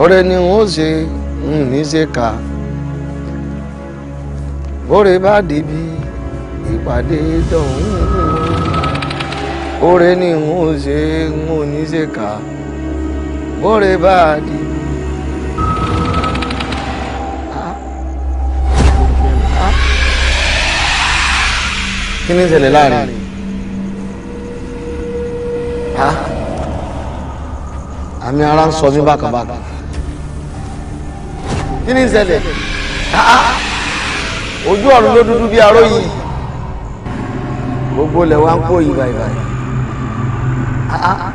Ore ni n ó ṣe n ní ṣe kà bóre bá débi ìpàdé dọ̀hún ọ̀rẹ́ ni n ó ṣe n ò ní ṣe kà bóre bá débi. kí ni ń ṣẹlẹ̀ láàrin àmì ara ń sọ mí bákan kí ni ìṣẹ̀lẹ̀ ah, ah. ojú ọ̀run ló dúdú bí aró yìí gbogbo lẹ̀ wá ń kó yìí báyìí báyìí ah,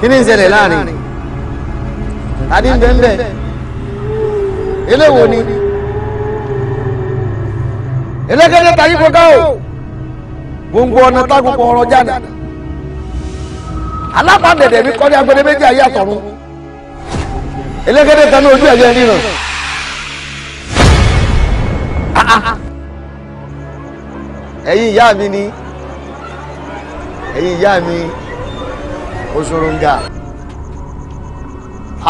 kí ni ìṣẹ̀lẹ̀ láàrin adé ń bẹ́ẹ̀ bẹ́ẹ̀ eléwo ni elégédé tayí kó ká o gbogbo ọ̀nà tágùn kọ̀ ọ̀rọ̀ jáde alábàdẹ̀dẹ̀ mi kọ́ ní agbẹ̀dẹ̀ méjì ayé àtọ̀run elégédé kan ní ojú ẹ̀yẹ ríran. ẹ̀yin ìyá mi ni ẹ̀yin ìyá mi òṣòròǹgà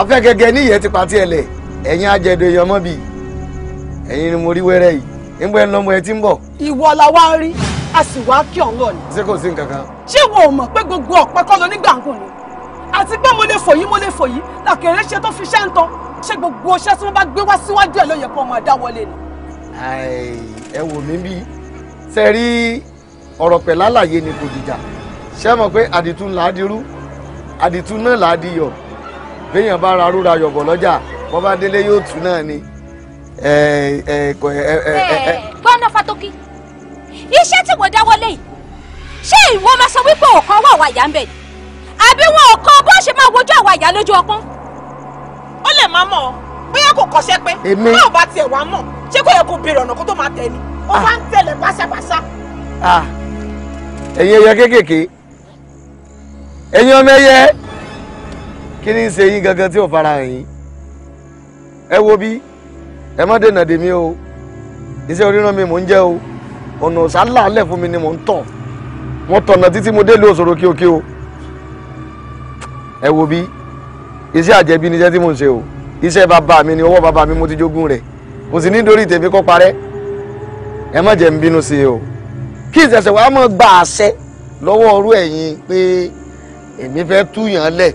afẹ́gẹ́gẹ́ ní ìyẹn ti pàtí ẹ̀lẹ̀ ẹ̀yin ajẹ́dọ̀ èèyàn mọ́ bi ẹ̀yin ni mo rí wẹ́rẹ́ yìí nígbà ẹ̀ ń lọ́mọ ẹ ti ń bọ̀. ìwọ la wá rí a sì wá kí ọ̀hún lọ ni. ṣé kò sí nǹkan kan. ṣé wo ò mọ̀ pé gbogbo ọ̀pẹ kọ́ lọ nígbà ń ni àti pé mo lè fò yìí mo lè fò yìí làkèrè ṣe tó fi ṣẹ́ ń tan ṣé gbogbo ọṣẹ́ tí wọ́n bá gbé wá síwájú ẹ̀ ló yẹ kó máa dá wọlé ni. ẹ wò mí bí ṣe rí ọ̀rọ̀ pẹ̀ lálàyé ni kò dìjà ṣé mọ̀ pé àdìtú ńlá dirú àdìtú náà là á di yọ̀ béèyàn bá ra rúra yọ̀bọ̀ lọ́jà bọ́ bá délé yóò tù náà ni. gbọ́nà fatoki iṣẹ́ tí mo dáwọ́lé yìí ṣé ìwọ máa sọ wípé ọ̀kan wà wà yá ń bẹ̀ ni. àbí wọn ò kọ bó ṣe máa wojú àwa ìyá lójú ọpọ́n. ó lè má mọ̀ bóyá kò kọ́ṣẹ́ pé bí bá tiẹ̀ wá mọ̀ ṣé kò yẹ kó ọ̀nà kó tó máa tẹ̀lé ó bá ah. ń tẹ̀lé báṣabáṣá. Ah. ẹ̀yin ẹyẹ kéékèèké ẹ̀yin ọmọ ẹyẹ kí ni ń ṣe yín gangan tí ò fara hàn yín ẹ wo bí ẹ má dènà dèmí o iṣẹ́ oríran mi mò ń jẹ́ o ọ̀nà ọ̀sán láàlẹ̀ fún mi ni mò ń tọ̀ wọ́n tọ̀nà títí mo dé ìlú òṣòro o. ẹ wo bí iṣẹ́ àjẹbí ni iṣẹ́ tí mò ń ṣe o iṣẹ́ bàbá mi ni ọwọ́ bàbá mi mo ti jogún rẹ̀ kò sì ní dórí tèmi kó parẹ́ ẹ má jẹ́ ń bínú sí i o kí ìṣẹ̀ṣẹ̀ wàá mọ̀ gba àṣẹ lọ́wọ́ ọrú ẹ̀yin pé èmi fẹ́ túyàn lẹ̀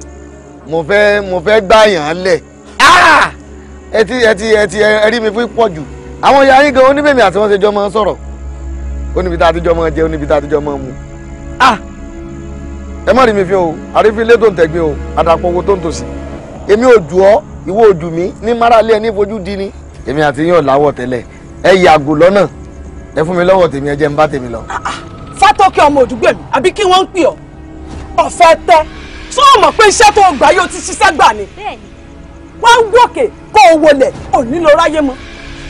mo fẹ́ mo fẹ́ gbàyàn lẹ̀ ah! ẹ ti ẹ ti ẹ ti ẹ rí mi fún pọ̀ jù àwọn ìyá yín gan oníbèmí àti wọn ṣe jọ máa ń sọ̀rọ̀ oníbi tá a ti jọ máa jẹ oníbi tá a ti jọ mu ah ẹ má rí mi fi o àrífín ilé tó ń tẹ̀gbin o àdàpọ̀ owó tó ń tòsí èmi ò jù ọ́ ìwọ ò jù mí ní márálé ẹni fojú di ni èmi àti yín ò láwọ̀ tẹ́lẹ̀ ẹ yàgò lọ́nà ẹ fún mi lọ́wọ́ tèmi ẹ jẹ́ ń bá tèmi lọ. Ah, ah. fátọ́kẹ́ ọmọ òdúgbò mi àbí kí wọ́n ń pè ọ́ ọ̀fẹ́ tẹ́ tó mọ̀ pé iṣẹ́ tó gbà yóò ti ṣiṣẹ́ gbà ni wọ́n ń wọ̀kẹ́ kó o wọlé òní lọ ráyé mọ́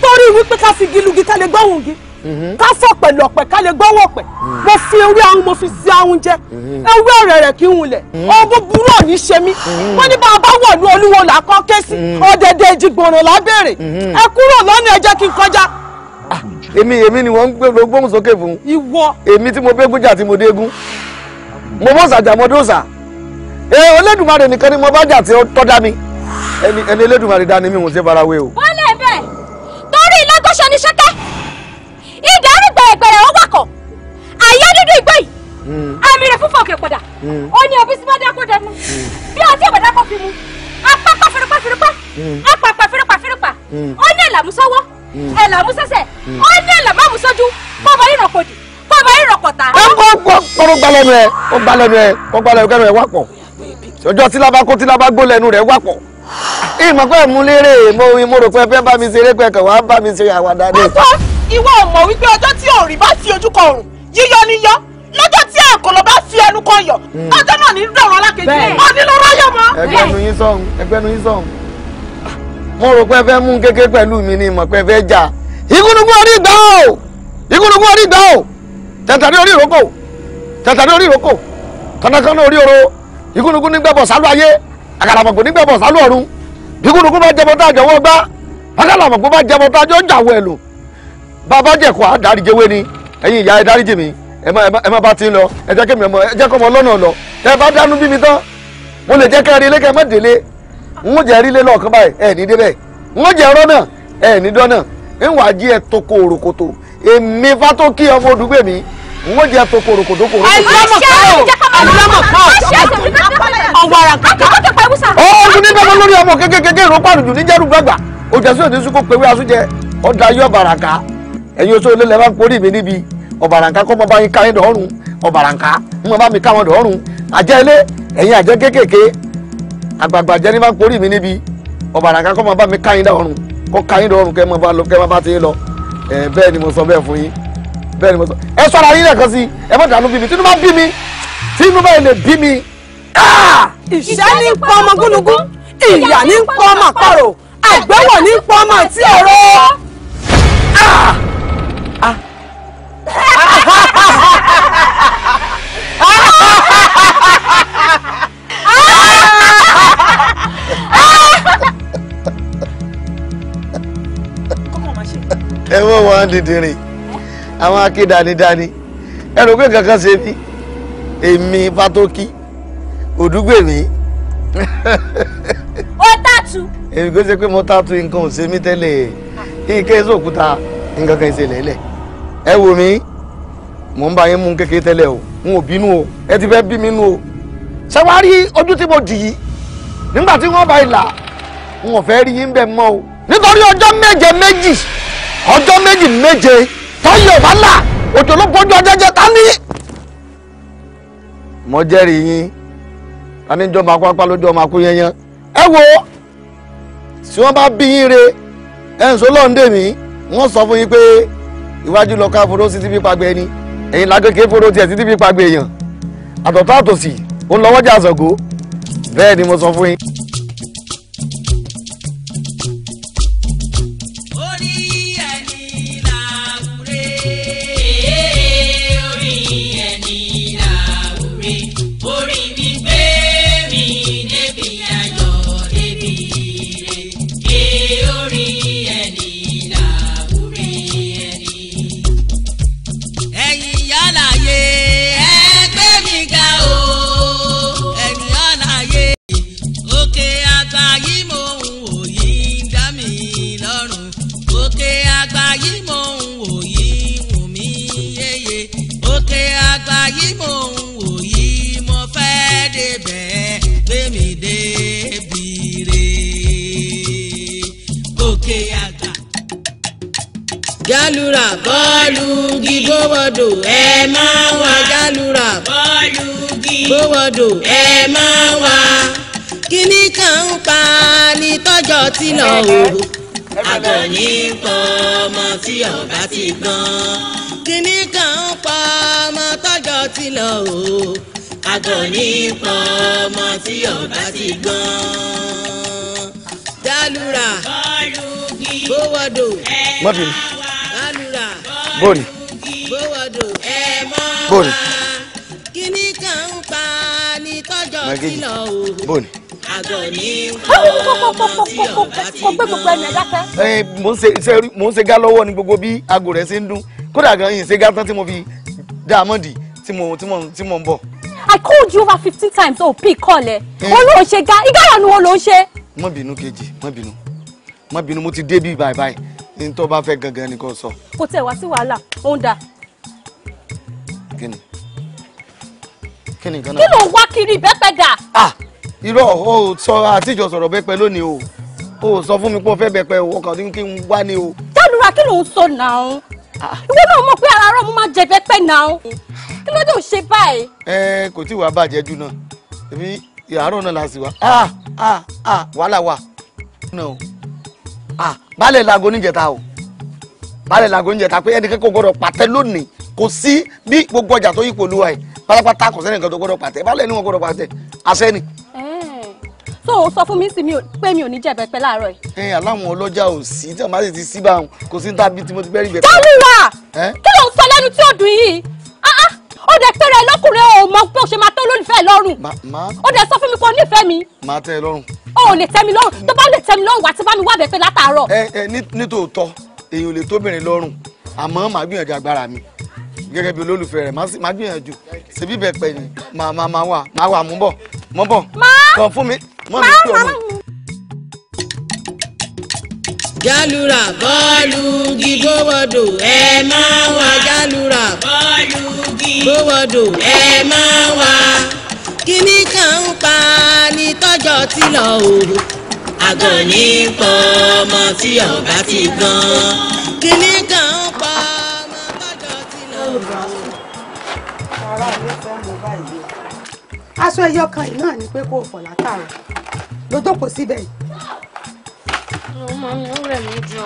torí wípé ká fi gílugí ká lè gbọ́hùn Mhm. ká fọ̀ pẹ̀lú ọ̀pẹ ká lè gbọ́wọ́ ọ̀pẹ mhm. mo fi orí ahun mo fi si ahun jẹ mhm. ewé ọ̀rẹ́ rẹ̀ kí n wulẹ̀ ohun búburú ní ṣe mí wọ́n ní bá a bá olúwo là ké sí là ẹ kúrò kí n kọjá. Ah, èmi èmi ni wọ́n ń gbé gbóhùn sókè fún. ìwọ. mo bégún jà ti mo dégún mo sàjà mo dóòsà ẹ Olódùmarè nìkan ni mo bá jà tí ó tọ́ dá mi ẹni Olódùmarè ṣe o. omi rẹ̀ fúnfọ̀ òkè pọ̀dà hmm. ó ní òbí sí bá dákó dẹnu hmm. bí ọtí ìwé dákó fi mu apápá firipa firipa apapa firipa firipa ó ní ẹ̀làmúsọ́wọ́ hmm. ẹ̀làmúsẹ́sẹ̀ ó ní ẹ̀làmọ́mùsọ́jú bọ́ọ̀bà yìí rọ̀kọ̀dì bọ́ọ̀bà yìí rọ̀kọ̀tà. kọ́kọ́ gbalẹ́nu ẹ kọ́ gbalẹ́nu ẹ kọ́ gbalẹ́nu ẹ wà pọ̀ ọjọ́ tí lábá kó tí lábá gbó lẹ́nu rẹ̀ wà pọ̀ ìmọ̀ pé mú lérè mo mo rò pé fẹ́ bá mi ṣeré pé kàn wá bá mi ṣe àwàdà ni. pásọ ìwọ ò mọ̀ wípé ọjọ́ tí òòrì bá ti ojú kan òòrùn yíyọ níyọ lọ́jọ́ tí ẹ̀kọ́ ló bá fi ẹnu kan yọ hmm. ọjọ́ náà ní dọ̀rọ̀ alákejì ọdún ló ráyọ̀ mọ́. ẹgbẹ́nu yín sọ̀hún ẹgbẹ́nu yín sọ̀hún mo rò pé ẹ fẹ́ mú kékeré pẹ̀lú mi ni mọ̀ pé ẹ fẹ́ jà ìgúnnugún orí ìgbà o ìgúnnugún orí ìgbà o tẹ̀tẹ̀rí orí ìrókò tẹ̀tẹ̀rí orí ìrókò kọ́nàkọ́nà orí oro ìgúnnugún nígbàbọ̀ sálú ayé àgàlàmọ̀gbò nígbàbọ̀ sálú ọ̀run ìgúnnugún bá jẹbọ tá a jọwọ́ gbá àgàlàmọ̀gbò bá jẹbọ tá a jọ ń jàwọ́ ẹ̀ lò bàbá jẹ̀kọ́ àdáríjẹwé ni ẹ̀yin ìyá ẹ dáríjì mi ẹ má bá ti ń lọ ẹ jẹ́ kémi ọmọ ẹ jẹ́ kọ́mọ lọ́nà lọ ẹ bá dánú bíbi tán mo lè jẹ́ ká rí ilé ká má délé n ó jẹ́ rí ilé lọ́ọ̀kan báyìí ẹ ní débẹ̀ n ó jẹ́ rọ́nà ẹ ní dọ́nà n wà á jí ẹ toko òròkòtò èmi fátókì ọmọ òdùgbò mi n ó jẹ́ toko òròkòtò kò òròkòtò. ọ̀hún ní bẹ́ẹ̀ lórí ọmọ kékeré ìró pàrùjù ní jẹ́rù gbàgbà òjò sí òní sún kó pèwé asúnjẹ ọ̀dà yọ̀ bàràkà ẹ̀yin oṣù olólè máa ń porí mi níbi ọ̀bàràǹká kọ́ mọ bá yín káyé dọ̀ọ́rùn ọ̀bàràǹká mọ bá mi káwọn dọ̀ọ́rùn àjẹ́ ilé ẹ̀yìn àjẹ́ kéékèèké àgbààgbà jẹ́ ní bá porí mi níbi ọ̀bàràǹká kọ́ mọ bá mi káyé dọ̀ọ́rùn kọ́ káyé dọ̀ọ́rùn kẹ́ mọ bá lọ kẹ́ mọ bá ti lọ bẹ́ẹ̀ ni mo sọ bẹ́ẹ̀ fún yín bẹ́ẹ̀ ni mo sọ ẹ sọ́ra yín lẹ́ẹ̀kan sí ẹ mọ̀ dànù bí mi tínú bá bí mi tínú bá lè bí mi. Ah! ìṣẹ́ ní pọ́ ọmọ gúnugún ìyà ní pọ́ ọmọ àparò àgbẹ̀wò ní pọ́ tí ọ̀rọ̀. Ah! ẹ wọ́n wọ́n á dìdìrì àwọn akédanidani ẹnu pé kankan ṣe mí èmi fatoki òdúgbèmí. ó tàtú. èmi kò ṣe pé mo tàtú nǹkan ò ṣe mí tẹ́lẹ̀ kí n kẹ́ ẹ́ sókúta nǹkan kan ṣe lẹ́lẹ̀. ẹ wò mí mò ń bá yín mú o n ò bínú o ẹ ti fẹ́ bí mi nú o ṣé ojú tí mo dì yìí nígbà tí wọ́n bá ilà n ò fẹ́ rí yín mọ́ o nítorí ọjọ́ méje méjì ọjọ́ méjì méje tọ́yọ̀ bá là òjò ló ta ní. mo jẹ́rìí yín taníjọ́ máa kó apá lójú ọmọ ẹ wo tí wọ́n bá bí yín re ẹ̀ ń sọ iwájú lọ ká foró sí ti fi pagbe ẹni ẹ̀yìn lágbèké foró tiẹ̀ sí ti fi pagbe èèyàn àtọ̀tọ̀ àtòsì ó lọ́wọ́jà àzọ̀gó bẹ́ẹ̀ ni mo sọ fún yín. gbówodò ẹ máa wá jálùrà bọ́ọ̀lù gi gbówodò ẹ máa wá kíní kan ń pa ni tọ́jọ́ ti lọ o àgọ̀ ní pọ̀ ọmọ tí ọ̀gá ti gbọ́n kíní kan ń pa ọmọ tọ́jọ́ ti lọ o àgọ̀ ní pọ̀ ọmọ tí ọ̀gá ti gbọ́n jálùrà bọ́ọ̀lù gi gbówodò ẹ máa wá jálùrà bọ́ọ̀lù sówọ́dọ̀ ẹ mọ́ wa kíní kan ń pa ní tọ́jọ́ kìlọ̀ o àgọ̀ ní pọ̀ tí ọba ti gbọ́. mo ń ṣe lọ́wọ́ ni gbogbo bí aago rẹ̀ ṣe ń dún kódà gan yìí ṣe tán tí mo fi dáàmọ́dì tí mo tí mo ń bọ̀. I called you over fifteen times o oh, pick call ẹ olóò ṣe ga ìgbàlọ́ ni wọn ló ń ṣe. má bínú kejì má bínú má bínú mo ti dé bí báyìí báyìí ní tó bá fẹ́ gangan ni kò sọ. kò tẹ̀ wá sí wàhálà ó ń dà kí ni kí ni gan náà. kí ló ń wá kiri bẹ́pẹ̀ dà. ah irọ́ o sọ àtijọ́ sọ̀rọ̀ bẹ́pẹ̀ lónìí o o sọ fún mi pé o fẹ́ bẹ́pẹ̀ o ọkàn tí kí n wá ni o. dánura kí ló ń sọ náà ah. ìwọ náà mọ̀ pé ara rọ̀ mo máa jẹ bẹ́pẹ̀ náà kí ló dé ò ṣe báyìí. ẹ kò tí wàá bàjẹ́ jù náà èmi àárọ̀ náà la sì wá ah ah ah wàhálà wà náà ah baálé lago níjẹta o baálé lago níjẹta pé ẹnìkan kò gbọdọ̀ pàtẹ lónìí kò sí bí gbogbo ọjà tó yípo olúwa ẹ̀ pátápátá kò sẹ́ni nǹkan tó gbọ́dọ̀ pàtẹ́ bá lẹ́ni wọn gbọ́dọ̀ pàtẹ́ àṣẹ ni. so o sọ fún mi sí pé mi ò ní jẹ bẹpẹ láàárọ̀ yìí. ẹ aláwọn ọlọ́jà ò sí tí ọmọ àti sí bá wọn kò sí níta bí timothy berry bẹpẹ. tọ́lùwà kí ló ń sọ lẹ́nu tí ó dùn yìí ah, ah, ó dẹ̀ pé rẹ̀ lọ́kùnrin ò mọ o ṣe máa tó lónìfẹ́ lọ́rùn ó dẹ̀ sọ fún mi pé o nífẹ̀ẹ́ mi. máa tẹ́ ẹ lọ́rùn. o ò lè tẹ́ mi lọ́rùn tó bá lè tẹ́ mi lọ́rùn wá tí bá mi wá bẹ̀ẹ́ pé látàárọ̀. ẹ ẹ nítòótọ́ èèyàn ò lè tóbìnrin lọ́rùn àmọ́ màá gbìyànjú agbára mi gẹ́gẹ́ bí olólùfẹ́ rẹ̀ má gbìyànjú ṣebí bẹ̀pẹ̀ ni màá máa wà máa wà mú bọ̀ mọ́ bọ̀ kàn fún mi mọ́ mi kí ọmọ. jálùrà bọ́ọ̀lù gígbówọ́dò ẹ máa wá jálùrà bọ́ọ̀lù gígbówọ́dò ẹ máa wá kíní kan ń pa ní tọ́jọ́ tí lọ òru àgọ́ ní pọ̀ ọmọ tí ọba ti gan kíní kan aṣọ ẹyọ kan yìí náà ni pé kó o fọ̀ látàrọ ló jókòó síbẹ̀ yìí. ọmọ mi ó rẹ̀ mí jọ.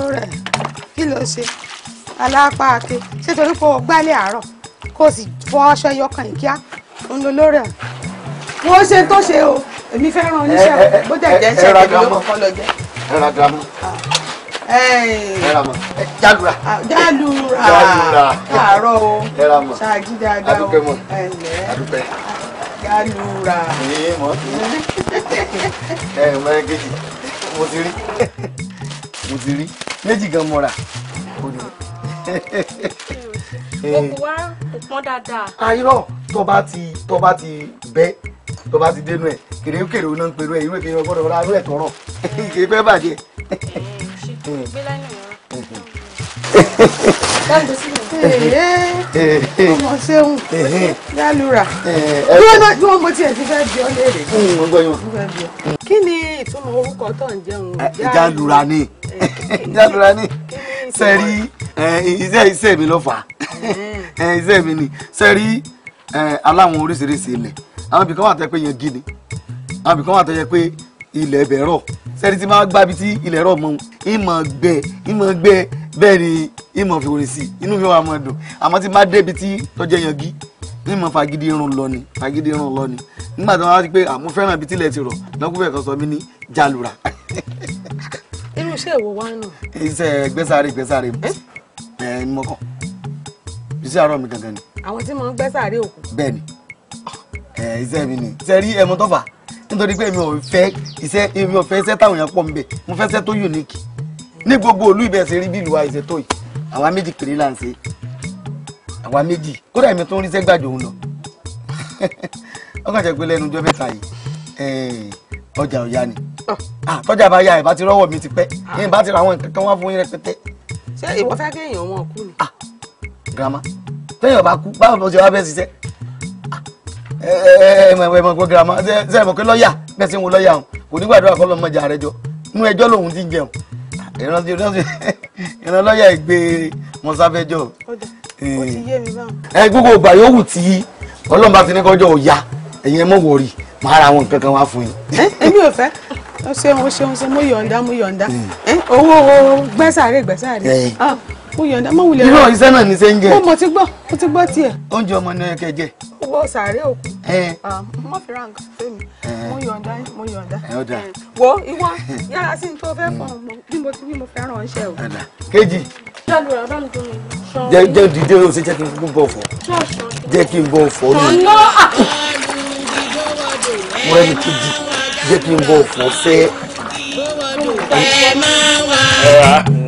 ó rẹ̀ kí ló ṣe alápá ake ṣé torí kó o gbálẹ̀ àárọ̀ kó o sì fọ̀ aṣọ ẹyọ kan yìí kíá òun ló lórẹ̀ o wọ́n ṣe tó ṣe o èmi fẹ́ràn oníṣẹ́ bó dẹ̀ jẹ́ ṣẹ́ni ló kọ́kọ́ lọ jẹ́. ẹ ra gírámù jálùra. jálùra àárọ̀ o ṣáàjì dáadáa o ẹ̀lẹ́ jálùra. ẹ ẹ mẹ́rin kejì mo ti rí mo ti rí méjì gan mo rà òkùwá kò pọn dáadáa. àìrọ tó bá ti tó bá ti bẹ tó bá ti dénú ẹ kèrèkèrè náà ń pèrú ẹ irú èkéyàn gbọ́dọ̀ rárú ẹ tọrọ ìkéyàn fẹ́ bàjẹ́. Mm. Mm-hmm. Eh, eh, eh, ọmọ ṣeun lálùrà bí wọ́n mo tiẹ̀ ti fẹ́ bí ọ léèrè mm, kí ni ìtumọ̀ orúkọ tó ń jẹun jálùrà ni jálùrà ni sẹ́rí iṣẹ́ iṣẹ́ mi ló fà á iṣẹ́ mi ni sẹ́rí aláwọn oríṣiríṣi ilẹ̀ àwọn ibìkan wà tó yẹ pé yẹn gí ni àwọn ibìkan wà tó yẹ pé ilẹ̀ ẹbẹ̀ rọ̀ sẹ́ni tí máa gbábi tí ilẹ̀ rọ̀ mọ́ ìmọ̀ gbẹ ìmọ̀ gbẹ bẹ́ẹ̀ ni ìmọ̀ fi orin sí inú mi wà máa dùn àmọ́ tí máa débi tí tọ́jẹ́ yangí ìmọ̀ fagidi irun lọ ni fagidi irun lọ ni nígbà tí wọ́n wá rí pé àmú fẹ́ràn ibi tílẹ̀ ti rọ̀ lọ́kùnrin kan sọ mí ní jalura. irú iṣẹ́ ìwọ wá nù. iṣẹ́ gbẹ́sàárè gbẹ́sàárè mọ́kàn iṣẹ́ àárọ̀ mi gangan ni. àwọn tí mo ń gbẹ́sàárè òkú. bẹ́ẹ̀ ni ẹ eh, iṣẹ́ mi ni ṣe rí ẹmu tọ́fà nítorí pé èmi ò fẹ́ iṣẹ́ èmi ò fẹ́ iṣẹ́ táwọn èèyàn pọ̀ ń bẹ̀ mo fẹ́ iṣẹ́ tó unique ní gbogbo òlú ibẹ̀ ṣe rí bí ìlú wa iṣẹ́ tó yìí àwa méjì péré là ń ṣe àwa méjì kódà èmi tó ń ríṣẹ́ gbàjọ òun lọ ọkàn jẹ́ pé lẹ́nu ọjọ́ mẹ́ta yìí eh, ọjà ò yá ni ah, tọ́jà bá yá ìbá ti rọ́wọ́ mi ti pẹ́ ìyẹn bá ti ra àwọn nǹkan kan wá fún yín rẹpẹtẹ. ṣé ìwọ fẹ́ kéèyàn ọmọ kú ni. Ah, grandma téèyàn bá kú báwo ló ṣe wá bẹ́ẹ̀ ṣiṣẹ́ ẹ ẹ mọ̀ pé girama ṣe mọ̀ pé lọ́ọ̀yà bẹ́ẹ̀ sì ń wo lọ́ọ̀yà òun kò ní gbàdúrà kọ́ lọ́mọ jà rẹ jọ inú ẹjọ́ lòun ti ń jẹun ìrántí ìran lọ́ọ̀yà ìgbé mọ̀sáfẹ́jọ́. ẹ eh. eh, gbogbo ìgbà yòówù tí ọlọ́run bá ti ní kọjọ́ ọ̀ya ẹ̀yin ẹ mọ̀ wọ̀rì máa ra àwọn nǹkan kan wá fún yín. Eh, èmi ò fẹ́ ó ṣeun ó ṣeun ṣe mo yọ̀ǹda mo yọ̀ǹda hmm. owó gbẹ́sàárẹ̀ gbẹ́sàárẹ̀ mo yọ̀ǹda má wulẹ̀. irọ́ iṣẹ́ náà ní ṣe ń jẹ. mo mọ̀ ti gbọ́ mo ti gbọ́ tiẹ̀. oúnjẹ ọmọ náà kẹ jẹ. mo sàárẹ̀ òkú. mo fi ra nǹkan fún mi mo yọ̀ǹda mo yọ̀ǹda. wo ìwọ yára sí tó fẹ́ fọ bí mo ti wí mo fẹ́ ràn o. kejì. jẹ jẹ dìde o ṣe jẹ kí n bọ fọ jẹ kí n bọ fọ ni wọn ẹni kejì jẹ kí n bọ fọ fẹ. ẹ máa wá.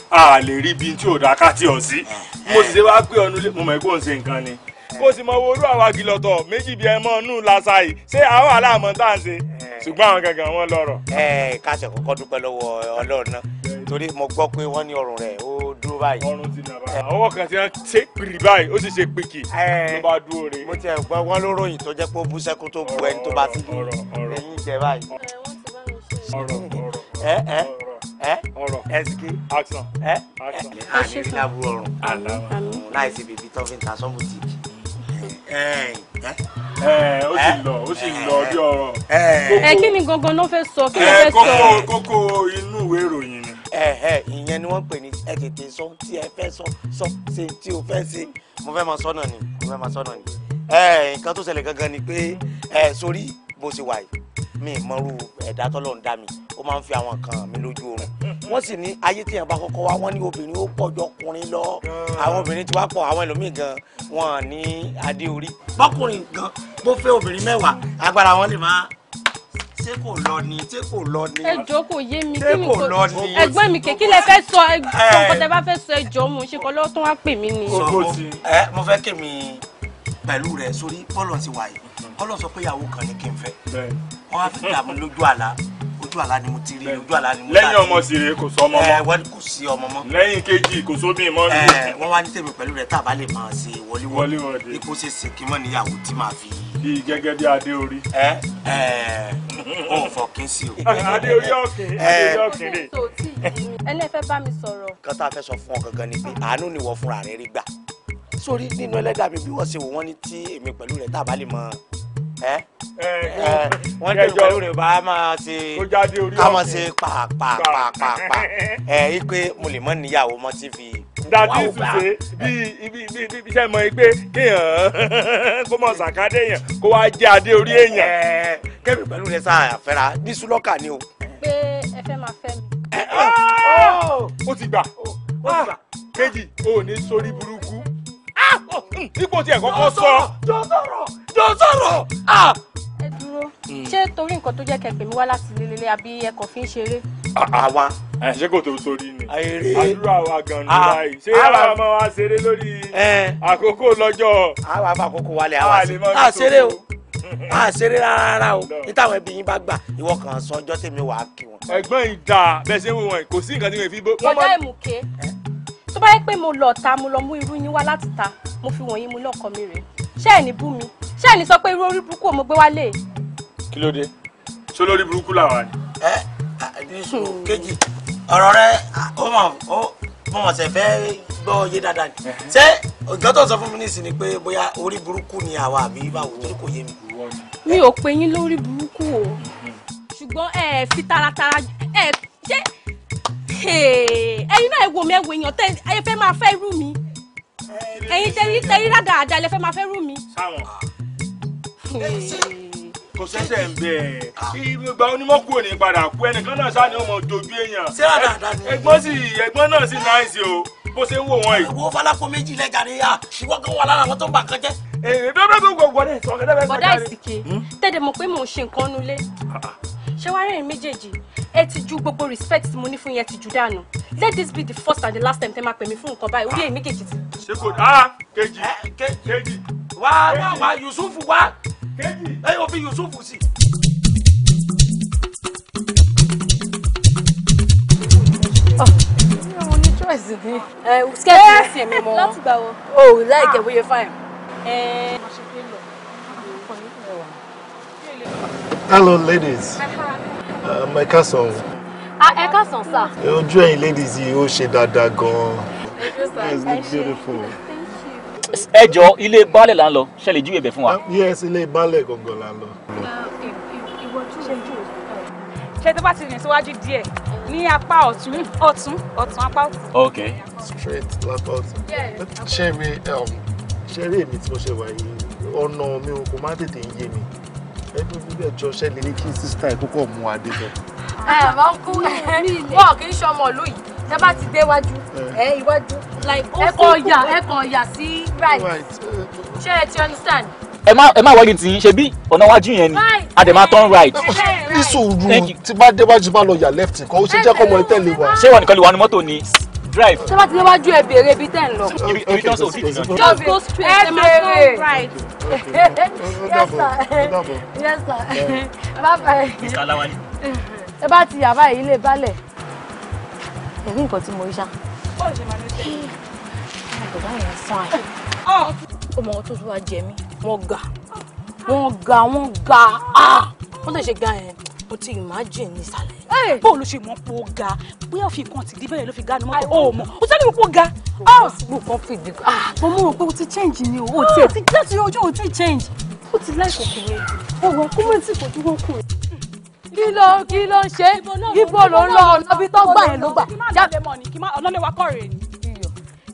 a lè rí ibi tí ò dá ká tí ò sí ah. mo sì ṣe wá pé ọ̀nù lé mo mọ̀ kó n ṣe nǹkan ni kó sì mọ orú àwọn agilọ̀tọ̀ méjì bíi ẹmọ nù lásà ṣé àwọn aláàmọ̀ tá à ń ṣe eh. ṣùgbọ́n àwọn gangan wọn lọ́rọ̀. ẹ eh, káṣẹ kọ́kọ́ dúpẹ́ lọ́wọ́ Ọlọ́run náà torí mo gbọ́ pé wọ́n ní ọrùn rẹ̀ ó dúró báyìí. ọrùn ti nà báyìí ọwọ́ kan ti ṣe pìrì báyìí ó sì ṣe pìkì eh, ló bá dúró re. mo tiẹ̀ gbọ́ wọn ló tó jẹ́ pé ó bú sẹ́kún tó gbọ́ ẹni tó bá ti ní ẹ̀yìn jẹ báyìí. ọ̀rọ̀ ọ̀rọ̀ ọ̀rọ̀ Eh? ọ̀rọ̀ ẹsike action action. àní rí láburú ọrùn láìsí bèbí tó fi ń ta sọ́mùtì. Eh, eh. ó sì lọ ó sì lọ bí ọ̀rọ̀. ẹ kí ni gangan ló fẹ́ sọ kí ló fẹ́ sọ. kókó inú ìwé ìròyìn ni. ìyẹn ni wọ́n pè ní ẹ tètè sọ tí ẹ fẹ́ sọ sọ ṣe tí o fẹ́ ṣe mo fẹ́ máa sọ náà ni mo fẹ́ máa sọ náà ni. nǹkan tó ṣẹlẹ̀ gangan ni pé sórí bó ṣe wà yìí mi mọrú ẹ̀dá tọ́lọ́ ń dá mi ó máa ń fi àwọn kan mi lójú oorun wọ́n sì ní ayé tíyàn bá kọ́kọ́ wá wọ́n ní obìnrin ó pọ̀ jọ ọkùnrin lọ àwọn obìnrin ti wá pọ̀ àwọn ẹlòmíì gan wọn ní adé orí bọ́kùnrin gan bó fẹ́ obìnrin mẹ́wàá agbára wọn lè máa ṣé kò lọ ni ṣé kò lọ ni. ẹjọ kò yé mi kí ni kò ẹ̀gbọ́n mi kèké lè fẹ́ sọ ẹjọ nǹkan tẹ́ bá fẹ́ sọ ẹjọ mo ṣe kọ lọ́wọ́ tó wá pè mí ni. mo fẹ́ kí mi pẹ̀lú rẹ̀ sórí bọ́ọ̀lù ti wáyé kọ́lọ̀ sọ pé ìyàwó kan ni kí n fẹ́ wọ́n á fi dààmú lójú àlá ojú àlá ni mo ti rí ojú àlá ni mo láti. lẹ́yìn ọmọ sì rèé kò sọ ọmọ mọ́ ẹ wọ́n kò sí ọmọ mọ́. lẹ́yìn kejì kò sóbì mọ́ ni. ẹ wọ́n wá ní tèmi pẹ̀lú rẹ̀ tàbá lè máa ṣe wọléwọ̀de ipò ṣe ṣe kí mọ́ níyàwó tí màá fi. bí gẹ́gẹ́ bí adé orí. ẹ ẹ ò fọkín sí o. adé orí ọ̀kìn adé orí ọ̀kìn rè. ẹlẹ́fẹ́ bá mi sọ̀rọ̀. kọ́tà fẹ́ sọ fún ọ gangan ni pé àánú ni wọ́n fúnra rẹ̀ rí gbà sórí nínú ẹlẹ́dàá mi bí wọ́n ṣe wò wọ́n ní tí èmi pẹ̀lú rẹ̀ tá a bá lè mọ ẹ́ wọ́n dé pẹ̀lú rẹ̀ bá máa ṣe ká máa ṣe pàápàápàápà ẹ̀ ipe mo lè mọ níyàwó mọ́ tí fi dàbí ìsúnṣe bí ibi ibi iṣẹ́ mọ̀ pé kéèyàn kó mọ̀ sàkádé èèyàn kó wá jẹ́ adé orí èèyàn. kẹ́mi pẹ̀lú rẹ̀ sáà àfẹ́ra ní sùlọ́kà ni o. pé ẹ fẹ́ máa fẹ́ mi. Ah! ó ti gbà kejì ò ní sórí burúkú dípò tí ẹ kọ́kọ́ sọ. jọ sọ̀rọ̀ jọ sọ̀rọ̀. ẹ dúró ṣé torí nǹkan tó jẹ́ kẹ̀kẹ́ mi wá láti lélẹ́lẹ́ àbí ẹ kàn fi ń ṣeré. àwa ṣé kò tó sórí ni àdúrà wa gan ni báyìí ṣé àwa máa wá ṣeré lórí àkókò lọ́jọ́. àwa fa àkókò wálé àwa sí a ṣeré o a ṣeré rárá o nítawọ̀ ẹbí yín bá gbà ìwọ kan sọ ọjọ́ tèmi wàá kí wọn. ẹ̀gbọ́n ìdá bẹ́ẹ̀ ṣe ń wò wọ́n kò sí nǹkan tí mo fi bó. bọ́dá ìmùkẹ́ tó bá yẹ pé mo lọ ta mo lọ mú irú yín wá láti ta mo fi wọ̀nyí mu lọ́kọ mi rè ṣé ẹ̀ ní bú mi ṣé ẹ̀ ní sọ pé irú orí burúkú mo gbé wálé. kí ló dé ṣé olórí burúkú làwa ni. ẹ àdìsù kejì ọ̀rọ̀ rẹ ó mọ̀ ó mọ̀ ṣẹ̀ fẹ́ gbọ́ yé dáadáa ni ṣé ọjọ́ tó sọ fún mi nísìn ni pé bóyá orí burúkú ni àwa àbí báwo torí kò yé mi. mi ò pe yín lórí burúkú o ṣùgbọ́n ẹ fi taratara ẹ ṣé ẹ̀yin náà ewo mi ewo èèyàn tẹ ẹ fẹ́ máa fẹ́ irú mi ẹ̀yin tẹrí tẹrí rádaràda ẹ fẹ́ máa fẹ́ irú mi. sáwọn kò sẹ́sẹ̀ ń bẹ̀ gba onímọ̀kú òní padà kú ẹnìkan náà sáà ni ó mọ dojú èèyàn ẹ̀gbọ́n sì ẹ̀gbọ́n náà sì náà sí o bó ṣe ń wò wọ́n yìí. àwọn falafọ méjì lẹ́jà ni yá ìwọ kan wà lára àwọn tó ń bà kan jẹ́. èèyàn bẹ́ẹ̀ bẹ́ẹ̀ bẹ́ẹ̀ gbọ́dọ̀ ìsọ̀kẹ́dẹ́ bẹ́ẹ̀ sọ̀kẹ́dẹ́. bọ̀dá ìsìkè tẹ́lẹ̀ mọ̀ pé mò ń ṣe nǹkan nulẹ̀ ṣẹ́wárẹ́rìn méjèèjì ẹ ti ju gbogbo respect tí mo ní fún yẹn ti jù dànù let this be the first and the last time tẹ́ máa pè mí fún nǹkan báyìí orí èyí méjèèjì ti. ṣé kò dáa kejì kejì. wá wá wá Yusuf wá kejì ẹ yóò fi Yusuf sí. Oh, choice ni. ẹ skirt yẹn fi mi mọ. láti gbà wo. o oh, like ah. eh. ẹ bóyá fine. ẹ hello ladies uh, My cousin. Ah, ẹ káàsán sá. ojú ẹ̀yin ladies yìí ó ṣe dáadáa gan-an. ẹ ṣe ẹ jọ ilé baálẹ̀ là ń lọ ṣe lè júwe bẹ̀ fún wa. Uh, yes ilé baálẹ̀ gangan là ń lọ. ṣe tó ti rìn síwájú díẹ̀ ní apá ọ̀tún ọ̀tún ọ̀tún apá ọ̀tún. ok straight lápá ọ̀tún. ṣé mi um, ṣé rí èmi tí mo ṣe wà yìí ọ̀nà mi kò má tètè ń mi ẹni nílé ẹjọ́ ṣẹlẹ̀ ní kí sísítà ẹ̀ kókó mú adé lọ. ẹ máa ń kú wọn kì í ṣọmọ ìlú yìí tẹ bá ti dé wájú ẹ iwájú ẹkọ ọyà ẹkọ ọyà sí right ṣé ẹ ti understand. ẹ má ẹ má wọlé tì í ṣe bí ọ̀nà wájú yẹn ni a dẹ̀ máa turn right. ní sùúrù tí bá déwájú bá lọ yà left kan ó ṣe jẹ́ kọ́ mọ ẹ tẹ̀lé wa. ṣé wọn nìkan lè wà ní mọ́tò ni drive. ṣé bá ti léwájú ẹ béèrè ibi tẹ́ ń lọ. ibi tó ń sọ just go straight ẹ béèrè. yes sir yes sir bye bye. mr alawale. ẹ bá ti yàrá yìí lè balẹ̀ ẹ̀rí nǹkan tí mo rí ṣá. bọ́ọ̀lù ṣe máa ń tẹ̀lé. ọmọ bàbá yẹn fún ọmọ tó tún wá jẹ mí wọ́n ga wọ́n ga wọ́n ga ah! wọ́n lè ṣe ga yẹn mo ti imagine ní sàlẹ̀. bóòlù ṣe mọ po ga bóyá òfin kan ti di bẹ́ẹ̀ ló fi ga ni mo ò mọ̀ o sáré ah! ah! mo po ga. mo kàn fi di ga. mo mú o pé o ti change ni o o tiẹ̀ ti láti ah! ojú o ti change o ti láìpẹ́ kúrẹ́ o wọ kúmọ̀tì kò dúró kù. kí ló kí ló ń ṣe ibo ló ń lọ ọ̀nà bí tó gbà ẹ̀ ló gbà. ọlọ́lẹ̀ wa kọ̀ rẹ̀ ni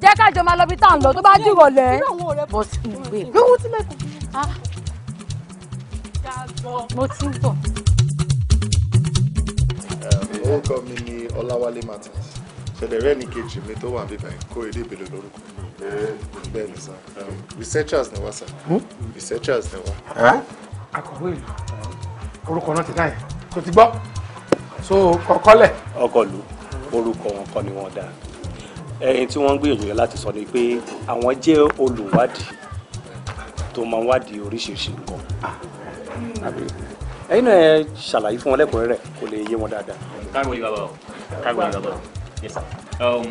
jẹ́ ká jọ máa lọ bí tá à ń lọ tó bá dìrọ̀lẹ́. bọ́ sí ìwé lówó tí lẹ́kọ̀ọ́. mo ti ń bọ̀ orúkọ mi ni ọláwálé martins ṣẹlẹrẹ ní kejì mi tó wà bíbá kó èdè ìbèlè lórúkọ bẹ́ẹ̀ ni sá researchers ni wá sá researchers ni wá. akọ̀wé ìlú orúkọ náà ti dá yẹn tó ti gbọ́ so kọ́kọ́lẹ̀. ọkọ lu orúkọ wọn kọ́ ni wọ́n dá ẹyin tí wọ́n ń gbìyànjú láti sọ ni pé àwọn jẹ́ olùwádìí tó máa wádìí oríṣiríṣi nǹkan. Ah ẹ̀yin náà ẹ ṣàlàyé fún wọn lẹ́kùnrin rẹ̀ kó lè yé wọn dáadáa. káàgò ní bàbá o káàgò ní bàbá o yes sir. Um,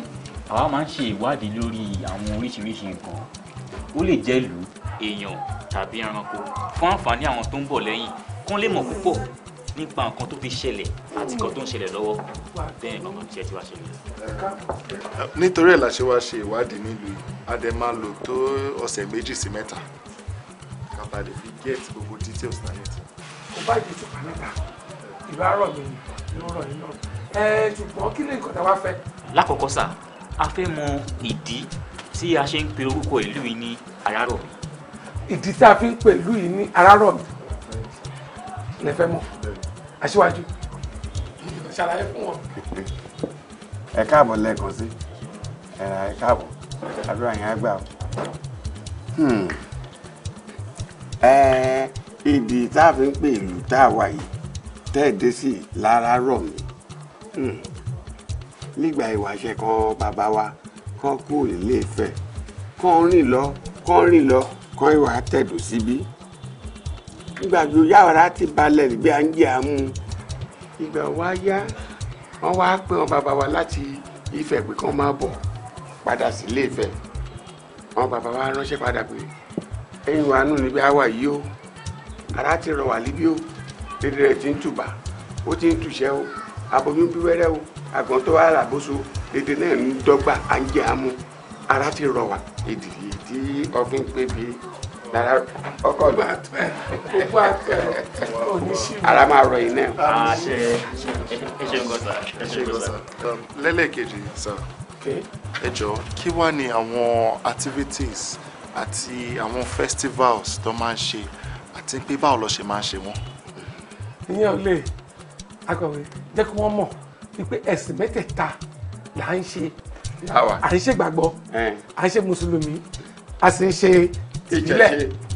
àwa máa ń ṣe ìwádìí lórí àwọn oríṣiríṣi nǹkan ó lè jẹ́ ìlú èèyàn tàbí ẹranko fún àǹfààní àwọn tó ń bọ̀ lẹ́yìn kán lè mọ̀ púpọ̀ nípa nǹkan tó fi ṣẹlẹ̀ àti nǹkan tó ń ṣẹlẹ̀ lọ́wọ́ bẹ́ẹ̀ ọmọ iṣẹ́ ti wá ṣẹlẹ̀. nítorí ẹ̀ la ṣe wá ṣe ìwádìí nílùú yìí a dẹ̀ máa lò tó ọ̀sẹ̀ méjì sí mẹ́ta ká bàa fi get gbogbo details náà nìyẹn kò bá jẹ́ tìpá mẹ́ta ìbá rọ̀ mí ló rọ̀ yín náà ẹ ṣùgbọ́n kí ni nǹkan tá a wá fẹ́. lákọ̀ọ́kọ́ sà a fẹ́ mọ ìdí tí a ṣe ń pe orúkọ ìlú yìí ní Arárọ̀mí. ìdí tí a fi ń pe ìlú yìí ní Arárọ̀mí lè fẹ́ mọ̀ aṣíwájú ṣàlàyé fún wọn. ẹ káàbọ̀ lẹ́ẹ̀kan sí ẹ̀rà ẹ káàbọ̀ àdúrà yẹn á gbà ó. Hmm gidi tá a fi ń pè ìlú tá a wà yìí tẹ́ẹ̀dé sí lára rọ̀ mí hmm. nígbà ìwàṣẹ kan bàbá wa kọ́ kúrò nílé Ifẹ̀ kọ́ rìn lọ kọ́ rìn lọ kọ́ ìwà tẹ̀dó síbí nígbà tó yàrá ti balẹ̀ nígbà ń jẹ́ àmú ìgbà wá yá wọ́n wá pé wọn bàbá wa láti Ifẹ̀ pé kán máa bọ̀ padà sílé Ifẹ̀ wọn bàbá wa ránṣẹ́ padà pé ẹ̀yin wa nù níbi àwa yìí o ara ti rọ̀ wá líbí o dédé rẹ̀ ti ń tùbà ó ti ń tùṣẹ́ o aboyún bí wẹ́rẹ́ o àgbọ̀n tó wà lábóso dédé náà ń dọ́gba à ń jẹ àmú ara ti rọ̀ wá èdè tí ọgbìn pé lára ọkọ lọ àtẹ ara máa rọ̀ yìí náà. lẹ́lẹ́kejì sọ ẹ jọ kí wá ni àwọn activities àti àwọn festivals tó máa ń ṣe àti pé báwo lọ ṣe máa ń ṣe wọ́n. ìyẹn ò lè akọ̀wé jẹ́ kí wọ́n mọ̀ wípé ẹ̀sìn mẹ́tẹ̀ẹ̀ta là ń ṣe à ń ṣe gbàgbọ́ à ń ṣe mùsùlùmí a sì ń ṣe ìbílẹ̀.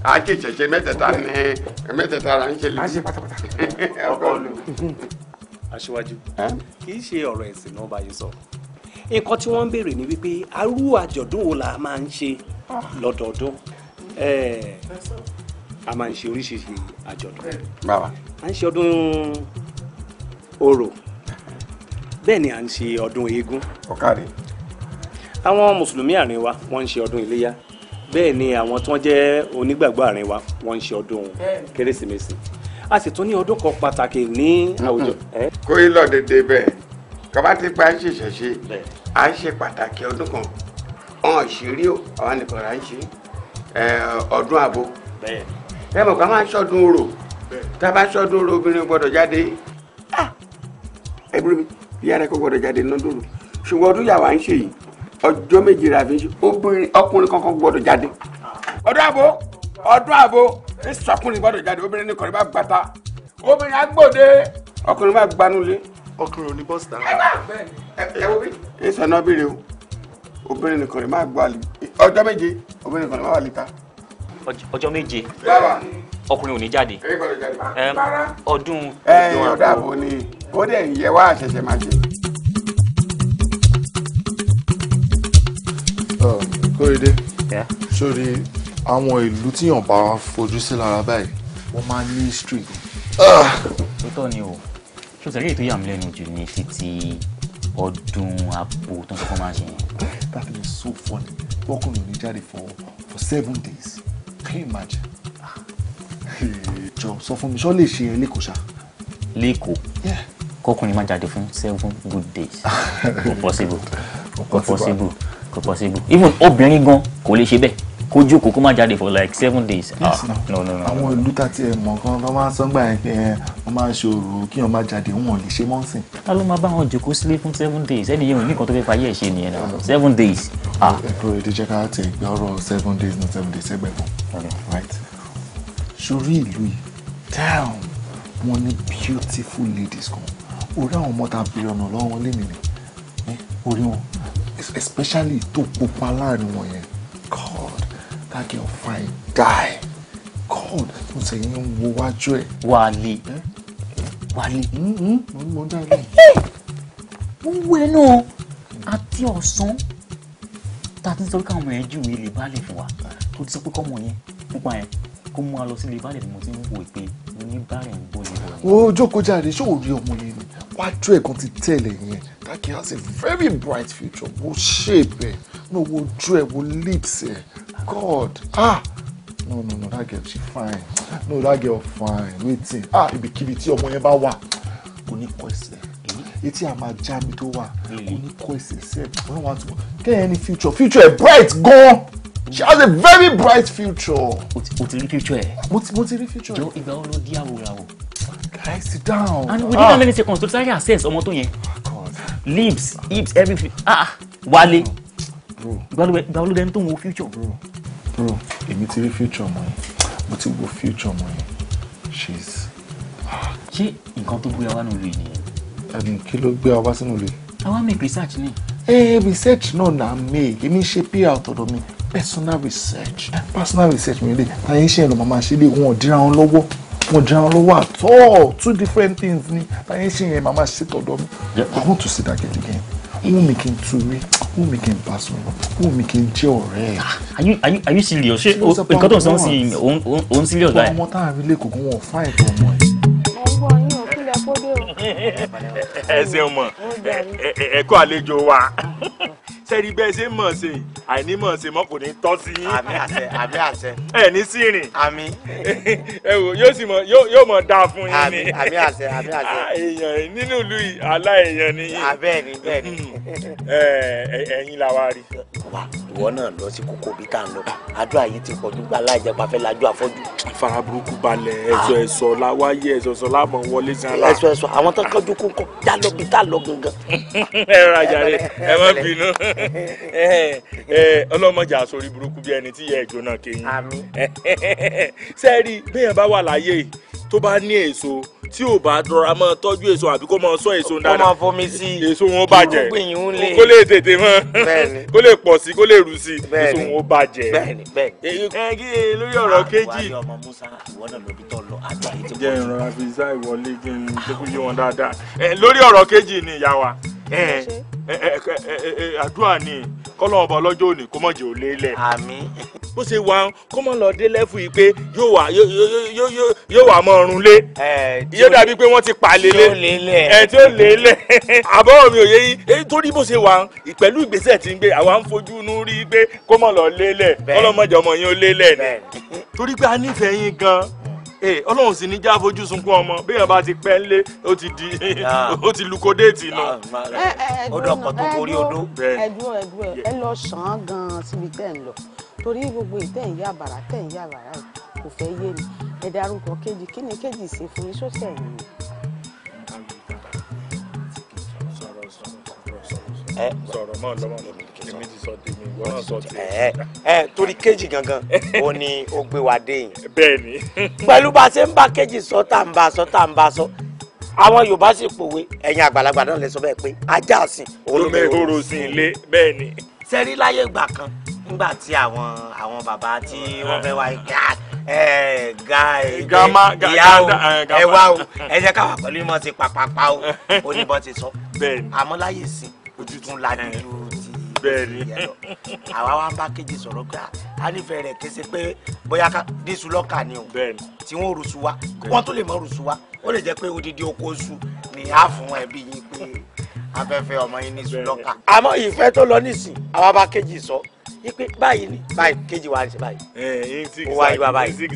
àáké ìṣẹ̀ṣe mẹ́tẹ̀ẹ̀ta ni mẹ́tẹ̀ẹ̀ta là ń ṣe lè. à ń ṣe pátápátá. ọkọ lu. aṣíwájú kì í ṣe ọ̀rọ̀ ẹ̀sìn náà báyìí sọ nǹkan tí wọ́n ń béèrè ni wípé arú àjọ̀dún wo la máa ń ṣe ah. lọ́dọọdún a máa ń ṣe oríṣiríṣi àjọ̀dún. bàbá. a ń ṣe ọdún orò bẹ́ẹ̀ ni a ń ṣe ọdún eégún. ọ̀kadì. àwọn mùsùlùmí àárín wa wọ́n ń ṣe ọdún iléyá bẹ́ẹ̀ ni àwọn tó ń jẹ́ onígbàgbọ́ àárín wa wọ́n ń ṣe ọdún kérésìmesì a sì tún ní ọdún kan pàtàkì ní àwùjọ. kó yín lọ dédé bẹ́ẹ̀ kọba ti pa ṣẹṣẹ ṣe à ń ṣe pàtàkì ọdún kan ọ̀hún ṣe rí o àwọn nìkan là ń ṣe ọdún àbò. bẹ́ẹ̀ ẹ mọ̀ ká máa ṣọdún orò tá a bá ṣọdún orò obìnrin gbọ́dọ̀ jáde ẹbí mi ìyá rẹ kò gbọ́dọ̀ jáde nọdọrọ ṣùgbọ́n ọdún yàwá ń ṣe yìí ọjọ́ méje rà fi ń ṣe ọkùnrin kankan gbọ́dọ̀ jáde ọdún àbò ọdún àbò ní sọkùnrin gbọ́dọ̀ jáde obìnrin ní kọrin bá gbàtà obìnrin agbóde ọkùnrin bá gbanulé. ọkùnrin ò ní bọ́sì tán. ẹ wo bí. ìsọ̀nà bèrè o obìnrin nìkan rẹ̀ máa gbọ́ àlè ọjọ́ méje obìnrin nìkan rẹ̀ máa wà lè ọjọ́ méje ọkùnrin ò ní jáde ọdún. ẹ ọ̀dà àbò ni ó dẹ̀ ń yẹ wá àṣẹ̀ṣẹ̀ máa ṣe. kórèdé sórí àwọn ìlú tíyàn bá fojú sí lára báyìí wọ́n máa ní history. Ah! lóòótọ́ ni o ṣòṣèlú èyí tó yà lẹ́nu jù ní títí ọdún àpò tó ń sọ fún máa ṣe yẹn. that is so funny wọ́n kò lò ní jáde for for seven days can you imagine. jọ sọ fún mi ṣọ lè ṣe yẹn lẹ́kọ̀ọ́ ṣá. lẹ́kọ̀ọ́ kọkùnrin máa jáde fún seven good days kò possible kò possible kò possible even obìnrin gan kò lè ṣe bẹ́ẹ̀ kó jókòó kó má jáde for like seven days. yes ah, no, àwọn ìlú tàti ẹ̀ mọ̀ kan lọ́wọ́ sọ́gbà ẹ̀ pé wọ́n máa ṣe òru kí wọ́n má jáde wọn ò lè ṣe mọ́sìn. ta ló máa bá wọn jókòó sílé fún seven days ẹni yẹn ò ní kan tó fẹ́ fayé ẹ̀ ṣe nìyẹn náà seven days. Ah. ẹ̀kọ́ èdè jẹ́ ká tẹ̀ gbé ọ̀rọ̀ seven days ní seven days ẹgbẹ́ kan right sórí ìlú yìí down wọn ní beautiful ladies kan orí àwọn ọmọ tá a ọ̀nà lọ́wọ́ ni orí wọn especially tó pupa láàrin wọn yẹn god that girl fine guy god mo sì ń wo wájú hmm, hmm, ẹ. wálé wálé. mo mọ dáadáa. mo ń wo ẹnu àti ọ̀sán tá a ti ń sọ pé káwọn ẹ̀jú mi lè bá lè fún wa tó ti sọ pé kọ́mọ yẹn púpà yẹn kó mú wa lọ sílé ìbálẹ̀ ni mo ti ń wò pé mo ní bàrẹ̀ ń gbọ́ nígbà. wo jókòó jáde ṣé o rí ọmọ yẹn ni wájú ẹ̀ kan ti tẹ̀lé yẹn that girl has a very bright future wo shape ẹ̀ náà wo ojú ẹ̀ wo lips ẹ̀ God. Ah. No, no, no, that girl, she fine. No, that girl fine. Waiting. Ah, ibikíbi be ọmọ yẹn bá wà. wa ní question ẹsẹ̀. Etí jam máa wa mi question say Kò ní kọ ẹsẹ̀ sẹ́ẹ̀. Wọ́n future. Future ẹ̀ bright go She has a very bright future. O ti rí future ẹ̀. Mo ti mo ti future ẹ̀. if I wo ló di àwòrán o? Guy sit down. And within ah. how many seconds to try to sense ọmọ tó yẹn? Oh, Lips, hips, everything. Ah, ah. Wálé. Oh. Bro, gbàlódé tó ń wo future. bro bro èmi ti rí future ọmọ yẹn mo ti wo future ọmọ yẹn she's. ṣé nǹkan tó gbé wa nílùú yìí. ẹnu kí ló gbé wa sínú ilé. àwa make research ni. ẹ research náà là ń make èmi ṣe pr tọ̀dọ̀ mi personal research personal research mi lè táyé ṣe lọ màmá ṣe lè wọn dira wọn lọ́wọ́ wọn dira wọn lọ́wọ́ at all two different things ni táyé ṣe yẹn màmá ṣe tọ̀dọ̀ mi i want to see that girl again I mi kì í tu rí wù mí kí n bá sọ̀rọ̀ wù mí kí n jẹ́ ọ̀rẹ́ ẹ̀. àyù àyù àyù sí lèo ṣé nǹkan tó ń sọ sí òun sí lèo báyìí. ọmọ tá a rí lẹ́kọ̀ọ́ wọn fà ọmọ ẹ̀. ẹ̀gbọ́n yín ò kó dé o. ẹ ṣeun mọ ẹ kó àlejò wa sẹ́rí bẹ́ẹ̀ ṣe mọ̀ ṣe àìní mọ̀ ṣe mọ́ kò ní tọ́ sí yín. àmì àṣẹ àmì àṣẹ. ẹ ní sí rìn. àmì. ẹ wò yóò sì mọ yóò mọ dáa fún yín ni. àmì àṣẹ àmì àṣẹ. Ah, èèyàn nínú ìlú aláìyàn ni. àbẹ́ẹ̀ ah, ni bẹ́ẹ̀ ni. ẹ̀yin la wá rí. wà ìwọ náà lọ sí kókó bí tá à ń lọ àdúrà yìí ti pọ̀jù gba aláìjẹpafẹ́ lajú àfọ́jú. fara balẹ̀ ẹ̀sọ̀ ah. ẹ̀sọ̀ la wáyé ẹ̀sọ̀ ẹ̀sọ̀ la mọ̀ wọlé sanra. ẹ̀sọ̀ ẹ̀sọ̀ àwọn tó kọjú kó kọ́ já lọ bí tá à lọ gangan. ẹ rajà ẹ má bínú. Eh, eh, ọlọ́mọjà sórí burúkú bí ẹni tí yẹ ẹjọ́ náà kéyìn sẹ́ẹ̀rì bẹ́ẹ̀ bá wà láyé tó bá ní èso tí ò bá dọra mọ́ tọ́jú èso àbí kó mọ sọ èso dáadáa kó mọ fomi sí i èso wọn bàjẹ́ kó lè tètè mọ́ kó lè pọ̀ sí kó lè rù sí èso wọn bàjẹ́. ẹ eh, lórí ọ̀rọ̀ kejì jẹ́ ìrora fi sá ìwọlé kí n tó kú yé wọn dáadáa lórí ọ̀rọ̀ kejì ni ìyá wa àdúrà ni kọ́lọ́wọ́ ọba ọlọ́jọ́ òní kó mọ̀jẹ̀ ò lélẹ̀. àmín. bó ṣe wà kó mọ̀ lọ dé lẹ́fù yìí pé yóò wà yóò wà mọ́ ọrùn lé yóò dàbí pé wọ́n ti pa lélẹ̀ ẹ̀ tí ó lélẹ̀ àbọ̀ mi ò yé yín torí bó ṣe wà pẹ̀lú ìgbésẹ̀ tí ń gbé àwa ń fojú inú rí i pé kó mọ̀ lọ lélẹ̀ kọ́lọ́ mọ̀jẹ̀ ọmọ yín ó lélẹ̀ ni torí pé a nífẹ̀ẹ́ yín gan-an ee ọlọ́run sì ní já fojú sunkún ọmọ bí yàrá ti pẹ́ ńlé ó ti di ó ti luko déètì nù. odò ọkọ̀ tó borí odò. ẹ̀dùn ẹ̀dùn ẹ lọ sàn án gan-an síbi tẹ́ ń lọ torí gbogbo ìtẹ̀ ń yá bàrà tẹ̀ ń yá bàrà kò fẹ́ yé mi ẹ darúkọ kejì kí ni kejì ṣe fún mi sọ́sẹ̀ yìí. sọ̀rọ̀ mọ́ ọ lọ́wọ́ mi tèmi ti sọ tèmi ìwọ náà sọ tèmi. ẹ ẹ torí kejì gangan ó ní ó gbé wa dé yìí. bẹ́ẹ̀ni. pẹ̀lú bá a ṣe ń bá kejì sọ tá à ń bá a sọ tá à ń bá a sọ àwọn yorùbá sì pòwe ẹ̀yin àgbàlagbà náà lè sọ bẹ́ẹ̀ pé ajá àsìn. olómi ìhòòrò sí ilé bẹ́ẹ̀ni. sẹ́rí láyé ìgbà kan nígbà tí àwọn àwọn bàbá tí wọ́n fẹ́ wá ìgbà ga ìyá o ẹwà o ẹjẹ káwà pẹ̀lú ìmọ̀ ti pàpàpà o oníbọn ti sọ àmọ́ láyé sí ojútùú ńlá nínú bẹ́ẹ̀ni àwa wa ń bá kejì sọ̀rọ̀ pé a nífẹ̀ẹ́ rẹ̀ kése pé bóyá dísù lọ́kà ni o tí wọ́n rùsù wa wọ́n tún lè mọ rùsù wa ó lè jẹ́ pé odidi oko oṣù ni a fún ẹbí yín pé afẹ́fẹ́ ọmọ yín ní sùlọ́kà. àmọ́ ìfẹ́ tó lọ nísìn àwa bá kejì sọ ipe báyìí ni báyìí kejì wa ṣe báyìí. ó wá ibà báyìí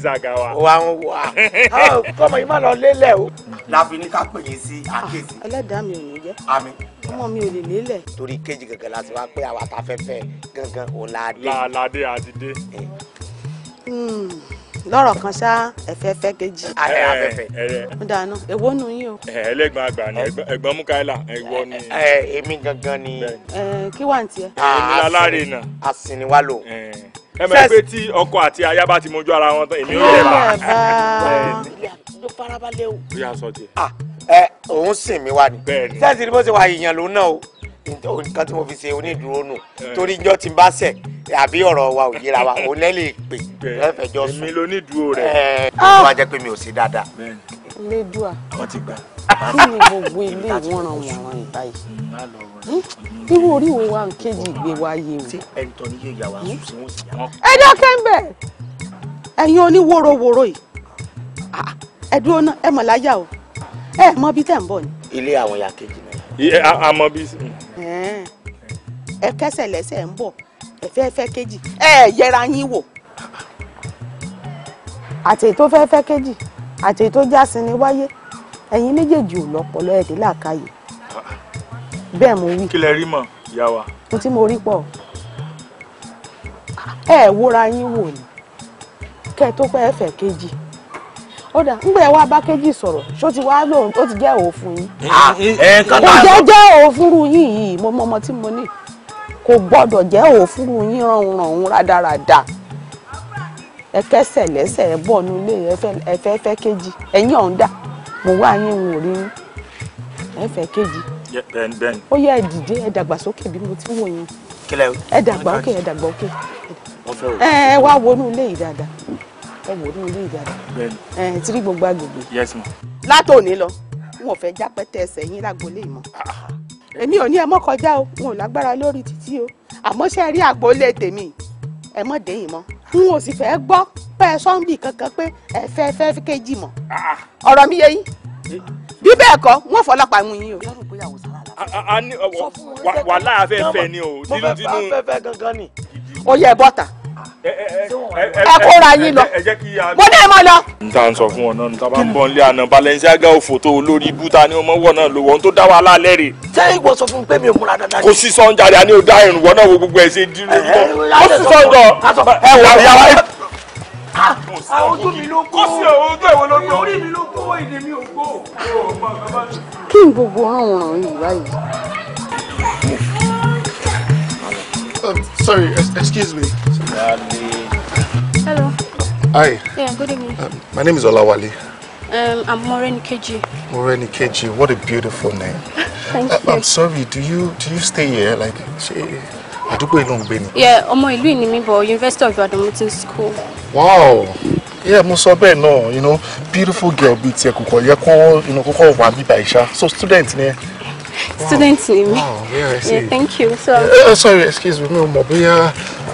ó wá ń wá kọ́mọ yìí má lọ lélẹ̀ o. láfi ní ká pè yín sí àkéèsí. Ah, ẹlẹ́dàá mi ò ní jẹ́. àmín súnmọ́ mi ò lè lélẹ̀. torí kejì gangan la ti wá pé àwa ta fẹ́fẹ́ gangan ò la dé. la dé a ti dé. Eh. Hmm, lọ́rọ̀ kan ṣá ẹ̀fẹ́fẹ́ kejì. ayẹ afẹ́fẹ́. mo dànù èwo nù yín o. Eh, ẹlẹgbọn àgbà ni ẹ̀gbọ́n Mukaila ẹwọ ni. Eh, èmi gangan ni. kí wà ní tiẹ̀. Ah, èmi aláre nà. asiniwa lò ẹ mọ̀ pé tí ọkọ àti aya bá ti mojú ara wọn tán èmi ò yẹ bá. ilé àtijọ́ farabalẹ̀ o. sọ tiẹ̀. Ah, ẹ òun sìn mí wá ni sẹ́ẹ̀sì ni bó ṣe wà ìyàn ló náà o nǹkan tí mo fi ṣe onídùúró nù torí njọ́ ti bá ṣẹ̀ àbí ọ̀rọ̀ wa ò yíra wa òun lẹ́ lè pè lẹ́fẹ̀ẹ́jọ́ sùn èmi ló ní ìdúró rẹ̀ ẹ ẹ ah! wá jẹ́ pé mi ò sí dáadáa. lédùá kí ni gbogbo ilé ìwọ̀nràn wọ̀nràn ìbáyìí irú orí hm? wo wa nkéjì ìgbé wa yé hm? o. ẹ dákẹ́ ń bẹ̀ ẹ̀yin oníwòrowòro yìí ẹ̀dùn ọ̀nà ẹ̀ mọ̀ láyà o ẹ mọ bí tẹ̀ ń bọ̀ ni. ilé àwọn ìyá kejì náà. a mọ bí. ẹ kẹsẹ̀ lẹ́sẹ̀ ń bọ̀ ẹ fẹ́ fẹ́ kejì ẹ yẹra yín wò. àtẹ̀ tó fẹ́ fẹ́ kejì àtẹ̀ tó já sí ni wáyé ẹ̀yin méjèèjì ò lọ́pọlọ ẹ̀dín làákàyè bẹ́ẹ̀ mo wí. kí lẹ rí mọ̀ ìyá wa. ohun tí mo rí pọ̀ ẹ wóra yín wò ni kẹ́ ẹ tó pẹ́ fẹ́ kejì ó dà ń gbé wá bá kéjì sọ̀rọ̀ ṣó ti wá lóhun tó ti jẹ́ òfin yín. Eh, eh, eh, kò jẹ́ jẹ́ òfurú yín yìí mo mọ ọmọ tí mo ní kò gbọ́dọ̀ jẹ́ òfurú yín rọrùn rọrùn rádaràda ẹ kẹsẹ̀ lẹ́sẹ̀ ẹ bọ̀ nínú ilé ẹ fẹ́ fẹ́ kéjì ẹ̀yìn ọ̀hún dà mo wá yín n ò rí yín ẹ fẹ́ kéjì ó yẹ ẹ dìde ẹ dàgbàsókè bí mo ti wò yín ẹ dàgbà òkè ẹ ẹ wá wọnú ilé yìí dáadáa ẹ wò ní ilé ìdáná ẹ ti rí gbogbo agbègbè látòní lọ n ò fẹ́ jápẹ́tẹ́ ẹsẹ̀ yín lágbolé mọ́ ah, ah, ah. èmi ò ní ẹ mọ́ kọjá o n ò lágbára lórí títí o àmọ́ ṣe rí àgbolé tèmi ẹ mọ́ déyìn mọ́ n ò sì fẹ́ gbọ́ pé sọ́ńbì kankan pé ẹ fẹ́ fẹ́ kéjì mọ́ ọ̀rọ̀ mi yé yín eh. bí bẹ́ẹ̀ kọ́ wọ́n fọlọ́pàá mú yín o. wàhálà afẹ́fẹ́ ni o tinú tinú. ó yẹ bọ́tà ẹ kóra yín lọ mo ní ẹ máa lọ. n ta n sọ fún ọ náà níta bá ń bọ nílé àná Balenciaga òfòtó olórí búta ni ọmọ wọ náà lówó ohun tó dá wa lálẹ́ rè. ṣé ìwọ sọ fún mi pé mi ò múra dáadáa. kò sí sọ́njà rẹ̀ a ní o dá irun wọ́n náà wo gbogbo ẹ̀ ṣe dín lórí kọ́ kò sí sọ́njà ẹ̀ wà bí a àwọn ojú mi ló kó sí ojú ẹ̀wọ̀n ló gbó orí mi ló kó ìdè mi ò gbó. kí n gbogbo àwọn ọ̀ràn yìí báyìí. sorry excuse me. Hello. Hi. Yeah, good evening. Um, my name is Olawale. Um, I'm Moreni Keji. Moreni Keji, what a beautiful name. Thank uh, I, you. I'm sorry, do you do you stay here? Like, àdúgbò ìlú ń gbé ni. Yeah, ọmọ ìlú in mi bọ̀ University of Ibadan Mutin School. Wow! Yeah, mo sọ bẹ́ẹ̀ náà, you know, beautiful girl bíi tiẹ̀ kòkò yẹ you know, kókó wà bíbá ìṣá. So student ni ẹ. Wow. Student ni mi. Wow, yeah, I see. Yeah, thank you. So, uh, uh, sorry, excuse me, mo mọ̀ bóyá.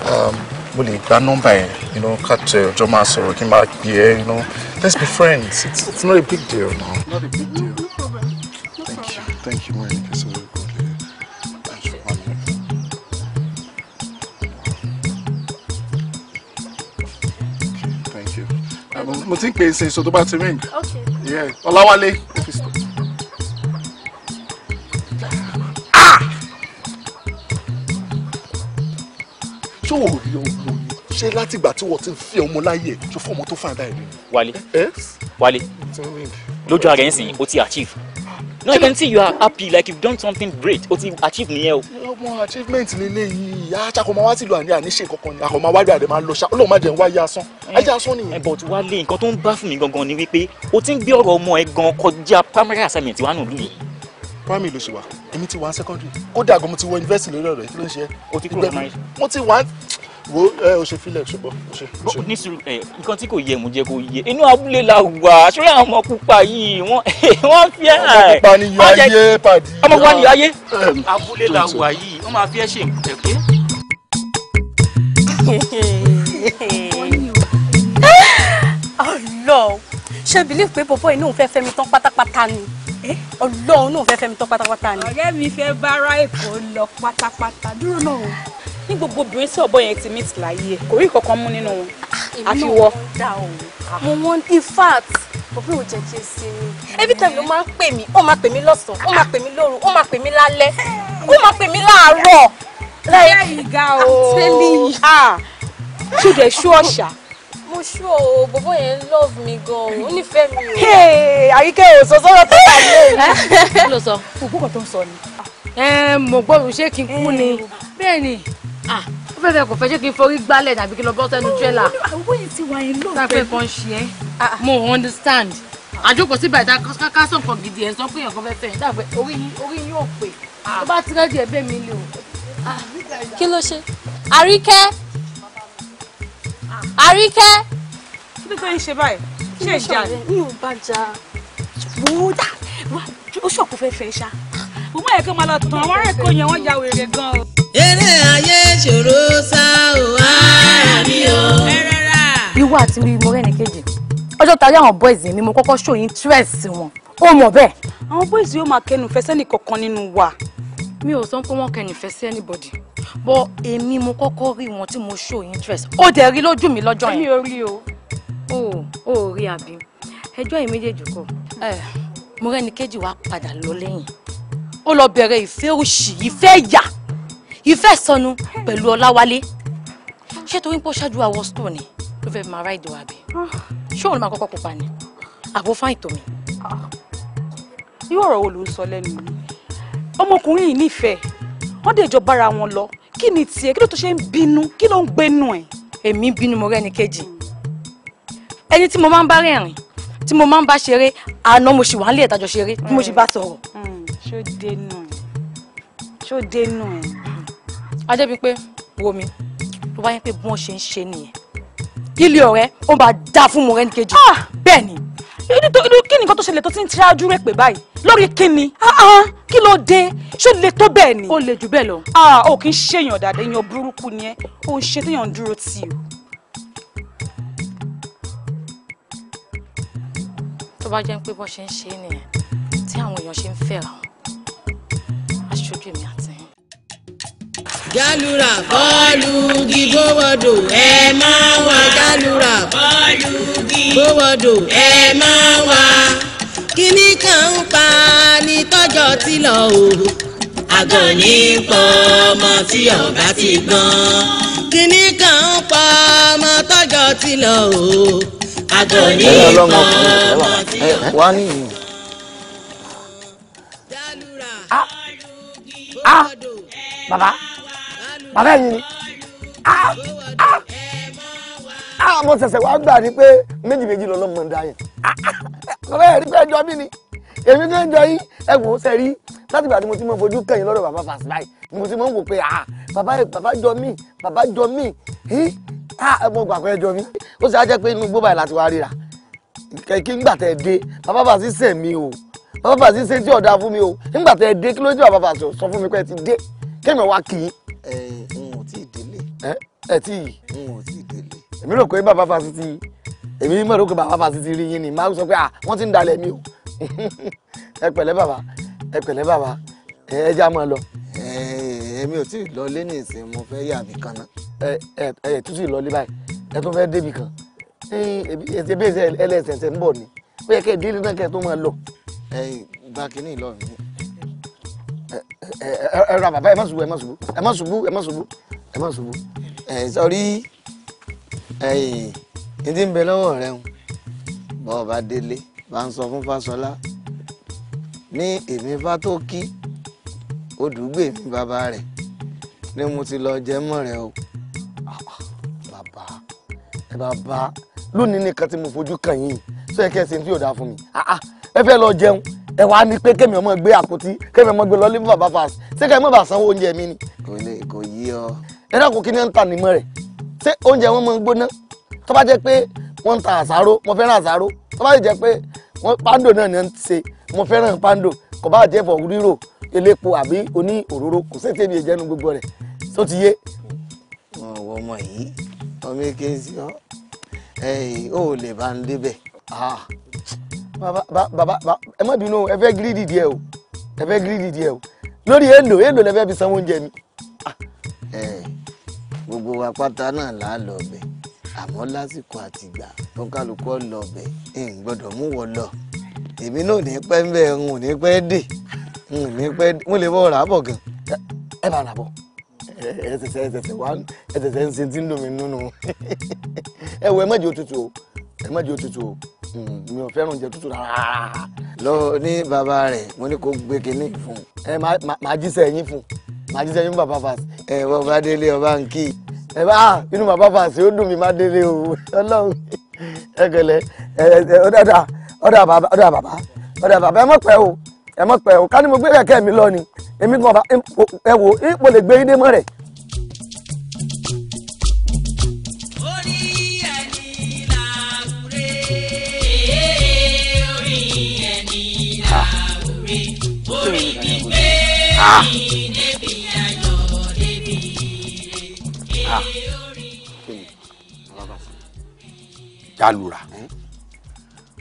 Um, mo lè gba nọ́mbà ẹ you know káàtó ẹ ọjọ́ máa sọ̀rọ̀ kí n máa gbé ẹ you know let's be friends it's, it's not a big deal now. not a big deal. thank you thank you Moyinka okay, sọ̀rọ̀. mo ti ń pè é sin so tó bá ti ring. ọláwálé. Ah! ṣé o rí o ṣé látìgbà tí wọ́n ti ń fi ọmọ láyè tó fún ọmọ tó fà dáì ni. wálé wálé lójú ara yẹn sìn o ti achieve no I can see you are happy like you done something great o ti achieve nìyẹn o. ọmọ achievement ni eléyìí aṣakọ ah, máa wá sílùú àní àníṣe kankan ni àkọ máa wá bí àdè máa lọ ṣá Ọlọ́run má jẹ́ ń wá asán eh, ayé asán nìyẹn. Eh, but Wálé nǹkan tó ń bá fún mi gangan ni wípé o ti ń gbé ọ̀rọ̀ ọmọ ẹ gan kọjá primary assignment wa nù lùyìí. primary ló ṣe wà èmi ti wà secondary kódà gan mo ti wọ university lórí ọ̀rọ̀ yìí kí ló ń ṣe o ti kúrò wo ẹ o ṣe filẹ ṣùgbọ́n o ṣe. ní sùúrù ẹ nǹkan tí kò yẹ mú jẹ kó yẹ inú abúlé la wà sórí àwọn ọmọ pupa yìí wọn wọn fi ẹ. ọmọ pupa ni yọ ayé pàdé. ọmọ pupa ni yọ ayé. abúlé la wà yìí wọn máa fi ẹ ṣe nǹkan ọlọ ṣe bìlí pé bọ̀bọ̀ inú òun fẹ́ mi tán pátápátá ni eh, ọlọ́run náà fẹ́ fẹ́ mi tán pátápátá ni. ọ̀rẹ́ mi fẹ́ bára èkó lọ pátápátá dúró náà o ní gbogbo obìnrin tí ọ̀bọ yẹn ti meet láyé kò rí kankan mú nínú wọn ah, ah, àfi wọ. Ah. mo wọ́n in fact bọ́bí ò jẹ́ kí n I é. every time ló máa ń pè mí ó máa pè mí lọ́sàn-án ó máa pè mí lóru ó máa pè mí lálẹ́ ó máa pè mí láàárọ̀. láyé ìga o ṣùgbọ́n ṣú ọ̀ṣà. mo ṣú o bọ́bọ́ yẹn love mi gan-an ó nífẹ̀ẹ́ mi o. àyíké ò sọ sọ́dọ̀ tó bá yé e. kí ló sọ? ògbókò tó ń sọ ni. mo gbọ́ ṣé kí n kú ni eh. bẹ́ẹ̀ ni ah ó fẹ́ fẹ́ kò fẹ́ ṣé kí n forí gbálẹ̀ nàbí kí n lọ bọ́ sẹ́nu tírélà. owó yìí ti wà yín lóòótọ́ sáfẹ́ kan ṣe é ah. mo understand àjókòó sí bàtà kásán kan gidi ẹ̀ sọ pé èèyàn kan fẹ́ fẹ́ yín dàgbẹ́ orí yín orí yín ò pé ah. tó bá ti rẹ́dí ẹ̀bẹ́ mi lè o. Ah, kí ló ṣe àríkẹ́ àríkẹ́. kí ló ń ṣe báyìí ṣé ìjà ni. mi ò bá ja wò ó dà ó ṣọ̀kú fẹ́ fẹ́ ṣá òun ẹ̀ kó máa lọ tàn wọ́n rẹ̀ kó yẹn wọ́n ya wèrè gan eré ayé ṣòro sá o ara mi o. ìwọ àti mo rẹ́ kejì ọjọ́ tàbí àwọn boys mi mo kọ́kọ́ show interest wọn ó mọ̀ bẹ́ẹ̀. àwọn boys yóò máa kẹnu fẹsẹ̀ ní kọ̀ọ̀kan nínú wa mi ò sọ pé wọn kàn nífẹ̀ẹ́ sí anybody bọ èmi mo kọ́kọ́ rí wọn tí mo show interest ó dẹ̀ rí lójú mi lọ́jọ́ yẹn. èmi ò rí o. o ò rí àbí ẹjọ́ yìí méjèèjì kọ eh. mo rẹ́ni kejì wá padà lọ lẹ́yìn ó lọ bẹ̀rẹ̀ ìfẹ́ òṣì ìfẹ́ ìyà ìfẹ́ sọnù pẹ̀lú ọláwálé ṣé torí pé ó ṣáájú àwọ̀ stone ni ló fẹ́ máa ra ìdòwà bẹ́ẹ̀ ṣé òun máa kọ́kọ́ pupa ni àbò fáìn tó mi. irú ọ̀rọ̀ wo ló ń sọ lẹ́nu mi ọmọkùnrin yìí nífẹ̀ẹ́ wọ́n dé jọ bára wọn lọ kí ni tiẹ̀ kí ló tó ṣe ń bínú kí ló ń gbénu ẹ̀. èmi ń bínú mo rẹ́ni kejì ẹni tí mo máa ń bá rẹ́rìn tí mo máa ń bá ṣeré àná mo sì wà nílé ìtajọ ṣeré tí mo sì bá sọ̀rọ̀. Mm, ṣó dénú ẹ ṣó dénú ẹ. ajẹ́bi pé wo mi ló wáyé pé bí wọ́n ṣe ń ṣe nìyẹn ilé ọ̀rẹ́ ó máa dáa fún mo rẹ́ ní kejì. Ah! bẹ́ẹ̀ ni kí ni nǹkan tó ṣẹlẹ̀ tó ti ń tirájú rẹ̀ pé báyìí lórí kí ni ah, ah, kí ló dé ṣó lè tó bẹ́ẹ̀ ni. ó lè jù bẹ́ẹ̀ lọ. ò kì í ṣèyàn dáadáa èèyàn burúkú ni ẹ ò ń ṣe téèyàn dúró tì o. bá jẹ́ pé bọ́ ṣe ń ṣe é nìyẹn tí àwọn èèyàn ṣe ń fẹ́ra wọn aṣojú mi àti yín. jálùrà bọ́ọ̀lù gígbówọ́dọ̀ ẹ máa wá. jálùrà bọ́ọ̀lù gígbówọ́dọ̀ ẹ máa wá. kíní kan ń pa ní tọ́jọ́ tí lọ o. àgọ́ ní pọ̀ ọmọ tí ọba ti gbọ́n. kíní kan ń pa ọmọ tọ́jọ́ tí lọ o adoni ìbọn ọmọ ti ah ah baba baba yìí ah ah àwọn ah, ṣẹ̀ṣẹ̀ wá gbà pe pé méjì méjì lọ́lọ́mọ dá yẹn ọ̀rẹ́ ah, ah, ẹ̀rí pé ẹjọ́ bí ni èmi tó ń jọ yín ẹ wò ó ṣe rí láti ìgbà tí mo ti mọ fojú kẹ́yìn lọ́dọ̀ bàbá fàṣẹ báyìí ni mo ti mọ ń wò pé ah bàbá bàbá jọ mí bàbá jọ mí ah ẹ mọ gbàgbọ́ ẹ jọ mí ó sì á jẹ́ pé inú igbó báyìí láti wá ríra kí ngbà tẹ dé bàbá fàṣẹ sẹ̀ mí o bàbá fàṣẹ ṣe tí ọ̀dà fún mi o ngbà tẹ dé kí ló dé bàbá fàṣẹ sọ fún mi pé ti dé kéèmẹ̀ wá kì í. n ò tí ì délé. ẹ ẹ n ò tí ì èmi rò pé bàbá fásitì èmi mọ̀ rò pé bàbá fásitì rí yín ni máa sọ pé à wọ́n ti ń dalẹ̀ mi o ẹ pẹ̀lẹ́ bàbá ẹ pẹ̀lẹ́ bàbá ẹ já máa lọ. èmi ò tí ì lọ lé ní ìsìn mo fẹ́ yà mí kan náà. ẹ ẹ ẹ tún sì lọ lé báyìí ẹ tún fẹ́ débì kan ẹsẹ bí ẹsẹ ẹlẹsẹsẹ ń bọ̀ ni ó yẹ kẹ́ ẹ délé náà kẹ́ ẹ tó máa lọ. ẹ gba kínní lọ mi. ẹ ẹ ra bàbá ẹ má ṣubú ẹ má ṣubú ẹ má ṣubú ẹ má ṣubú ẹ má ṣubú. ẹ sọrí ẹyìn ní ti ń bẹ lọ́wọ́ rẹ ń bọ́ ọba délé bá ń sọ fún Fáṣọlá ní èmi bá tó kí odùgbè mi bàbá rẹ̀ ni mo ti lọ jẹ mọ́ rẹ o ah, bàbá ẹ bàbá lónìí nìkan tí mo fojú kàn yín sọ yẹ kẹ́ ẹ ṣe ní tí yóò dáa fún mi ah, ah, ẹ fẹ́ lọ jẹun ẹ wá ní pé kémi ọmọ gbé àpótí kémi ọmọ gbé lọ lébú bàbá fàs ṣé ká ẹ mọ̀ bá sanwó oúnjẹ mi ni. kò lè kò yí ọ. ẹ dákun kí ni ẹ ń ta nímọ̀ rẹ̀ ṣé oúnjẹ wọn máa ń gbóná tó bá jẹ́ pé wọ́n ń ta àsáró mo fẹ́ràn àsáró tó bá jẹ́ pé wọ́n pando náà ni wọ́n ń ṣe mo fẹ́ràn pando kò bá jẹ́ fọ̀ rírò elépo àbí oní òróró kò sí ètè mi ìjẹnu gbogbo rẹ̀ tó ti yé. ọwọ́ ọmọ yìí ọmọ eke ń sí ọ ó lè bá ń débẹ̀. Ah. bàbá ẹ má bínú ẹ fẹ́ gírídì díẹ̀ o ẹ fẹ́ gírídì díẹ̀ o lórí èlò èlò lẹ fẹ́ sanwó oúnjẹ mi gbogbo wa pátá náà là á lọ bẹ̀ àmọ́ lásìkò àtìgbà tó kálukú lọ bẹ̀ ẹ̀ ń gbọ́dọ̀ mú wọ lọ èmi náà ní pẹ́ ń bẹ̀ ń ní pẹ́ dè ń ní pẹ́ mo lè bọ̀ rà á bọ̀ gan ẹ bá rà bọ̀ ẹsẹsẹ ẹsẹsẹ wa ẹsẹsẹ ń sentí ń dùn mí nínú ẹ wo ẹ má jẹ òtútù o ẹ má jẹ òtútù o hmm, mi ò fẹ́ràn oúnjẹ tútù rárá. lọ ní bàbá rẹ̀ mo ní kó gbé kinní fún un ẹ máa jíṣẹ́ yín fún un máa jíṣẹ́ yín fún bàbá fàṣ ẹ bàbá délé ọba ń kí ẹ bá inú bàbá fàṣ ó dùn mí má délé o Ọlọ́run ẹ gẹlẹ ẹ ọdà bàbá ọdà bàbá ẹ mọ̀ pẹ́ o ẹ mọ̀ pẹ́ òká ni mo gbé kẹ̀kẹ́ mi lọ ni èmi gan ọba ẹ wò ipò lè gbé yídé mọ́ rẹ̀. Ah. jálùra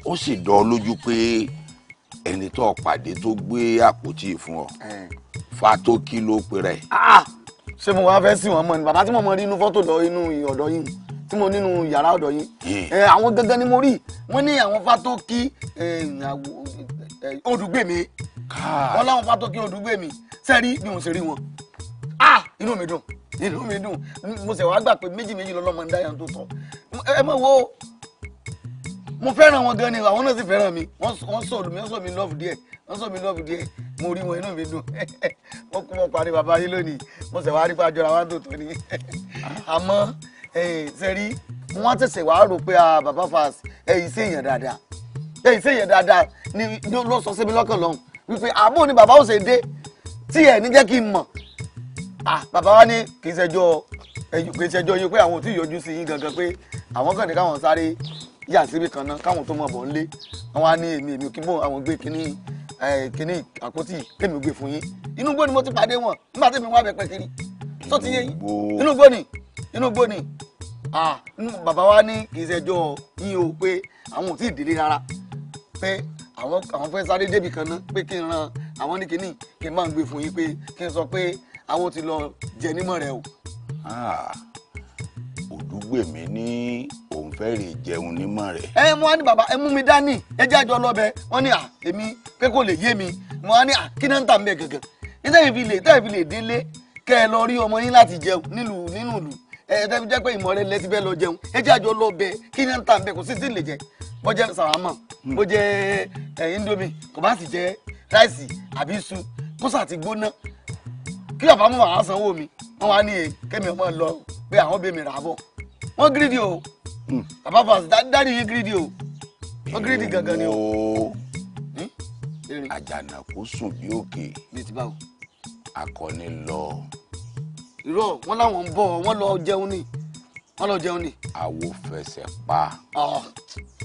ó sì dán lójú pé ẹni tó pàdé tó gbé àpótí fún ọ fató kí ló pe rẹ. ṣé mo wá fẹ́ sìn wọ́n mọ́ ni bàbá tí mo mọ rí inú fọ́tò lọ inú ọ̀dọ̀ yín tí mo nínú yàrá ọ̀dọ̀ yín àwọn gangan ni mo rí wọ́n ní àwọn fató kí odùgbé mi wọ́n láwọn fató kí odùgbé mi sẹ́rí bí mo ṣe rí wọn inú mi dùn inú mi dùn mo ṣe wá gbà pé méjì méjì lọ́lọ́mọ ń dá yàn tó sọ ẹ mọ̀ wo mo fẹ́ràn wọn gan ni àwọn náà sì fẹ́ràn mi wọ́n sọ mi wọ́n sọ mi lọ́ọ̀fù díẹ̀ wọ́n sọ mi love díẹ̀ mo rí wọn inú mi dùn wọ́n kú mọ́ parí bàbá yín lónìí mo sì wá rí pàjọ́ ra wá tó tó ni àmọ́ sẹ́rí wọ́n tẹ̀sẹ̀ wá rò pé bàbá fas ẹ̀yìn sí èèyàn dáadáa ẹ̀yìn sí èèyàn dáadáa ni ló sọ sí mi lọ́kàn lọ́hùn wípé àbó ni bàbá ò ṣe dé tí ẹ̀ ní jẹ́ kí n mọ̀ bàbá wa ní kì í ṣẹjọ́ kì í ṣẹjọ́ yín pé àwọn ò tí ì yọjú sí yín gangan pé àwọn kàn ní káwọn sáré yà síbi kan náà káwọn tó mọ̀ bọ̀ ń lé wọn á ní èmi èmi kí n bò àwọn gbé kínní kínní àpótí kémi gbé fún yín inú gbóni mo ti pàdé wọn nígbà tí mi wá bẹ pẹ kiri tó ti yé yín inú gbóni inú gbóni bàbá wa ní kì í ṣẹjọ́ yín o pé àwọn ò tí ì délé rárá pé àwọn fẹ́ sáré débì kan náà pé kí n ran àwọn ní kínní kí n máa gbé fún yín pé kí n sọ pé àwọn ti lọ jẹ nímọ̀ rẹ o. òdúgbèmí ní fẹ́ rè jẹun nímọ̀ rẹ̀. ẹ mú wá ní bàbá ẹ mú mi dání ẹ jẹ́ àjọ lọ́bẹ wọ́n ní à èmi pé kò lè yé mi mo wá ní à kí náà ń tà mí gẹ̀gẹ̀ nítorí fi lè tẹ́lẹ̀ fi lè délé kẹ́ ẹ lọ rí ọmọ yín láti jẹun nílùú nínú ìlú ẹ ẹ tẹ́lẹ̀ fi jẹ́ pé ìmọ̀ rẹ lẹ́tí bẹ́ẹ̀ lọ jẹun ẹ jẹ́ àjọ lọ́bẹ kí náà ń tà mí kò sí sí lè jẹ bó jẹ́ sàrámà bó hmm. jẹ́ indomie kò bá sì jẹ ráìsì ti gbóná kí bàbá mọ̀ wàá sanwó mi wọ́n wá ní kẹ́mi ọmọ lọ pé àwọn bèèmí rà á bọ̀ wọ́n gírídì o Baba, fà dáàdì yìí gírídì o wọ́n gírídì gangan ni o. Hmm? àjànàkú sùn bí òkè akọni lọ. irọ́ wọn làwọn ń bọ̀ wọ́n lọ jẹun ni wọ́n lọ jẹun ni. àwo fẹsẹ̀ pa.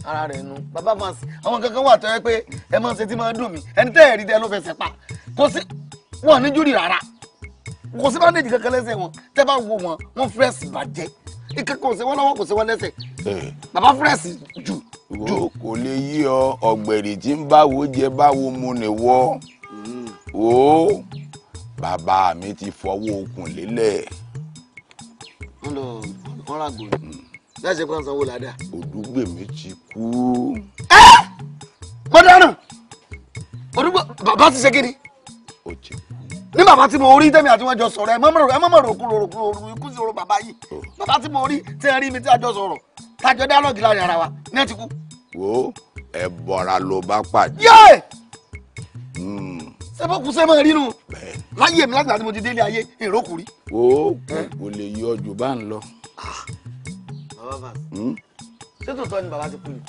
ara rẹ̀ nu bàbá fà àwọn kankan wà tọ́ ẹ pé ẹ máa ń ṣe tí máa ń dùn mí ẹni tẹ́ ẹ̀ rí dẹ́ ló fẹsẹ̀ pa kò sí wọn ní júrì rárá kò sí bá ní ìdí kankan lẹ́sẹ̀ wọn tẹ́ bá wo wọn wọn fẹ́ẹ́ sì bàjẹ́ ìkẹ́ kò sí wọn lọ́wọ́ kò sí wọn lẹ́sẹ̀ eh. bàbá fúrẹ́sì jù. wo kò lè yí ọ ọ̀gbẹ̀rì tí ń báwo jẹ báwo mu nìwọ o bàbá mi ti fọwọ́ okùn lélẹ̀. wọ́n lọ wọ́n láti ṣe pàṣẹ owó làdá. Odúgbèmí ti kú. ẹ mo dáná Odúgbò bàbá ti ṣe kí ni. ti kú ní bàbá tí mo rí tẹ́mi àti wọn jọ sọ̀rọ̀ ẹ mọ́mọ́ ẹ mọ́mọ́ ròkú ròkú ròkú ikú sí oró bàbá yìí bàbá tí mo rí tẹ́ ẹ rí mi tí a jọ sọ̀rọ̀ tá a jọ dialogue láàrin ara wa ní ẹ ti kú. wo ẹ bọra ló bá pàdé. yé hmm. ṣé bó kú ṣe máa rí nu láyé mi láti gbà tí mo ti délé ayé èrò kù rí. wo kò lè yọ jù bá ń lọ. Ah. Hmm? ṣé tòótọ́ ni bàbá ti kú ni.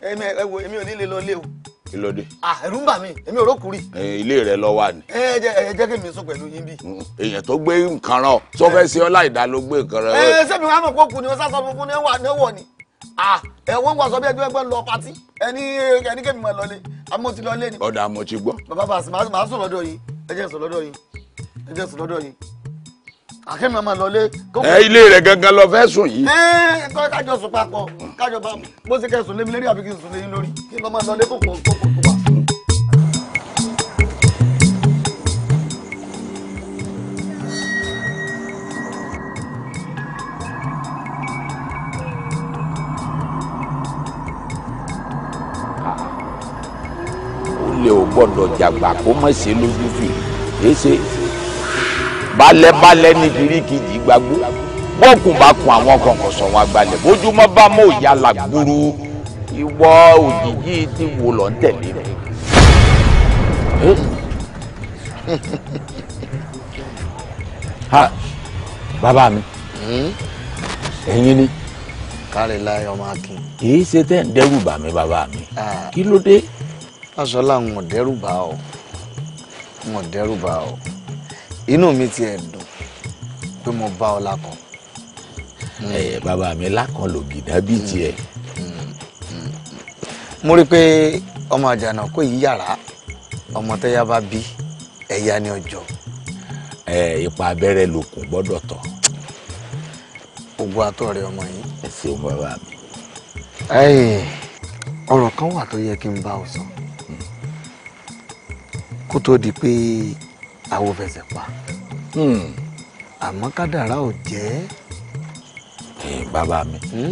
ẹ ò ní lè lọ lé o kí ló dé. Ah, ẹ̀rù ń bà mí èmi ò rókùnrin. ilé rẹ lọ wà ní. ẹ jẹ́ jẹ́ kí mi sùn pẹ̀lú yín bí. èèyàn tó gbé nǹkan rán sọ fẹ́ ṣe ọ́ láì dá ló gbé nǹkan rán. ẹ ṣé mi wàá mọ̀ pé òkú ni wọ́n sá sọ fún ní wọ̀ ni ah, ẹ̀wọ̀n wà sọ bí ẹgbẹ́ ẹgbẹ́ lọ patí ẹni ẹni kẹ́mi máa lọlé àmọ́ ti lọlé ni. ọ̀dà àmọ́ ti gbọ́. bàbá bàbá màá sùn lọ́dọ̀ yìí ẹ jẹ́ sùn lọ́dọ̀ yìí ẹ jẹ́ sùn lọ́dọ̀ yìí akémi ọmọ lọlé. ẹ ilé rẹ gangan lọ fẹ́ sùn yìí. ẹ kọ́ kájọ sùn papọ̀ kájọ bá bó ṣe kẹ́ sùn lémi lérí àbí kí n sùn léyìn lórí kí n lọ́ máa lọlé kò kò kò kò wá. ó lè ò gbọ́dọ̀ jàgbà kó má ṣe lójú fìrí èé balẹ̀balẹ̀ ní kìrìkìjì gbàgbó bọ́ọ̀kùn bá kun àwọn kọ̀ọ̀kan sọ wọn agbalẹ̀ bójúmọ́ bá mọ́ òyà làgbúrú ìwọ òjijì ti wò lọ́n tẹ̀lé mi. bàbá mi hmm? ẹ̀yin ni. kárí láyọ̀ máa kín. kì ṣe tẹ́ ń dẹ́rù bà mí bàbá mi kí ló dé. wọ́n sọ láwọn ò dẹ́rù bà ọ́ wọn dẹ́rù bà ọ́ inú mi ti ẹ̀ dùn pé mo bá ọ lákan. ẹ bàbá mi lákan lògìdá bíi hmm. tiẹ̀. Hmm. mo rí i pé ọmọ àjànà kò yí yàrá ọmọ tẹ́yà bá bí ẹ̀yà ni ọjọ́. ẹ ipa abẹ́rẹ́ lòkùn gbọ́dọ̀ tọ̀. ogun àtọ̀ rẹ ọmọ yìí. ẹ ṣeun bàbá mi. ọ̀rọ̀ kan wà tó yẹ kí n bá ọ sọ hmm. kó tó di pé. Pe àwo fẹsẹ̀ pa hmm. àmọ́ kádàrá ò jẹ́. bàbá mi hmm?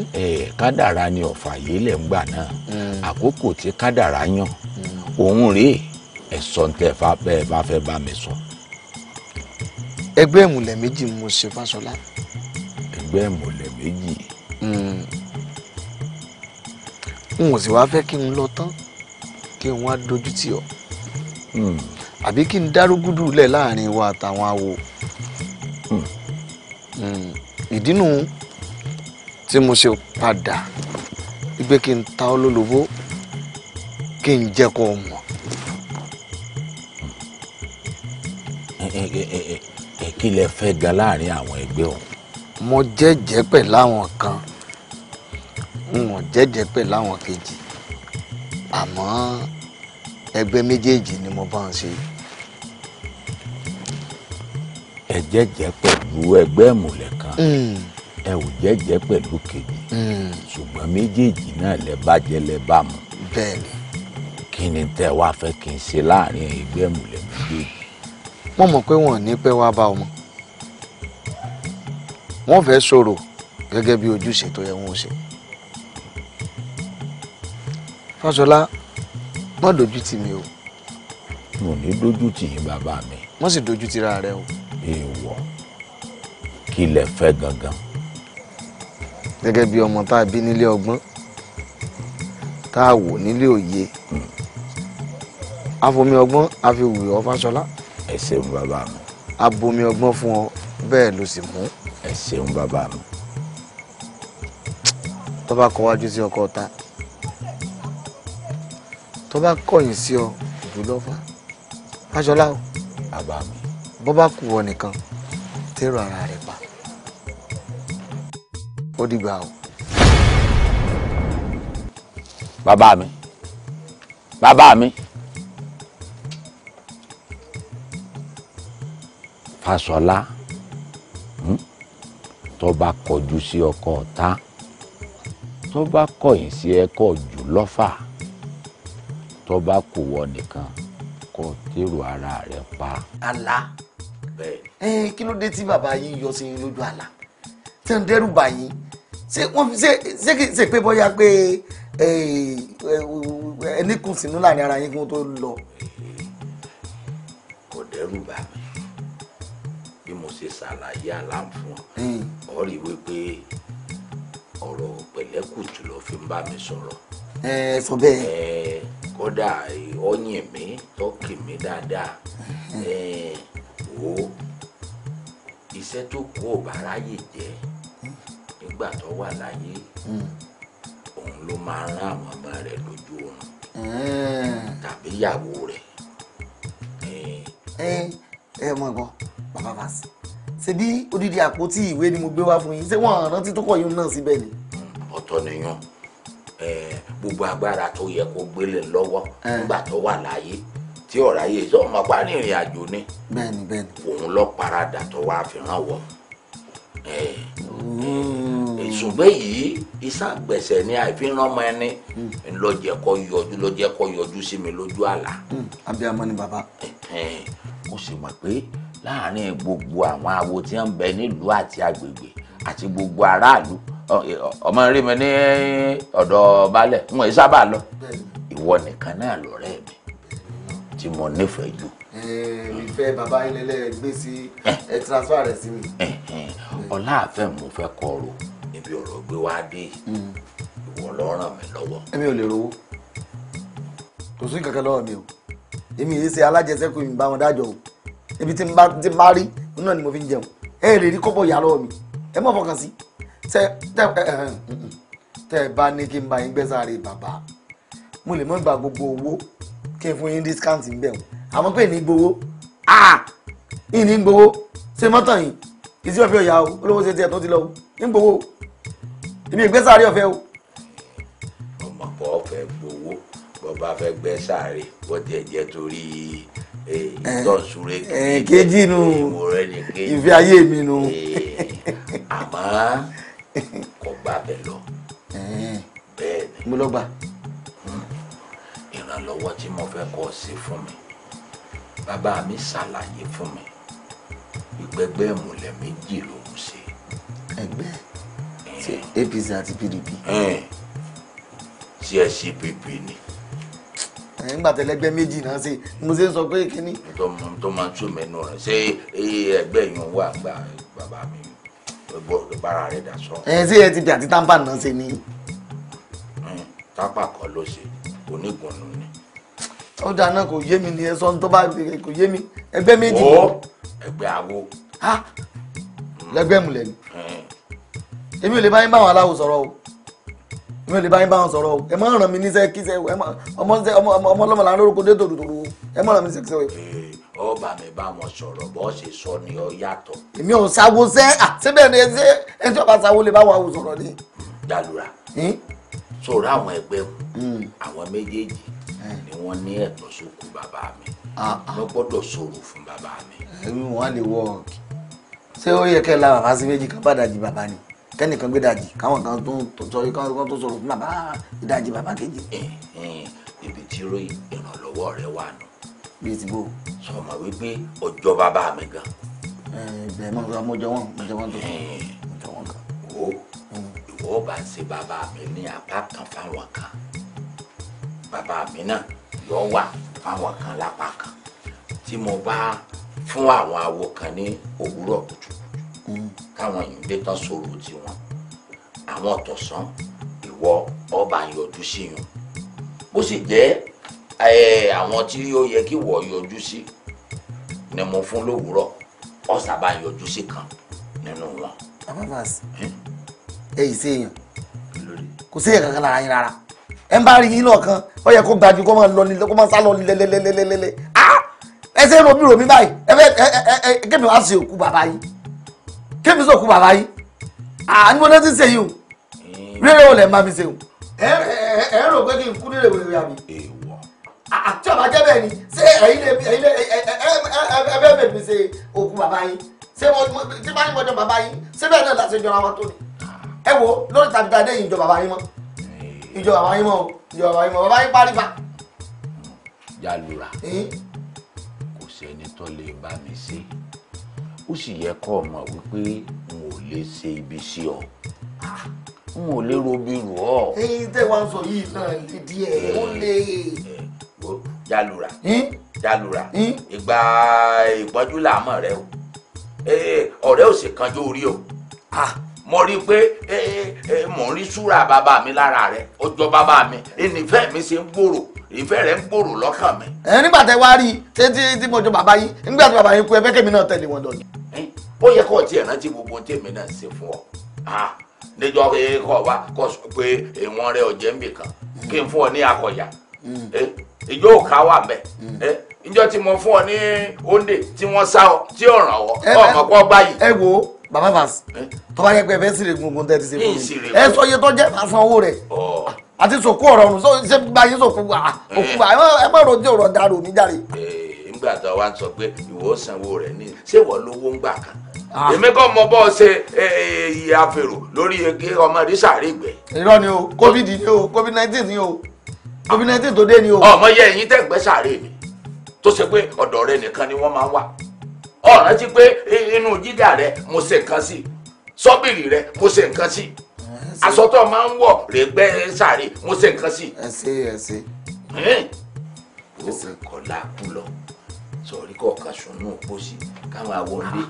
kádàrá ni ọ̀fà yìí lẹ̀ ń gbà náà hmm. àkókò tí kádàrá yàn òun rèé ẹ̀sọ́ tẹ́ ẹ bá fẹ́ bá mi sọ. ẹgbẹ́ ìmùlẹ̀ méjì mo ṣe fáṣọlá. ẹgbẹ́ ìmùlẹ̀ méjì. n ò sì wá fẹ́ kí n lọ tán kí n wá dojú tì ọ́ àbí kí n dárúgúdù lẹ̀ láàrin wa àtàwọn awo hmm. hmm. ìdínú tí mo ṣe padà gbé kí n ta ọ́ lólobó kí n jẹ́ kó o mọ̀. Hmm. kí lẹ fẹ́ ga láàrin àwọn ẹgbẹ́ ọ̀hún. mo jẹ́jẹ́ pẹ̀ láwọn kan mo jẹ́jẹ́ pẹ̀ láwọn kejì àmọ́ ẹgbẹ́ méjèèjì ni mo bá ń ṣe ẹ jẹ́jẹ́ pẹ̀lú ẹgbẹ́ ìmùlẹ̀ kan mm. ẹ ò jẹ́jẹ́ pẹ̀lú kejì mm. ṣùgbọ́n méjèèjì náà lẹ bàjẹ́ lẹ bá mu. bẹ́ẹ̀ni. kí ni tẹ wá fẹ́ kí n ṣe láàrin ẹgbẹ́ ìmùlẹ̀ méjèèjì. wọ́n mọ̀ pé wọ́n ní pẹ́ wá bá ọmọ wọ́n fẹ́ sọ̀rọ̀ gẹ́gẹ́ bí ojúṣe tó yẹ wọ́n ṣe. fáṣọlá má dojú tì mí o. mo ní dojú tì yín bàbá mi. wọ́n sì dojú tira rẹ o èèwọ̀ kí lẹ fẹ́ gangan. gẹ́gẹ́ bí ọmọ tá a bí nílé ọgbọ́n tá a wò nílé òye àfomi hmm. ọgbọ́n a fi wù ọ́ Fáṣọlá. ẹ ṣeun bàbá mi. abomi ọgbọ́n fún ọ bẹ́ẹ̀ ló sì mú. ẹ ṣeun bàbá mi. tó bá kọ wájú sí ọkọ ta tó bá kọ̀yìn sí ọ jùlọ fa Fáṣọlá o. bàbá mi bó bá kù ọ nìkan tẹ́rọ ara rẹ̀ pa ó dìgbà o. bàbá mi bàbá mi Fáṣọlá hmm? tó bá kọjú sí ọkọ ọ̀tá tó bá kọ̀yìn sí ẹkọ jù lọ́fà tó bá kù ọ nìkan kó tẹ́rọ ara rẹ̀ pa. Allah ẹ kí ló dé tí bàbá yín yọ sí yín lójú àlá tí wọ́n dẹ́rù bà yín ṣé wọ́n fi ṣé kì í ṣe pé bóyá pé ẹni kù sínú láàrin ara yín kí wọ́n tó lọ. kò dẹ́rù bà mí bí mo ṣe ṣàlàyé àlàǹfọ̀n ọ rí wípé ọ̀rọ̀ pẹ̀lẹ́kùtù ló fi ń bá mi sọ̀rọ̀. ẹ sọ bẹ́ẹ̀. ẹ kódà ọyìn mi tọkì mi dáadáa. Eh, wò ó iṣẹ́ tó kú ò bá ráyè jẹ́ nígbà tó wà láyé hmm. òun ló máa rán àwọn ọmọ rẹ̀ lójú oorun hmm. tàbí ìyàwó rẹ̀. Eh, eh, ẹ ẹ mọ ẹ̀gbọ́n bàbá fàṣẹ ṣe bí odidi àpótí ìwé ni mo gbé wá fún yín ṣé wọn rántí tó kọ yín náà síbẹ̀ ni. Hmm, ọ̀tọ̀ nìyàn eh, gbogbo agbára tó yẹ kó gbélé lọ́wọ́ nígbà tó wà láyé tí ọ̀rá yé sọ ma pa rìnrìn àjò ni. bẹ́ẹ̀ni bẹ́ẹ̀ni. òun lọ parada tó wàá fi ràn wọ. Hmm. ṣùgbọ́n yìí iṣẹ́ àgbẹ̀sẹ̀ ni àìfihàn ọmọ ẹni hmm. lọ́jẹ́ kọ́ yọjú lọ́jẹ́ kọ́ yọjú sí mi lójú àlá. Hmm. abiyamọ ni bàbá. mo sì mọ̀ pé láàárín gbogbo àwọn awo tí wọ́n ń bẹ nílùú àti agbègbè àti gbogbo aráàlú ọmọ rí mi ní ọ̀dọ̀ balẹ̀ n ò lọ ìwọ nìkan náà lọ́rẹ́ mi tí mo nífẹ̀ẹ́ jù. ìfẹ́ bàbá ilẹ̀lẹ̀ gbé sí ẹ transfer rẹ̀ sí mi. ọlá àfẹ́ mo fẹ́ kọ ro níbi ọ̀rọ̀ gbé wá dé hmm. ìwọ ló ràn mí lọ́wọ́. èmi ò lè rówó kò sí kankan lọ́wọ́ mi o èmi yìí ṣe alájẹsẹ́kù mi bá wọn dájọ́ o ibi tí n bá ti bá rí náà ni mo fi ń jẹun ẹ lè rí kọ́bọ̀ ìyá lọ́wọ́ mi ẹ má fọkàn sí tẹ tẹ tẹ bá ní kí n bá yín gbẹ́sàárè bàbá mo lè mọ́ gba gbogbo owó kí n fún yín discount ń bẹ̀ wọ́n àmọ́ pé ní gbowó ìní gbowó ṣe mọ́tàn yìí ìsí ọ̀fẹ́ ọ̀yà o olówó ṣe tiẹ̀ tó ti lọ o ní gbowó èmi ìgbé sáré ọ̀fẹ́ o. ọmọ kọ́ fẹ́ gbowó bọ́ba fẹ́ gbẹ sáré bọ́tẹ̀ jẹ́ torí eh, eh, ìtọ́súre eh, kejì nù ìfẹ́ ayé mi nù. àmọ́ kò gbà bẹ̀ lọ bẹ́ẹ̀ ni. mo lọ gbà ìrànlọ́wọ́ tí mo fẹ́ kó ṣe fún mi bàbá mi ṣàlàyé fún mi ìgbẹ́gbẹ́ ìmùlẹ̀ méjì ló ń ṣe. ẹgbẹ́ ṣe APC àti PDP. ṣé ẹ ṣe pdp ni. nígbà tẹlẹgbẹ́ méjì náà ṣe mo ṣe ń sọ pé kínní. tó máa tún mẹ́nu rẹ̀ ṣé ẹgbẹ́ yẹn wà gba bàbá mi bára rẹ̀ dà sọ. ẹ ṣé ẹ ti bí àti tápà náà ṣe ni. tápà kan ló ṣe onígun nù ni ó dáná kò yé mi ni ẹ sọ tó bá kò yé mi ẹgbẹ́ méjì. ó ẹgbẹ́ àwo. ha lẹgbẹ́ mulẹ̀ ni èmi ò lè bá yín báwọn aláwo sọ̀rọ̀ o èmi ò lè bá yín báwọn sọ̀rọ̀ o ẹ má ràn mí níṣẹ́ kíṣẹ́ o ọmọ ọlọ́mọ là ń lórúkọ dé tòdòdòdò o ẹ má ràn mí níṣẹ́ kíṣẹ́ o. ó bá mi bá wọn sọ̀rọ̀ bó ṣe sọ ni ó yàtọ̀. èmi ò sáwo sẹ́ síbẹ̀ ni ẹsẹ̀ ẹni tí ọba sáwo lè bá wọn àwò sọ̀rọ̀ ni. dalura sọ̀rọ̀ àwọn ẹgbẹ́ hmm. àwọn méjèèjì ni wọ́n ní ẹ̀tọ́ sókú bàbá mi ah, ah. wọ́n gbọ́dọ̀ sọ̀rọ̀ fún bàbá mi. ẹ̀mí wọn lè wọ ọ̀kì ṣé ó yẹ kẹ́ ẹ la bàbá sí méjì ká bá dàjì bàbá ni kẹ́nìkan gbé dàjì káwọn kan tó sọ kan tó sọ̀rọ̀ fún bàbá ìdajì bàbá kejì. ibi tí ròyìn ìrànlọ́wọ́ rẹ wà nù. bíi ti bò. sọ ma wípé ọjọ́ bàbá mi gan. bẹ́ẹ̀ mo sọ mo jẹ wọn mo jẹ wọn tó mo jẹ wọn kan. wo mm. ìwọ bá ń ṣe bàbá mi ní apá kan fáwọn kan bàbá mi náà yọ wà fáwọn kan lápá kan tí mo bá fún àwọn awo kan ní òwúrọ̀ kùtùkùtù káwọn ìyúndé tán sọ̀rọ̀ tiwọn àwọn tọ̀sán ìwọ ọba yọjú sí yun ó sì jẹ́ àwọn tí ó yẹ kí wọ́ yọjú sí ni mo fún lówùúrọ̀ ọ̀sà bá yọjú sí kan nínú wọn. bàbá bàbá ẹ yìí sí èèyàn kò sí èèyàn kankan lára yín rárá ẹ ń bá rí yín lọ́ọ̀kan ó yẹ kó gbajú kó máa lọ ní kó máa sá lọ ní lẹ́lẹ́lẹ́lẹ́lẹ́lẹ́ ẹsẹ̀ romi romi báyìí ẹ fẹ́ ẹ ẹ ẹ kémi wá sí òkú bàbá yìí kémi sí òkú bàbá yìí à ní mo lọ́ọ́ ti ṣe yìí o rírẹ̀ ò lẹ̀ máa mi ṣe o. ẹ ẹ ẹ rò pé kí n kú nílẹ̀ wẹ̀rẹ̀ àmì. àti ọ̀bà jẹ́ bẹ́ẹ̀ ni ṣé ẹ̀yin lè ẹ̀yin lè ẹ ẹ bẹ́ẹ̀ bẹ̀ẹ̀ mi ṣe òkú bàbá yìí ṣé mo ti bá ní mo jọ bàbá yìí ṣé bẹ́ẹ̀ náà láti jọra wọn tó ni. ẹ wo lórí tàbí dáadé yìí jọ bàbá yìí mọ́ ìjọba àwọn ayé mọ o ìjọba àwọn ayé mọ bàbá yín pariba. yálùrà kò sẹ́ni tó lè bá mi ṣe ó sì yẹ kọ́ ọmọ wípé n ò lè ṣe ibi sí ọ n ò lè robi rù ọ. ẹyin tẹ wá ń sọ yìí náà lè díẹ̀ ó eh, lè. yálùrà eh, eh, yálùrà ìgbà ìpọ́njú làámọ̀ rẹ o ọ̀rẹ́ ò sì kanjú orí o. Ah, mo rí i pé mò ń rí súra bàbá mi lára rẹ ọjọ́ bàbá mi ìnífẹ́ mi ṣe ń gbòòrò ìfẹ́ rẹ̀ ń gbòòrò lọ́kàn mi. ẹ nígbà tẹ wá rí i títí tí mo jọ bàbá yín nígbà tí bàbá yín kú ẹ fẹ́ kẹ́mi náà tẹ̀lé wọn lọ. ó yẹ kó o tiẹ̀ rántí gbogbo tèmi náà ṣe fún ọ níjọ kọ wá kọ sọ pé ìwọ̀n rẹ ọ̀jẹ̀ ń bì kan kí n fún ọ ní akọ̀yà hmm. ìjọ òkà wà bẹ́ẹ̀ níjọ hmm. tí mo fún ọ ní òǹdè tí wọ́n sá ọ tí ọ̀ràn ọ ọmọ pọ̀ báyìí. ẹ wo bàbá bàs tọ́ba yẹ pé ẹ fẹ́ sí rè gungun tẹ́ ti ṣe fún mi ẹ sọ iye tó jẹ́ àsan owó rẹ̀ àti sòkú ọ̀rọ̀ ọ̀run ṣé gba yín sòkú wa òkú wa ẹ má ròjẹ́ ọ̀rọ̀ dàrú mi járe. nígbà tó wa sọ pé ìwọ sanwó rẹ ní ṣé ìwọ lówó ń gbà kan èmi kò mọ bọ́ ṣe iye àfèrò lórí ege ọmọ rísàárè gbẹ. irọ́ ni o covid ni o covid nineteen ni o covid nineteen tó dé ni o. ọmọ yẹ ẹyin tẹ gbẹ sàárè mi tó ṣe pé ọ̀dọ̀ rẹ nìkan ni wọ́n máa wà ọ̀ràn ti pé inú jíjà rẹ mo ṣe nǹkan sí sọ́bìrì rẹ mo ṣe nǹkan sí aṣọ tó máa ń wọ̀ rẹ̀gbẹ́ sàrí mo ṣe nǹkan sí. ẹ ṣe ẹ ṣe. ó kọlá kú lọ sọrí kọ̀ọ̀kan sùnú pósí káwọn àwọlé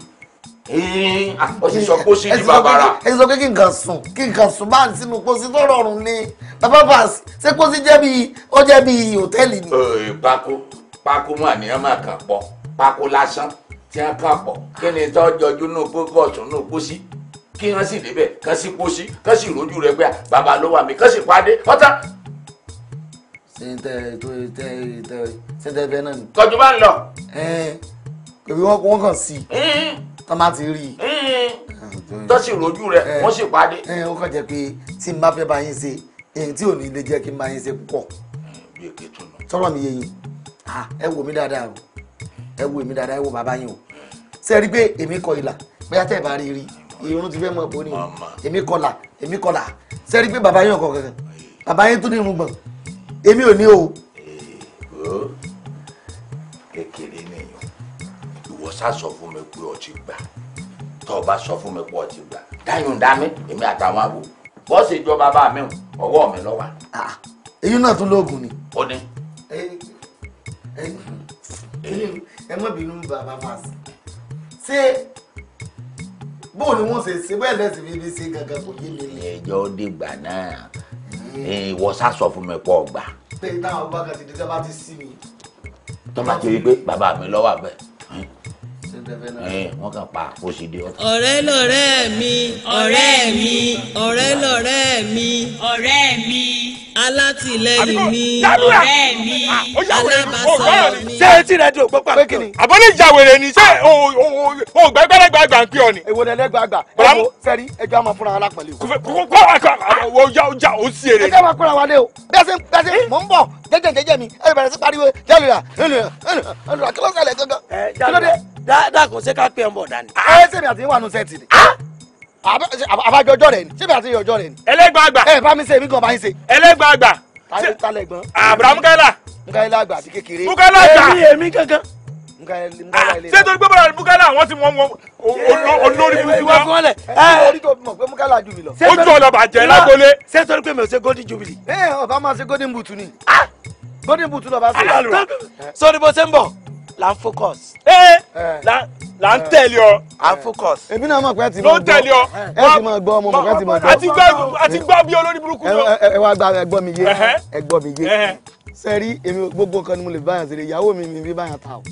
ah. ah, ó sì sọ pósí ní bàbára. ẹ sọ pé kí nǹkan sùn kí nǹkan sùn bá ń sínú pósí tó rọrùn ni bàbá bàs ṣé pósí jẹ́ bí ó bí hòtẹ́ẹ̀lì ni. pákó pákó mọ́ àníyàn máa kàn pọ̀ pákó lásán tí wọ́n kà pọ̀ kí ni tó jọjú nù pé kọ̀ọ̀tún nù pósí kí wọ́n sì débẹ̀ kán sì pósí kán sì rójú rẹ̀ pé bàbá ló wà mí kán sì pàdé ọ̀tá. sẹ́ńtẹ̀fẹ́ náà ni. kọjú bá ń lọ. ẹ̀ẹ́n wọ́n kàn sí i tọ́ máa ti rí i. Ah, tọ́ sì rójú rẹ̀ wọ́n sì pàdé. ó kàn jẹ́ pé tí n bá fẹ́ bá yín ṣe èyí tí ò ní lè jẹ́ kí n bá yín ṣe púpọ̀. sọ̀rọ̀ mi yẹ yín ah, ẹ wò mí dáadáa o ẹ wo èmi dáadáa ẹ wo bàbá yín o ṣe rí i pé èmi kọ ìlà bóyá tẹ́ ẹ bá rí rí irun ti fẹ́ mọ̀ bó ni o èmi kọlà èmi kọlà ṣe rí i pé bàbá yín ọkọ kankan bàbá yín tún ní irun gbọ̀n èmi ò ní o. kékeré nìyẹn ìwọ sá sọ fún mi pé o ti gbà tó o bá sọ fún mi pé o ti gbà dáyùn dá mi èmi àtàwọn àbò bọ́ọ̀sì ìjọba bá mi ọwọ́ mi lọ́wọ́. èyí ah, náà tún lóògùn ni. ó ní ẹ mọ̀ bínú bàbá fàṣẹ ṣé bó ni wọ́n ṣe ṣe bẹ́ẹ̀ lẹ́sìn bíbí ṣe gangan kò yé mi. ẹjọ́ dìgbà náà ìwọ sásọ fún mi pọ̀ gbà. pé táwọn bá kan ti dé tí a bá ti sí mi. tọ́ bá ti rí i pé bàbá mi lọ́wọ́ àbẹ́ wọ́n kàn pa bó ṣe dé ọ̀tá. ọ̀rẹ́ lọ̀rẹ́ mi ọ̀rẹ́ mi ọ̀rẹ́ lọ̀rẹ́ mi ọ̀rẹ́ mi alátìlẹ́yìn mi ọ̀rẹ́ mi alábàṣọ mi. ṣé etí rẹ di ògbó pa pé kíni. àbọ̀lé ìjàwèrè ni ṣé o gbẹ gbẹrẹgbẹ àgbà ń pè ọ ni. èwo ni ẹlẹgbẹ àgbà ẹwọ sẹrí ẹjọ máa fúnra wa pẹ̀lú. kó o ja o ja o sí èrè. ẹjọ máa fúnra wa lé o bí a ṣe bí a ṣe mò ń bọ̀ jẹ́jẹ́ jẹ́jẹ́ mi ẹ bẹ̀rẹ̀ sí pariwo jẹ́lura jẹ́lura jẹ́lura kí ló ń ṣẹlẹ̀ gangan. ẹ jẹ́lura dákun ṣé ká pé ọmọ ọ̀dà ni. ẹ ṣèmi àti wà nù sẹ́ẹ̀tì ni ah! àbájọ ọjọ́ rẹ ni ṣé bí àti ọjọ́ rẹ ni. ẹlẹgbàgbà ẹ eh, bá mi ṣe èmi gan bá yín ṣe. ẹlẹgbàgbà. talẹ gbọn. àbúrò mukaila. mukaila àgbà àti kékeré. mukaila àgbà èmi èmi kankan. mukaila ah! ilé rẹ. ṣé torí gbọ́dọ̀ mukaila àwọn tí wọ́n eh, olórí eh, burúkú wa. ẹ ẹ orí tó mọ̀ pé mukaila jù mí lọ. ojú ọ̀nà bàjẹ́ lágbólé. ṣé torí pé mi ò ṣe golden jubilee. ẹ ọba máa ṣe golden boot ni. Ah! golden boot lọ bá ṣe. sọ ni bó ṣe ń bọ̀ là ń focus. ẹ eh. là ń tẹ̀lé ọ. à ń focus. èmi náà mọ̀ pé eh, ẹ ti mọ̀ gbọ́ ló ń tẹ̀lé ọ. ẹ ti mọ̀ gbọ́ ọmọ mọ̀ pé ẹ ti mọ̀ gbọ́. àti gbọ́ bí olórí burúkú náà. ẹ wá gbọ́ mi yé ẹ mi yé sẹ́rí èmi gbogbo nǹkan ni mo lè bá yàn ṣeré ìyàwó mi mi bí bá yàn ta o.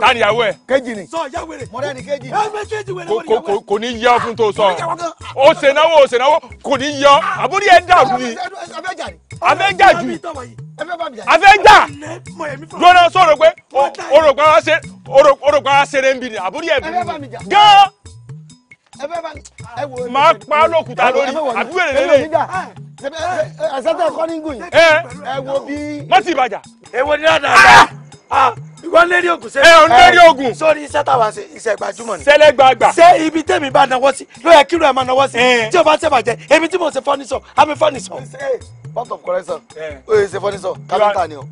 tani ìyàwó ẹ. kejì ni. sọ ìyá wèrè. mọ̀rẹ́ ni kejì. kò ní yẹ fún tó sọ o ṣènáwó o ṣènáwó kò ní yọ àbúrò yẹn dàrú ni abẹ́jà jù abẹ́jà lọ́nà sọ rò pé o rò pé wá ṣeré ń bì ní àbúrò yẹn bì ní gan. máa pa lókùtà lórí àbúrò yẹn lélẹ̀ àṣà tẹ kọ́ ní gùn yìí. ẹ wo bí. mọ́tì ìbàjá èwo ni dáadáa ìwọ lérí ogun sẹ. ẹ ò lérí ogun. sórí iṣẹ́ tàwa ṣe iṣẹ́ gbajúmọ̀ ni. sẹ́lẹ̀ gbàgbà. ṣé ibi tèmi bá nawọ́ sí ló yẹ kíló ẹ̀ máa nawọ́ sí. tí o bá ṣe bàjẹ́ èmi tí mo ṣe fọ́nísọ̀ àmì fọ́nísọ̀. part of correction o yẹ ṣe fọ́nísọ̀ kápẹ́ntà ni o.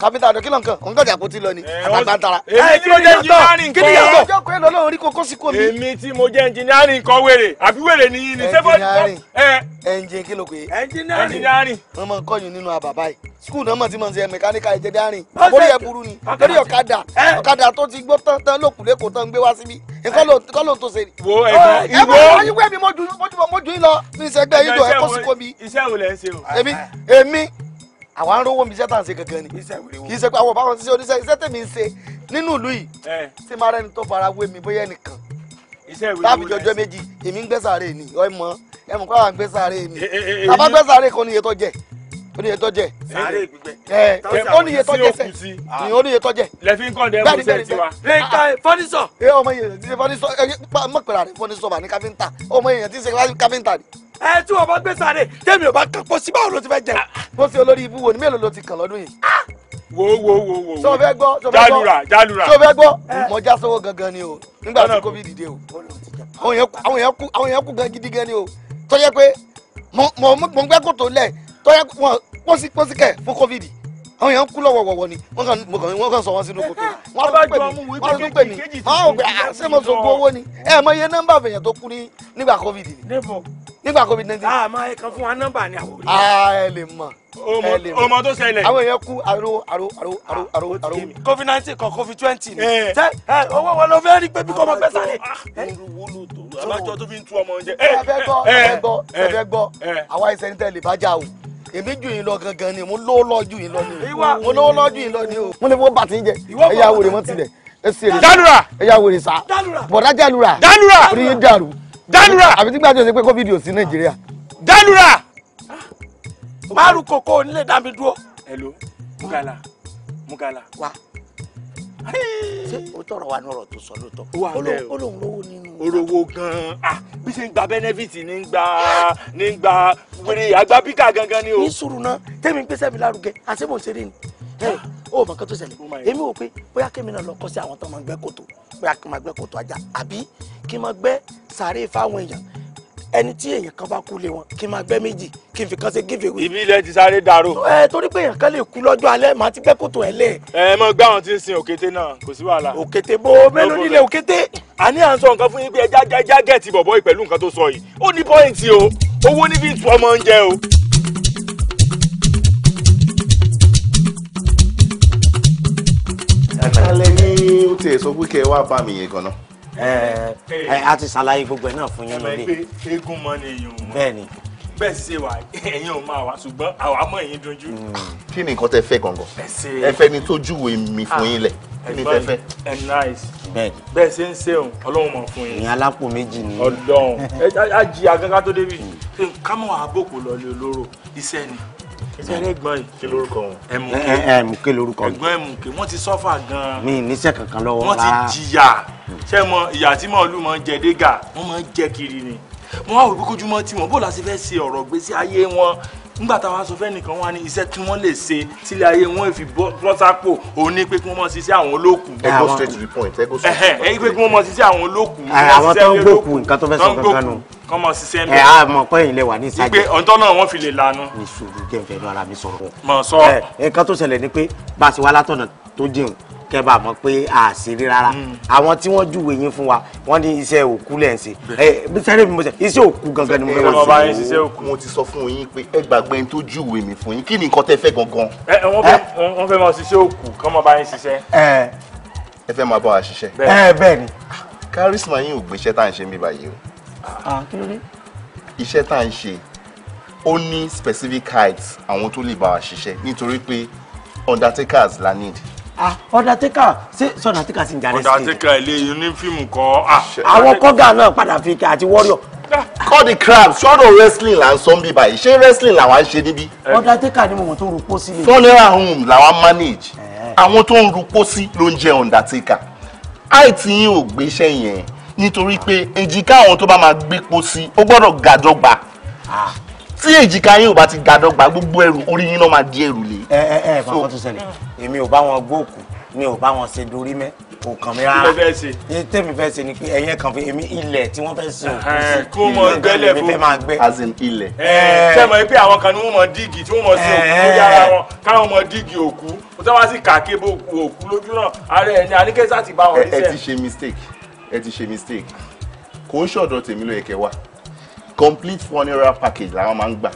kápẹ́ntà ni kí ló ń kàn ń kàn jàpótí lọ ni àtàgbà tara. ẹ kí ló jẹ́ engineering kọ́ wa. ọjọ́ kọ́ ẹ lọ́lọ́run rí kókó sí kómi. èmi tí mo jẹ́ engineering kọ́ wèrè àbí wèrè ni yín ni. engineering engineering kí ló pè é. engineering. wọ́n máa ń kọ́yìn nínú àbàbá yìí skul náà mọ̀ tí mo ń ṣe mẹkáníkà ìjẹdẹ́rìn àbórí ẹ̀ burú ni torí ọ̀kadà ọ̀kadà tó ti gbó tán tán lókùn lẹ́kọ̀ọ́ tán ń gbé wá síbí nǹkan ló ń tó ṣe ni. wo ẹ̀gbọ́n ìwọ ẹ̀gbọ́n ìwọ ayúwẹ́ mi mojú yín lọ mi sẹ́gbẹ́ yín jọ ẹ kó sí kó mi. iṣẹ́ wo lẹ ń ṣe o. èmi èmi àwa ń rówó mi iṣẹ́ tá à ń ṣe gangan ni kì í ṣe pé àwọn báwọn ṣiṣẹ́ oníṣẹ́ iṣẹ́ tèmi ń ṣe nínú ìlú yìí ṣé máa rẹni tó fara wé mi bóyá ẹnìkan láàbì jọjọ méjì èmi ń gbé sàárè ni ọmọ ẹ mọ̀ pé àwọn gbé sàárè ni tàbá eh, eh, eh, gbé sàárè kan ní iye tó jẹ oníye tọjẹ ẹ ó níye tọjẹ sẹ ìyẹn ó níye tọjẹ. lẹfi ń kọ́ ọ̀dẹ́ ẹ̀kọ́ sẹ́yìn tiwa. lẹ́ka ah, ah. fọ́nísọ̀. ẹ ọmọ yẹn ti ṣe fọ́nísọ̀ ẹ mọ̀pẹ̀lá rẹ fọ́nísọ̀ bá ní káfíńtà ọmọ yẹn ti ṣe káfíńtà ni. ẹ tí wọn bá gbé sáré tèmi ò bá kàn pọ̀ sí báwo ló ti fẹ́ jẹ. bó ṣe olórí ibú wo ni mélòó ló ti kàn lọ́dún yìí ah! wo wo wo wo sọ fẹ́ gbọ́ sọ fẹ́ gbọ́ jalura jalura sọ fẹ́ gbọ́ eh. mo já sówó gangan ni o nígbà tí covid dé o àwọn yẹn kú àwọn yẹn kú gan gidi gan ni o tó yẹ pé mo mo mo gbẹ́ kòtò lẹ̀ tọ́yẹ wọn pósí pósí kẹ fún covid àwọn èèyàn kú lọ́wọ́ wọ̀wọ̀ ni wọ́n kàn wọ́n kàn sọ wọ́n sínú kòtò wọ́n tún pè mí wọ́n tún pè mí wọ́n ò gbé ah, ṣé mo sọ owó ni ẹ mọ iye nọ́mbà fèèyàn tó kú ní nígbà covid ni nígbà covid nineteen. a ah, máa ẹ kan fún wa nọ́mbà ni àwọn olùyẹ. Ah, ẹ lè mọ ẹ lè mọ ọmọ tó ṣẹlẹ̀. àwọn èèyàn kú àrò àrò àrò àrò àrò àrò. covid nineteen kan covid twenty ni. Eh. ẹ owó wọn lọ fẹ́ẹ́ rí pé bí kò mọ pẹ́ sáré. àbájọ tó fi ń tú ọmọ oúnjẹ. ẹ fẹ́ eh, gbọ́ ẹ eh, fẹ́ gbọ́ àwa ìṣẹ́ni tẹ̀lé bá jà o èmi jù yín lọ gangan ni mo lówó lọ jù yín lọ ni mo lówó lọ jù yín lọ ni o. mo ní fọwọ́ bàtí jẹ ẹ̀yà wèrè mọ́ tilẹ̀ ẹsẹ̀ rẹ̀ dálúrà ẹ̀yà wèrè sá bọ̀dá dálúrà dálúrà orí yín dàrú dálúrà àbí tí gbàdúrà ṣe pé covid ò sí nàìjíríà. dálúrà márùn kòkó onílé dàmí dúró. hello mugala mugala. wa ṣé o tọrọ wa nọrọ tó sọ lóòótọ́ olóhùn lówó nínú. orowó gan-an ah, bí ṣe ń gba benefit ní ń gba ní ń gba wèrè àgbàbíkà gangan ni o. ní sùúrù náà tẹ́mi gbèsè mi lárugẹ àti mò ń ṣeré ni ó ah. mọ nǹkan tó ṣẹlẹ̀ oh èmi wò pé bóyá kémi náà lọ kọ́ sí àwọn tó máa gbẹ́ kòtò bóyá kí n máa gbẹ́ kòtò ajá àbí kí n máa gbẹ́ sàárè fáwọn èèyàn ẹni tí èèyàn kan bá kú lé wọn kí n máa gbẹ́ méjì kí n fi kan ṣe give away. ibi ilẹ̀ ti sáré dàrú. ẹ torí pé èèyàn kan lè kú lọ́jọ́ alẹ́ màá ti gbẹ́ kòtò ẹ̀ lẹ̀. ẹ mọ gbá àwọn tí ń sin òkété náà kò sí wàhálà. òkété bo mélòó nílẹ̀ òkété. àní à ń sọ nǹkan fún yín pé ẹja ẹja gẹ̀ẹ́tì bọ̀bọ̀ ìpẹ̀lú nǹkan tó sọ yìí ó ní pọ́ìntì o owó níbi ìtú ọmọ oúnjẹ o. àtàlẹ́ ni ó tiẹ̀ sọ pé kẹ́ ẹ wá bá mi yẹn gan-an ẹ a ti ṣàlàyé gbogbo ẹ náà fún yín lóde. ẹ mọ̀ pé eégún mọ́ ni èèyàn mọ́. bẹ́ẹ̀ni. bẹ́ẹ̀ sì ṣe wà ẹ̀yin ò máa wá ṣùgbọ́n àwa mọ̀ ẹ̀yin dojú. Hmm. kí ni nǹkan tẹ fẹ́ gangan ẹ fẹ́ ni tó júwe mi fún yín lẹ̀ ah, kí ni tẹ fẹ́. ẹ nice bẹ́ẹ̀ni. bẹ́ẹ̀ ṣe ń ṣe òun ọlọ́run mọ̀ fún yín. ìyẹn alápò méjì ni. ọlọ́run ẹ á jí agágá tó débi hmm. ká àbòkù lọ olóró iṣẹ́ ni ṣe ní ẹ̀gbọ́n yìí. kí lorúkọ wọn. ẹmùké ẹmùké lorúkọ yìí. ẹ̀gbọ́n ẹmùké wọ́n ti sọ́fà gan-an. mi níṣẹ́ kankan lọ́wọ́ rárá. wọ́n ti jìyà ṣé mọ ìyà tí mọ̀ọ́lù máa ń jẹ dégà wọ́n máa ń jẹ kiri ni. wọ́n á wò pé kójúmọ́ tí wọ́n bó la ṣe fẹ́ ṣe ọ̀rọ̀ gbèsè ayé wọn nígbà táwọn aṣọ fẹ́nìkan wá ní iṣẹ́ tí wọ́n lè ṣe sílé ayé wọn fi bọ́ sápò òun ní pé kí wọ́n mọ̀ ṣiṣẹ́ àwọn olókùn. ẹ go straight to the point ẹ go straight to the point. ẹ pé kí wọ́n mọ̀ ṣiṣẹ́ àwọn olókùn. àwọn tó ń gbòkù nǹkan tó fẹ́ sọ gangan nù. kọ́ mọ̀ ṣiṣẹ́ ń bẹ̀. ẹ á mọ pé ìlẹ̀ wà ní ìsàjẹ́. ìpè ọ̀tọ́ náà wọ́n fi lè lanu. ní sùúrù jẹ́ ìfẹ́ inú ara mi sọ̀rọ̀. mọ̀ sọ. ẹ nǹkan tó ṣẹlẹ̀ ni pé bá a ṣe wá látọ̀nà tó jẹun kẹ́ bá mọ̀ pé a ṣeré rárá mm. àwọn tí wọ́n júwèé yín fún wa wọ́n ní iṣẹ́ òkú lẹ ń ṣe ẹ sẹ́rẹ́ mi mo ṣe iṣẹ́ òkú gangan ni mo fẹ́ wọ́n ṣe. iṣẹ́ òkú mo ti sọ fún yín pé ẹ gbàgbé ẹni tó júwèé mi fún yín kí ni nǹkan tẹ́ fẹ́ gangan. ẹ wọ́n fẹ́ máa ṣiṣẹ́ òkú kọ́ máa bá yín ṣiṣẹ́. ẹ ẹ fẹ́ máa bá wa ṣiṣẹ́. ẹ bẹ́ẹ̀ ni. kárísìmà yín ò gbéṣẹ́ tá à ń ṣe mí báyìí o. Ah, iṣẹ́ tá à ń ṣe ó ní specific heights àwọn tó lè bá wa ṣiṣẹ́ nítorí pé undertakers la need Ah, ọ̀dàtẹ́kà ṣé sọ̀dàtẹ́kà sì ń jalè sí i. ọ̀dàtẹ́kà ilé onífíìmù Ah, àwọn kọ́gà náà padà fi kí àti warrior. Ah. call the crab sọ́dọ̀ wrestling là ń sọ bí báyìí ṣé wrestling làwọn ń ṣe níbí. Eh. ọ̀dàtẹ́kà ni mo mọ̀ tó ń rúpó sí. funeral home làwọn manage eh. àwọn tó ń rúpó sí ló ń jẹ́ ọ̀dàtẹ́kà àìtí yín ò gbéṣẹ́ yẹn nítorí pé èjìká àwọn tó bá máa gbépo sí ó gbọ́dọ̀ gàdọ́gba ah tí èjìká yín ò bá ti ga dọ́gba gbogbo ẹrù orí yín náà máa di ẹrù lé. ẹ ẹ ẹ kọ́kọ́ tó ṣẹlẹ̀ èmi ò bá wọn gbóòkù mi ò bá wọn ṣe dorí mẹ́ kò kàn mí rárá tèmi fẹ́ ṣe ni pé ẹ̀yẹ kan fi èmi ilẹ̀ tí wọ́n fẹ́ ṣe òkú kó mọ gbẹ́lẹ̀ fún mi máa gbẹ́ as in ilẹ̀. ṣé mo rí pé àwọn kan ní wọ́n mọ díìgì tí wọ́n mọ sí òkú lórí ara wọn káwọn mọ díìgì òkú mo tẹ́ wá sí kàké bó òkú lójú náà ara ẹ̀ àníkẹ́sà ti bá wọn rí ẹ ti ṣe mistake ẹ ti ṣe mistake kò ń ṣọ̀dọ̀ tèmi ló yẹ kẹ́ complete funeral package làwọn máa ń gbà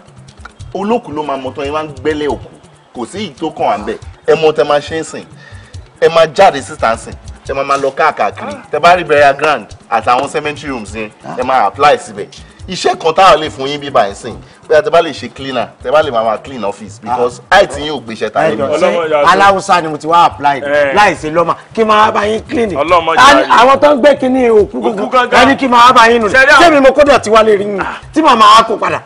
olókùú ló máa mọ̀tọ́ yẹn máa ń gbẹ́lẹ̀ òkú kò sí èyí tó kàn án bẹ̀ ẹ mọ tẹ máa ṣe ń sìn ẹ máa jáde síta sìn ẹ máa máa lọ káàkiri ah. tẹ bá rí burial ground àtàwọn cemetery rooms yẹn ah. ẹ máa apply síbẹ̀ iṣẹ́ kan táwọn lè fún yín bí báyìí sìn bóyá tẹ bá lè ṣe cleaner tẹ bá lè máa máa clean office because height ah. yín ò gbéṣẹ́ ta ẹni. aláwùsá ni mo ti wá apply eh. láìsí lọ́mà kí máa bá yín clean it àwọn tó ń gbé kínní òkú gangan ẹni kí máa bá yín nù sẹ́mi mo kódà tí wàá lè rí mi ah. tí màá máa kó padà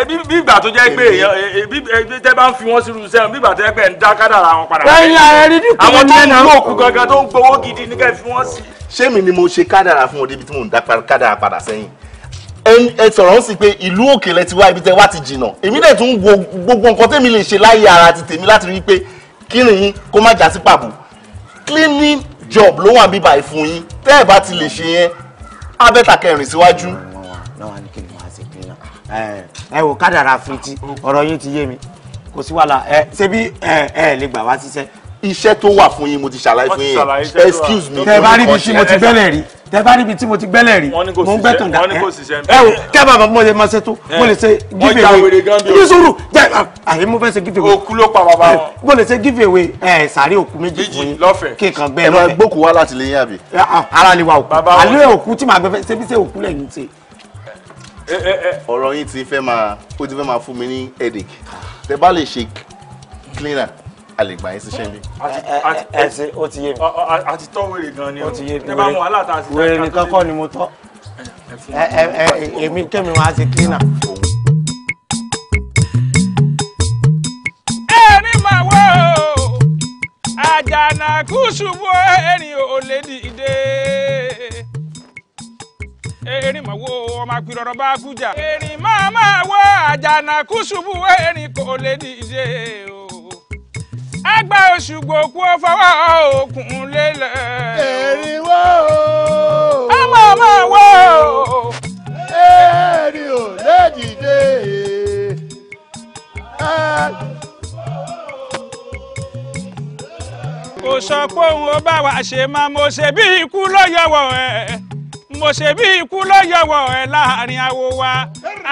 eh, bí ìgbà tó jẹ́ pé èèyàn eh, tẹ́ bá ń fi wọ́n sírú sẹ́wọ̀n bí ìgbà tó jẹ́ pé ń dá kádàrà wọn padà. ẹyin ẹrí ní kò ní ẹnà ṣé mi ni mo ṣe kádàrà fún ọ débi tí mò ń dá kádàrà padà sẹ́yìn ẹ sọ̀rọ̀ ń sì pé ìlú òkè lẹ ti wá ibi tẹ wá ti jìnnà èmi dẹ̀ tún wo gbogbo nǹkan tẹ́mi lè ṣe láyé ara ti tèmi láti rí i pé kí ni yín kó má já sí pàbó cleaning job ló wà bíbà ìfún yín tẹ́ ẹ̀ bá ti lè ṣe yẹn abẹ́ta kẹrin síwájú. ẹ wò kádàrà fìtì ọ̀rọ̀ yín ti yé mi kò sí wàhálà ẹ ṣé bí ẹ ẹ lè gbà wá síṣẹ́. iṣẹ́ tó wà fún yín mo ti ṣàlàyé fún yín excuse me. tẹ bá rí ibi tí mo ti bẹ́lẹ̀ rí tẹ bá níbi tí mo ti gbẹ́lẹ̀ rí mo ń gbẹ́tàn dà ẹ o kẹ́ bàbá mo lè máa ṣe tó mo lè ṣe give away ní sùúrù jẹ àyè mo fẹ́ ṣe give away òkú ló pa bàbá wọn mo lè ṣe give away ẹ sàárè òkú méjì fún yín kí n kàn gbẹ ẹ lọ gbókù wá láti lè yín àbí. ara lè wa òkú àlẹ́ òkú tí màá gbẹ́fẹ́ ṣebí ṣe òkú lẹ́yìn ṣe. ọ̀rọ̀ yín ti fẹ́ máa ó ti fẹ́ máa fún mi ní headache tẹ bá lè ṣe cleaner a lè gbà yín síṣẹ́ bí. ẹ ṣe ó ti yé mi. a ti tọ́ wèrè gan ni o ti yé mi wèrè nìkan kọ́ ni mo tọ́ èmi kémi wá sí cleaner. ẹni máa wọ àjànàkú ṣubú ẹni ò lè dìde erin máa wo ọmọ apirọ̀rọ̀ bá kú jà. erin máa máa wọ àjànàkú ṣubú erin kò lè dìde o àgbà Òṣùgbò kú ó fọwọ́ òkun lélẹ̀. èrì wo, ó. ọmọ ọmọ wò ó. èrì ò lè dìde. kò sọ pé òun ó bá wa ṣe máa mo ṣe bí ikú ló yọwọ ẹ mo ṣe bí ikú ló yọwọ ẹ láàrin awo wa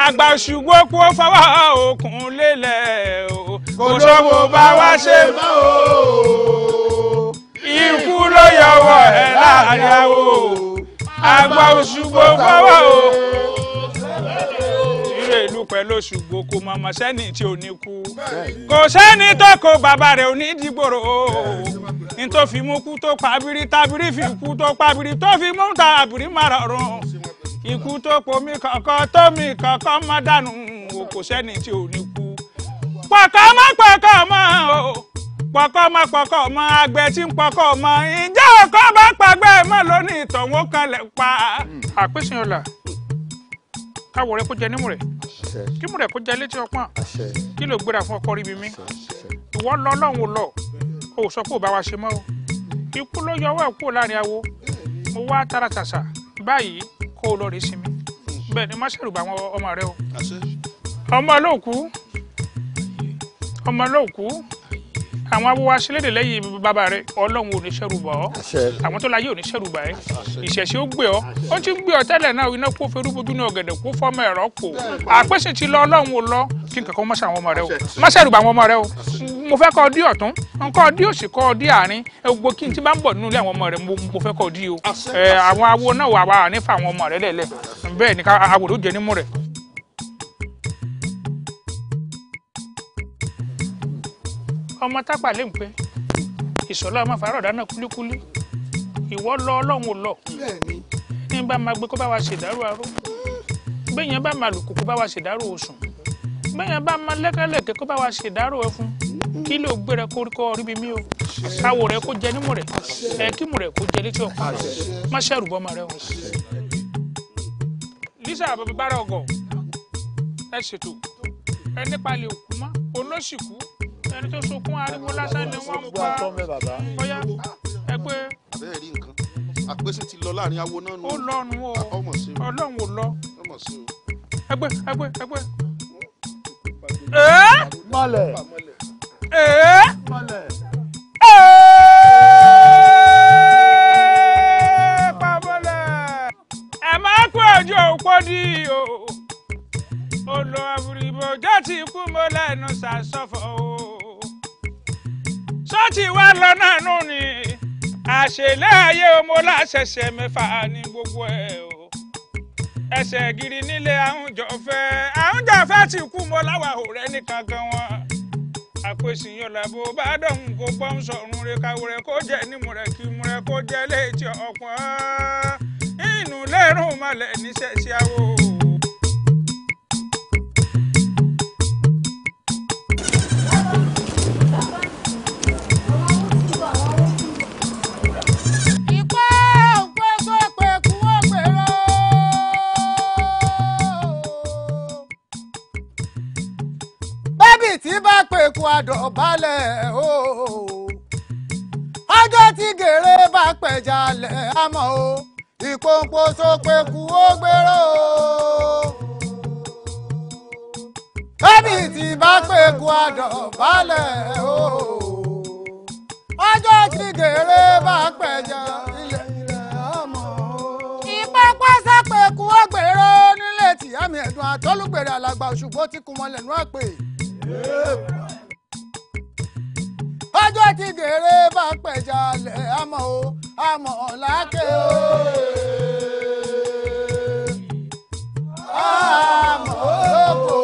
àgbà Òṣùgbò kú ó fọwọ́ òkun lélẹ̀ o kò lówó bá wá ṣe mọ́ o ikú ló yọwọ́ ẹ̀ láàyàwó àgbà Òṣùgbó fọwọ́ o ìrè ìlú pẹ̀lú Òṣùgbó kò mọ̀mọ́ sẹ́ni tí ò ní kú kò sẹ́ni tó kó bàbá rẹ̀ ò ní dìgbòrò o ní tó fi mú kú tó pa abiri fi kú tó pa tó fi mú ta abiri mara rún ikú tó pomi kankan tómi kankan má dànù o kò sẹ́ni tí ò ní kú pọ̀kọ́ mọ́ pọ̀kọ́ mọ́ o pọ̀kọ́ mọ́ pọ̀kọ́ mọ́ àgbẹ̀ tí ń pọ̀kọ́ mọ́ ìjà ọkọ bá pàgbẹ́ mọ́ lónìí ìtọ̀wọ́ kan lẹ̀ pa. àpèsè ọ̀la káwọ̀ rẹ kó jẹ nímú rẹ kí mú rẹ kó jẹ létí ọpọ́n kí ló gbéra fún ọkọ rí bí mi ìwọ lọ lọ́hùn lọ o ò sọ pé ò bá wa ṣe mọ́ o ikú ló yọ ọwọ́ ẹ̀ kúrò láàrin awo mo wá tara báyìí kó o lọ rè sinmi bẹ́ẹ̀ ni má ṣèrùbà àwọn ọmọ rẹ o ọmọ olóòkú ọmọ ló kú àwọn awo wa ṣẹlẹ̀ lẹ́yìn bàbá rẹ ọlọ́run ò ní ṣẹ̀rù bà ọ́ àwọn tó láyé ò ní ṣẹ̀rù bà ẹ́ ìṣẹ̀ṣẹ̀ ó gbé ọ́ ó ti ń gbé ọ́ tẹ́lẹ̀ náà iná kó ferú bojú ní ọ̀gẹ̀dẹ̀ kó fọ́mọ ẹ̀rọ kò àpèsè ti lọ ọlọ́run ò lọ kí n kankan mọ́ṣẹ́ àwọn ọmọ rẹ o mọ́ṣẹ́ ìrùbà àwọn ọmọ rẹ o mo fẹ́ kọ́ ọ dí ọ̀tún nǹkan ọdí òsì kọ́ ọdí àárín gbogbo kí n ti bá ń bọ̀ nínú ilé àwọn ọmọ rẹ mo fẹ́ kọ́ ọdí o àwọn awo náà wà wà nífa àwọn ọmọ rẹ lẹ́lẹ̀ bẹ́ẹ̀ ni ká àwòrán ó jẹ nímú rẹ̀ ọmọ tápà lè ń pé ìṣọ̀lá ọmọ fàárọ̀ dáná kúlíkúlí ìwọ lọ ọlọ́run ò lọ ní bá máa gbé kó bá wa ṣèdárò aró bẹ́yẹn bá máa lùkù kó bá wa ṣèdárò òsùn bẹ́yẹn bá máa lẹ́kẹ́lẹ́kẹ́ kó bá wa ṣèdárò ẹfun kí lè gbé rẹ koríko rí bí mi o káwọ rẹ kó jẹ nímú rẹ ẹ kí mú rẹ kó jẹ létí ọkọ má ṣẹrù bọ́ ọmọ rẹ o. lisa bàbá ọgọ ẹ ṣètò ẹni palẹ̀ òkú mọ́ olóṣìkú ẹni tó sunkún ariwo lásán ni wọ́n ń bóyá ẹ pé. bẹ́ẹ̀ rí nǹkan àpèsè ti lọ láàrin awo náà nù. ó lọ nù o ọlọ́run ò lọ. ẹgbẹ́ ẹgbẹ́ ẹgbẹ́. ẹ̀ẹ́. mọ́lẹ̀. ẹ̀ẹ́. mọ́lẹ̀. ẹ̀ẹ́. pàmọ́lẹ̀. ẹ̀ máa kó ọjọ́ òpó di o olo àbùrìbò jẹ́ ti kú mo lẹ́nu sàṣọ́fọ̀ o sọ́ọ̀tì wa lọ náà nù ni àṣẹlẹ̀ ayé ọmọ láṣẹṣẹ mẹ́fà ní gbogbo ẹ̀ o ẹsẹ̀ gírí nílé àwùjọfẹ́ àwùjọfẹ́ ti kú mo láwà òrẹ́ nìkan gan wọn àpèsìyàn làbò bá dọ̀hùn kó pọ́n sọ̀rùn rẹ̀ kàwùrẹ́ kó jẹ́ nímùrẹ́ kí mùrẹ́ kó jẹ́ létí ọ̀pọ̀n inú lẹ́rùn mọ́lẹ̀ níṣẹ́ sí àwọ̀. dọ̀bálẹ̀ o. ọjọ́ tí gèrè bá pẹ̀jà lẹ̀ àmọ́ o ìkóńpó sọ pé ó gbèrò ooo... ẹni tí bá pé kú àdọ̀bálẹ̀ o ọjọ́ tí gèrè bá pẹ̀jọ ilẹ̀ ilẹ̀ ọmọ o. ìpápá sápè kú ó gbèrò nílé tìyá mi ẹ̀dùn àtọ́lùgbèrè alàgbà òṣùgbó tí kú mọ́lẹ̀ nú àpè. ọjọ́ tí gèrè bá pẹ̀jọ ilẹ̀ ọmọ o àmọ̀ làákè o. àmọ̀ òkò.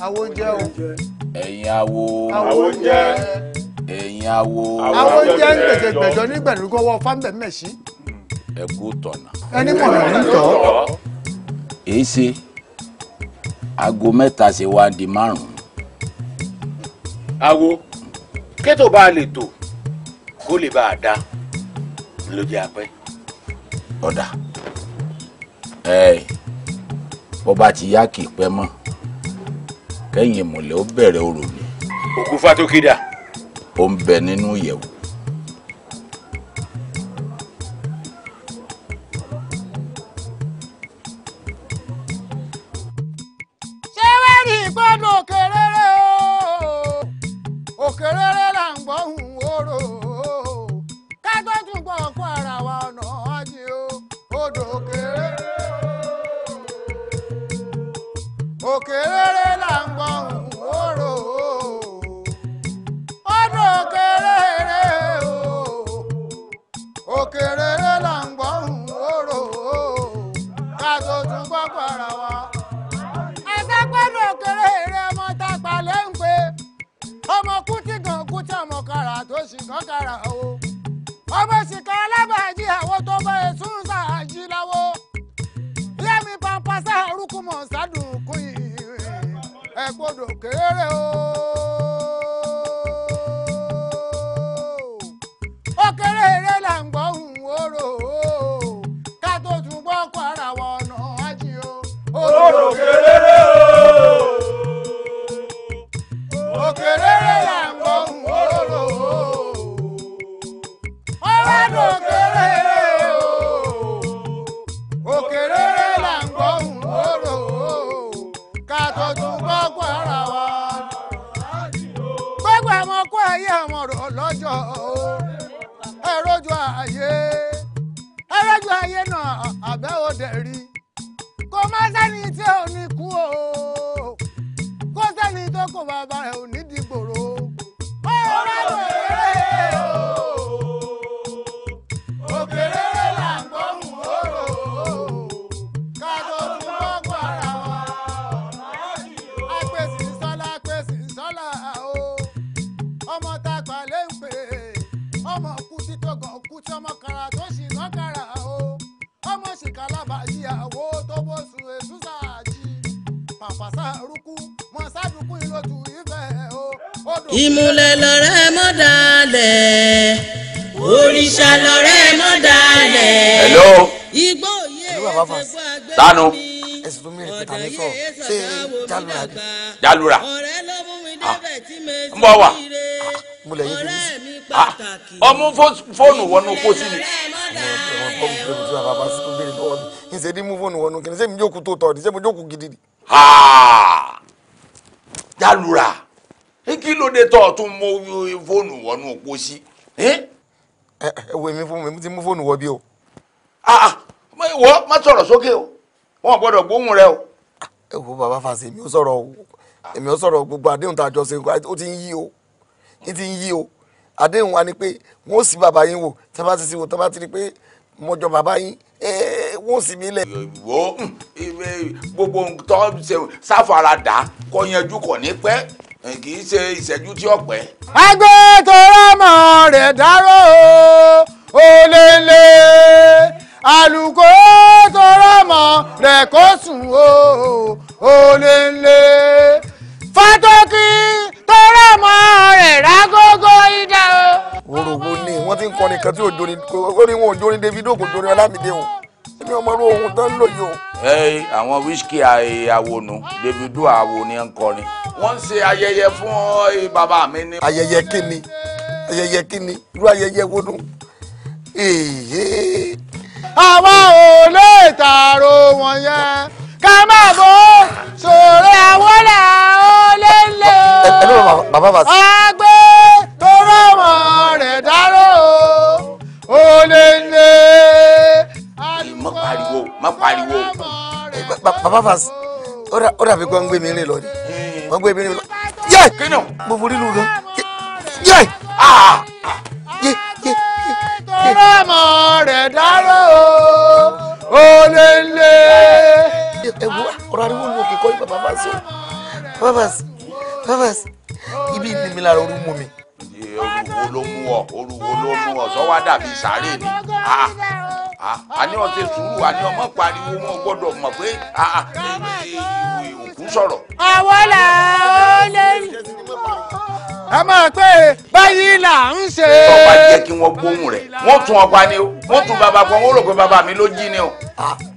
awo ń jẹ o. ẹ̀yin awo. awo ń jẹ. ẹ̀yin awo. awo ń jẹ ń gbèsè gbẹ̀jọ nígbàdúgbọ́wọ́ fáńbẹ̀mẹ̀sí. ẹ kú tọ̀nà. ẹni mọ̀nà ń tọ́. èé aago mẹ́ta ṣe wá di márùn-ún. awo kẹ́tò bá a lè tò kó lè bá a dá ló jẹ́ apẹ́. ọ̀dà ẹ̀ bó ti yá kì í pẹ́ mọ́ kẹ́yìn ìmùlẹ̀ ó bẹ̀rẹ̀ orò ni. òkú fatókè dà. ó ń bẹ nínú ìyẹ̀wò. power mo lè yín fi mí ah, ọmú fóònù wọnú pósí ni. n ṣe ní mú fóònù wọnú kí ni ṣé mi jókòó tó tọ̀ ni ṣé mo jókòó gidi ni. jálùra kí ló dé tọ́ tún mú fóònù wọnú pósí. ẹ wo èmi fún mi ti mú fóònù wọ bí o. Ah, ah, wọ́n má sọ̀rọ̀ sókè o wọ́n gbọ́dọ̀ gbóhùn rẹ o. ẹ wo bàbá fàṣẹ mi ò sọ̀rọ̀ o. Ah. èmi ò sọ̀rọ̀ gbogbo àdéhùn tá a jọ ṣe ó ti ń yí o ní ti ń yí o àdéhùn wa ni pé wọ́n sì bàbá yín wò tí wọ́n bá ti sí wò tí wọ́n bá ti rí pé mọ́jọ bàbá yín wọ́n sì mí lẹ̀. wo gbogbo tó ṣe sáfaradà kò yanjú kò ní pẹ́ kì í ṣe ìṣẹ́jú tí ó pẹ́. àgbẹ̀ tó rámọ̀ rẹ̀ dárò olèlè àlùkò tó rámọ̀ rẹ̀ kó sùn olèlè fátókì tọrọ ọmọ rẹ̀ rágógó idà o. orògbò ni wọ́n ti ń kọrin kan tí ò dorin orí wọn ò dorin Davido kò dorin Ọlámídé o èmi ọmọ orú ohun tó ń lò yìí o. ẹ àwọn wíṣkì àwònú Davido àwo ni ń kọrin wọ́n ń ṣe ayẹyẹ fún bàbá mi ni. ayẹyẹ kíni ayẹyẹ kíni irú ayẹyẹ wo dùn àwọn ò lè tààrò wọn yẹn ká má bọ́ sọ̀rọ̀ àwọn là ó ẹ ló bàbá bàtà. àgbẹ̀ tó rọmọ rẹ̀ dárò ó lè lè. má pariwo má pariwo. bàbá bàtà ó dàbí gbọ́ngbé mi rìn lọ ni gbọ́ngbé mi rìn lọ. yẹ mo forí lu gan yẹ yẹ yẹ. tó rọmọ rẹ̀ dárò ó lè lè. ẹ wo ọ̀rọ̀ ariwo ni òkè kọ́ ní bàbá bàtà bàbá bàtà. Provost, ibi ni mi lára orú mú mi. Orúwo ló mú ọ, orúwo ló mú ọ, sọ wá dàbí sàárè ni. Ah, ah, ah, a ní ọ̀sẹ̀ sùúrù, a ní ọmọ pariwo, wọn gbọ́dọ̀ mọ̀ pé ìwé òkú sọ̀rọ̀. Àwọn làá ó lè rí ẹ máa pé báyìí là ń ṣe. ọba jẹ́ kí wọ́n gbóhùn rẹ̀ wọ́n tún ọba ni o wọ́n tún bàbá kan wọ́n rò pé bàbá mi ló jí ni o.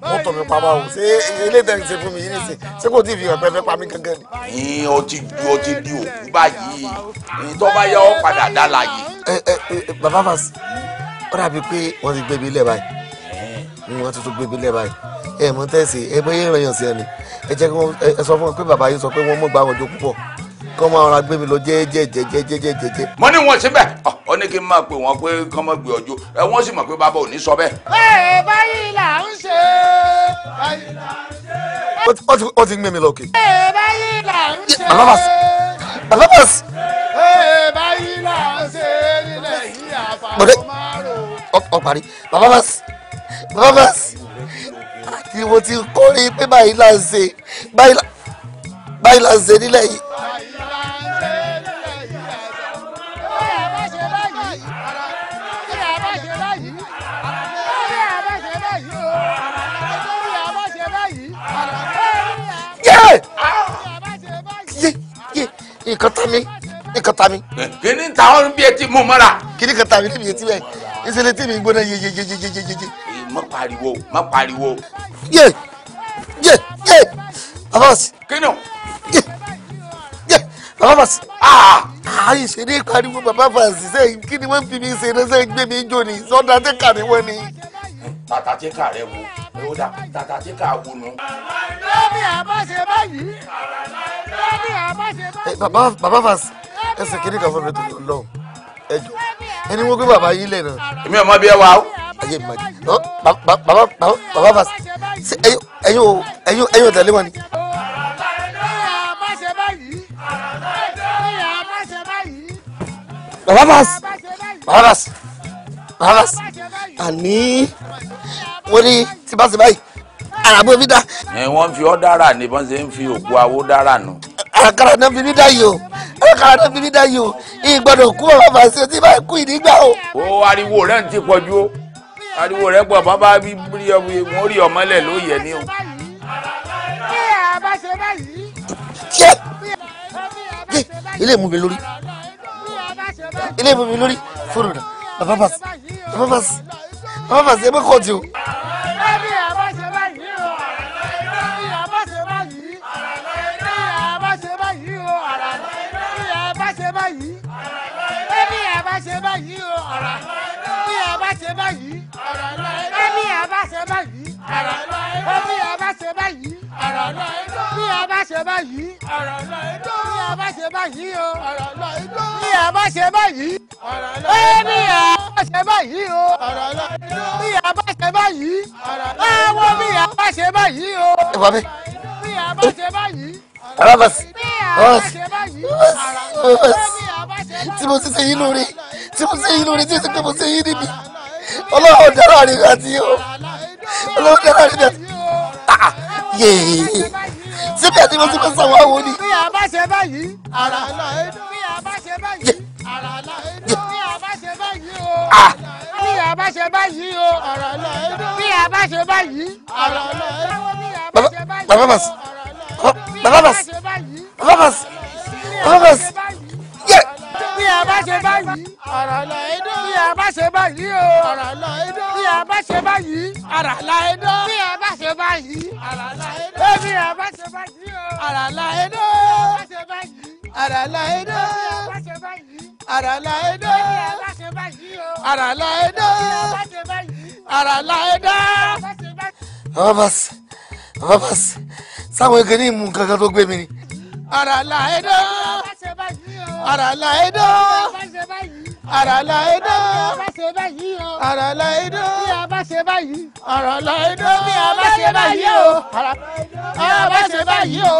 wọ́n tọ̀ mí pamọ́ o ṣé ilé ìtẹ̀ ń ṣe fún mi yìí nìṣe ṣé kò tí ì fi ọ̀pẹ fẹ́ pa mí gangan ni. ní o ti ju o ti di òkú báyìí ní tó bá yá ọ padà dá láàyè. ẹ ẹ bàbá fas ó dàbí pé wọ́n ti gbẹ̀bí lẹ̀ báyìí wọ́n ti tún gbẹ̀bí lẹ̀ báyìí ẹ mọ tẹ́sí ẹ bóyá ìrànyàn sí ẹni ẹ jẹ́ kí wọ́n sọ fún wọn pé bàbá yìí sọ pé wọ́n mọ̀ gbà wọn jó púpọ̀ kọ́ máa ra gbé mi lọ jẹ́jẹ́jẹ́jẹ́jẹ́jẹ́. mo ní wọn síbẹ̀ ó ní kí n máa pè wọ́n pé kán mọ̀ gbé ọjọ́ ẹ wọ́n sì mọ̀ pé bàbá ò ní sọ bẹ́ẹ̀. ẹ báyìí là ń ṣe. ó ti gbé mi lọ òkè. ẹ báyìí là ń ṣe. alabas alabas. ẹ báyìí là ń ṣe nílẹ̀ yìí àfàwọn márùn-ún. ọ parí alabas alabas àti mo ti kórè pé báyìí là ń ṣe báyìí là ń ṣe nílẹ̀ yìí. nǹkan ta mi nǹkan eh, ta mi. kìnní ta ọ bí etí mú mọ́ra. kìnní kan ta mi níbi etí bẹ́ẹ̀ ìṣẹ̀lẹ̀ tí mi ń gbóná yeyeyeyeyeye. Eh, má pariwo má pariwo. yé yé yé babas. kínú. yé yé babas. ayi ah! ṣeré pariwo babas sẹ́yìn kí ni wọ́n fi mi ṣeré sẹ́yìn gbé mi jò ní sọ́dọ̀ àtẹ́kà ni wọ́n ni tata tí kà rẹ wo ó dà tata tí kà wo nu. lórí àbáṣe báyìí lórí àbáṣe báyìí. bàbá bàbá fas ẹsẹ̀ kiri kan fún mi tó lọ ẹjọ ẹni wọ́n gbé bàbá yìí lẹ̀ náà. èmi ọmọ bíi ẹ wá o. ayé mi máa di bàbá bàbá bàbá fas ẹyin o ẹyin o ẹyin o tẹ̀lé wọn ni. bàbá fas bàbá fas rárá sí àní wọ́n ní tí bá ṣe báyìí àràbò mi dá. ẹ wọ́n fi ọ́ dára ní bọ́n ṣe ń fi òkú awó dára nù. àkàrà náà fi mí dá yìí o àkàrà náà fi mí dá yìí o ìgbọ́dọ̀ kú ọ̀rọ̀ màá ṣe tí báyìí kú ìdígbà o. ó ariwo rẹ̀ ń ti pọ̀ ju o ariwo rẹ̀ pọ̀ bàbá bí mo rí ọmọlẹ̀ ló yẹ ni o. bí a bá ṣe báyìí. ilé mú mi lórí ilé mú mi lórí fóònù rẹ bàbá bàbá mọ́fàsì mọ́fàsì ẹ bẹ́ kọ́ ti o. ẹbí àbáṣe báyìí o ẹbí àbáṣe báyìí ẹbí àbáṣe báyìí o ẹbí àbáṣe báyìí ẹbí àbáṣe báyìí o ẹbí àbáṣe báyìí ẹbí àbáṣe báyìí ẹbí àbáṣe báyìí bí a bá ṣe báyìí bí a bá ṣe báyìí o bí a bá ṣe báyìí bí a ṣe báyìí o bí a bá ṣe báyìí ẹ wo bí a bá ṣe báyìí o bí a bá ṣe báyìí arabas tí mo ti ṣe yín lórí tí mo ṣe yín lórí tí mo ṣe mo ṣe yín níbi ọlọ́run dára rẹ̀ àti ọlọ́run dára rẹ̀ àti ah, yéé síbẹ̀ tí mo ti fẹ́ sanwó àwọn ni. bí a bá ṣe báyìí ara là ń bí a bá ṣe báyìí ara là ń bí a bá ṣe báyìí o. bí a bá ṣe báyìí o. ara là ń bí a bá ṣe báyìí. ara là ń dán. bàbá bàbá bàbá bàbá bàbá bàbá bàbá bàbá bàbá a bá ṣe báyìí. Ara lọ edó. bí a bá ṣe báyìí o. ọ̀rọ̀ lọ edó. bí a bá ṣe báyìí. ọ̀rọ̀ lọ edó. bí a bá ṣe báyìí. ọ̀rọ̀ lọ edó. bí a bá ṣe báyìí o. ọ̀rọ̀ lọ edó. ọ̀rọ̀ lọ edó. ọ̀rọ̀ lọ edó. ọ̀rọ̀ lọ edó. ọ̀rọ̀ lọ edó. ọba bàs ọba bàs sáwọn ege ní ìmú kankan tó gbé mi ni. Ara ẹ̀dọ́ àràlà ẹ̀dọ́ àràlà ẹ̀dọ́ ara ẹ̀dọ́ bí a bá ṣe báyìí àràlà ẹ̀dọ́ bí a bá ara báyìí o àràlà bá ṣe báyìí o.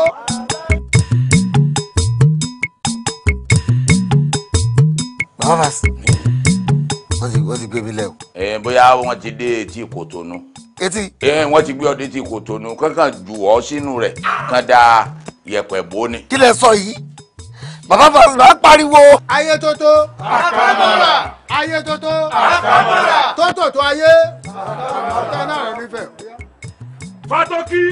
bàbá bá sí wọ́n ti gbé mi lẹ́wọ̀. ẹ bóyá wọ́n ti dé etí Kòtónú. etí. ẹ wọ́n ti gbé ọ dé etí Kòtónú kankan jù ọ sínú rẹ̀ kan dáa yẹ̀pẹ̀ bò ni. kí lẹ sọ yìí bàbá Pasuma pariwo. ayé tótó àkàmọ́ra ayé tótó àkàmọ́ra tótòtó ayé ọ̀tá náà nífẹ̀ẹ́. fatoki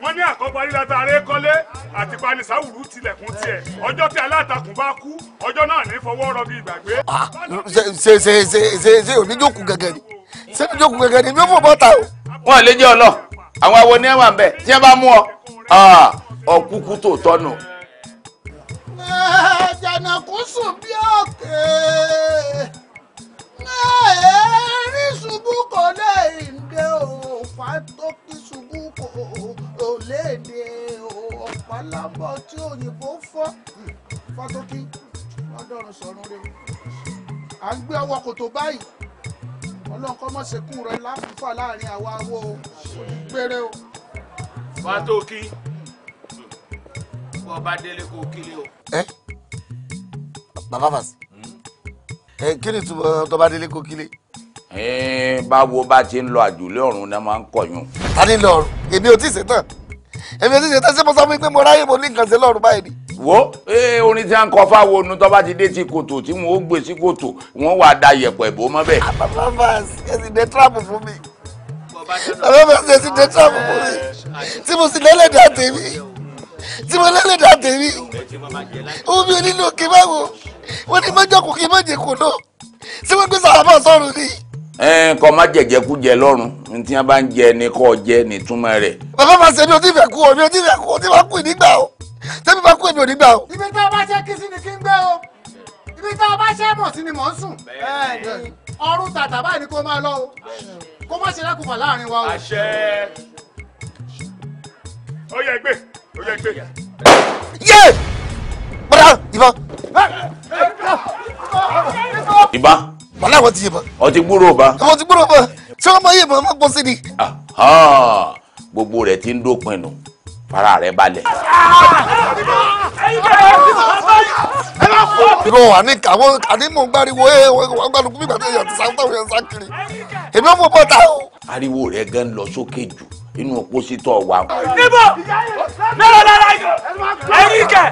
wọ́n ní àkọ́gbà yìí láti aré kọ́lé àti panisáwùrú tilẹ̀kùn tiẹ̀ ọjọ́ tí alátakùn bá kú ọjọ́ náà ní fọwọ́ rọ bí ìgbàgbé. Ah, ṣe ṣe ṣe ṣe ṣe oníjókòó gẹ́gẹ́ ni ṣé oníjókòó gẹ́gẹ́ ni mi ò fò bọ́ta o. wọn lè jẹ ọlọ àwọn awo ní ẹwà ń bẹ tí wọn bá mú ọ. Ah ọkúkú tó tọ́nù. Eh, jànàkú sùn bí òkè eh, rí ṣubú kò lè dé òòfà tó kí ṣubú kò lè dé ọ̀pá lábọ̀ tí òyìnbó fọ́ hmm, fọ́tókí lọ́dọ̀rùn sọ̀rùn rẹ̀ à ń gbé ọwọ́ kòtò báyìí ọlọ́nkọ́ mọ̀ ṣekú rẹ̀ láfífà láàrin àwa awo òní gbére o. fọ́tókí bọ́ ọba délé kó kílé o. ẹ bàbá fàṣ hmm. ẹ kí ni tùbọ̀ tọba délé kó kílé. báwo bá ti ń lọ àjùlé ọ̀run náà máa ń kọ̀yún. a ní lọ ọrùn èmi ò tí ì ṣetán èmi ò tí ì ṣetán ṣé mo sọ fún pé mo ráyè mo ní nǹkan ṣe lọ́rùn báyìí ni wo orin tí a ń kọ fáwọn onu tó bá ti dé ti kòtò tí wọn ó gbé sí kòtò wọn wà da yẹ̀pẹ̀ bò mọ́ bẹ́ẹ̀. Ah, bàbá fàs ẹsìn dé mi dé tí mo sì lẹ́lẹ́dàá tèmi tí mo lálẹ́ dà tèmi òun mi ò nílò kí n má wo wọ́n ní mọ́jọ́ kí n má jẹ náà tí wọ́n gbé sàràbà sọ́run ni. ẹ má jẹjẹ kú jẹ lọ́rùn ní tí wọ́n bá ń jẹ ni kò jẹ ní túmọ̀ rẹ̀. bàbá máa ṣe mi ò tí fẹ́ kú o mi ò tí fẹ́ kú o tí wọ́n kú nígbà o tẹ́mi bá kú èmi ò ó yẹ gbé yé padà ìbọn. ìbá. wàhálà wọn ti yìnbọn. ọtí gbúròó ba. ọtí gbúròó ba ṣé wọn máa yìnbọn máa gbọ́ sí ni. gbogbo rẹ ti ń dópin nù fara rẹ balẹ̀. ìbọn wà ní àwọn àdìmọ̀ gbáriwo ẹ wọn gbàdúgbò gbàdúgbò yàtọ̀ sáwọn táwọn yẹn sá kiri èmi ò mú bọ́ta o. ariwo rẹ gan lọ sókè jù inú òpó sí tọ̀ wá. níbo mẹ́rọ lára yìí ẹ̀yìn kẹ̀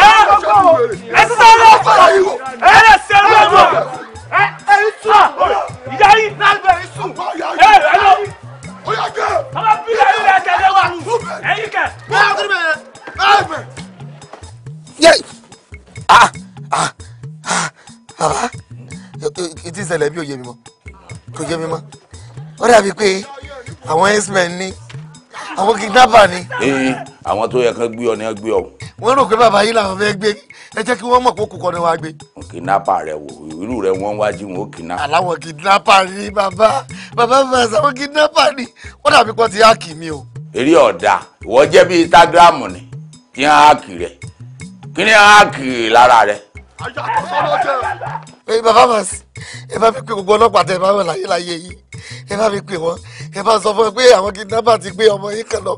ẹ̀ ẹ̀ sísá lọ ẹ̀ ẹ̀ sẹ́ lọ́dọ̀ ẹ̀ ẹ̀ sùn ìyá yìí nàgbẹ̀ ẹ̀ sùn ẹ̀ lọ. ọba bílẹ̀ yìí rẹ̀ tẹ̀lé wa ẹ̀yìn kẹ̀. yẹ́ẹ̀ ah ah ah baba ìtì ìṣẹ̀lẹ̀ bí ò yé mi mọ́ kò yé mi mọ́ ó dàbí pé àwọn x-men ni àwọn kidnapper ni. ee àwọn tó yẹ kán gbé ọ ni wọ́n gbé ọ. wọ́n rò pé bàbá yìí làwọn fẹ́ gbé ẹ jẹ́ kí wọ́n mọ̀ pé kòkòrò ni wàá gbé. kidnapper rẹ wò irú rẹ wọ́n wájú wọn ó kidnap. aláwọ̀ kidnapper ni bàbá bàbá fẹ́ sàwọn kidnapper ni wọ́n dàbí pọ́n ti háàkì mi o. eré ọ̀dà ìwọ jẹ́ bí Instagram ni kí n háàkì rẹ kí ni háàkì lára rẹ. ayé àkọsọ́ ló ee bàbá màsí ẹ bá mi pè gbogbo ọlọ́pàá tẹ ẹ bá wà láyé láyé yìí ẹ bá mi pè wọ́n ẹ bá sọ fún ẹ pé àwọn kidnapper ti gbé ọmọ yìí kan lọ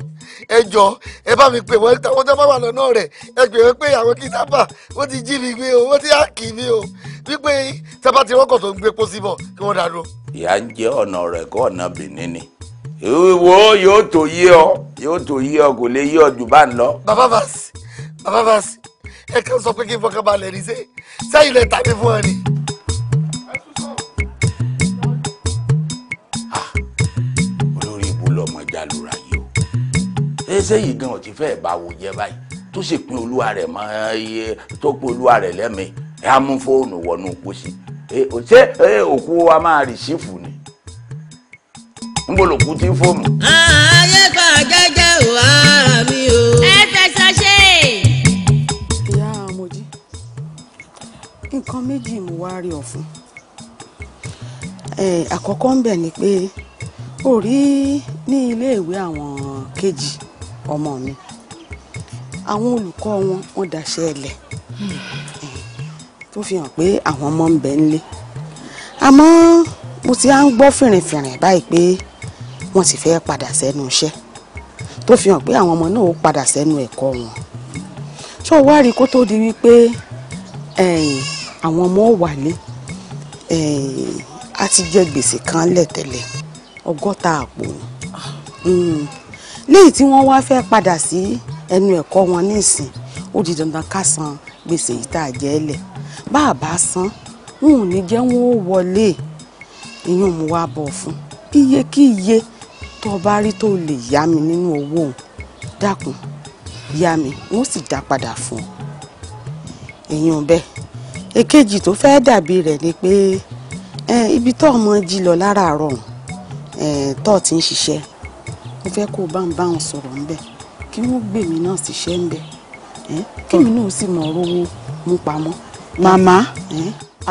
ẹ jọ ẹ bá mi pè wọ́n àwọn tó bá wà lọ́nà rẹ̀ ẹ pè wọ́n pé àwọn kidnapper wọ́n ti jí mi gbé o wọ́n ti á kì o wípé sábà ti rọ́kọ̀ tó ń gbé pósí bọ̀ kí wọ́n dàdó. ìyá ń jẹ́ ọ̀nà rẹ̀ kó ọ̀nà Benin ni ìwọ yóò tó yé ọ yóò tó yé ọ kò lè yé ọ jù bá ń lọ. bàbá bàs bàbá bàs ẹ kàn sọ pé kí n fọkàn balẹ̀ ní sẹ́yìn lẹ́ta mi fún ọ ni. eléyìí gan ò ti fẹ́ báwo jẹ báyìí tó sì pín olúwa rẹ̀ mọ́ iye tó pín olúwa rẹ̀ lẹ́mìí ẹ̀ á mú fóònù wọnú pósí ṣé òkú wa máa rìsífù ni ń bọ̀ lòkú tí fóònù. ayé pa jẹ́jẹ́ wà mí o. ẹ tẹ̀sán ṣe. ìyá àmọ̀dí nǹkan méjì mo wá rí ọ fún àkọ́kọ́ ń bẹ̀ ni pé ó rí ní iléèwé àwọn kejì. Eh, ọmọ mi àwọn olùkọ́ wọn wọ́n daṣẹ́ ẹlẹ̀ tó fi hàn pé àwọn ọmọ ń bẹ nílé àmọ́ mo ti á ń gbọ́ fìrìnfìrìn báyìí pé wọ́n ti fẹ́ padà sẹ́nu iṣẹ́ tó fi hàn pé àwọn ọmọ náà ó padà sẹ́nu ẹ̀kọ́ wọn ṣó wá rí kó tó di wípé àwọn ọmọ wálé a ti jẹ gbèsè kan lẹ̀ tẹ́lẹ̀ ọgọ́ta àpò léyìí tí wọ́n wá fẹ́ padà sí ẹnu ẹ̀kọ́ wọn nísìn ó di dandan ká san gbèsè yìí tá a jẹ ẹ́ lẹ̀ bá a bá san wọn ò ní jẹ́ wọn ó wọlé ìyún mu wá bọ̀ fún iye kí iye tó o bá rí tó o lè yá mi nínú owó òun dákun yá mi wọn sì dá padà fún ọ èèyàn bẹ́ẹ̀ èkejì tó fẹ́ dàbí rẹ̀ ni pé ibi tó ọmọ jí lọ láràárọ̀ tó ti ń ṣiṣẹ́ mo fẹ́ kó o bá ń bá wọn sọ̀rọ̀ ńbẹ̀ kí wọ́n gbè mí náà síṣẹ́ ńbẹ̀ kémi náà sì mọ̀ rówó mú pamọ́. màmá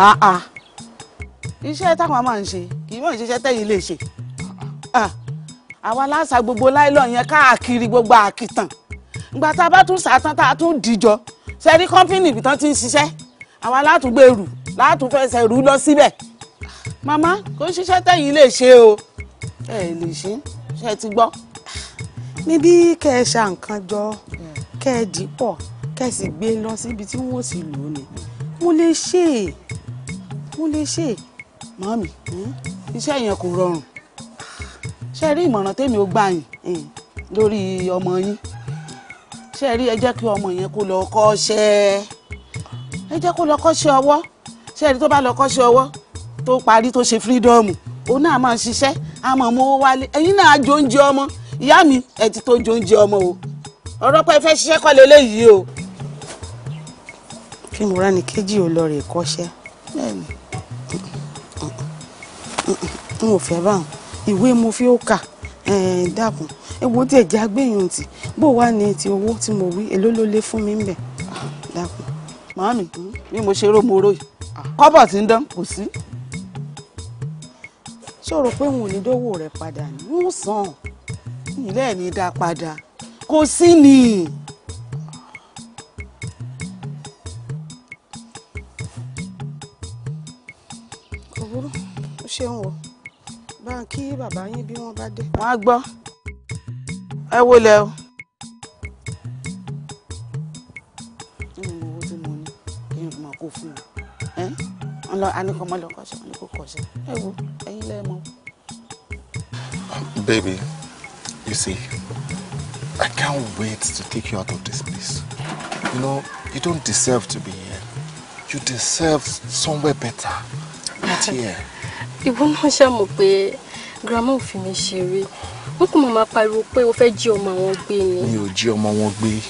àà iṣẹ́ táwọn máa ń ṣe kì í mọ̀ ìṣiṣẹ́ tẹ̀yìn lè ṣe àwa láṣà gbogbo láìlọ yẹn káàkiri gbogbo àkìtàn ìgbà tá a bá tún sàtán tá a tún dìjọ sẹ́rí kọ́ńpínì ibi tán ti ń ṣiṣẹ́ àwa látùgbèrú látùfẹsẹ̀ rú lọ síbẹ̀ màmá kò ṣiṣẹ́ tẹ̀yìn lè ṣe o ẹ lè ṣe ṣe ti gbọ́ níbí kẹ́ ẹ ṣa nǹkan jọ kẹ́ ẹ dìpọ̀ kẹ́ ẹ sì gbé lọ síbi tí wọ́n sì lò ó ni mo lè ṣe é mo lè ṣe é mọ́mì iṣẹ́ yẹn kò rọrùn ṣe rí ìmọ̀ràn tèmi ó gbà yín hmm, lórí ọmọ yín ṣe rí ẹ jẹ́ kí ọmọ yẹn kó lọ kọ́ṣẹ́ ẹ jẹ́ kó lọ kọ́ṣẹ́ ọwọ́ ṣe rí tó bá lọ kọ́ṣẹ́ ọwọ́ tó parí tó ṣe fírídọ́ọ̀mù òun náà máa ṣiṣẹ́ a máa wálé ẹ̀yin náà jọ ń jẹ ọmọ ìyá mi ẹ ti tó ń jẹ oúnjẹ ọmọ o ọ̀rọ̀ pé ẹ fẹ́ ṣiṣẹ́ kọ́ leléyìí o. kí mo rá ni kéjì ò lọ rè kọ́ṣẹ́ n ò fẹ́ báwọn ìwé mo fi ó kà dákun ewu tí ẹ̀jẹ̀ agbẹ́yìn tì bó wà ní ti owó tí mo wí èló ló lé fún mi ń bẹ̀ dákun. màámi bí mo ṣe ró mo ró yìí kọ́bọ̀ tí ń dán kò sí ṣòro pé n ò ní dówó rẹ padà ní ń sàn yìí lẹ́ẹ̀ni dá padà kò sí ni. òwúrọ̀ ó ṣeun o bá ń kí bàbá yín bí wọ́n bá dé. wọ́n á gbọ́ ẹ wo lẹ o. baby You see, I can't wait to take you out of this place. You know, you don't deserve to be here. You deserve somewhere better. Not here. I won't náà ṣá mọ̀ pé grandma will fi mi ṣeré. Wọ́n kò mọ̀ won't pariwo pé o your jí ọmọ wọn gbé ni. Mi ò jí ọmọ wọn gbé.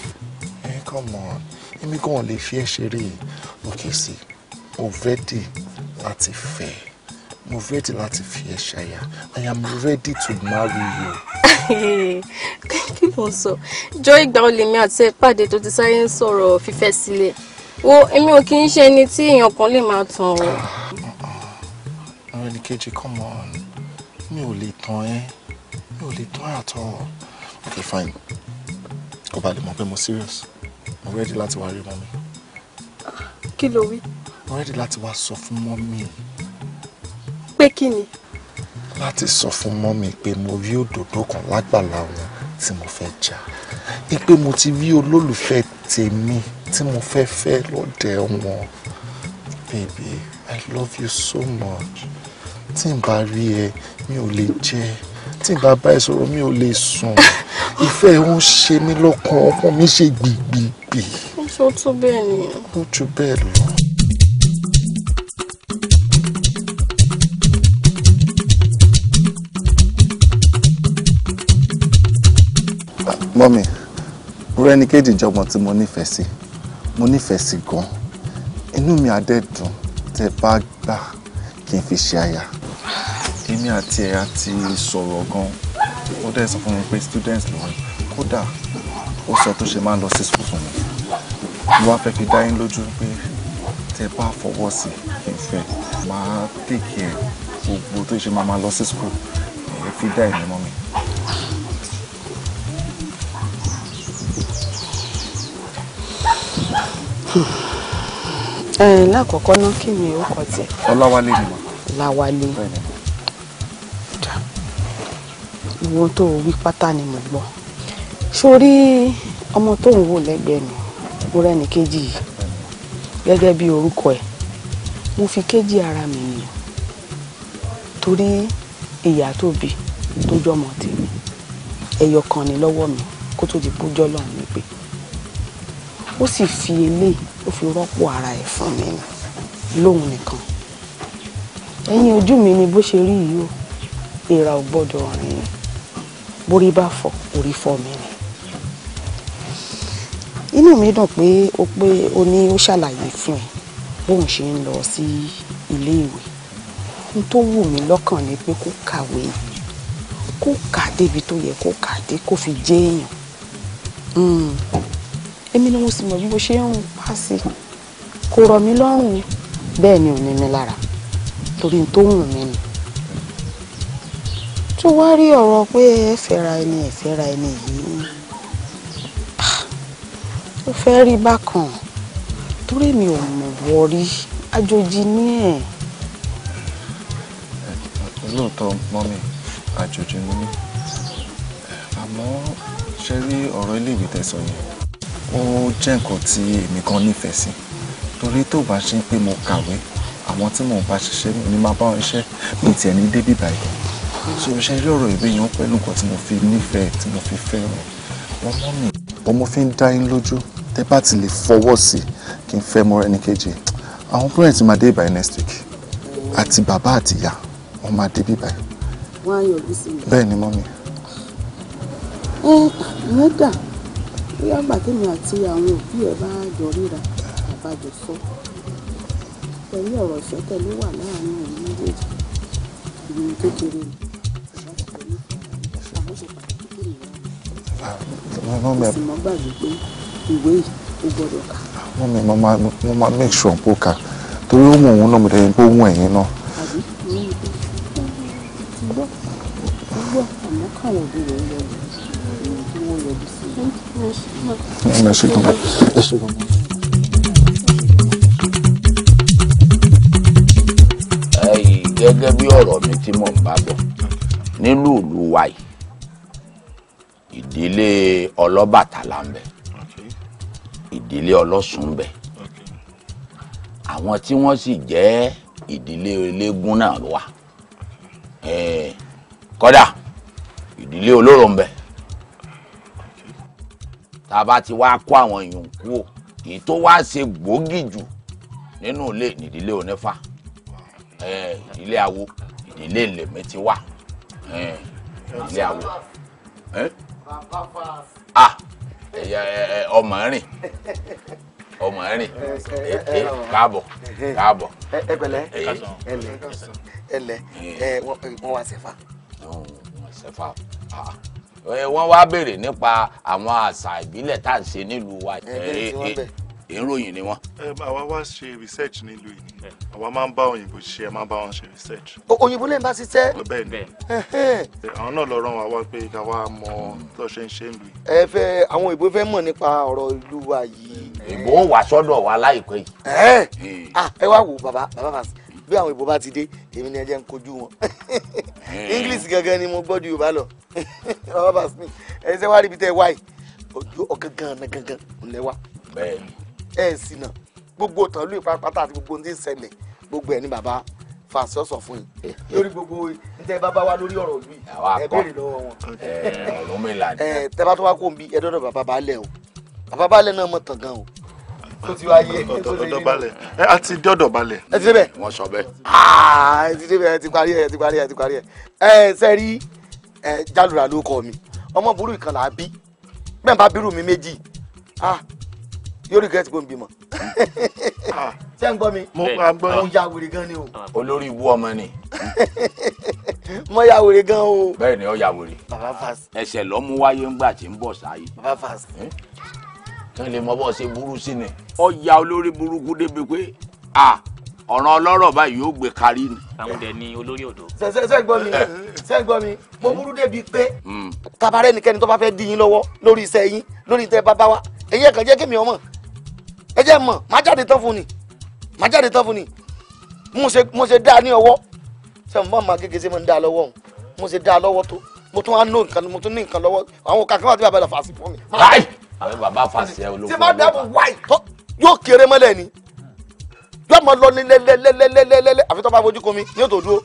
Ẹ come on, èmi kàn lè fi ẹ́ ṣeré. Okay, see, already láti fẹ́ mo láti fi ẹ́ ṣaya i am ready to marry you. kí ló ń sọ jọ ìgbà olè mi àti ẹ pàdé tó ti sáyé ń sọ̀rọ̀ fífẹ́ sílẹ̀ wo èmi ò kì í ṣe ẹni tí èèyàn kan lè máa tàn o. ọ̀rẹ́ni ah, ah, kejì come on mi ò lè tàn ẹ́ mi ò lè tàn ẹ́ àtọ̀ okay fine kò bá lè mọ̀ pé mo serious mo ready láti wá rí mọ́ mi. kí ló wí. mo ready láti wá sọ fún mọ́ mi pé kí ni. láti sọ fún mọ́mi pé mo rí òdòdó kan lágbàlá wọn tí mo fẹ́ jà pé mo ti rí olólùfẹ́ tèmi tí mo fẹ́ fẹ́ lọ́dẹ wọn baby i love you so much tí n bá rí ẹ mi ò lè jẹ tí n bá bá ẹ sọ̀rọ̀ mi ò lè sùn ìfẹ́ ẹ ń ṣe mí lọ́kàn ọkàn mi ṣe gbìgbìgbì. ó tó bẹ́ẹ̀ ni. ó ju bẹ́ẹ̀ lọ. mọ́mì Mọ́rẹ́níkẹ́jì jọmọ tí mo nífẹ̀ẹ́ sí mo nífẹ̀ẹ́ sí gan inú mi àdẹ́dùn tẹ́ bá gbà kí n fi ṣe aya èmi àti ẹ̀ àti sọ̀rọ̀ gan ó dẹ̀ sọ fún mi pé student lòun kódà ó sọ tó ṣe máa ń lọ sí school fún mi mo wá fẹ́ fi dá yín lójú pé tẹ́ bá fọwọ́ sí kí n fẹ́ máa take care gbogbo tó ṣe máa máa lọ sí school ẹ̀ fi dá ẹ̀mí mọ́ mi. lákọ̀ọ́kọ́ náà kí ni orúkọ tiẹ̀. ọláwálé ni mo. ọláwálé dá ìwọ̀n tó wí pátá ni mo gbọ́ sórí ọmọ tó ń wò lẹ́gbẹ̀ẹ́ mi mo rẹ́ni kejì yìí gẹ́gẹ́ bí orúkọ ẹ̀ mo fi kejì ara mi yìí torí ìyá tó bí tó jọmọ tèmi ẹyọ kan ni lọ́wọ́ mi kó tó di pójọ́ lọ́run mi pé ó sì fi eléyìí ó fi rọ́pò ara ẹ̀ fún mi lóhun nìkan ẹ̀yìn ojú mi ni bó ṣe rí yìí o èèrà ò gbọ́dọ̀ rìn borí bá fọ orí fọ mi ni inú mi dùn pé ó pé ó ní ó ṣàlàyé fún ẹ bóun ṣe ń lọ sí ilé ìwé n tó wù mí lọ́kàn ni pé kó kàwé kó kà débi tó yẹ kó kà dé kó fi jẹ́ èèyàn hmm èmi ni mo sì mọ̀ bí mo ṣe ń pa sí kò rọ̀ mí lọ́rùn ni bẹ́ẹ̀ ni ò ní mi lára torí tó wù mí ni tó wá rí ọ̀rọ̀ pé ẹ fẹ́ra ẹni ẹ fẹ́ra ẹni yìí ó fẹ́ rí bákan torí mi ò mọ̀ wọrí àjòjì ní ẹ̀. lóòótọ́ mọ́mí àjòjì ni àmọ́ ṣe rí ọ̀rọ̀ ilé ìwé tẹ̀sán yẹn ó jẹ́ nǹkan tí èmi kan nífẹ̀ẹ́ sí torí tó bá ṣe pé mo kàwé àwọn tí mò ń bá ṣiṣẹ́ mi ní máa bá wọn ṣiṣẹ́ mi tiẹ̀ ní débi báyìí so ṣe rí ọ̀rọ̀ ìwé yẹn pẹ̀lú nǹkan tí mo fi nífẹ̀ẹ́ tí mo fi fẹ́ràn wọn mọ́ mi wọn mo fi ń dá yín lójú tẹ́ bá ti lè fọwọ́ sí kí n fẹ́ mọ́ ẹni kejì àwọn parents máa dé ìbàyẹn next week àti bàbá àti ìyá wọn máa dé bíbáyìí. wọ́n á yọjú sí mi. ẹ ẹ dà bóyá gbà tèmi àti àwọn òbí ẹ bá jọ ríra àbájọ sọ pẹ̀lú ọ̀rọ̀ ìṣọ̀tẹ̀ ló wà láàárín òun méjèèjì ìlú kékeré ni ìsìnmọ́ gbàgbé pé ìwé make sure pé ó kà torí ó mú òun náà mo dẹ̀yìn pé ó mú ẹ̀yìn náà. àbí mo ń gbọ́ àmọ́ káwọn òbí rẹ̀ ń lọ yọjú sí i. ẹ ṣe gan bí ọ̀rọ̀ mi tí mò ń bá bọ̀ nílùú ìlú wa yìí ìdílé ọlọ́bàtálá ń bẹ ìdílé ọlọ́sùn bẹ àwọn tí wọ́n sì jẹ́ ìdílé eléégún náà wà kódà ìdílé olóró ń bẹ tá a bá ti wá kó àwọn èèyàn kúrò èyí tó wá ṣe gbòógì jù nínú ilé nídìílé onífá ìdílé awo ìdílé ìlèmí ti wá ìdílé awo ọmọ rìn ọmọ rìn káàbọ̀ káàbọ̀. ẹ pẹ̀lẹ́ ẹlẹ ẹ wọ́n wá sẹ́fà. wọ́n wá sẹ́fà. Eh, wọ́n wá béèrè nípa àwọn àṣà ìbílẹ̀ tá à ń ṣe nílùú wa eh, eh, ìròyìn ni wọ́n. àwa wá ṣe research nílùú yìí àwa máa ń bá òyìnbó ṣe ẹ máa bá wọn ṣe research. òyìnbó lè bá ṣiṣẹ́. bẹ́ẹ̀ni àwọn náà lọ rán wa wá pé ká wá mọ tó ṣe ń ṣe nílùú yìí. ẹ fẹ́ àwọn òyìnbó fẹ́ mọ̀ nípa ọ̀rọ̀ ìlú wa yìí. ìbò wà sọ́dọ̀ wa láìpẹ́ yìí. Ah, ẹ wá wo bàbá bàbá fàṣẹ bí àwọn ìbò bá ti dé èmi ni ẹ jẹ́ ń kojú wọn english gangan ni mo gbọ́ ju yorùbá lọ robert smith ẹni sẹ́ wá rí ibi tẹ́ wáyé ojú ọ̀gángan náà gangan ńlẹ̀ wá ẹ̀ sì nà gbogbo ìtàn lóye pátá àti gbogbo ohun tí ń ṣẹlẹ̀ gbogbo ẹ̀ ní bàbá fàṣọ sọ fún yìí lórí gbogbo ìtẹ bàbá wa lórí ọ̀rọ̀ ìlú yìí ẹ béèrè lọ́wọ́ wọn. ọlọmọ ìlànà. ẹ tẹ bá tó wá kó n bí ẹ dọdọ bàbá baálẹ̀ o bàbá baálẹ̀ náà mọ tàn gan o tó ti wá ọdọ balẹ̀ ẹ a ti dé ọdọ balẹ̀. ẹ ti débẹ̀. wọ́n sọ bẹ́ẹ̀. Ah, ẹ ti débẹ̀ ẹ ti parí ẹ ti parí ẹ ti parí ẹ ẹ sẹ́rí ẹ jálùrà ló kọ mi ọmọ burú ìkan là á bí bẹ́ẹ̀ bá bírù mi méjì ah yóò rí gẹ́tì kó n bímọ. Ah. ṣé ń gbọ́ mi. mo pa gbọ́. mo ya wèrè gan ni o. olórí ìwú ọmọ ni. mo ya wèrè gan o. bẹ́ẹ̀ ni ya wèrè. baba fast. ẹsẹ̀ lọ́mú wáyé ńgbà tí ń bọ̀ sáyé. baba fast kàn lè mọ bọ́ ṣe burú sí ni. ọ̀ya olórí burúkú débi pé ọ̀ràn ọlọ́rọ̀ báyìí yóò gbé kárí ni. àwọn dẹ̀ ni olórí odò. sẹ́sẹ́ gbọ́ mi sẹ́sẹ́ gbọ́ mi mo burú débi pé hmm. tabarẹ́ nìkẹ́ni tó bá fẹ́ dí yín lọ́wọ́ lórí iṣẹ́ yín lórí iṣẹ́ bàbá wa èyí ẹ̀kan jẹ́ kémi ọmọ ẹ jẹ́ mọ̀ má jáde tán fún ni má jáde tán fún ni mo ṣe dáa ní ọwọ́ sẹ́wọ̀n mọ́ màá gégé sí mo ń dáa lọ́wọ́ mo ṣe dáa lọ́wọ́ tó mo tún wá ní nǹkan mo tún ní nǹkan lọ́wọ́ àwọn kàkẹ́ wà tí bàbá lọ fà á sí fún mi àwọn bàbá fàṣẹ olóko tí bá dáàbò wáì yóò kéré mọ́lẹ̀ ni yóò mọ lọ ní lẹ́lẹ́lẹ́lẹ́lẹ́lẹ́ àfi tó bá fojú komi yóò tó dúró.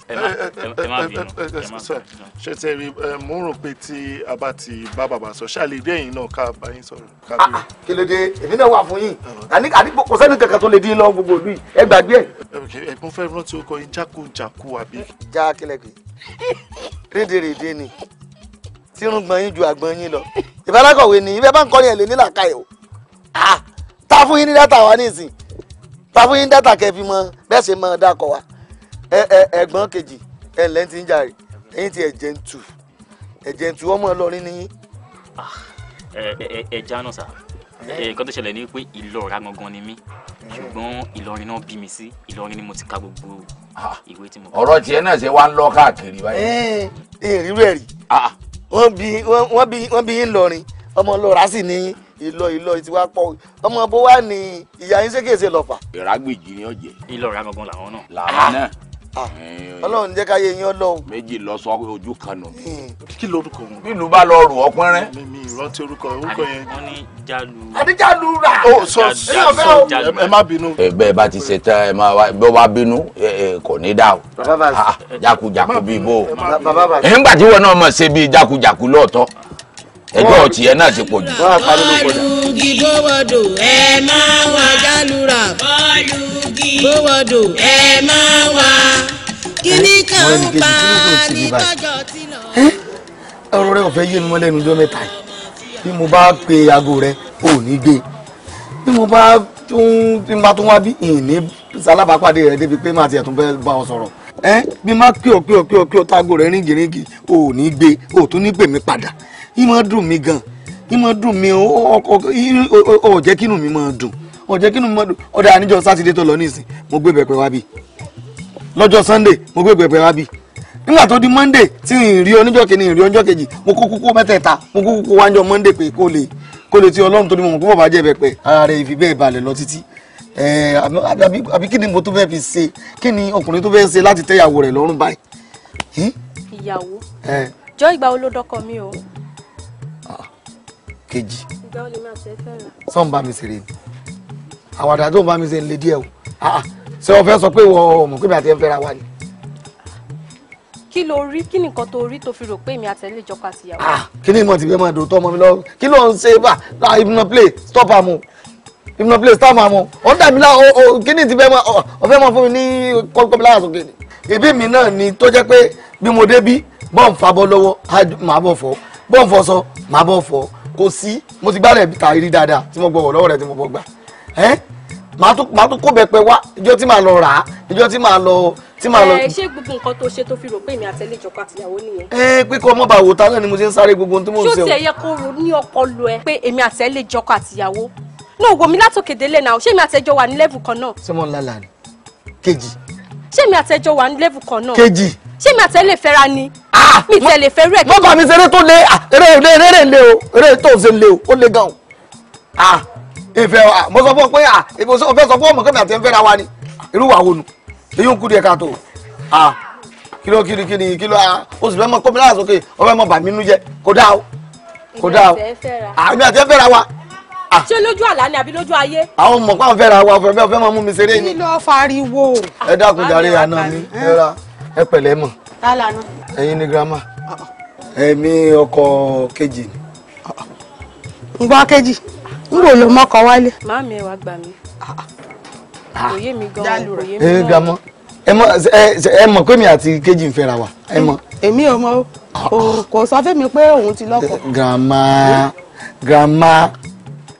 ṣe tẹ rí mo rò pé tí a bá ti bá bàbá sọ ṣáàlì ìdí ẹ̀yìn náà ká bá yín sọ̀rọ̀. kí ló dé èmi náà wà fún yín àdìgbò kò sẹ́ni kankan tó lè dín lọ gbogbo ìlú ẹ gbàgbé ẹ. ẹ̀gbọ́n fẹ́ rántí orúkọ yín jákujàku àbí. já kílẹ̀ pé rédèrèdè ni tí ń gbọ̀n yín ju àgbọ̀n yín lọ ìbárakọ̀wé ni ibẹ̀ bá ń kọ́ni ẹ̀ lè nílà káyọ̀ o ah, ta fún yín ní dátà wa nísìn ta fún yín dátà kẹfì mọ bẹ́ẹ̀ ṣe mọ dákọ̀ wa ẹ̀gbọ́n kejì ẹ̀ lẹ́yìn tí ń jàre ẹ̀yìn tí ẹ̀jẹ̀ ń tù ẹ̀jẹ̀ ń tù ọmọ ọlọ́rin ni yín. Ah, ẹ já náà sá nǹkan tó ṣẹlẹ̀ ni pé ìlọ́ra gangan ni mí ṣùgbọ́n ìlọrin náà bí mi sí ìlọrin ni mo ti ka gbogbo ah, ìwé tí mo. ọ̀rọ̀ tiẹ̀ náà ṣe wá ń lọ káàkiri báyìí. ẹ ẹ ìrírú ẹ̀ rí wọ́n bí wọ́n bí wọ́n bí ńlọrin ọmọ lọ́ra sì ní ìlọ ìlọ ti wá pọ̀ ọmọ bó wà ní ìyá yín ṣé kèsè lọ́fà. ìrágbèjì ni ọ̀jẹ̀. ìlọra gangan làwọn náà. làwọn náà Ah, ọlọ́run jẹ́ ká yé yín ọlọ́run. méjì lọ sọ ojú kan nù. Hmm. kí lorúkọ wọn. bí ìlú bá lọ rù ọpọnrẹ. mi mi ìrántí orúkọ orúkọ yẹn. wọ́n ní jalu. adijalu ra. o sọ sọ ẹ má bínú. bẹ́ẹ̀ bá ti ṣe tán ẹ máa wá bí ó bá bínú kò ní dá o. bàbá bíi bó o. bàbá bá. náà mọ̀ ṣe bíi jakujaku lóòótọ́ ẹgbẹ́ ọ̀tí ẹ̀ náà ti pọ̀ jù. bọ́ọ̀lùgì bówọ́dò ẹ máa wá jálùrà bọ́ọ̀lùgì bówọ́dò ẹ máa wá kíní kan ń pa nítọ́jọ́ tí lọ. ọ̀rọ̀ rẹ ò yé mi mọ́ lẹ́nu ọjọ́ yìí bí mo bá pe aago rẹ ò ní gbé bí mo bá tún bí mo bá tún wá bí ìní sálábàápàdé rẹ débi pé màá tiẹ̀ tún fẹ́ bá ọ sọ̀rọ̀ ẹ bí má pé ọ pé ọ pé ọ pé ọ tágo rẹ ríngìríngì ò ní gbé ò tún ní pè padà ìmọ̀ dùn mí gan ìmọ̀ dùn mí ò jẹ́ kínú mi máa dùn ò jẹ́ kínú mi máa dùn ọ̀dà níjọ́ sátidé tó lọ nísìn mo gbé bẹ̀pẹ̀ wá bí lọ́jọ́ sunday mo gbé bẹ̀pẹ̀ wá bí nígbà tó di monday tí n rí oníjọ́ kìíní n rí ọjọ́ kejì mo kó kókó mẹ́tẹ̀ẹ̀ta mo kó kókó wájọ monday pé kó lè kó lè ti ọlọ́run tó ní mọ̀ kó bàbá jẹ́ bẹ̀pẹ̀ ara rẹ̀ ìfi bẹ́ẹ̀ balẹ̀ lọ títí àbí kí ni mo tó fẹ́ fi ṣe kí ni ọkùnrin tó fẹ́ ṣe láti tẹ́yàwó rẹ̀ lọ́rùn báyìí. ìyàwó jọ ìgbà wo ló dọkọ mi o kejì. sọ́n bá mi ṣeré ni àwàdà tó ń bá mi ṣe ń le díẹ̀ o ah, ah. ṣé o fẹ́ sọ pé wọ́n mọ̀ pé mi àti ẹ̀ ń fẹ́ra wa ni. kí ló rí kí nìkan tó rí tó fi rò pé èmi àti ẹ̀ lè jọ ká ìyàwó. Ah, kí ni ìmọ̀ tìbí máa dòótọ́ ọmọ mi lọ kí ló ń ṣe bá ibùnà play stop am o ibùnà play stop am o ọ̀n dàbí la kí ni ìtìbẹ́ ọ̀fẹ́ máa fún mi ní kọ́ńkọ́bí ni. ìbí mi náà ni tó jẹ́ pé bí mo dé bí bọ́ǹfà bọ́ lọ́wọ́ máa bọ̀ fọ́ sọ kò sí mo ti gbálẹ̀ bí tàrí dáadáa tí mo gbọ́ wọ̀ lọ́wọ́ rẹ̀ tí mo bọ́ gbà ẹ́ màá tún màá tún kó bẹ́pẹ wá ìjọ tí màá lọ rà á ìjọ tí màá lọ tí màá lọ. ẹ ṣé gbogbo nǹkan tó ṣe tó fi rò pé èmi àtẹlẹ ìjọkọ àtìyàwó nìyẹn. ẹ pé kí ọmọ bá wò tá náà mo ṣe ń sáré gbogbo ohun tí mò ń ṣe o. ṣó tiẹ̀ yẹ kó ro ní ọpọlọ ẹ pé èmi àtẹlẹ ìjọkọ àtìyàwó náà wò mí látòkè délé náà ṣé èmi àtẹjọ wà ní lẹ́vù ṣé mi àtẹ́lẹ̀ fẹ́ra ni ah! mi tẹ̀lé fẹ́rú ẹ̀. mọ́bà mi ṣeré tó lé ah! eré eré eré lé o eré tó ṣe lé o ó lé gan o. Ah! ìfẹ́ mo sọ fún ọ pé ìfẹ́ sọ fún ọmọ kẹ́mi àti ẹ̀fẹ́ra wa ni irú wa wo nu èyí ń kú díẹ̀ káàtó kìlọ̀ kìlọ̀ kìlọ̀ kìlọ̀ oṣù fẹ́ mọ kó mi lára sókè ọfẹ́ mọ bà mí jẹ kó dáa o kó dáa o àmì àti ẹ̀fẹ́ra wa. ṣé lójú àlá ni àbí lójú ayé. àwọn ọmọ kan fẹ́ra wa ọfẹ́ mọ́ mú mi ṣeré ni. kí ló fariwo. ẹ dákun jàre àná mi ẹ ra ẹ pẹ̀lẹ́ mọ̀. tálà náà. ẹ̀yin ni girama. èmi ọkọ kejì ni. ń gbọ́ kejì ń wò ló mọ́kọ wálé. màámi ẹ wá gbà mí. kò yé mi gan o kò yé mi gan o. ẹ gbàmọ́ ẹ mọ ẹ mọ pé mi àti kejì ń fẹ́ra wa ẹ mọ. èmi ò mọ o kò sọ fún mi pé òun ti lọ́kọ. grandma grandma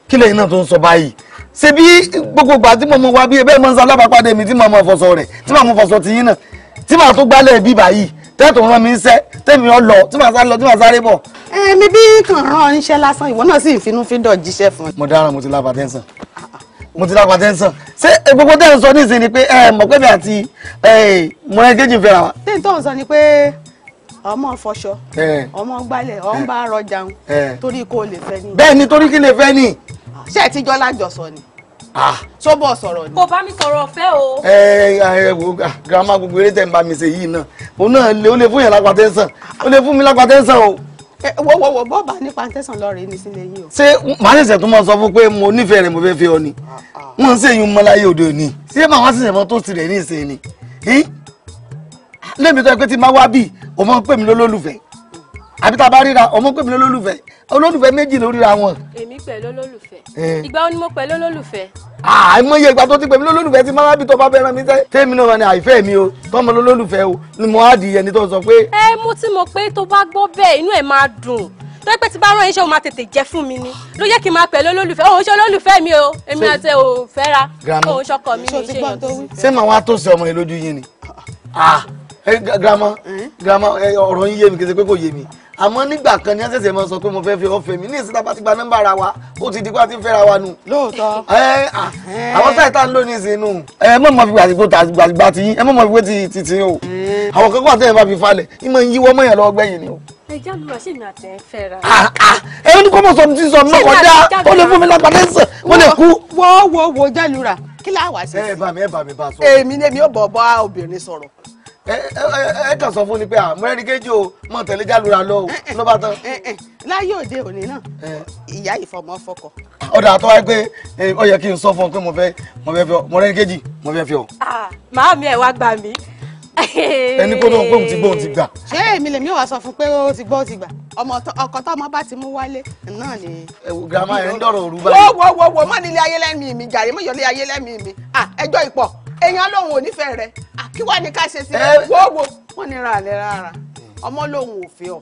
kí lẹ́yìn náà tó ń sọ báyìí ṣebí gbogbo ìgbà tí mo mọ wá bí ẹ bẹ́ẹ̀ mọ ń sálábàápàdé mi tí mo mọ fọṣọ rẹ̀ tí mo mọ fọṣọ tìyín náà tí màá tó gbálẹ̀ bí báyìí tẹ́tù rán mi ń sẹ́ tẹ́mi ọ lọ tí màá sá lọ tí màá sáré bọ̀. ẹ mi bí kàn rán iṣẹ́ lásán ìwọ náà sì ń finú fídọ̀ jíṣẹ́ fún mi. mo dára mo ti lápá tẹ́sán mo ti lápá tẹ́sán ṣé gbogbo tẹ́ ń sọ ní ìsinmi pé ẹ mọ̀ pé mi àti mọ̀ ẹ́ kéjì fẹ́ra wa. tí n tó ń sọ ni pé ọmọ fọṣọ ọmọ gbálẹ̀ ọmọ bá rọjà torí kò lè fẹ́ ni. bẹ́ẹ̀ torí kí lè fẹ́ ni. ṣé ẹ ti jọ lájọsọ ni tó ah. bọ̀ sọ̀rọ̀ ni. kò bá mi sọ̀rọ̀ ọ̀fẹ́ o. ẹ ẹ wo girama gbogbo eré tẹ̀ ń bá mi ṣe yìí náà òun náà lè ó lè fún yẹn lápá tẹ́sán ó lè fún mi lápá tẹ́sán o. wo wo wo bọ́ọ̀bà nípa tẹ́sán lọ́ọ̀rẹ́ ní sílé yìí o. ṣé màá ṣẹ̀ṣẹ̀ tún máa sọ fún pé mo nífẹ̀ẹ́ rẹ̀ mo fẹ́ fẹ́ ọ ni wọ́n ń ṣèyún mọ́láyé òde òní ṣé màá wọ́n ṣẹ̀ṣẹ̀ mọ́ tó ti rẹ̀ ní ìsìn ni. lẹ́mi tó yẹ pé ti máa wá bì òun máa ń pè mí lólólùfẹ́ àbí tá a bá ríra ọmọ pèmí lólùfẹ́ olólùfẹ́ méjì ló ríra wọn. èmi pẹ̀lú olólùfẹ́. ìgbà wo ni mo pẹ̀lú olólùfẹ́. àìmọye ìgbà tó ti pèmí lólùfẹ́ ti máa bí tó bá fẹ́ràn mi sẹ́. tèmi náà ni àìfẹ́ mi o tọ́mọ lólùfẹ́ o ni mo á di ẹni tó sọ pé. ẹ mo ti mọ̀ pé tó bá gbọ́ bẹ́ẹ̀ inú ẹ̀ máa dùn tó pé tí bá rán iṣẹ́ o máa tètè jẹ́ fún mi ni ló yẹ kí n máa pẹ̀lú olólùfẹ́ òun ṣe olólùfẹ́ mi o èmi àti ò fẹ́ra òun ṣọkọ mi ní iṣẹ́ yọ̀tún. ṣé màá wá tó ṣe ọmọ yẹn lójú yín ni. Ah. Ah. grandma grandma ọ̀rọ̀ yín yé mi kì í ṣe pé kò yé mi àmọ́ nígbà kan ní ẹ̀sẹ̀sẹ̀ máa sọ pé mo fẹ́ fi ọ̀fẹ́ mi ní ìsìta bá ti gba nọ́mbà ara wa ó ti di pa ti ń fẹ́ra wa nù. lóòótọ́. ẹ àwọn sáì tá ń lò ní ìsinú. ẹ mọ̀ mọ̀ fi gbàdìgbò gbàdìgbà ti yín ẹ mọ̀ mọ̀ fi wé ti ti o. Eh. àwọn kankan àtẹ̀yìn bá fi falẹ̀ ìmọ̀ ń yíwọ́ mọ̀yàn lọ́wọ́ gbẹ̀yìn ni o. ẹ jálùwà ṣé mi àtẹ̀ fẹ́ ra. ẹ ní kó mọ̀ sọ ti sọ mi náà kọjá ó lè fún mi lápá lẹ́sẹ̀ mo lè kú. wo wo wo jálùwà kí láwàá ṣe. ẹ bá mi ẹ bá mi bá sọ. èmi ni èmi ò bọ̀ bá obìnrin sọ̀rọ̀ ẹ kàn sọ fún ni pé àmúrẹ́ni kejì o mọ̀ tẹ̀lé jálura lọ o ló bá tán. láyé òde òní náà ìyá ìfọmọ fọkọ. ọ̀dà àtọ́ wáyé pé ó yẹ kí n sọ fún ọ pé mo fẹ́ mo fẹ́ fi ọ mọ̀rẹ́ni kejì mo fẹ́ fi ọ. màámi ẹ̀ wá gbà mí ẹni kó lóun pé òun ti gbọ́ òun ti gbà. ṣé èmi lèmi yóò wá sọ fún pé ó ti gbọ́ ó ti gbà ọmọ ọkọ tọmọ bá ti mú wálé náà ni. ẹwù girama ẹ ń dọ̀rọ̀ òru báyìí. wo wo wo wo nílé ayé lẹ́mìí mi jàre mọ yọlé ayé lẹ́mìí mi ẹjọ́ ìpọ̀ èèyàn lòun ò nífẹ̀ẹ́ rẹ kí wàá ní ká ṣe sí i wo wo wọn ní ra àlẹ́ rárá ọmọ lòun ò fẹ́ ọ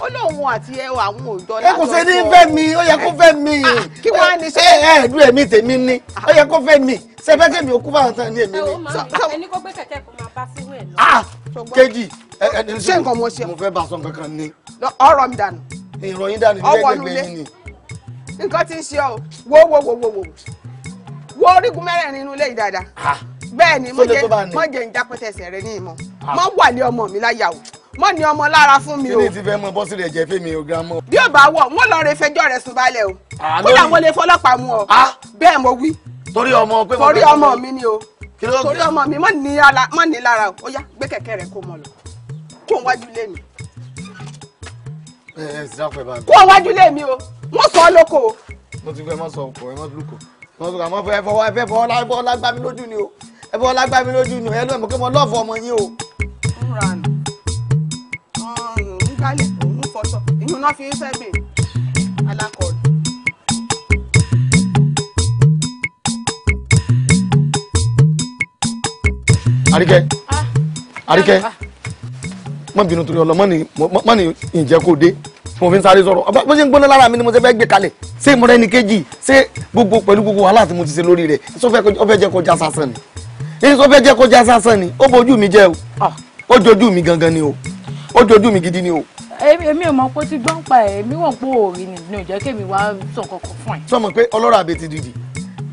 ó lóun àti ẹ àwọn òjò látọ̀ ẹ kò ṣe ní fẹ́ mi ó yẹ kó fẹ́ mi ah, kí wọ́n á ní ṣe ẹ ẹ̀dú ẹ̀mí tèmi ni ó yẹ kó fẹ́ mi ṣe fẹ́ kẹ́mi òkú báwọn tán ní èmi ni. ẹni kó gbé kẹ̀kẹ́ kó máa bá síwẹ̀ lọ. Ah, kejì ẹni ṣe nǹkan mo ṣe. mo fẹ́ bá a sọ nǹkan kan ni. ọ̀rọ̀ mi dànù. ìròyìn dànù ní ẹgbẹ̀gbẹ̀ yìí ni. nǹkan ti ń ṣe ọ wo wo wo wo wo wo orígun mẹ́rẹ̀ẹ̀rin inú ilé yìí dáadáa. Ah. bẹ́ẹ̀ ni mo jẹ mo jẹ ìjápẹ́tẹ̀sẹ̀ rẹ ní ìmọ̀ mo wà lé ọmọ mi láyà o mọ́ ni ọmọ lára fún mi o. kí ni ti fẹ́ mọ bọ́sì rẹ̀ jẹ́ fẹ́mi o grandma. bí ó bá wọ̀ wọ́n lọ rẹ fẹjọ́ rẹ̀ sùn balẹ̀ o kódà wọ́n lè fọlọ́pàá mú ọ bẹ́ẹ̀ mo wí. torí ọmọ pé mo torí ọmọ mi ni o torí ọmọ mi mọ́ ni lára o ó yá gbé kẹ̀kẹ́ rẹ̀ kó mọ lọ kó wájú lé mi. kó wájú lé mi o mo sọ lóko o. mo ti fẹ́ mọ́ sọ ọkọ ẹ mọ́ lóko mo ti kà mọ́ fẹ́ fọwọ́ ẹ fẹ́ fọwọ́ lágbá mi lójú ni o ẹ fọwọ́ lágbá mi lójú ni o ẹ lọ́ọ̀ mọ̀ kí mo lọ́ọ̀ fọ ọmọ yín o. ń ra nù wọṣọ ìyún náà fi ń sẹ́gbìn alákọ̀ọ́lù. àríkẹ́ ah, àríkẹ́ ah. má bínú torí ọlọ mọ́ ni ìjẹ́ kò dé mo fi ń sáré sọ̀rọ̀ bó ṣe ń gbóná lára mi ni mo ṣe fẹ́ gbé kalẹ̀ ṣé ìmọ̀rẹ́ ni kejì ṣé gbogbo pẹ̀lú gbogbo wàhálà tí mo ti ṣe lórí rẹ̀ ṣé ó fẹ́ jẹ́ kọjá sásán ni èyí jẹ́ kó já sásán ni ó bojú mi jẹ́ o ah. ó jojú mi gangan ni o ó jojú mi gidi ni o èmi ò mọ̀ pé ó ti gbọ́n pa ẹ̀ èmi wọ̀n pé òòrì ni ní òjẹ́ kémi wá sọ kankan fún ẹ. sọmọ pé ọlọ́rọ̀ àbètì dìdì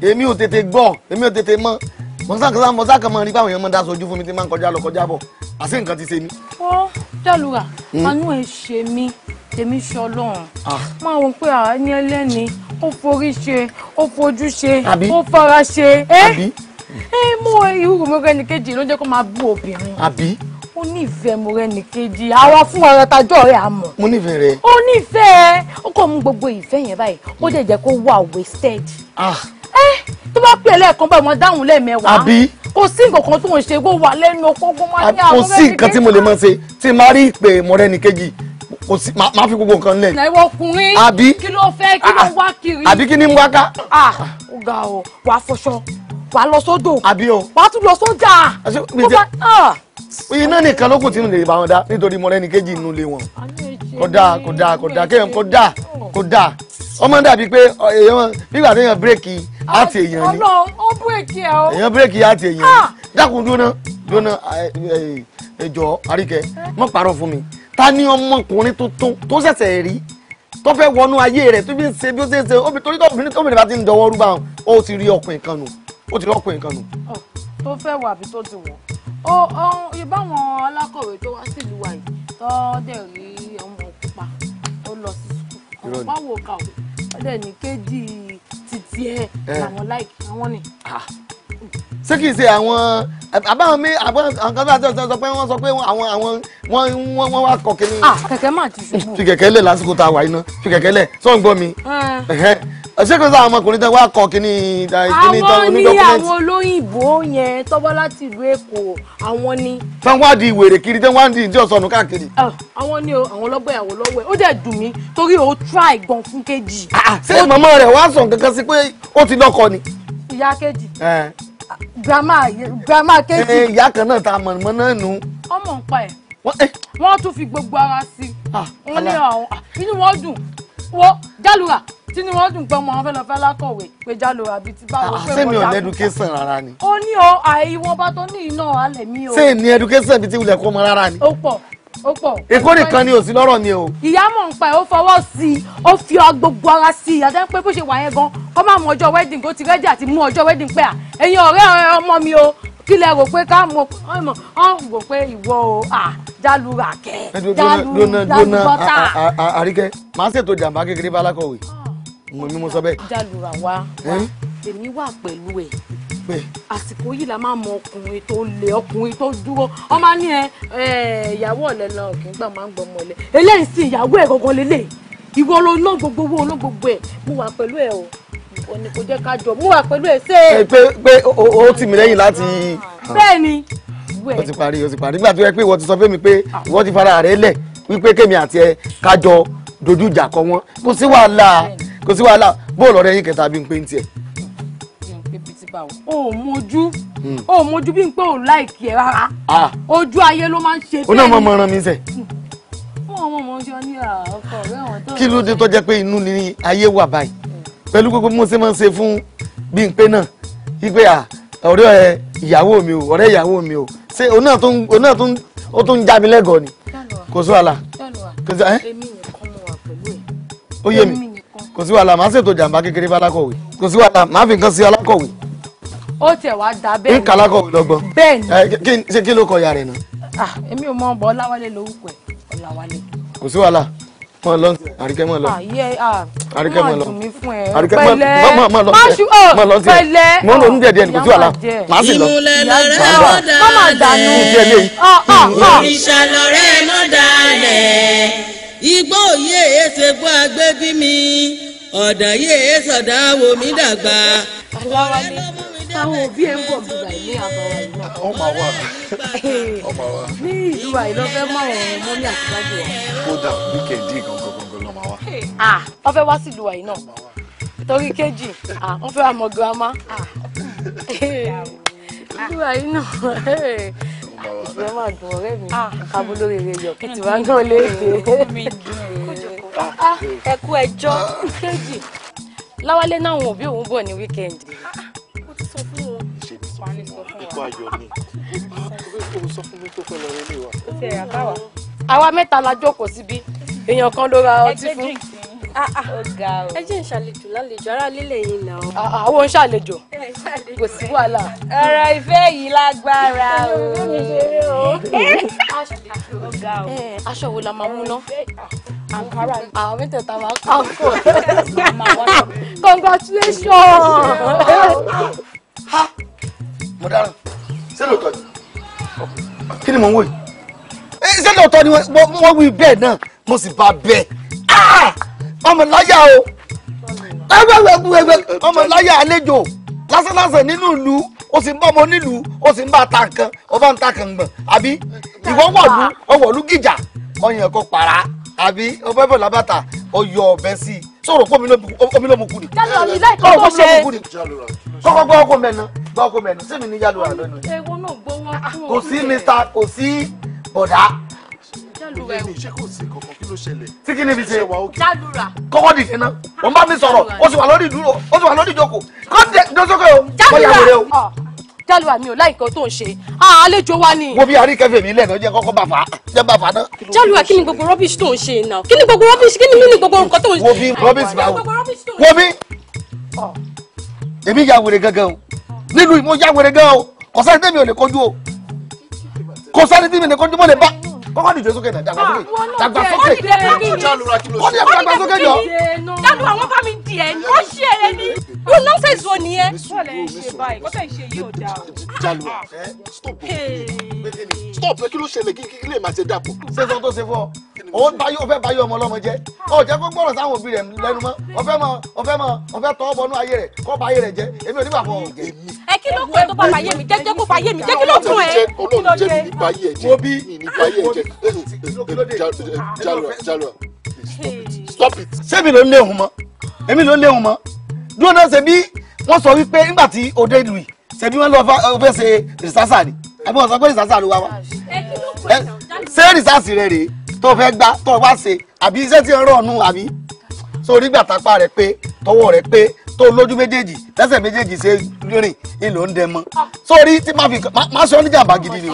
èmi ò tètè gbọ́ èmi ò tètè mọ́ mọ̀sákàlá mọ̀sákàmọ rí báwọn èèyàn máa ń dá sojú fún mi tí máa ń kọjá lọ kọjá bọ̀ àṣé nǹkan ti ṣe mí. ó jálùrà hmm. àánú ẹ ṣe mí èmi ṣe ọlọ́run ah. máa wọ pé àání ẹlẹ́ni ó forí ṣe ó fojú ṣe ó fara ṣe ẹ ẹ mú irú mi rẹ ní kejì ló jẹ́ kó máa bú obìnrin. àbí ó nífẹ̀ẹ́ mo rẹ nìkejì àwa fún ọ̀rọ̀ tajọ́ rẹ̀ a mọ̀. mo nífẹ̀ẹ́ rẹ. ó nífẹ̀ẹ́ ó kọ́ mu gbogbo ìfẹ́ yẹn báyìí ó dẹ̀ jẹ́ kó wà wasted. Ah. tó bá pè é lẹ́ẹ̀kan báyìí mo dáhùn lẹ́ẹ̀mẹ́wàá. àbí. kò sí nǹkan tó ń ṣe kó wà lẹ́nu ọkọ̀ kó má ní àwọn rẹ nìkejì. kò sí nǹkan tí mo lè mọ̀ ṣe tí má rí ìpè mo rẹ nìkejì kò sí má fi gbogbo nǹkan lẹ̀. ìwọ ọkùnrin kí ló fẹ́ kí ló ah, ah. wá kiri. àbí kí ni wá ká. ó ga ọ wàá fọṣọ bá lọ sódò àbí o wàá tún lọ sójà iná nìkan ló kù tí mo lè bá wọn dá nítorí mọ̀rẹ́ ní kejì inú ilé wọn kódà kódà kódà kéèyàn kódà kódà ọmọ dàbí pé èèyàn nígbà téèyàn bírèkì àti èèyàn ni èèyàn bírèkì àti èèyàn ni dákun dúná dúná ẹjọ àríkẹ mọ pàrọ̀ fún mi ta ni ọmọkùnrin tuntun tó ṣẹ̀ṣẹ̀ rí tó fẹ́ wọnú ayé rẹ̀ tó fi ń ṣe bí ó ṣe ń ṣe obìnrin tó obìnrin tó obìnrin bá ti ń dọwọ́ rúbà ó ti rí ọkùnrin kan nù ó ti rọ́pò nǹkan nù. tó fẹ́ wà àbí tó ti wọ̀ ó ìbáwọn alákọ̀wé tó wá sílùú wa yìí tó dẹ̀ rí ọmọ pupa tó lọ sí sùkúl ọmọ báwo kà ó ó dẹ̀ ní kéjì títí ẹ̀ làwọn láìkì àwọn ni. ṣé kìí ṣe àwọn àbáwọn mi àbáwọn kan tó àti ọ̀sán sọ pé wọ́n sọ pé àwọn àwọn wọ́n wọ́n wá kọ̀ kí ni. kẹ̀kẹ́ mà ti ṣubú. fi kẹ̀kẹ́ lẹ̀ lásìkò tá a wà yìí ná fi kẹ̀kẹ́ lẹ̀ sọ́ǹgbọ́n mi ṣé kí ló sáà ọmọkùnrin tẹ wá kọ kíní eh, kíní àwọn ní àwọn olóyìnbó yẹn tọ́bọ́ láti ìlú èkó àwọn ni. tán wá di wèrè kiri tán wá di ìdí ọ̀sán káàkiri. Ah, àwọn ni o àwọn lọ́gbọ̀ ìyàwó lọ́wọ́ ẹ̀ ó dẹ̀ dùn mí torí o try gan fún kejì. Ah, ah, ṣé màmá rẹ̀ wá sàn kankan sí pé ó ti lọ́kọ ni. ìyá kejì eh. grandma grandma kejì. Eh, ìyá kan náà ta mọ̀nmọ́ náà nù. ọmọ nǹpa ẹ̀ wọ́n tún fi gbogbo ara sí i wọ́n ní àwọn inú wọn dùn wo jálùwà tí ni wọ́n dùn pé ọmọ wọn fẹ́ lọ pé jálùwà bíi ti báwo ah, pé wọ́n jáde. sẹ́mi ò ní education rárá ni. ó ní o àìwọ́n bá tó ní iná alẹ̀ mi o. sẹ́ẹ̀ ní education bíi ti wulẹ̀ kó mọ rárá ni. ó pọ̀ ó pọ̀. èkó nìkan ni ò sí lọ́rọ̀ mi o. ìyá mọ̀ ń pa ẹ̀ ó fọwọ́ sí i ó fi gbogbo ara sí i àti pé bó ṣe wà yẹn gan kó má mú ọjọ́ wedding kó ti rẹ́dí àti mú ọjọ́ wedding pé à ẹ̀yin ọ̀rẹ́ ọmọ mi kí lẹ rò pé ká mọ ọmọ ọhún rò pé ìwọ o jálùrà kẹ jálùrà bọtà. àríkẹ́ màá ṣètò jàǹbá kékeré bá alákọ̀wé mo ní mo sọ bẹ́ẹ̀. jálùrà wa èmi wà pẹ̀lú ẹ̀ àsìkò yìí la máa mọ ọkùnrin tó lè ọkùnrin tó dúró ọmọ ní ẹ ìyàwó ọ̀lẹ́ lọ kì í gbà máa ń gbọ́ ọmọ ọ̀lẹ́ eléyìí sí ìyàwó ẹ̀ gangan lélẹ̀ ìwọ ló ná gbogbo owó ná gbogbo ẹ̀ mo wà pẹ̀lú ẹ̀ o ìwọ ni kò jẹ́ ká jọ mo wà pẹ̀lú ẹ̀ ṣe. ẹ pé pé o tì mí lẹ́yìn láti. bẹ́ẹ̀ o ti parí o ti parí nígbà tó yẹ pé ìwọ ti sọ fún mi pé ìwọ ti fara rẹ lẹ̀ wípé kémi àti ẹ kájọ dojú ìjà kọ wọn kò sí wàhálà kò sí wàhálà bóòlù ọ̀rẹ́ yín kẹta bí n pé ń tiẹ̀ o. Hmm. o mojú o mojú bí n pé o láìkì ẹ rárá ah. ojú ayé ló máa ń ṣe bẹ́ẹ̀ o náà mọ̀ mọ̀ ràn mí sẹ́ ọmọ mọ̀ ń ṣe ní ah, ọkọ rẹ̀ wọ́n tó. kí ló dé tó jẹ́ pé inú ni ayé wà báyìí pẹ̀lú gbogbo mo ṣe máa ń ṣe fún Bímpé náà wípé ah, ọ̀rẹ́ ìyàwó mi o ọ̀rẹ́ ìyàwó mi o ṣé òun náà tó ń já mi lẹ́gọ̀ọ́ ni kò sí wàhálà kò sí wàhálà ó yé mi kò sí wàhálà màá ṣètò jàǹbá kékeré bá alákọ̀wé kò sí wàhálà màá fi nǹkan sí alákọ̀wé. ó tẹ̀ wá dá bẹ́ẹ̀ ni nǹkan lọ́gbọ́n bẹ́ẹ̀ ni ṣé kí ló kọ ìyá rẹ̀ náà. Ah, èmi ò mọ ọ̀bọ̀ ọ̀làwálé lórúkọ ẹ̀ ọ̀làwálé kò sí wàhálà mọ lọ àríkẹ́ mọ lọ ah, ah. àríkẹ́ mọ lọ àríkẹ́ mọ mọ mọ lọ sí oh, mọ lọ sí mọ lọ ní díẹ̀díẹ̀ kò sí wàhálà màá sì lọ màá lọ mọ dànù díẹ̀ lé ah, òrìṣà lọ̀rẹ́ mọ dalẹ̀ igbó yìí èyí ṣe gbọ́ agbébí mi ọ̀dà yìí èyí sọ̀dá wo mi dàgbà. àwọn òbí ẹ̀ ń bọ̀ bùbá ilé àbọ̀wọ̀ ọ máa wà ọ máa wà. ní ìlú àìlọ fẹ́ mọ àwọn ọmọ mi àti dájú wa. kódà wíkẹ̀ndì gangan gangan ló máa wà. Ah, wọ́n fẹ́ wá sí ìlú àìlọ torí kejì ah, wọ́n fẹ́ wá mọ girama. Ah. ìlú àìlọ ìṣẹ́ máa dùn ọ̀rẹ́ mi kábó lórí eré yọ kìtì wá náà léde. Oh ẹ kú ẹjọ́ kejì láwálé náà òun òbí òun bọ̀ ní wíkẹ̀ndì. ó ti sọ fún mi àǹfààní sọ fún wa. púpọ̀ ayọ̀ ni kò sọ fún mi tó fẹ́ lọ rí ilé wa. ó ti ẹ̀yà káwa. àwa mẹ́ta la jókòó síbí èèyàn kan ló ra ọtí fún. Ah, ah. ẹ jẹ́ ìṣàlejò lálejò ará lílẹ̀ yìí náà. àwọn ìṣàlejò kò sí wàhálà. ọ̀rọ̀ ìfẹ́ yìí lágbára o. aṣọ wo la máa mú ná. Àwọn mẹ́tẹ̀ẹ̀ta máa kọ́. Congratulations mo dáràn ṣé lóòótọ́ ni kí ni mò ń wò yìí eh, ṣé lóòótọ́ ni wọ́n wí bẹ́ẹ̀ náà mo sì bá bẹ́ẹ̀ ah! ọmọ láyà o ọmọ láyà àlejò lásánlásán nínú ìlú o sì ń bá ọmọ nílùú o sì ń bá ta nǹkan ọba ń ta kàngbọ̀n àbí ìwọ wọ̀lú ọwọ̀lú gìjà ọyàn ẹ̀kọ́ para àbí ọbẹ̀ bọ̀ lábàtà ọyọ ọbẹ̀ sí i sọ̀rọ̀ kó omi ló kú ni. jálùrà mi láì kọ́ kó gbọ́ ọkọ mẹ́nu gbọ́ ọkọ mẹ́nu ah, sí mi ní jálùrà lónìí. kò sí mr kò sí bọ̀dá. tí kí ni fi ṣe. kọ́kọ́ dìde náà wọ́n bá mi sọ̀rọ̀ ó wà lórí ìdúró ó wà lórí ìjókòó kó dé dọ́sọ́kọ̀ yòó. jálùrà jálùwà mi ò láìkọ́ tó ń ṣe ah, àlejò wa ni. wo bí aríkẹ́fẹ́ mi lẹ́nu jẹ́ kọ́kọ́ bàfà jẹ́ bàfà náà. jálùwà kí ni gbogbo rubbish tó ń ṣe náà kí ni gbogbo rubbish kí ni mí ni gbogbo nǹkan tó ń ṣe. wo bí rubbish bá wò wo bí èmi ya wèrè gangan o nínú ìmọ̀ ya wèrè gangan o kò sáré tẹ́mi ò lè kojú o kò sáré tẹ́mi ò lè kojú mọ́ lè bá kọ́kọ́ dìde sókè ah, náà dàgbà sókè dàgbà sókè kọ́ dàgbà sókè jọ. dànù àwọn bá mi di ẹ ní wọ́n ṣe é ní you nonsense wo nìyẹn. sọlẹ ṣe báyìí kọ́tà ìṣe yìí ò dáa o. Ah, eh, stop eh, kí ló ṣẹlẹ̀ kí lè máa ṣe dàpọ̀. Ah. ṣé tó ṣe fún ó báyé ó fẹ́ báyé ọmọ ọlọ́mọ jẹ́ ó jẹ́ kó gbọ́rọ̀ sáwọn òbí rẹ̀ lẹ́nu mọ́ ọ̀fẹ́ mọ́ ọ̀fẹ́ mọ́ ọ̀fẹ́ tọ́ bọnú ayé rẹ̀ kó báyé rẹ̀ jẹ́ èmi ò ní bàbọ̀ jẹ́. ẹ kí ló kún ẹ tó bá báyé mi jẹ́jẹ́ kó báyé mi jẹ́ kí ló kún ẹ kí ló jẹ́ wo bí stop it. sẹ́mi ló ń léhun mọ́ èmi ló ń léhun mọ́ dúró náà ṣe bí wọ́n sọ wípé nígbà tí òde ìlú yìí ṣe bí wọ́n lọ fẹ́ ṣe rìsásà ni àbí wọ́n sọ pé rìsásà ló wá wá ṣé rìsásì rẹ rèé tó fẹ́ gbá tó wá ṣe àbí iṣẹ́ tí ń rọ̀ nù àbí sórí gbàtàpá rẹ pé tọwọ́ rẹ pé tó lójú méjèèjì lẹ́sẹ̀ méjèèjì ṣe rìn ìlò ń dẹmọ sórí tí má fi má ṣe oníjàmbá gidi ni o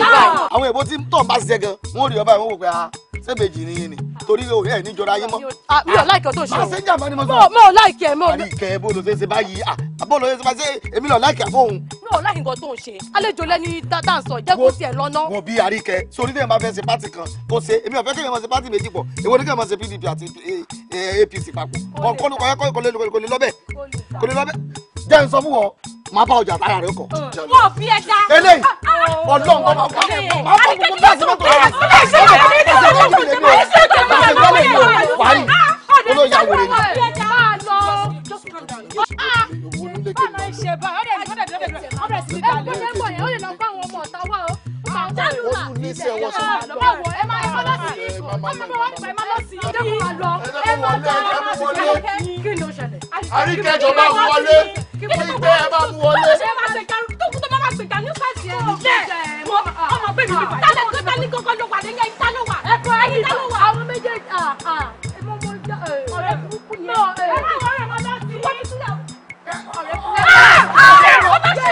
àwọn èbó tí tọ̀ bá ṣiṣẹ́ gan wọ́n rí ọba ìwọ́n wò pé a ah, sẹ́bẹ̀jì ni yín ni torí o ẹ̀ níjọra yín mọ́. Ah, mi ò ah, láìkẹ́ tó ṣe o máa jàmbá ni mo sọ. mo ò láìkẹ́ mo. àrí ìkẹ́ bó ló ṣe ṣe báyìí bó ló ṣe ṣe báyìí èmi lọ láìkẹ́ fóun. mi ò láìkẹ́ tó ṣe àlejò lẹ́ni dáadáa jẹ́ kó tiẹ̀ lọ́nà. wo bí àrí ìkẹ́ sórí tẹ́lẹ̀ máa fẹ́ ṣe pátì kan kó ṣe èmi ò fẹ́ kéèyàn máa ṣe pátì méjì pọ̀ èwo ni kéèyàn máa ṣe PDP àti eh, APC papọ̀ kọ́ kò lè lọ bẹ́ẹ̀ jẹ́ n sọ fún ọ máa bá ọjà tára rẹ kọ. wọ́n bí ẹ dá. eléyìí ọlọ́run kọ́ máa fọ́ máa fọ́ gbogbo bẹ́ẹ̀ sí mọ́tò rẹ̀. ọlọ́run ṣe é ṣe é ṣe é ṣe é ṣe é ṣe é ṣe ó ní sí ẹwọ́ sí. ẹ máa ẹ máa lọ sí yìí àríkẹjọ máa mú wọlé kí gbé ẹ máa mú wọlé. ṣé máa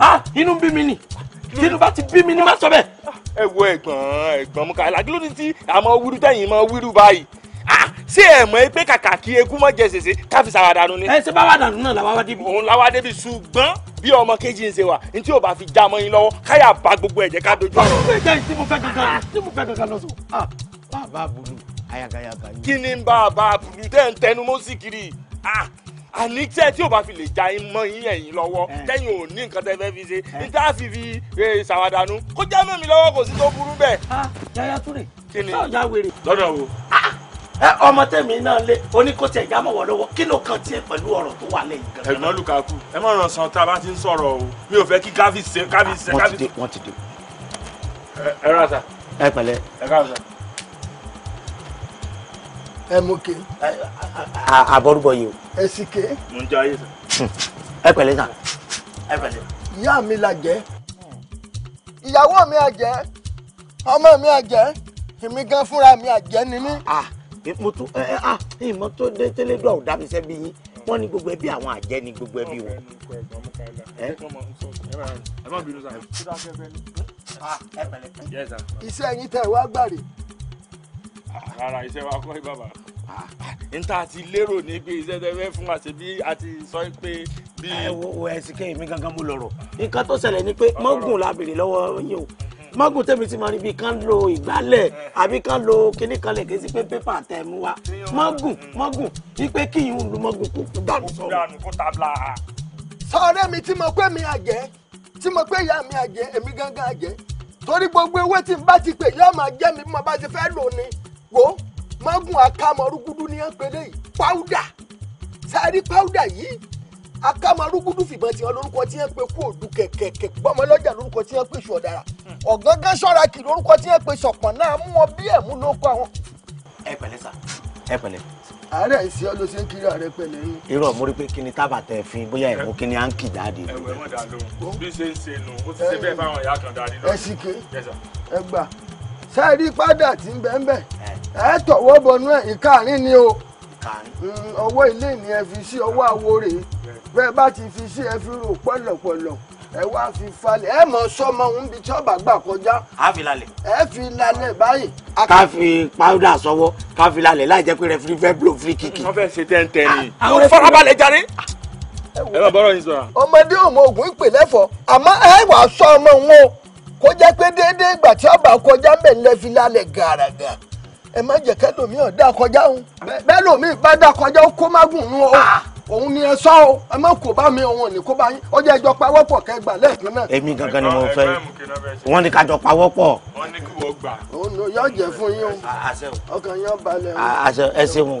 ah inú bí mi ni tínú bá ti bí mi ni má sọ bẹ́ẹ̀. ẹ wo ẹ̀gbọ́n ẹ̀gbọ́n Múkàílà kí ló ní tí àmọ́ wíru tẹ̀yìn mọ́ wíru báyìí ah, ṣé ẹ mọ̀ pé kàkà kí eku mọ̀ jẹ ṣèṣe káfí sàwádànù ni. ẹ ṣe bá wàdànù náà làwa wá débi. òun làwa débi ṣùgbọ́n bí ọmọ kejì ń ṣe wà ní tí bá fi já mọ́ yín lọ́wọ́ káyà bá gbogbo ẹ̀jẹ̀ ká dojú ọ̀rọ̀. ọmọ ìjà tí mo fẹ́ kankan tí mo fẹ́ kankan lọ sọ. Ah, bàbá bulu ayagayaga yìí. kí ni bàbá bulu tẹ́ ń tẹnu mọ́ sí àní tẹ́ tí o bá fi lè ja mọ́ yín ẹ̀yìn lọ́wọ́ tẹ́yìn ò ní nǹkan tẹ́ fẹ́ fi ṣe ní tá a fi fi ṣàwádànù kó já mọ́ mi lọ́wọ́ kò sí tó burú bẹ́ẹ̀. yàyà túrè sọ̀ọ́yà wèrè. lọ́dọ̀ wo. ọmọ tẹ̀mí náà lé oníkóṣe ìjámọ̀ wọ̀ lọ́wọ́ kí ló kàn tiẹ̀ pẹ̀lú ọ̀rọ̀ tó wà lẹ́yìn gan. ẹ̀gbọ́n lukaku ẹ má ràn san tá a bá ti ń sọ̀rọ̀ o mi ò fẹ́ kí káfíńsì káfíńsì. wọ́n ti dé wọ́n ti dé. ẹ ẹ rà sà. ẹ pẹ̀lẹ́. ẹ káàbọ̀ sà mok àbọrúbọ yìí o. ẹsìké. mo ń jẹ ayé sàn. ẹ pẹ̀lẹ́ sàn. ẹ pẹ̀lẹ́. ìyá mi la jẹ́ ìyàwó mi àjẹ́ ọmọ mi àjẹ́ èmi gan fúnra mi àjẹ́ ni mí. mo tún ẹ ẹ ìmọ̀ tó dé tẹ́lẹ̀dọ̀ ò dá mi sẹ́bi yín wọ́n ní gbogbo ẹbí àwọn àjẹ́ ní gbogbo ẹbí wọn. iṣẹ́ yín tẹ̀ wá gbàrè. rárá iṣẹ́ wa kọ́ ibà bàbá n ta ti lérò ní pé iṣẹ́ fún wa ṣe bí sọ pé. ẹ wo wo ẹ sì mi gangan mo lọ̀rọ̀ nǹkan tó ṣẹlẹ̀ ni pé mọ́gùn la béèrè lọ́wọ́ yín o mọ́gùn tèmi ti máa rí bí kán lo ìgbálẹ̀ àbí kán lo kinní kan lè ké sí pé pépà tẹ̀ mú wa mọ́gùn mọ́gùn wípé kí yín lu mọ́gùn kú dànù sọ̀rọ̀. sọ̀rọ̀ mi tí mo pé mi àjẹ́ tí mo pé ìyá mi àjẹ́ èmi gangan àjẹ́ torí gbogbo ewé tí n bá ti pè yóò máa jẹ́ mi bí mo bá ti fẹ́ lò ní wò ó mágùn akámọrúgúdú ní ọ̀gbẹ́lẹ̀ yìí páúdà sáré páúdà yìí akámọrúgúdú fìbọn tiwọn lórúkọ tí wọ́n pe kú òdu kẹ̀kẹ̀kẹ̀ gbọ́mọ lọ́jà lórúkọ tí wọ́n pe sùn ọ̀dàrà ọ̀gángán ṣọ́ra kì lórúkọ tí wọ́n pe sọ̀pọ̀ náà mú wọn bí ẹ̀mú ló kọ́ àwọn. ẹ pẹ̀lẹ́ sà ẹ pẹ̀lẹ́. àárẹ̀ ìṣe ló ṣe ń kiri ààrẹ pẹ̀lẹ́ yín. irọ́ mo rí pé kí ni tábà tẹ fi bóyá ìmú kí ni à ń kì jáde. ẹ̀wẹ̀ mọ̀ dà lóhùn bí ṣe ń ṣe nù ó ti ṣe bẹ́ẹ̀ fáwọn ìyá kan dá ṣe rí fádà tí ń bẹ́ńbẹ́ ẹ tọ̀wọ́ bọnú ẹ̀ ìkàrin ni o mm, ọwọ́ ilé ni ẹ fi sí ọwọ́ àwo rèé bẹ́ẹ̀ bá ti fi sí ẹ fi rò pọ̀lọ̀pọ̀lọ̀ ẹ wá fi falẹ̀ ẹ mọ̀ sọmọ ń bi tí ọba gbà kọjá. a fi lalẹ̀. ẹ fi lalẹ̀ báyìí. ká fi pàwọ́dà sọ́wọ́ ká fi lalẹ̀ láì jẹ́ pé rẹ́fìrí fẹ́ blow free kick. wọ́n fẹ́ ṣe tẹ́ntẹ́n ni. àwọn farabalẹ̀ jàre ẹ má bọ́rọ̀ yín sọ̀rọ̀. ọmọdé òmò ògùn ìpè lẹ́fọ̀ọ́ àmọ́ ẹ wàá sọ ọmọ òun o kó jẹ́ pé déédéé ìgbà tí ọba kọjá ń bẹ̀ ń lẹ́ lálẹ́ gàràgà ẹ má jẹ́ kẹ́lòmíì ọ̀dà kọjá òun bẹ́ẹ̀ lòmíì bá dà kọjá ó kó má gùn nù o ah! òun ni ẹ sọ ọ ẹ má kó bá mi òun ní kó bá yín ó jẹ́ ẹjọ́ pawọ́pọ̀ kẹgbà lẹ́ẹ̀kan náà. èmi gangan ni mo fẹ́ wọ́n ní ká jọ pawọ́pọ̀. wọ́n ní kí wọ́n gbà. òun yóò jẹ́ fún yín o ah, ọkàn yín balẹ̀ ah, o. ẹ ṣeun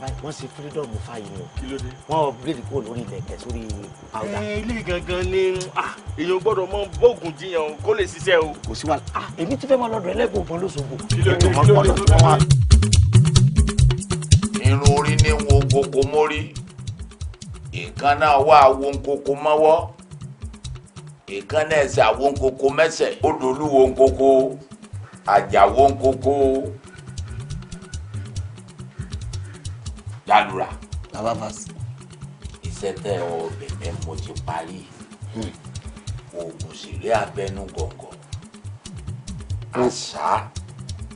báyìí wọ́n ṣe freedom fáyì ni wọ́n upgrade kúrò lórí ilẹ̀kẹ̀ sórí powder. ẹ eh, ilé gangan ni èèyàn gbọ́dọ̀ mọ bóògùn jiyàn kó lè ṣiṣẹ́ o. kò sí wàhálà èmi ti fẹ́ máa lọ́dọ̀ ẹlẹ́gùn kan lóṣogbo. irun orí ní wo kókó mórí nǹkan náà wà wo kókó mọ́wọ́ nǹkan náà ṣe àwọn kókó mẹ́sẹ̀ ó dolú wo kókó àjà gbàlúrà. bàbá fásitì. iṣẹ́ tẹ ọbẹ̀ yẹn mo ti parí oògùn hmm. sílé abẹnú gọ̀ǹgọ̀ àṣà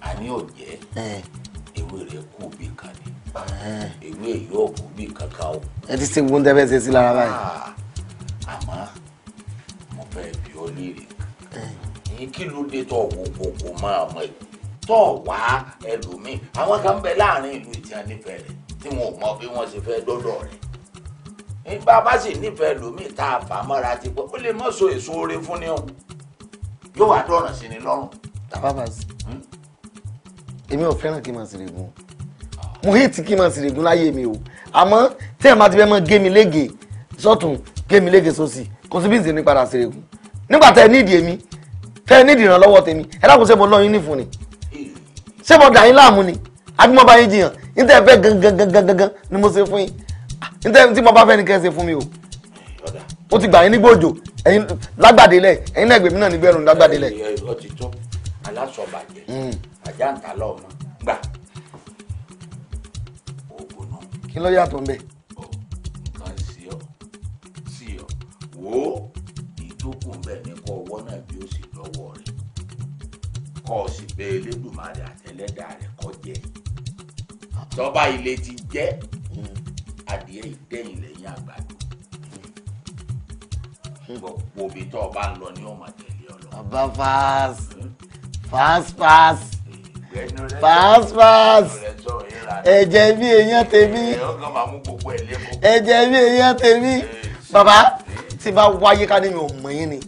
àní òjẹ́ eh. ewé rẹ̀ kú bí kan ni eh. ewé yóò kú bí kankan o. ẹ ti ṣe wo ń tẹ́ fẹ́ ṣe sí lára báyìí. Ah, àmọ́ mo fẹ́ bí ọ léèrè ní eh. kí ló dé tó wo gbogbo máa mọ̀ ẹ́ tó wá ẹlòmíì àwọn kan bẹ láàrin ìlú ìtìyà nífẹ̀ẹ́ rẹ̀ tí wọn ò mọ bí wọ́n ṣe fẹ́ dọ́dọ̀ rẹ̀ nígbà bá sì nífẹ̀ẹ́ lómi tá a fà mọ́ra ti pọ̀ ó lè mọ́ so èso oore fún ni o yóò wá dọ̀ràn sí ni lọ́rùn. bàbá bàbá hmm? èmi ò fẹ́ràn kí n máa ṣèrè gun mo hẹ́ẹ̀tì kí n máa ṣèrè gun láyé mi o àmọ́ tí ẹ̀ máa ti fẹ́ mọ́ gé mi lége sọ́tún gé mi lége sósì kò sí bí n ṣe ní padà ṣèrè gun nígbà tẹ́ ẹ nídìí èmi tẹ́ ẹ nídìí ìrànlọ́wọ́ tèmi ẹ dákun ṣé mo lọ́yún nífun ni ṣé mo dà yín láàmú ni àbí mo bá yín jiyàn níta fẹ́ gangan gangan ni mo ṣe fún yín níta ah, tí mo bá fẹ́ ni kẹ́ ẹ ṣe fún mi o ó ti gbà yín nígbà òjò ẹ̀yin lágbàdé lẹ̀ ẹ̀yin náà gbèmí náà níbẹ̀ ẹ̀rùn lágbàdé lẹ̀. ó ti tó alásọ̀bàjẹ́ hmm. àjàǹtálọ̀ ọmọ gbà oògùn náà. kí ló yàtọ̀ ń bẹ̀. nǹkan sí ọ sí ọ wo ìjókòó ń bẹ̀ ní kọ́ ọwọ́ náà bí ó sì lọ́wọ́ rẹ̀ kọ́ ọ sì bẹ Elédùmarè àtẹlẹ́dàá rẹ̀ kọ́ jẹ́ tọ́ba ilé ti jẹ́ adìẹ ìdẹ́yìn lẹ́yìn àgbàdo hmm. gbogbo omi tó o bá ń lọ ni o tẹ̀lé ọ lọ. bàbá fast fast fast fast fast ẹ̀jẹ̀ bí èèyàn tèmi ẹ̀jẹ̀ bí èèyàn tèmi bàbá tí bá wáyé ká ní mi ò mọ̀ yín ni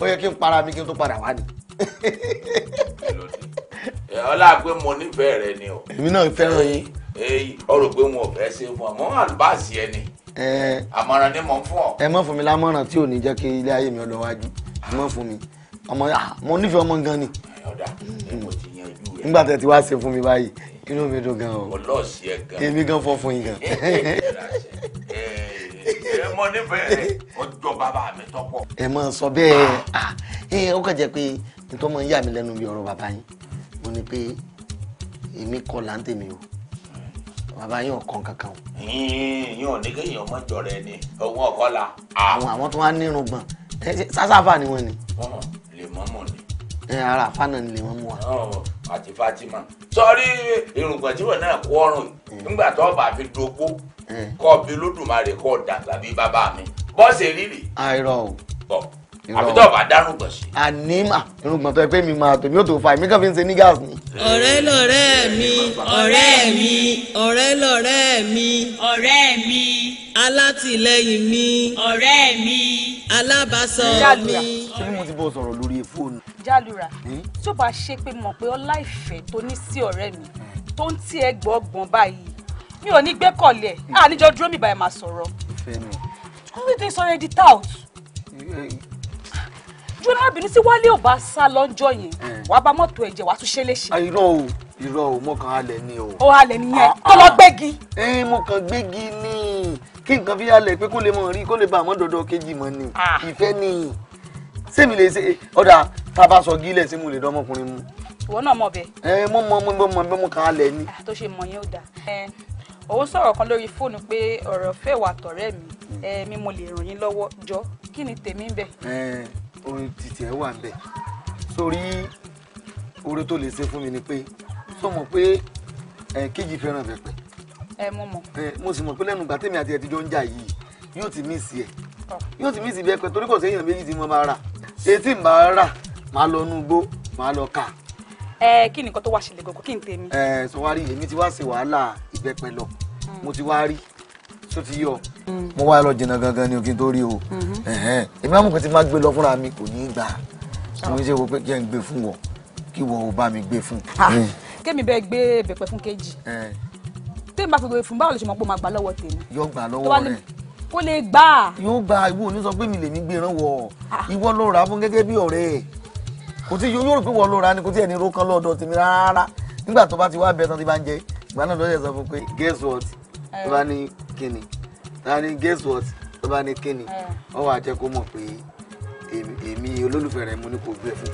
ó yẹ kí n para mi kí n tó padà wá ni ọlá pé mo nífẹ̀ẹ́ rẹ ni o. èmi náà fẹ́ràn yín. ọ rò pé mo ò fẹ́ ṣe fún ọ mọ àlùbáàsì ẹni. àmọ̀ràn ni mo ń fún ọ. ẹ má fún mi lámọ̀ràn tí ò ní jẹ́ kí ilé ayé mi ọlọ́wájú ẹ má fún mi ọmọ ah, mo nífẹ̀ẹ́ ọmọ gan ni. ọ̀dà ni mo ti yanjú rẹ. nígbà tẹ́ ti wá ṣe fún mi báyìí inú mi dùn gan o. ọlọ́ọ̀sì ẹ gan. èmi gan fọ́ fún yín gan. ẹ mọ nífẹ̀ẹ́ rẹ ọjọ́ bàbá mi tọ́pọ̀. ẹ má sọ bẹ́ẹ̀ ah, ẹ ó kàn jẹ́ pé nítorí ọmọ ń yà mí lẹ́nu bí ọ̀rọ̀ bàbá yín mo ní pé èmi kọ́ là ń tèmi o bàbá yín ọ̀kan kankan o. yín ò ní kéèyàn ọmọ jọrọ ẹ ní ọwọ́ ọ̀kọ́ la. àwọn àwọn tó wá nírun gbọ̀n sásáfà ni wọ́n ni. lè mọ́ mọ́ ni. ẹ ara fánà ni lè mọ́ mọ́ wa. àti Fatima sọrí irùngbọ̀n tí wọn náà kó ọrùn nígbà tó bá fi dogbo kọ́ bí Olódùmarè kọ́ dà tàbí bàbá mi bọ́ọ̀sì rírì. àìrọ̀ o. bọ̀ àbí tó bá dárúgbọ̀n sí. ànímà irúgbọ̀n tó ẹ pé mi máa tèmi ò tó fa èmi kàn fi ń ṣe ní gáàsì ni. ọ̀rẹ́ lọ̀rẹ́ mi ọ̀rẹ́ mi ọ̀rẹ́ lọ̀rẹ́ mi ọ̀rẹ́ mi alátìlẹyìn mi ọ̀rẹ́ mi alábàásọ mi. ṣé mo ti bọ́ sọ̀rọ̀ lórí fóònù. jálùra hmm? tó bá ṣe pé mọ̀ pé ọlá ìfẹ́ tó ní sí ọ̀rẹ́ mi tó ń tí gbọ́gbọ́n báyìí mi ò ní gbẹ́kọ̀lẹ̀ àníjọ hmm. dúró mi báyìí máa sọ̀rọ̀. ìfẹ́ mi. everything is already out. Eh, eh, jùlọ arábìnrin tí wálé ò bá sá lọ́jọ́ yẹn wàá bá mọ́tò ẹ̀jẹ̀ wàá tún ṣe léṣe. Ah, irọ́ o irọ́ o mo kàn halẹ̀ ni o. ó halẹ̀ nìyẹn tó ah, lọ ah. gbégi. ẹ mo kàn gbégi ni kí nǹkan fi halẹ̀ pé kó lè mọ̀ rí kó lè bá àmọ́ dọ̀dọ̀ kejì mọ́ ni ìfẹ́ ni sẹ́mi lè ṣe ọ̀dà tá a bá sọ gílẹ̀ sí mo lè dánmọ́kùnrin mu. ìwọ náà mọ̀ bẹ́ẹ̀. ẹ mo mọ mo mọ bẹ́ẹ̀ mo kàn halẹ̀ ni. tó ṣe mọ̀ yẹn ó dáa òun sọ̀rọ̀ kan lórí fóònù pé ọ̀rọ̀ fẹ́ wà tọ̀rẹ́ mi hmm. mi mo lè ràn yín lọ́wọ́ jọ kí ni tèmi ń orin títí ẹ wà nbẹ sórí oore tó lè ṣe fún mi ni pé sọmọ pé ẹ kéjì fẹ́ràn bẹ̀pẹ̀. ẹ mo mọ. ẹ mo sì mọ̀ pé lẹ́nu ìgbà tèmi àti ẹ ti jọ ń jà yìí yóò ti mí sí ẹ yóò ti mí sí bẹ̀pẹ̀ torí kò séèyàn méjì tí mo máa rà etí mà á rà màá lọ nú igbó màá lọ kà. ẹ kí ni nǹkan tó wá ṣẹlẹ̀ gògó kí n tèmi. ẹ sọ wá rí èmi ti wá ṣe wàhálà ìbẹ̀pẹ̀ lọ hmm. mo ti wá rí tó ti yọ mo wá lọ jìnnà gangan ni òkín tó rí o èmi àmọ̀ pé tí má gbé lọ fúnra mi kò ní í gbà mo ṣe wo pé kí ẹ ń gbé fún wọ kí wọ o bá mi gbé fún. Ah, kémi bẹ gbé bẹpẹ fún kejì tèmi bá fi gbé fún báwo lè ṣe mọ pé màá gbà lọ́wọ́ tèmi. yóò gbà lọ́wọ́ rẹ kó lè gbà. yóò gbà ìwọ ò ní sọ pé mi lè mi gbé ìrànwọ́ ah. ìwọ ló rà á fún gẹ́gẹ́ bí ọ̀rẹ́ kò tí yóò rò pé wọ́n ló rà á ni kò tí ẹni ro kan lọ́dọ̀ tèmi rárá nígbà tó bá ti wá bẹ tán ti bá ń jẹ ìgbà náà lọ́dẹ̀ sọ fún pé guess what tó bá eh. ní kíni and guess what tó bá ní kíni ọ eh. wà jẹ́ kó mọ̀ pé èmi olólùfẹ́ rẹ̀ mo ní kò gbé fún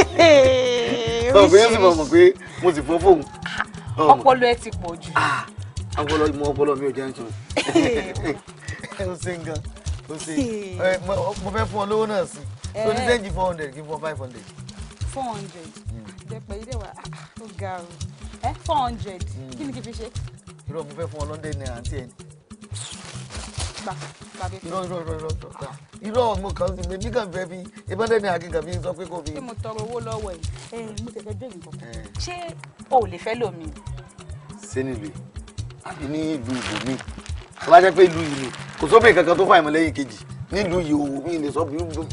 sọ pé yẹn sì mọ̀ pé mo sì fọ́ fóun. Ah, ọpọlọ ẹ ti pọ̀ jù. Ah, ọpọlọ mi ọpọlọ mi ò jẹun sùn. o ṣe nǹkan o ṣe eh, mo fẹ́ fún ọ lówó náà sí i lóní sẹ́ǹjì four hundred kí n fọ five hundred. four hundred dẹ́pẹ́ hmm. ilé wa ah, ó ga o eh, four hundred hmm. kí ni kí n fi ṣe. irọ́ mo fẹ́ fún ọ lọ́ndẹ̀ náírà àǹtí ẹ̀ ni irọ́ irọ́ irọ́ irọ́ irọ́ irọ́ mo kàn sí mi nígbà fẹ́ fi ìbádẹ́ ní akíkan fi sọ pé kò fi. ṣé mo tọrọ owó lọ́wọ́ ẹ̀ ẹ mo tẹ̀lé bẹ́ẹ̀ nǹkan eh. ṣé o ò lè fẹ́ lómi. ṣé nílùú àbí ní ìlú ìbò mi tó bá jẹ́ pé ìlú yìí ni kò sóbì kankan tó fà ìmọ̀ lẹ́yìn kejì nílùú yìí òwò mi lè sọ bí ó gbọ́n.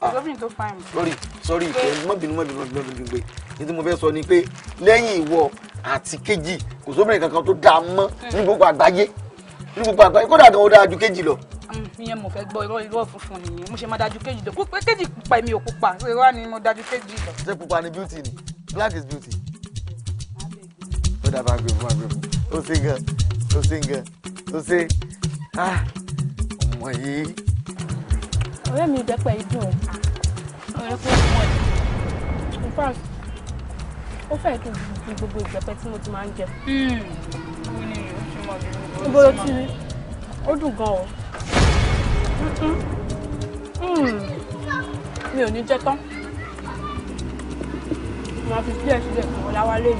kò sóbì tó fà ìmọ̀. sọ́rí sọ́rí ìfẹ́ mọ́bìnú mọ́bìnú mọ́bìnú gbé ní tí mo fẹ́ sọ ni pé lẹ́yìn ìwọ àti kejì kò sóbì kankan tó dáa mọ́ ní gbogbo àgbáyé irú pupa kan kódà gan o dáa ju kejì lọ. Mm, ìyẹn mo fẹ́ gbọ́ irọ́ irọ́ funfun nìyẹn mo ṣe máa dájú kejì lọ pé kejì pupa èmi ò pupa irọ́ ni mo dájú kejì lọ. ṣé pupa ni beauty ni black is beauty. ó dàbí àgbè fún àgbè fún ó ṣe gan ó ṣe gan ó ṣe ah, ọmọ yìí. ọ̀rẹ́ mi ìbẹ́pẹ́ ìdùn o ọ̀rẹ́ pé ọmọ yìí in fact ó fẹ́ kí n ju gbogbo ìbẹ́pẹ́ tí mo ti máa ń jẹ. Hmm, mo ní ìyókù mọ́ mi. Ibo ló ti rí? Ó dùn gan o. Mm. Mi ò ní jẹ́ tán. Mo máa fi sílẹ̀ sílẹ̀ fún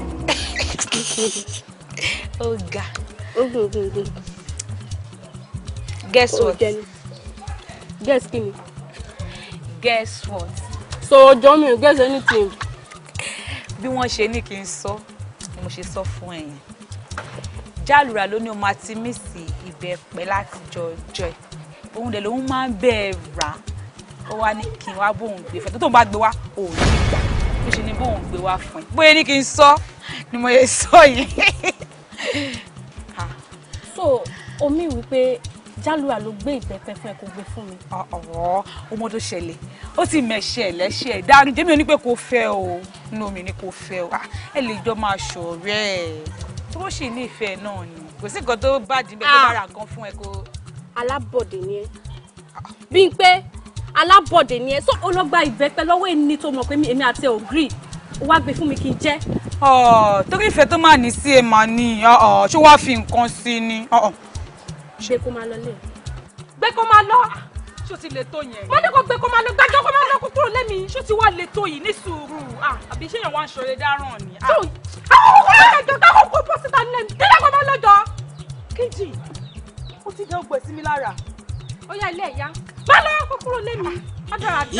Guess what? Guess kí Guess what? So jọ mi guess anything. Bí wọ́n ṣe ní kí n sọ, mo ṣe sọ fún ẹ̀yin jálùrà ló ní ọmọ àti mísì ìbẹ̀pẹ̀ láti jọjọ́ ẹ̀ òun dẹ̀ lòun máa ń bẹ́ẹ̀ rà ó wá ní kí n wá bóun gbé fẹ́ tó tóun bá gbé wá òun ní gbà bó ṣe ní bóun gbé wá fún ẹ bóyá ní kí n sọ ni mo yẹ sọ yẹn. Ah. so omi wípé jálùwà ló gbé ìbẹ̀pẹ̀ fún ẹ kó gbé fún mi. Ah, ọ̀ọ́ ọmọ tó ṣẹlẹ̀ ó ti mẹ̀ṣẹ̀ lẹ́ṣẹ̀ ẹ̀ dáa jẹ́mi ò ní pé kò fẹ́ o inú mi ni kò fẹ́ o ah, ẹ lè jọ máa ṣọ̀rẹ́ ẹ̀ tó bó sì nífẹ̀ẹ́ náà ni kò sí nǹkan tó bá di bẹ́ẹ̀ tó bá ah. ra nǹkan fún ẹ kó. alábọ̀dé ni ẹ Bímpé alábọ̀dé ni ẹ sọ ọlọ́gbà ìbẹ́pẹ lọ́wọ́ ẹni tó mọ̀ pé èmi àti ògiri wá gbé fún mi kí n jẹ́. torí ìfẹ́ tó máa ní sí ẹ máa ní ṣé wàá fi nǹkan sí ni. gbé kó máa lọ lé gbé kó máa lọ ṣó ti lè tó yẹn. wọ́n ní kò gbé kó máa lọ gbájọ́ kó máa lọ kó kúrò lẹ́mìí ṣó ti wá lè tó yìí ní sùúrù àbí ṣéyàn wá ń ṣọ̀rẹ́ dáràn ni. tó àwọn ọkọ rẹ̀ jọ káwọn kó pósítà nílẹ̀ nílẹ̀ kó máa lọ́jọ́. kejì ó ti dẹ ogbè sí mi lára. ó yá ilé ẹ̀yá má lọ kó kúrò lẹ́mìí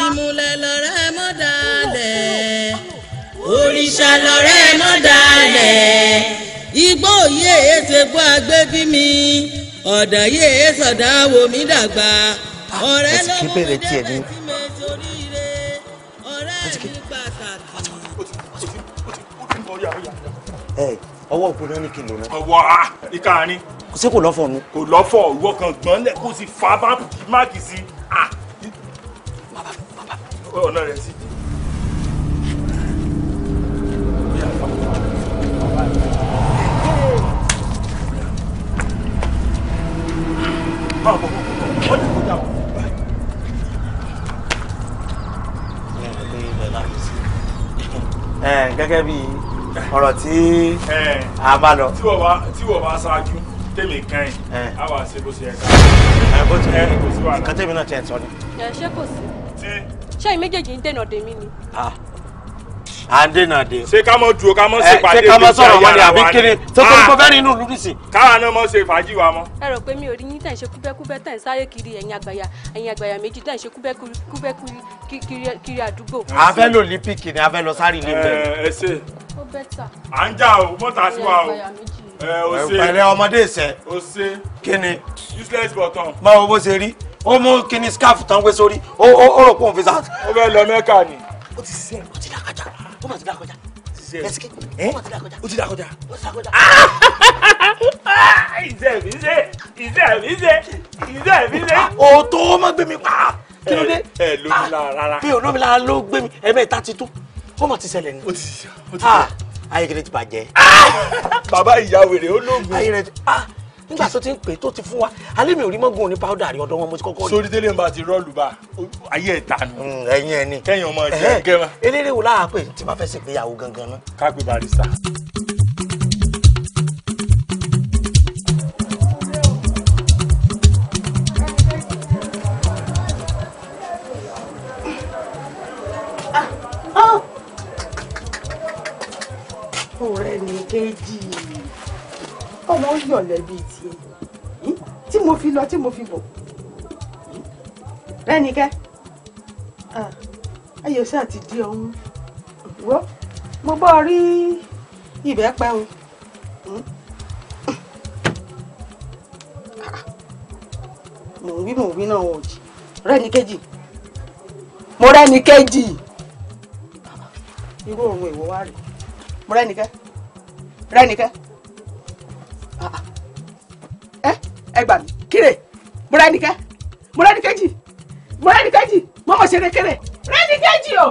ìmùlẹ̀ lọ̀rẹ́ mọ́ dalẹ̀ òrìṣà lọ̀rẹ́ mọ́ dalẹ̀ igbó yéé ṣe gbọ́ agbébí mi ọ̀dà yéé sọ̀dá wo mi dàgbà ọ̀rẹ́ ló mú mi dé bẹ́ẹ̀ tí mi torí rẹ ọ̀rẹ́ mi pàtàkì. ọwọ́ òkú náà ní kí n lò náà. ọwọ́ a ah, ìka ni. ṣé kò lọ́fọ̀ nu. kò lọ́fọ̀ ìwọ kan gbọ́n lẹ̀ kó sì fa máàkì sí i. Ah, ọ̀nà rẹ̀ sí. Vamos, vamos. gẹ́gẹ́ bí ọ̀rọ̀ tí a bá lọ. tí wọ́n bá ṣáájú tèmi kan yìí a wà ṣe bó ṣe ẹ̀ka. bó ti ẹni kò sí wàhálà. nǹkan tèmi náà ti ẹ̀ tọ́ ni. ṣé kò sí. ṣé ìméjèèjì ń dènà dèmí ni à ń dènà dé. ṣé ká mọ tu o ká mọ ṣe pàdé ìgbésí ayé ara wa ni. ṣé ká mọ sọ̀rọ̀ wọn ni àbí kiri tó kọ́ nípa bẹ́ẹ̀ nínú ìlú nìsín. káwa náà mọ ṣe fàájì wa mọ. ẹ rò pé mi ò rí yín tàn ṣe kúbẹ́kúbẹ́ tàn sáré kiri ẹ̀yin àgbàyà ẹ̀yin àgbàyà méjì tàn ṣe kúbẹ́kúbẹ́ kiri àdúgbò. a fẹ́ lọ olympic ni a fẹ́ lọ sáré ilé bẹ́ẹ̀. Eh, ẹ ṣe à ń jà o mọ́ta sí wa o eh, pẹ̀lẹ́ ọmọdé ìṣẹ́ kíni useless button. báwo bó ṣe rí ó mú kíni scarf tán gbé sórí ó rò pé òun fi sá. ó fẹ́ lọ mẹ́kà ni. ó ti sẹ́yìn ó ti dàgbàjà ó mà ti dá kọjá ẹsike ó mà ti dá kọjá ó ti dá kọjá ó ti dá kọjá. Ah! ìṣe mi ṣe ìṣe mi ṣe ìṣe mi ṣe. òótọ́ ah, má gbé mi pa kí ló dé. ẹ ló mi ah, lára rárá. mi ò lómi lára ló gbé mi ẹ̀mẹ́ta ti tó ó mà ti ṣẹlẹ̀ ni. ó ti ṣe ó ti ṣe. ayé ti bàjẹ́. bàbá ìyá wèrè ó lóògùn. ayé rẹ ti ah nígbà tó ti ń pè tó ti fún wa alẹ́ mi ò rí mọ́gùn òní pàwọ́dà rí ọ̀dọ́ wọn mo ti kọ́kọ́ rí. sórí délé ń bá ti rọ́ọ̀lù bá ayé ẹ̀ nù. Mm, ẹyin ẹ ni kẹyìn ọmọ ìjẹun kẹwàá. eléré wo láà pè tí màá fẹ́ ṣègbéyàwó gangan náà. ká pè barista. Ah, ah. ọ̀rẹ́ mi kejì ọmọ ń yọ̀lẹ̀ bíi tiẹ̀ tí mo fi lọ tí mo fi bọ̀ rẹ́nikẹ́ ayọ̀ sáà ti di ọ̀hún wọ́ mo bọ́ rí ibẹ̀ pẹ́ o mò ń wí mò ń wí náà wọ̀ jì rẹ́nikẹ́jì mo rẹ́nikẹ́jì irú òun èwo wá rèé mo rẹ́nikẹ́ rẹ́nikẹ́ ẹ eh, ẹ gbà mí kíre mo rẹ́ni kẹ́ mo rẹ́ni kejì mo rẹ́ni kejì mo mọ̀ ṣe kékeré rẹ́ni kejì o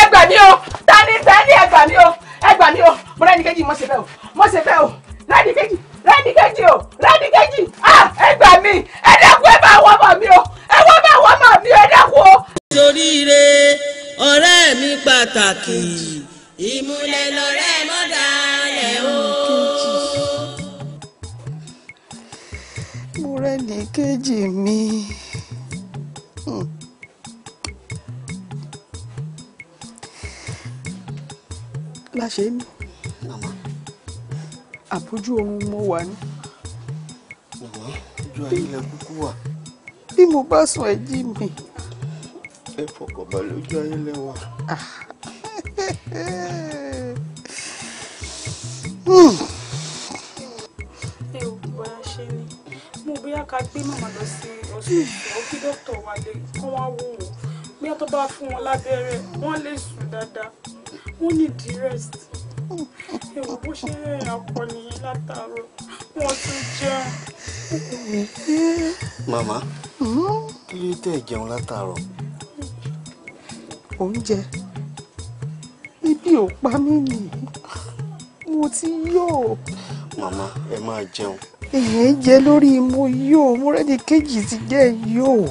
ẹ gbà mí o ta ni bẹ́ẹ̀ ni ẹ gbà mí o ẹ gbà mí o mo rẹ́ni kejì mo ṣe bẹ́ẹ̀ o mo ṣe bẹ́ẹ̀ o rẹ́ni kejì rẹ́ni kejì o rẹ́ni kejì ẹ gbà mí ẹ dẹ́kun ẹ bá wọ́n mọ̀ mí o ẹ wọ́n bá wọ́n mọ̀ mí o ẹ dẹ́kun o. oríire ọ̀rẹ́ mi pàtàkì ìmúlẹ̀ lọ́rẹ́ mọ́dà. búrẹ́dì kejì mi. Hmm. láṣẹ mi àbójú oorun mo wà ní. ojú ayé ilẹ̀ kúkú wà. bí mo bá sùn ẹ mi. ẹ fọkàn balẹ̀ ojú ayé lẹ́wà. pé màmá lọ sí ọsibítù kí dókítà wà lè kán wá wò wọ́n bí wọ́n tó bá fún wọn lábẹ́rẹ́ wọ́n lè sùn dáadáa wọ́n ní di rest bó ṣe rẹ̀ akọni látàárọ̀ wọ́n tún jẹun. màmá hmm? kí ló tẹ̀ jẹun látàárọ̀. oúnjẹ ibi ò pa mí nìyí mo ti yó. màmá ẹ máa jẹun èèyàn ń jẹ lórí mo yóò mo rẹ́ni kejì ti jẹ́ yóò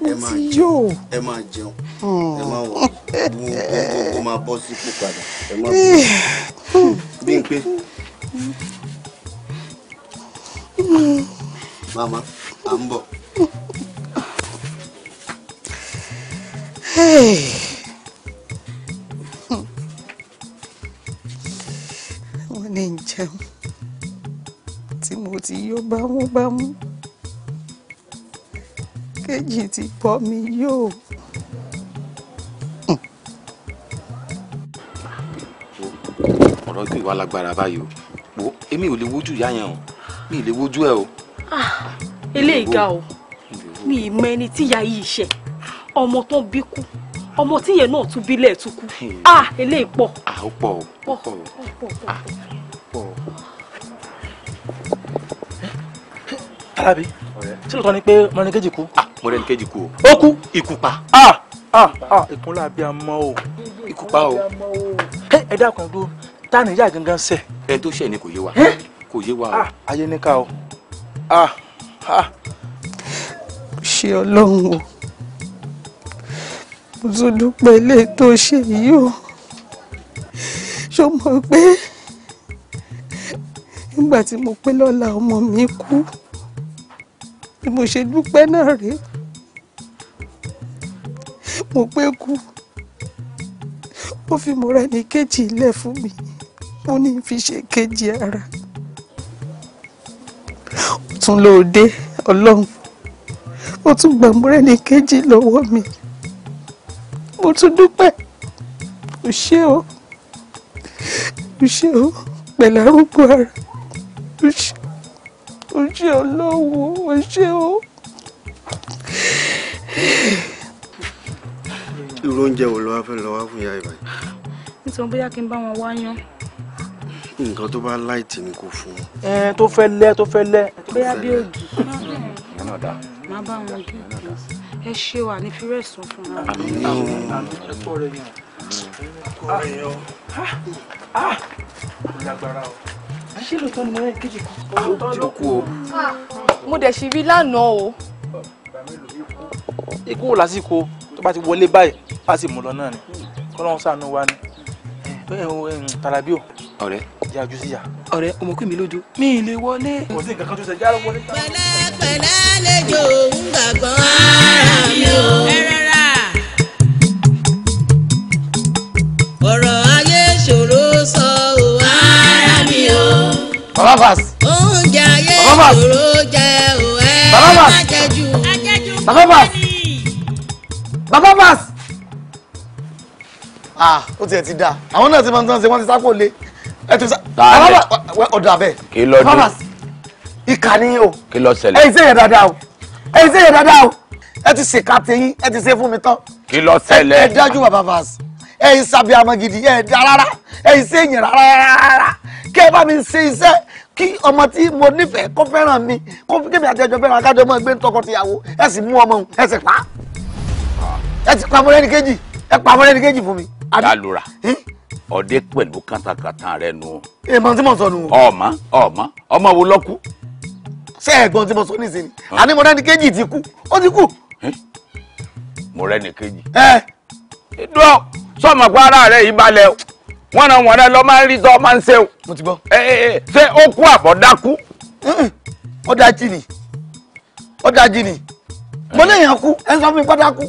mo ti yóò. ẹ máa jẹun hmm. ẹ máa wọ gbogbo kó máa bọ́ sípò padà ẹ máa bọ́ eh. bí n pé. màmá à ń bọ̀. Hey. bámúbámú kejì ti bọ́ mi yóò. ọ̀rọ̀ gbé wa lágbára báyìí o wo èmi ò lè wojú ìyá yẹn o mi ì lè wojú ẹ o. eléyìí ah, ga o mi ì mọ ẹni tí ìyá yìí ṣe ọmọ tó ń bí kú ọmọ tíyẹn náà tún bílẹ̀ tún kú hmm. ah, eléyìí pọ̀. Ah, ó pọ̀ o ó pọ̀ o. àbí tí lóòótọ́ ni pé mọ́rẹ́nìkejì kú. Ah, mọ́rẹ́nìkejì kú o ó kú ikú pa. Ah, ah, ìkúnlẹ̀ àbí amọ́ o ikú pa o. ẹ dákun dúró ta ni ìyá gangan ṣe. ẹ tó ṣe ni kò yé wa kò yé wa o. ayé níkà o ṣe ọlọ́run o mo tún dúpẹ́ ilé e tó ṣe yìí o ṣó mọ̀ pé nígbà tí mo pé lọ́la ọmọ mi kú bí mo ṣe dúpẹ́ náà rèé mo pé kú ó fi mọ̀ra ní kejì ilẹ̀ fún mi mo ní fi ṣe kejì ara ó tún lóde ọlọ́run ó tún gbà mọ́ra ní kejì lọ́wọ́ mi mo tún dúpẹ́ ó ṣé o ó ṣé o pẹ̀lú arúgbó ara ó ṣé o o ṣé ọlọ́wọ́ o ṣé o. irú oúnjẹ wo ló wá fẹ́ lọ wá fún ìyá ìbàdàn. nítorí bóyá kí n bá wọn wá yán. nǹkan tó bá láìtì ni kò fún un. ẹ tó fẹ́ lẹ́ tó fẹ́ lẹ́. bóyá bí ògì. má bá ṣé lóòótọ́ ni mo rẹ́ kejì kan. lóòótọ́ ló kú o. mo dẹ̀ ṣì rí lánàá o. ikú wò lásìkò tó bá ti wọlé báyìí bá sì mú lọ náà ni kọ́lọ́hún ṣàánú wa ni tàlàbí o. ọ̀rẹ́ ìyá ojú síyà. ọ̀rẹ́ ọmọkùnrin mi lójú mi ì lè wọlé. kò sí nǹkan kan tó ṣe jáde wọlé. pẹ̀lẹ́pẹ̀lẹ́ àlejò ń gbàgbọ́ ara mi o. ẹ rọra baba bas. oúnjẹ ayé ìṣòro ah ó tiẹ̀ ti da? àwọn náà ti máa ń tán ṣe wọ́n ti sápò lé ẹ ti sá. baba bas ọ̀dà bẹ́ẹ̀. kí ló dé baba bas ìkà ni o. kí ló ṣẹlẹ̀. ẹ̀yin sẹ́yìn dáadáa o ẹ̀yin sẹ́yìn dáadáa o ẹ ti ṣèkà tẹ̀yìn ẹ ti ṣe fún mi tán. kí ló ṣẹlẹ̀. ẹ dájú baba bas ẹ̀yin sábẹ́ amagidi ẹ dá rárá ẹ̀yin sẹ́yìn rárá rárá kí ẹ bá mi ṣe iṣẹ́ kí ọmọ tí mo nífẹ̀ẹ́ kó fẹ́ràn mi kó kébì àti ẹjọ́ fẹ́ràn akájọ́ mọ́ ẹgbẹ́ tọkọtìyàwó ẹ sì mú ọmọ ẹ sì pa ẹ sì pa mọ́lẹ́ni kejì ẹ pa mọ́lẹ́ni kejì fún mi. lálùrà ọdẹ pẹ̀lú kàtàkàtà rẹ nu. èèmọ̀ tí mo sọ nù. ọmọ ọmọ ọmọ wo lọ́kù. ṣé ẹ̀gbọ́n tí mo sọ nísìnyí àní mọ́lẹ́ni kejì ti kú ó ti kú. mọ́lẹ́ni kejì. ẹ dúró sọ́mọ̀ pé ara rẹ̀ yìí balẹ̀ o wọ́n náà wọ́n náà lọ máa ń rí tọ́ máa ń ṣe o. mo ti gbọ́. ṣé ó kú àbọ̀dákú. ó dájú ni ó dájú ni mo léèyàn kú ẹ sọ fún mi pátá kú.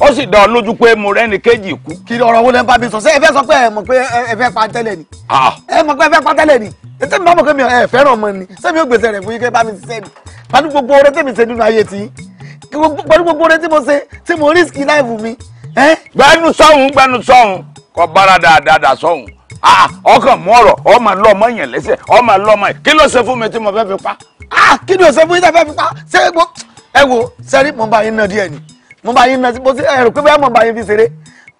ó sì dán lójú pé mo rẹ́ni kéjì kú. kí ọ̀rọ̀ wo lẹ́ ń bá mi sọ ṣé ẹ fẹ́ sọ pé ẹ mọ̀ pé ẹ fẹ́ pa tẹ́lẹ̀ ni. ẹ mọ̀ pé ẹ fẹ́ pa tẹ́lẹ̀ ni ètò ìmọ̀ mọ̀ pé mi ẹ fẹ́ràn ọmọ ni ṣé mi ò gbèsè rẹ̀ fún yín kẹ́ bá mi ṣiṣẹ́ ni. pàdé gbogbo oore tèmi ṣe nínú ayé tí pàdé gbogbo oore tí mo ṣe tí mo rísíkì láìfù mi. gbẹnu sọ̀hún kọ bára dáadáa sọ̀hún ọkàn mú ọ̀rọ̀ ọmọ lọ́mọ yẹn lẹ́sẹ̀ ọmọ lọ́mọ yẹn kí ló ṣe fún mi tí mo fẹ́ fi pa. kí ni o ṣe fún yín tí a fẹ́ fi pa ṣé gbọ́ ẹ wo sẹ́rí mo bá yín ná díẹ̀ ni mo bá yín ná bó ṣe ẹ̀rù pé bẹ́ẹ̀ mo bá yín fi ṣeré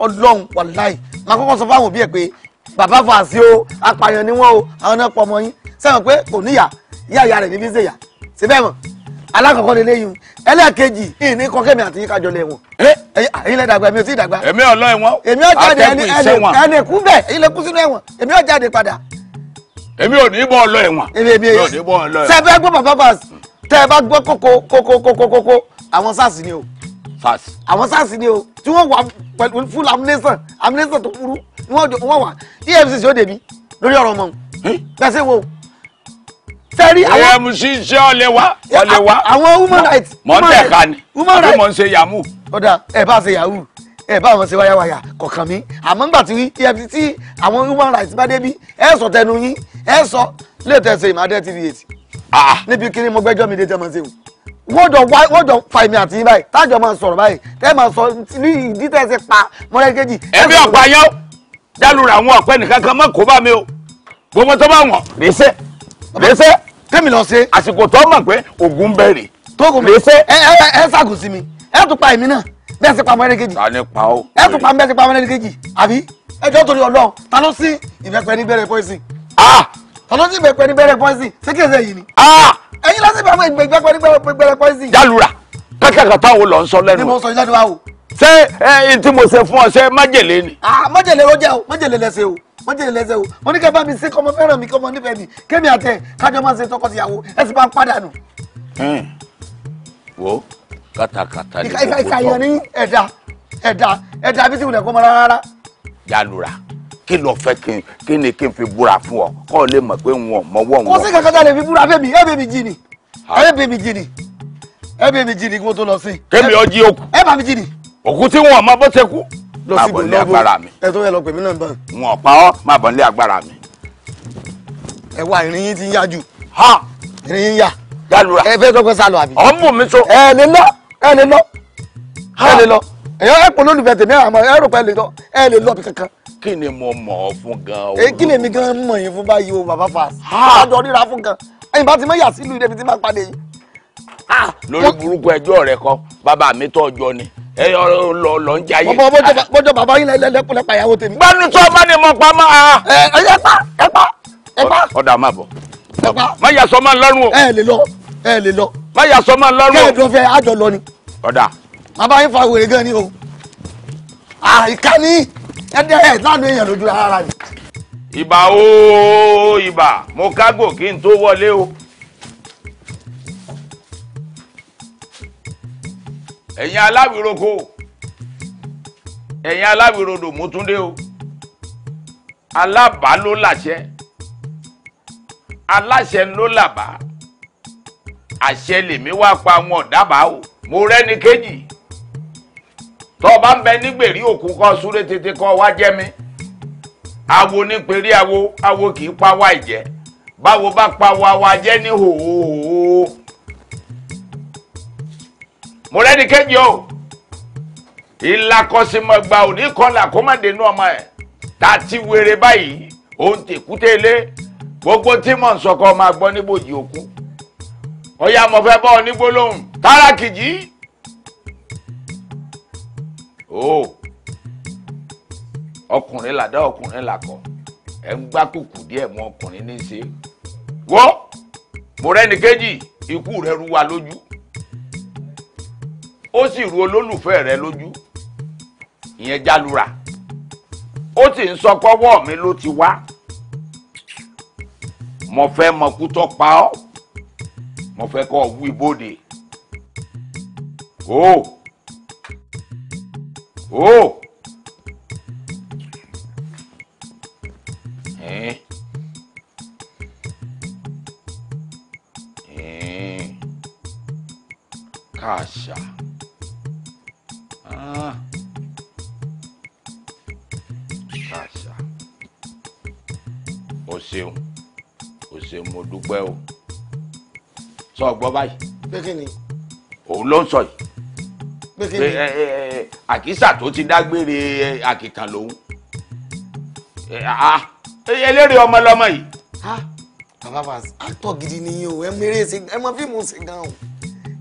ọlọ́run wàláì máa kọ́kọ́ sọ fáwọn òbí ẹ̀ pé bàbá fàásì o apààyàn ni wọ́n o àwọn náà pọ̀ ọmọ yín sẹ́wọ̀n pé kò níyà yá ìyá rẹ̀ ní fi ṣèyà síbẹ̀ mọ̀ alákọ̀ọ́kọ́ lè léyìn ẹlẹ́ẹ̀kejì ìní kọ́kẹ́mi àti yíká jọlẹ̀ wọn. ẹ̀yin lẹ dàgbà èmi ò tí ì dàgbà. èmi ò lọ ẹ̀wọ̀n èmi ò jáde ẹni kú bẹ̀ ilé kú sínú ẹ̀wọ̀n èmi ò jáde padà. èmi ò ní bọ́ ọ lọ ẹ̀wọ̀n. èmi èmi ò ní bọ́ ọ lọ ẹ̀wọ̀n. sẹ́ẹ̀ bá gbọ́ bàbá bá tẹ́ ẹ bá gbọ́ kókó kókó kókó kókó àwọn sars ni o. sars. àwọn sars ni o tí wọ́n wà pẹ̀lú fúlù amúnésàn amúnésàn tó burú wọ́n wà efcc ó dèbí lórí ọ̀rọ̀ ọmọ bẹ́ẹ̀ sẹ́ wo sẹ́rí. ẹ mú sí ṣé ọ lè wá ọ lè wá. àwọn human rights. mọ̀ ń tẹ̀ka ni àbí mọ̀ ń ṣe yahoo. ọ̀dà ẹ̀ bá ṣe yahoo ẹ̀ bá wọn ṣe wáyàwáyà kọ̀ọ̀kan mi àmọ́ ńgbà tí efcc àwọn human rights bá débi ẹ̀ sọ tẹnu yín ẹ̀ sọ lè tẹ̀sẹ̀ ìmọ̀dẹ́ tv eight. Ah. níbi kí ni mo gbẹ́jọ́ mi dé tẹ́ mọ́ sí o wọ́n jọ wá wọ́n jọ fa èmi àti yín báyìí tájọ máa sọ̀rọ̀ báyìí tẹ́ máa sọ ní ìdí tẹ́ ṣe pa mọ́lẹ́ kejì. ẹbí ọ̀pá yẹn dálùrà àwọn ọ̀pẹ nìkan kan mọ́ kó bá mi o gbogbo tó bá wọ̀n rèéṣẹ́ rèéṣẹ́ kémi lọ ṣe. àsìkò tó mọ̀ pé ògùn bẹ̀rẹ̀. tókùn mi ẹ ẹ ẹ ṣàgùn sí mi ẹ tún pa èmi náà bẹ́ẹ̀ sì pa ọmọ ẹlẹ́gẹ̀jì. ta ni pa ó. ẹ tún pa bẹ́ẹ̀ sì pa ọmọ ẹlẹ́gẹ̀jì àbí ẹjọ́ torí ọlọ́run ta ló sí ìbẹ́pẹ ní bẹ̀rẹ̀ pọ́ìsì. ta ló sí ìbẹ́pẹ ní bẹ̀rẹ̀ pọ́ìsì ṣé kí ẹ sẹ́yìn ni. ẹyin lásìkò àwọn ìgbẹ́pẹ ní bẹ̀rẹ̀ pọ́ìsì. jálùrà kẹ́kẹ́ kan táwọn lọ ń sọ lẹ́nu. ni mo sọ ìjáde wa o ṣé ẹ tí mo ṣe fún ọ ṣé májèlé ni. májèlé ló jẹ o májèlé lẹsẹ o májèlé lẹsẹ o mo ní kẹ bá mi sí kọmọ fẹ́ràn mi kọmọ nífẹ̀ẹ́ mi kémi àtẹ kájọ máa ṣe tọkọtìyàwó ẹ sì máa ń padà nù. wo kátàkátà ni kò tó ìkàyàn ní ẹ̀dá ẹ̀dá ẹ̀dá bí tí mo lẹ̀ kọ́ mọ́ rárá. yálùrà kí ló fẹ́ kí kí ni kí n fi búra fún ọ kọ́ ọ lè mọ̀ pé wọn ò mọ́wọ́ wọn. kó sí kankan tá a lè fi búra bẹ́ẹ̀ mi ẹ bẹ́ẹ̀ mi jì ni ẹ bẹ́ẹ̀ mi jì ni ẹ bẹ́ẹ̀ mi jì ni kí tó lọ sí. kémi ọjí òkú. ẹ bá mi jì ni òkú tí wọn ọmọ bó ṣe kú máa bọ̀ nílé agbára mi. ẹ tó yẹ lọ pè mí náà bá. wọn ò pa ọ máa bọ̀ nílé agbára mi. ẹ wá ìrìn yín ti ń yá jù. ha ìrìn yín yá. yálùrà ẹ fẹ́ dọ́gbọ́n sálọ àbí. ọ̀ ń bù mí so. ẹ lè lọ ẹ lè lọ ẹ lè lọ èyàn ẹ pọ lólùfẹ́ tèmi àmọ́ ẹ rò pé ẹ lè lọ ẹ lè lọ bí kankan. kí ni mo mọ̀ ọ́ fún gan o. kí lèmi gan mọ̀ yín fún báyìí o bàbá fa àjọ ríra fún gan ẹ̀yin bá ti mọ̀ yà sílùú débi tí máa padà yìí. lórí burúkú ẹjọ́ rẹ kọ bàbá mi tọ́jọ́ ni ẹ yọ lọ lọ ń jayé. bọ́bọ́ bọ́jọ́ bọ́jọ́ bàbá yín lẹ́kùn lẹ́pa ìyàwó tèmi. gbanu tó ọmọ ni mo pa ma. ẹ ẹ pa ẹ pa ẹ pa. ọ̀dà máa bọ̀. ẹ pa. má yà sọ ma lọ́rùn o. ẹ lè lọ ẹ lè lọ. má yà sọ ma lọ́rùn o. kẹ́hìn tó fẹ́ àjọ lọ ni. ọ̀dà. bàbá yín fa wèrè gan ni o. àìká ni ẹdẹ ẹ láàánú èèyàn lójú rárá ni. ìbà o ìbà mo kágbò kí n tó wọlé o. ẹ̀yin aláwìroko ẹ̀yin aláwìrodò mótúndé o alábàá ló làṣẹ aláṣẹ ló làbá àṣẹ lèmi wá pa àwọn ọ̀dábàá o mo rẹ́ni kéjì tọ́ bá ń bẹ nígbèrí òkú kọ́ súré tètè kọ́ wá jẹ́ mi awo ní péré awo awo kì í pa wá ìjẹ́ báwo bá pa wá wá jẹ́ ní hòhòhò mo rẹ́ni kejì o ìlàkọsímọ̀gbà òní kọlà kó má dénú ọmọ ẹ̀ tá a ti wéré báyìí òun tèkúté lé gbogbo tí mò ń sọkọ máa gbọ́ níbòjì òkú ọ̀yà mo fẹ́ bọ́ ọ ní gbólóhùn tààrà kìjì o ọkùnrin làdá ọkùnrin làkọ ẹ ń gbá kùkù díẹ̀ mọ́ ọkùnrin ní í ṣe wọ́ mo rẹ́ni kejì ikú rẹ ru wa lójú ó sì ru olólùfẹ́ rẹ lójú ìyẹn jálura ó ti ń sọ pọ́wọ́ mi ló ti wá mo fẹ́ mọ̀kú tó pa ọ́ mo fẹ́ kọ́ wú ibodè o o ẹ̀ẹ́n ẹ̀ẹ́n káàṣà. ṣeun o ṣeun mo dúpẹ́ o sọ ọgbọ́ báyìí. pé kí ni. òun ló ń sọ yìí. pé kí ni. àkísà tó ti dágbére àkìkàn lòun eléré ọmọ lọmọ yìí. bàbá bá àtọ̀ gidi nìyí o ẹ mọ eré ṣe ẹ mọ fíìmù ṣe gan o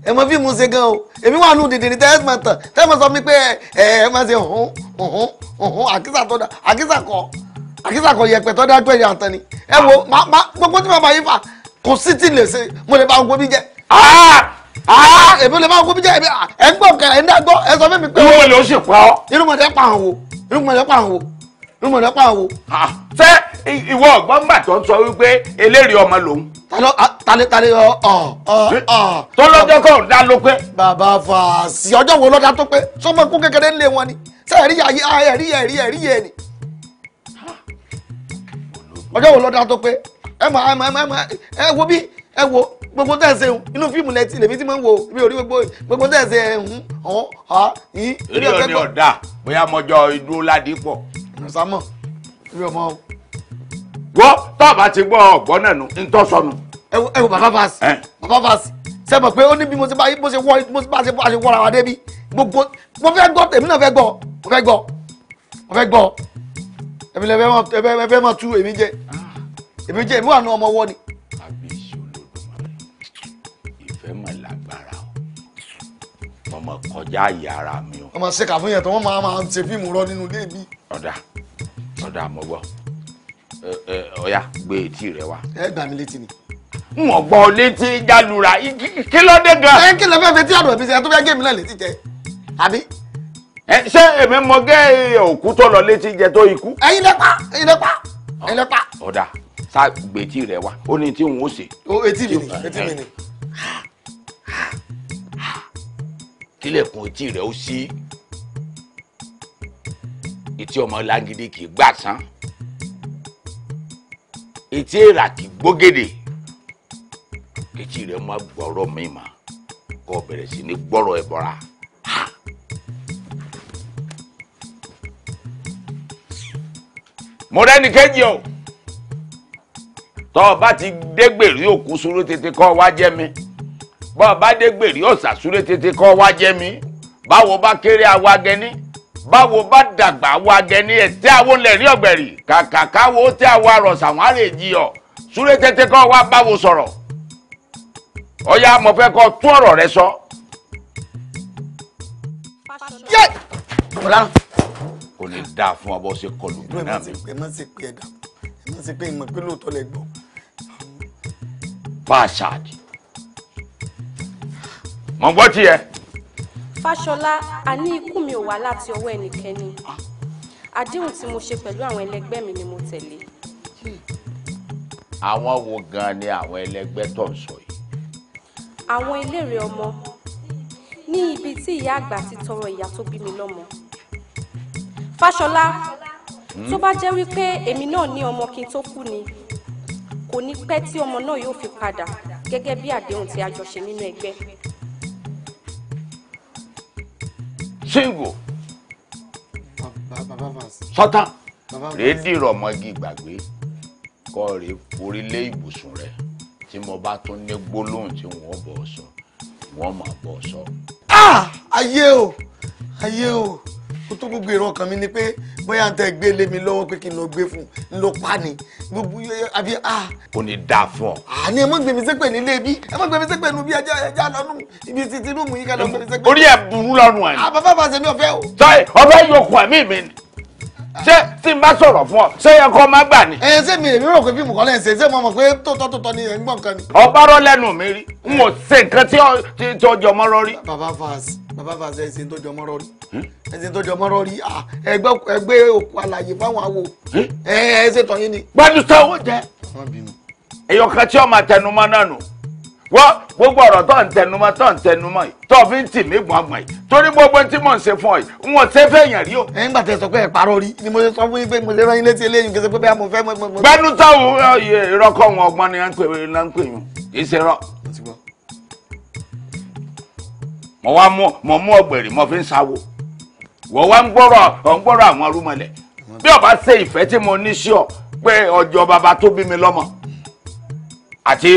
ẹ mọ fíìmù ṣe gan o èmi wà nù dìdìrì tẹ ẹ máa tàn tẹ ẹ máa sọ mi pé ẹ ẹ máa ṣe ọ̀hún ọ̀hún ọ̀hún àkísà tó dá àkísà kọ àkísà kò yẹpẹ tó dájú ẹ̀yà àtẹni ẹ wo gbogbo tí màmá yín fà kò sí tí lè ṣe mo lè bá gbogbo mi ah, ah, jẹ èmi lè bá gbogbo mi jẹ èmi ẹ ń gbọ́ kẹrẹ ẹ ń dàgbọ́ ẹ sọ fún mi pé. irúmọlẹ̀ ó sì pa ọ́. irúmọlẹ̀ pa àwọn wo irúmọlẹ̀ pa àwọn wo irúmọlẹ̀ pa àwọn wo. Ah, ṣé ìwọ ọgbọ́n gbà tó ń sọ wípé eléèrè ọmọ lòun. tale tale ọ ọ ọ. tó lọ́jọ́ kan ò dá ló pé. bàbá fàásì ọjọ́ wo lọ́dá tó pé sọ́mọ́ kú kékeré ń lé wọn ni sẹ́ẹ̀rí ẹ̀rí ẹ̀rí ẹ̀rí ẹ̀rí ẹ̀ ni ọjọ́ wo lọ́dá tó pé ẹ mọ̀ ẹ mọ̀ ẹ mọ̀ ẹ wo bí ẹ wo gbogbo tẹ̀ ṣe inú fíìmù lẹ́tì lèmi tí mo ń wo mi ò rí gbogbo gbogbo tẹ̀ ṣe ẹ̀hún ọ̀hún ọ̀hún yìí. eré ọ̀ni ọ̀dà bóyá mọ́jọ́ idú ládìí pọ̀. ọ̀sàmọ̀ mi ò mọ o. wọ́n tó o bá ti gbọ́ ọ̀gbọ́n náà nù ń tọ́ sọnù. ẹ wo ẹ wo bàbá fàásì bàbá fàásì ṣe mọ̀ pé ó ní bí mo ṣe bá mo ṣe wọ́ mo ṣe bá ṣe bá ṣe wọ́ra wa débi gbogbo mo fẹ́ gbọ́ tèmi náà fẹ́ gbọ́ mo fẹ́ gbọ́ mo fẹ́ gbọ́ èmi lè fẹ́ máa tú èmi jẹ ah. èmi jẹ èmi wà ní ọmọ ọwọ́ ni. àbí ìṣòlódùmarè ìfẹ́ mọ̀ lágbára o ọmọ kọjá ìyára mi o. ọmọ ṣèkà fún yẹn tó wọn máa máa ń ṣe fíìmù rọ nínú ilé mi. ọ̀dà ọ̀dà mo gbọ́ ọ̀yà gbé etí rẹ wá. ẹ gbà mí létí ni wọn gbọ́ létí jálura kí ló dé gan. ẹ kí ló fẹ́ fẹ́ tí àdùn ẹ̀bí sẹ́yìn tó fẹ́ gé mi náà létí jẹ àbí ṣé èmi mọ gẹ́ òkú tó lọ létí jẹ tó ikú. ẹyin lẹ́pà ẹyin lẹ́pà ẹyin lẹ́pà. ọ̀dà sá gbètì rẹ wá ó ní tí n ó ṣe. o etí mi ni etí mi ni. tilẹ̀kùn etí rẹ̀ ó ṣí etí ọmọ lágídí kì í gbà sán etí èrà kì í gbógede etí rẹ̀ máa gbọ́rọ̀ mi mà kó o bẹ̀rẹ̀ sí ní gbọ́rọ̀ ẹ̀ bọ́ra. mo rẹ́ni kejì o tọ́ ọ bá ti dégbèrè òkú súré tètè kọ́ wá jẹ́ mi bọ́ ọ bá dégbèrè ọ̀sà súré tètè kọ́ wá jẹ́ mi báwo bá kéré awa gẹni báwo bá dàgbà awa gẹni ẹ̀tẹ́ àwọn lẹ́rìí ọ̀gbẹ̀rì kàkà káwo tẹ́ àwa rọ̀ sàwọn àrè jì ọ́ súré tètè kọ́ wá báwo sọ̀rọ̀ ọ̀ya mo fẹ́ kọ́ tún ọ̀rọ̀ rẹ sọ. ọ̀daràn kò ní dáa fún wa bó ṣe kọlù mí náà mi. ẹ má ṣe pé ẹ dà ẹ má ṣe pé ìmọ̀ pé lóòótọ́ lẹ gbọ́. Fáṣadì mọ̀ ń gbọ́ tiẹ̀. Fáṣọlá àní ikú mi ò wá láti ọwọ́ ẹnikẹ́ni àdéhùn tí mo ṣe pẹ̀lú àwọn ẹlẹgbẹ́ mi ni mo tẹ̀lé. àwọn wo gan-an ni àwọn ẹlẹgbẹ́ tó ń sọ yìí. àwọn eléèrè ọmọ ní ibi tí ìyá àgbà ti tọrọ ìyá tó bí mi lọ́mọ fàṣọlá hmm? tó bá jẹ́ wípé èmi náà ní ọmọ kí n tó kú ni kò ní pẹ́ tí ọmọ náà yóò fi padà gẹ́gẹ́ bí àdéhùn tí a jọ ṣe nínú ẹgbẹ́. ṣéwò sọtán rèé dìrọ̀ mọ́gi gbàgbé kọ́ rèé forí lé ibùsùn rẹ̀ tí mo bá tún ní gbólóhùn tí wọ́n bọ̀ sọ wọ́n máa bọ̀ sọ. Ah! ayé o ayé o ó tún gbogbo èrò ọkàn mi ni pé bóyá ń tẹ gbé lé mi lọ́wọ́ pé kí n lọ gbé fún un ló pa ni gbogbo àbí a. kò ní dáa fún ọ. àní ẹ mọ gbèmí sẹpẹ nílé bí ẹ mọ gbèmí sẹpẹ nu bí ẹja ẹja lọnu ibi títí rúùmù yìí ká lọ gbèmí sẹpẹ. orí ẹ burú lọnù ẹ. àbáfáfá ṣe mi ọ̀fẹ́ o. sọ ọbẹ̀ yòókù ẹ̀mí mi ni ṣé tí n bá sọ̀rọ̀ fún ọ ṣé yẹ kó má gbà ni. ẹ ṣé mi èmi rò pé fíìmù kan lẹ́yìn ṣe ṣé mo mọ̀ pé tòótọ́ tòótọ́ ni ẹ̀ ń gbọ̀n kan ni. ọba rọ lẹ́nu mi rí n ò ṣe nǹkan tí ọjọ́ mọ́rọ́ rí. bàbá fàásì bàbá fàásì ẹ̀ ṣe tó jọ mọ́rọ́ rí hmm? ẹ̀ ṣe tó jọ mọ́rọ́ rí ẹgbẹ́ òkú àlàyé fáwọn awo hmm? ẹ̀ ṣe tọ́yìn ni. gbadusẹ́ owó jẹ ẹ̀yọ̀kan tí ọmọ àtẹnumọ́ náà nù wọ́n gbogbo ọ̀rọ̀ tó ń tẹnumọ́ tó ń tẹnumọ́ yìí tó fi ń tì mí gbọ̀ngbọ̀n yìí torí gbogbo tí mò ń ṣe fún ọ yìí n ò ṣe fẹ́ yàn rí o. ẹ ń gbà tẹ sọ pé ẹ parọ́ rí ni mo ṣe sọ fún yín pé mo ṣe rán yín létí eléyìí kí n ṣe pé bẹ́ẹ̀ mo fẹ́ mo. gbẹnu táwọn ìrọkọ wọn ọgbọ́n ni wọn ń pè yín kì í ṣe rọ. mo wá mú mo mú ọ̀gbẹ̀rì mo fi ń sáwó wọ́n wá ń gbọ́rọ̀ àwọn arúmọlẹ̀ bí ọba ṣe ìfẹ́ tí mo ní sí ọ pé ọjọ́ baba tó bí mi lọ́mọ àti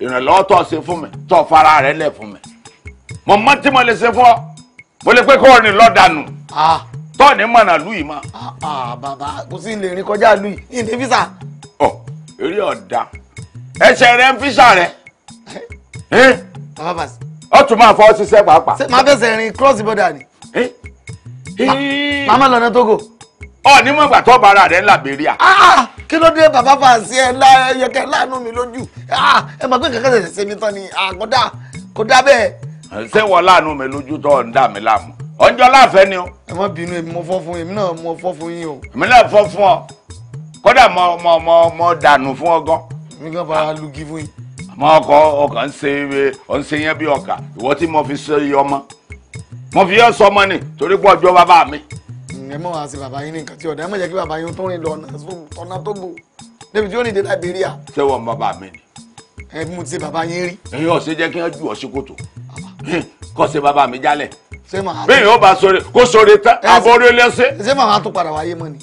ìrànlọ́wọ́ tó ṣe fún mi tó fara rẹ̀ lẹ̀ fún mi mo mọ tí mo lè ṣe fún ọ mo lè pé kó o rìn lọ́dànù tó ní mọ̀nà lùyìí mọ́. bàbá kò sí lè rìn kọjá lùyìí ní ìdí físà. ọ eré ọ̀dà ẹsẹ̀ rẹ̀ ń físà rẹ̀. Eh? Eh? bàbá bàṣẹ. ó tún máa fọ́ ṣiṣẹ́ pàápàá. máa fẹsẹ̀ rìn cross border ni. Eh? màmá lọ́nà Togo ọ ní mọ̀ gbà tó bara rẹ̀ ńlá bèrè à. kí ló dé bàbá fàǹsì ẹ ńlá ẹyẹkẹ láàánú mi lójú ah, ẹ mọ̀ pé kankan ṣẹ̀ṣẹ̀ ṣe mi tán ni àkọ́dá ah, kò dá bẹ́ẹ̀. ṣé wọ́n láàánú mi lójú tó ń dà mí láàmú ọjọ́ láàfẹ́ ni o. ẹ má bínú èmi mo fọ́ fún èmi náà mo fọ́ fún yín o. èmi náà fọ́ fún ọ kódà mo mo mo mo dànù fún ọgán. mi kàn bá lugi fún yín. àmọ́ ọkọ̀ ọkọ̀ ń ṣe ń ṣe yẹn bí ọkà ìwọ tí mo fi ṣe ọmọ mo fi yẹ sọmọ ni torí pé ọjọ́ bàbá mi ẹ mọ̀ wá sí bàbá yín ní nǹkan tí ọ̀dà ẹ mọ̀ jẹ́ kí bàbá yín tó rìn lọ ọ̀nà tó gbò débi tí ó rìn dé Liberia. sẹ́wọ̀n bàbá mi ni. ẹ mú ti bàbá yín rí. èyí ò ṣe jẹ́ kí wọ́n ju ọ̀ṣẹ́ kòtò kọ́ ṣe bàbá mi jálẹ̀. bẹ́ẹ̀ ni ó bá sọ̀rọ̀ kó sọ̀rọ̀ tán àbọ̀rẹ́ lẹ́sẹ̀. ṣé màmá tó padà wáyé mọ́ ni.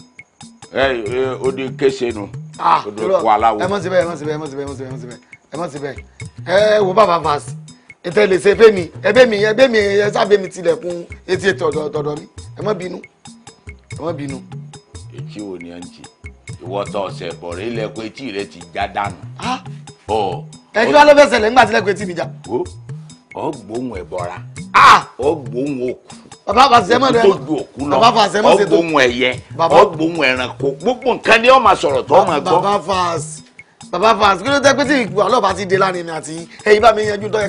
ẹ ẹ odi kése nu. ah ẹ mọ̀ síbẹ̀ ẹ mọ̀ síbẹ̀ ẹ mọ̀ síbẹ̀ ẹ mọ̀ síbẹ̀ ẹ mọ̀ síbẹ̀ ẹ wo bàbá fàṣ ìtẹ̀lẹ̀sẹ̀ ẹbẹ̀ mi ẹbẹ̀ mi ẹbẹ̀ mi ẹ sábẹ̀ mi tilẹ̀kùn etí ètò ọ̀dọ̀ ọ̀dọ̀ mi ẹ má bínú wọ́n bínú. etí wo ni ẹ ń jì ìwọ tó ọ̀sẹ̀ bọ̀ rẹ ilẹ̀kùn etí rẹ ti já dànù. ẹjọ́ ló fẹsẹ̀ lẹ́yìn gbà tí ilẹ̀kùn etí mi já. ọ gbóhùn ẹ̀ bọ̀ra ọ gbóhùn òkú bàbá fàṣẹ mọ rẹ bàbá fàṣẹ mọ ṣètò ọgbóhun ẹyẹ ọgbóhun ẹranko gbogbo nǹkan ni ó máa sọ̀rọ̀ tó máa gbọ́. bàbá fàṣ bàbá fàṣ kí ló dé pé tí ìgbà ọlọ́pàá ti dé láàrin àti ẹ̀yin bá mi yanjú tó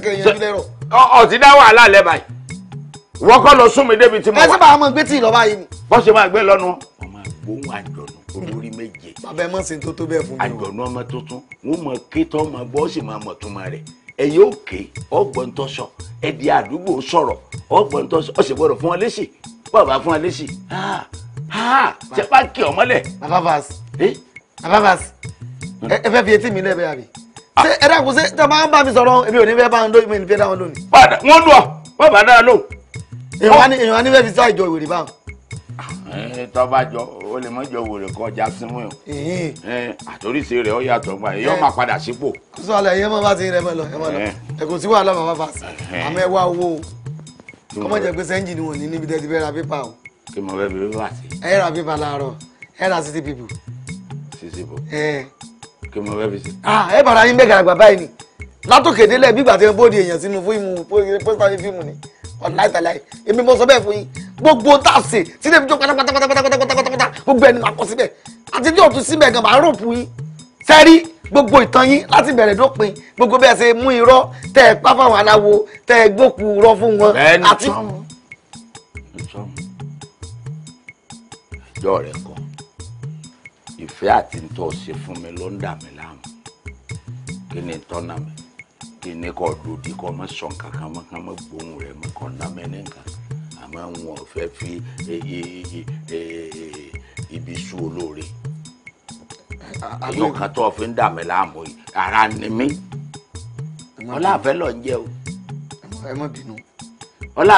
wọ́n kọ́ lọ sún mi débi tí mo wà. ẹ sábà máa gbé tí ìlọ́ba yìí ni. bọ́ ṣe máa gbé lọ́nu. ọmọ gbóhùn àjọ̀nù olórí méje. bàbá ẹ mọ̀ sí tó tó bẹ́ẹ̀ fún mi. àjọ̀nù ọmọ tuntun wọ́n mọ̀ ké tó ọmọ gbọ́ ó sì máa mọ̀ túmọ̀ rẹ̀ ẹ yóò ké ọgbọ́n tó sọ ẹbí àdúgbò sọ̀rọ̀ ọgbọ́n tó sọ ọ sì gbọ́dọ̀ fún wọn lésì bàbá fún wọn lésì ṣe bá kí ọ ah. máa ń bá mi sọ̀rọ̀ èmi ò ní fẹ́ bá ń lónìí. wọn lù ọ wọn bá dáa lóhùn èèyàn á ní bẹ́ẹ̀ fi sá ìjọ wèrè báwọn. tó bá jọ o lè mọ ìjọ wèrè kan ọjà símú yàn àtòríṣe rẹ̀ ó yàtọ̀ gbà èèyàn máa padà sípò. sọlẹ ìyẹn mọ bá ti rẹ mọ lọ ẹ mọ lọ ẹ kò sí wàhálà màmá bá sí àmọ́ ẹ wá owó o kọ́mọ jẹ pé sẹ́ńjì ni wọ́n ní níbi tẹ́tí fẹ́ ra pépà o. kí mo fẹ́ fi pépà sí. ẹ ra pépà láàárọ̀ ẹ ra city people. city people kí mo fẹ́ fi sí. ẹ bàrà yín bẹ́ẹ̀ gàràgbà báyìí ni látòkè délẹ̀ bí ìgbà tí wọ́n bóde èèyàn sínú fíìmù pósítà fíìmù ni ọ̀láìtàláì èmi mo sọ bẹ́ẹ̀ fún yín gbogbo tá a ṣe sílẹ̀ fi jó pátápátápátápátápátá gbogbo ẹni máa kọ síbẹ̀ àti tí òtún síbẹ̀ gan máa ròpù yín sẹ́rí gbogbo ìtàn yín láti bẹ̀rẹ̀ dópin gbogbo bẹ́ẹ̀ ṣe mú irọ́ tẹ́ ẹ pa fáwọn aláwo tẹ́ ẹ gbókù irọ́ fún wọn àti. ìjọ rẹ kan ìfẹ́ àti ntọ́ ṣe fún mi ló ń dà mí láàmú kí ni tọ́nà mi kíni kọ lòdì kọ mọ sọ nǹkan kan mọ kàn mọ gbóhùn rẹ mọ kàn ná mẹ́ni nǹkan àmọ́ wọn ò fẹ́ fi eh, eh, eh, ibi sú olóore èèyàn kan tó fi ń dà mí láàmú yìí ara ni mí ọláàfẹ́ lọ ń jẹ́ o. ẹ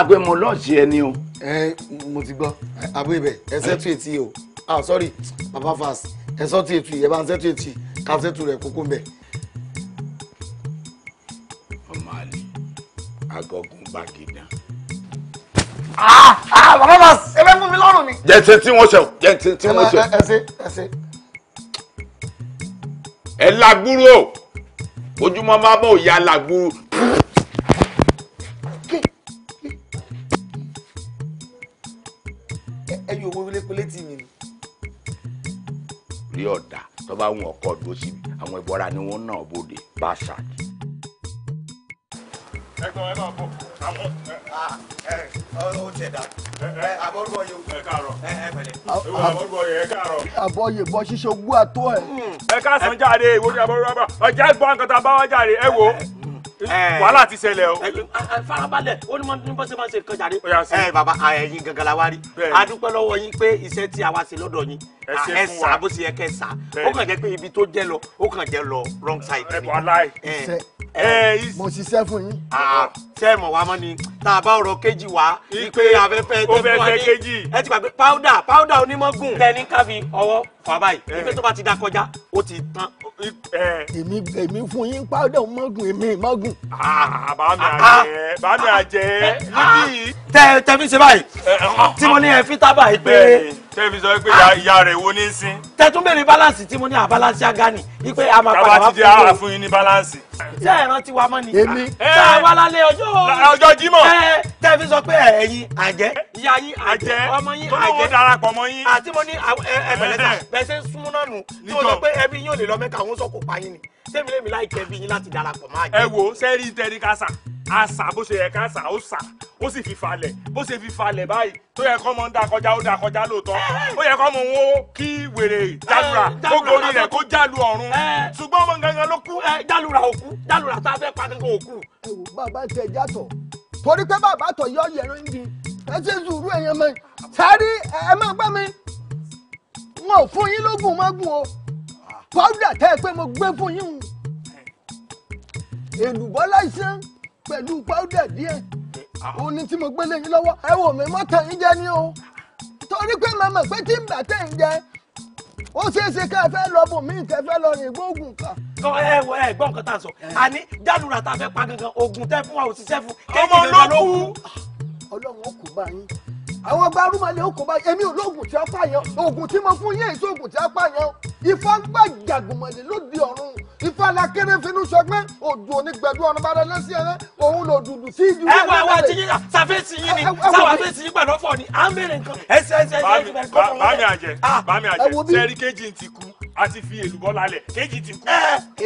má mo lọ sí ẹni o. ẹ mo ti gbọ́ àbúrò ibẹ̀ ẹ sẹ́tù etí o ah sorry papa fast ẹ sọ́tù etí ẹ bá ń sẹ́tù etí ká sẹ́tù rẹ̀ kókó ń Ah, ah, bàbá bá ẹ bẹ fún mi lọ́rùn ni. jẹ́ǹtì tí wọ́n ṣe jẹ́ǹtì tí wọ́n ṣe. ẹ ṣe ẹ ṣe. ẹ lágbúrú o ojúmọ́ máa bọ̀ ìyá lágbúrú. ẹ yóò wọ ilé pẹ̀lẹ́ tì mí ni. rí ọ̀dà tó bá wọn ọkọ̀ dó síbi àwọn ìbọra ni wọ́n náà bòde bá ṣáàkì ẹ̀gbọ́n ẹ máa bọ̀ àmọ́. ọ̀rọ̀ ti ẹ̀dá àbọ̀rúbọ̀ yìí ẹ káàárọ̀ ẹ pẹ̀lẹ́. àbọ̀rúbọ̀ yìí ẹ káàárọ̀. àbọ̀yè jáde ìwé ni àbọ̀rúbọ̀ ọjà gbọ́ nǹkan tá a bá wá jáde ẹ wò ó. Eh. wàhálà ti ṣẹlẹ̀ o. Eh, farabalẹ̀ ó ní mọ ní bọ́sẹ̀ máa ṣe kan jàre. ẹ eh, bàbá ah, ẹ̀yin gangan la wá rí a dúpẹ́ lọ́wọ́ yín pé iṣẹ́ tí a wá ṣe lọ́dọ̀ yín ẹ ah, sà bó ṣe yẹ kẹ́ sà ó kàn jẹ́ pé ibi tó jẹ́ lọ ó kàn jẹ́ lọ wrong side ni. mo ṣiṣẹ́ fún yín. Ah, ṣé mọ̀ wá mọ́ ni tá a bá ọ̀rọ̀ kejì wá ipe afẹ́fẹ́ tẹ́fún wa ní ẹ ti gbàgbé powder powder onímọ̀gùn tẹ́ ní káfí ọwọ́ kọ́ báyìí ibi eh. tó bá ti da kọjá ó ti tán. Eh. èmi èmi fún yín pàdé mọ́gùn èmi mọ́gùn. Ah, bàmí ah, ah. àjẹ bàmí àjẹ eh, níbí. tẹ tẹ fi ṣe báyìí tí mo ní ẹ fi tábà yìí pé tẹ́ẹ̀fì sọ pé ìyá rẹ̀ wo ní sín. tẹ́tún bèrè balance tí mo ní àbalance agani wípé a máa padà wá fún yín. tábà ti di ara fún yín ní balance. ṣé ẹ̀ràn ti wa mọ́ ni. èmi. tá a wá lálẹ́ ọjọ́. ọjọ́ jímọ̀. ẹ tẹ́ẹ̀fì sọ pé ẹ̀yin àjẹ́ ìyá yín àjẹ́ ọmọ yín àjẹ́ tó lówó darapọ̀ mọ́ yín. àti mo ní ẹ̀bẹ̀lẹ́ta bẹ́ẹ̀ ṣe ń súnmọ́ náà nù. tí mo sọ pé ẹbí yín ò lè lọ mẹ́ka òun sọ kó pa yín ni sẹ́mi lèmi láìpẹ́ bí yín láti darapọ̀ máa jẹ́. ẹ wo sẹ́rí tẹ́rí ká sà á sà bó ṣe yẹ ká sà ó sà ó sì fi falẹ̀ bó ṣe fi falẹ̀ báyìí tó yẹ kọ́ mọ ń da kọjá ó da kọjá lóòótọ́ eh, eh. ó yẹ kọ́ mọ ń wo kí wèrè jálura kó gorí rẹ̀ kó jálu ọ̀run eh, ṣùgbọ́n ọmọ gangan ló kú. jálura òkú jálura tá a fẹ́ pa òkú. ẹ bàbá tẹ jàtọ̀ torí pé bàbá tọ̀ yọ yẹ̀rọ ń di ẹ ṣe sùúrù sáré ẹ máa wọn ò fún yín lógún mọ́gùn o pọ́wúdà tẹ́ ẹ pé mo gbé fún yín un èlùbọ́ láìsàn pẹ̀lú pọ́wúdà díẹ̀ ah. òun ni tí mo gbé lẹ́yìn lọ́wọ́ ẹ wò mí mọ́tàn yín jẹ ní o torí pé màmá pé tí ń bà tẹ̀ ń jẹ ó ṣeé ṣe ká fẹ́ lọ bùn mí ìtẹ́ fẹ́ lọ rìn gbóògùn kan. ẹ wọ ẹ gbọ́ nǹkan tá a sọ àní dánura tá a fẹ́ pa gangan oògùn tẹ́ fún wa òṣìṣẹ́ fún kéèké ló ló kú. ọlọ́run ó kú báyìí àwọn gbarumọlẹ ó kó bá èmi ò lóògùn tí a pààyàn oògùn tí mo fún yẹn èso oògùn tí a pààyàn ifá gbà jàgùnmọlẹ lóde ọ̀run ifá la finú sọgbẹ òdu onígbẹdú ọrùn bá dáná ẹrẹ òun lò dùdù sí ìdúró. ẹ wá wá ti yín sàfẹ́sì yín ni sàfẹ́sì yín gbàdọ̀ fọ ni à ń bèrè nǹkan ẹsẹ ẹsẹ ẹsẹ ẹsẹ kọ́ bá mi àjẹ bá mi àjẹ ti kú a ti fi èlùbọ́ lálẹ̀ kéjì ti kú.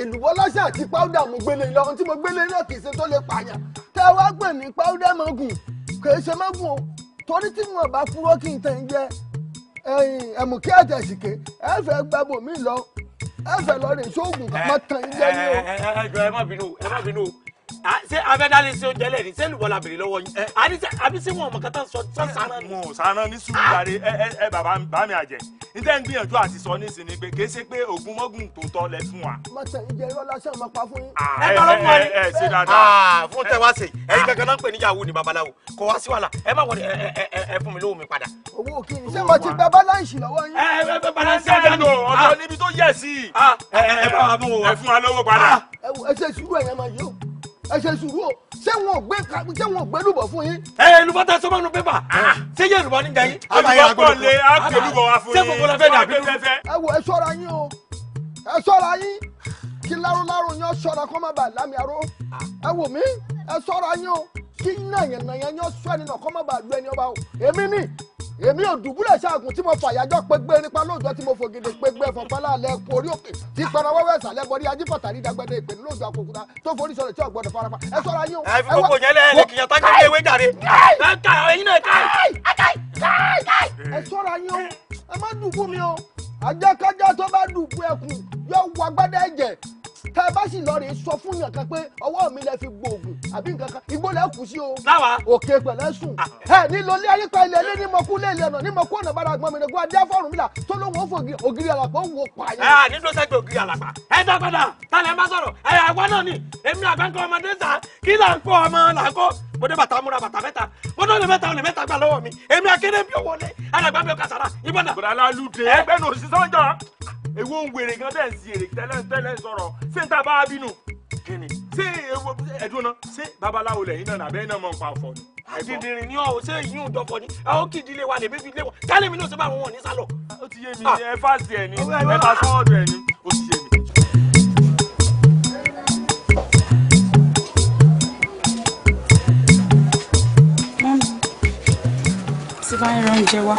èlùbọ́ lọ́sẹ̀ àti pàwùdà mo gbélé lọ́run tí mo gbélé náà kì í ṣe tó lè pààyàn tẹ́ gbẹ̀mí pàwùdà mọ́gùn kì í ṣe mọ́gùn o torí tí wọn bá kúrò kí n tẹ̀ ń jẹ ẹ̀mùkí àtẹ̀sìké ẹ fẹ́ gbàbọ̀ mí lọ ẹ fẹ́ lọ rè sóògùn kàmá eh, tẹ̀ ń jẹ eh, ní o. ẹ ẹ ẹ jọ ẹ má bínú ẹ má bínú Ah, ṣé abẹ́dálé ṣe oúnjẹ lẹ́ni se lùbọ́lá bèrè lọ́wọ́ yín eh, àbí ṣé wọn se kata sọ sọ sáná ni. wọn ò sáná ní sùúrù ẹ ẹ eh, eh, bàbá bá mi àjẹ níta ń gbìyànjú àti sọ nísìnyí pé kì í ṣe pé oògùn mọ́gùn tó tọ́ lẹ fún wa. má tẹ ìjẹ irọ́ lásán máa pa fún yín. Ah, ẹ bá lọ fún ẹ ṣe dáadáa. Ah, fún tẹ wá sí ẹyin kankan náà ń pè níyàwó ni babaláwo kò wá sí wàhálà ẹ má wọlé ẹ fún mi lówó mi padà. owó kìíní ṣé mo ti gba báláǹsì lọ́wọ́ yín. ẹ ẹ balansi ẹ lọ ọ̀dọ́ níbi tó yẹ sí. ẹ fún wa lówó padà. ẹ ṣe sùúrù ẹ̀yàn máa yọ ẹ ṣe sùúrù o ṣé wọn ò gbé ṣé wọn ò gbé lùbọ̀ fún yín. ẹ lùbọ̀ tá a sọ mọ́nu pépà ah. Ah. ṣé yé lùbọ̀ níjà yín. àbáyé àgbọ̀dọ̀ lè á pè lùbọ̀ wá fún yín. ṣé gbogbo la fẹ́ dàbí lù. ẹ wo ẹ ṣọ́ra yín o ẹ ṣọ́ra yín kí lárúlárú yín ọ ṣọ́ra kó má bàa lámì aró ah. ẹ wò mí ẹ ṣọ́ra yín o kí nàyànnàyàn yín ọ ẹni náà kó má bàa lu ẹni ọba o èmi ni èmi ò dùbúlẹ̀ ṣáàgùn tí mo fàyàjọ́ pégbé nípa lóòjọ́ tí mo fògìdè pégbé ẹ̀fọ̀pá láàlẹ́ epo orí òkè tí pẹran wẹ́wẹ́ ìsàlẹ̀ bọ́dí ajífọ̀tà ní dagbẹ́dẹ́ ìpè ní lóòjọ́ àkókòtà tó forí sọ̀rọ̀ tí ọ̀gbọ́dọ̀ farapa ẹ sọ́ra yín o. ẹ fi gbogbo yẹn lẹ́yìn kìyàn tá kí ewé jàre. ẹ sọ́ra yín o ẹ má dùbú mi o àjẹkájá tó bá dùbú ẹkùn yóò wọ agbádá ẹ̀jẹ̀ tẹ bá sì lọ rè sọ fún yàn kan pé ọwọ́ mi lẹ fi gbòògùn àbí nǹkan kan igbó lẹ kù sí o. láwa òkè pẹ̀lẹ́ sùn. Ah. ẹ nílò ilé ayé pa ilẹ̀ ilé ní mọ̀kú lé ilẹ̀ náà ní mọ̀kú ọ̀nà bára gbọ́n mi ní gbọ́n adé fọ́ọ̀rùn mi là tó ló ń wọ́n fògì ògiri àlàpà ó wò pa yẹn. ẹ nílò sẹ́gbẹ̀ ògiri àlàpà ẹ dá padà tálẹ̀ má sọ̀rọ̀ ẹ àwa náà ni èmi àgbáńkọ ọmọdé sà kí là ń kó ọmọ là ń kó mo dé bàtà múra bàtà mẹ́ta mo dé mẹ́ta ọ̀nà mẹ́ta gbà lọ́wọ́ mi èmi akéde bí owó lé alàgbà mi ò kàtàrà ìbọn náà. bùrọ̀dá lálùdé èwo ń wèrè gan dẹ́ ń èrè tẹ́lẹ̀ sọ̀rọ̀ ṣé n ta bá bínú kíni ṣé èwo ẹ̀dùn náà ṣé babaláwo lẹ́yìn náà nàbẹ́ náà mọ̀ ń pa ọ̀fọ̀ ni. àdìdìrín ni ọ ṣé yín ò dọkọ ni àwọn kì í dílé wa lèmi fi lé wọn tálẹ̀ mi náà ṣe bá wọn ní sálọ. ó ti yé mi ah. ẹ fásitì ẹ ní ẹ bá sọ́ọ̀dù ẹ ní ó ti yé mi. mọ́mí tí bá ń rán oúnjẹ wá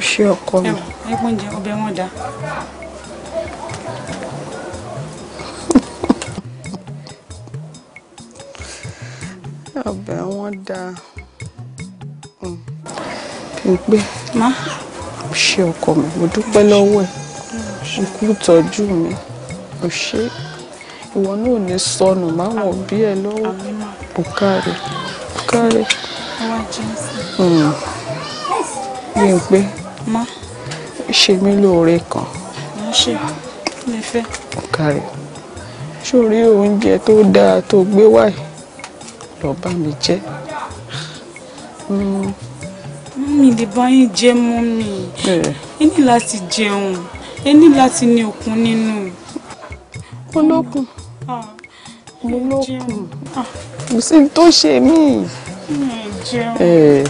ṣe ọkọ mi ẹ kún jẹ wọn dá. ọbẹ̀ wọn dá hmm. n má ṣe ọkọ mi mo dúpẹ́ lọ́wọ́ ẹ̀ n kú tọ́jú mi ò ṣe ìwọ náà ní sọnù máwọn òbí ẹ lọ́wọ́ bùkárẹ̀ bùkárẹ̀. mi n pé má ṣe mí lóore kan. má ṣe lè fẹ́. kárí sórí oúnjẹ tó dáa tó gbé wá yìí lọ bá mi jẹ. Hmm, mi lè bá yín jẹ mọ́ mi ẹ ní láti jẹun ẹ ní láti ní okun nínú. olókùn ah, olókùn ah. kò sí tó ṣe mí. jẹun.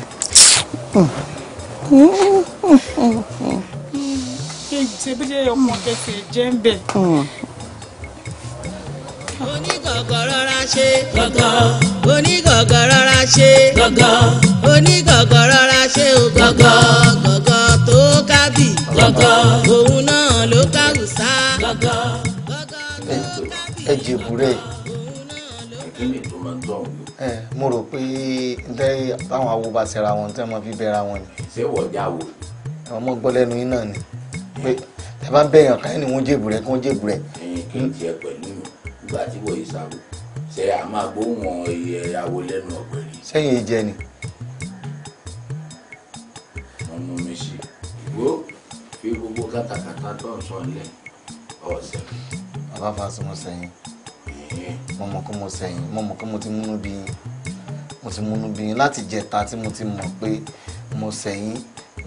Mm. Mm ṣe bí ọmọ kẹsẹ̀ jẹ́ ń bẹ̀. Hmm. onígọ̀gọ̀ rọra ṣe gọ̀gọ̀ onígọ̀gọ̀ rọra ṣe gọ̀gọ̀ onígọ̀gọ̀ rọra ṣe gọ̀gọ̀ gọ̀gọ̀ tó kábì gọ̀gọ̀ òun náà ló kàwùsá gọ̀gọ̀ gọ̀gọ̀ tó kábì. ẹ jẹ búrẹ́ mo rò pé táwọn awo bá ṣera wọn tí wọn fi bẹra wọn ni. ṣé wọ́n já wo. ọmọ gbọ́lẹ́nu yín náà ni pé tẹ bá bẹ̀yàn káyọ̀ ni wọ́n jèbù rẹ̀ kí wọ́n jèbù rẹ̀. ẹyin kì í tiẹ̀ pẹ̀lú ìgbà tí wọ́n yìí sáwọ́ ṣe à máa gbóhùn ìyàwó lẹ́nu ọ̀gbẹ̀rì. sẹ́yìn ìjẹ ni. ọmọ mi ṣe ìgbó fi gbogbo kátàkátà tó ń sọ ilẹ̀ ọ̀sẹ̀. bàbá Fásùnmọ́ sẹ́yìn mo mọ̀ kó mo sẹ́yìn mo mọ̀ kó mo ti múnú bí mo ti múnú bí láti jẹta tí mo ti mọ̀ pé mo sẹ́yìn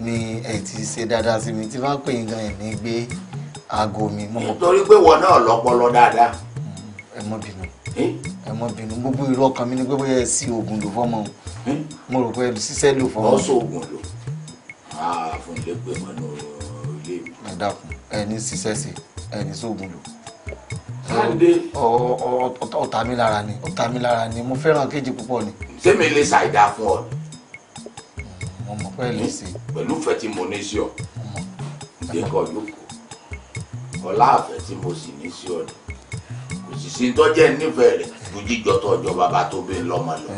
ni ẹ ti ṣe dáadáa sí mi tí bá pè yín gan ẹ̀ ní gbé aago mi mọ́. nítorí pé wọn náà lọ́pọlọ dáadáa. ẹ mọ bínú ẹ mọ bínú gbogbo irú ọkàn mi ni pé bóyá ẹ sí oògùn lò fọmọ o mo rò pé ẹ ṣiṣẹ́ lò fọmọ. ọ̀sọ̀ oògùn lò fún ilé pé mọ́nú ilé mi. ẹ dákun ẹ ní ṣiṣẹ́ sí ẹ ní sóògùn lò ọ̀tá mi lára ni ọ̀tá ni mo fẹ́ràn kejì púpọ̀ ni. sẹ́mi lè ṣàìdá fún ọ mo pẹ̀lú fẹ́ tí mo ní sí ọ ìdẹ́kọ̀ yòókù ọlá àfẹ́ tí mo sì ní sí ọ ni kò sì sí tọ́jẹ́ nífẹ̀ẹ́ rẹ̀ ju jíjọ tọ́jọ́ bàbá tó bẹ́ẹ̀ lọ́mọ lọ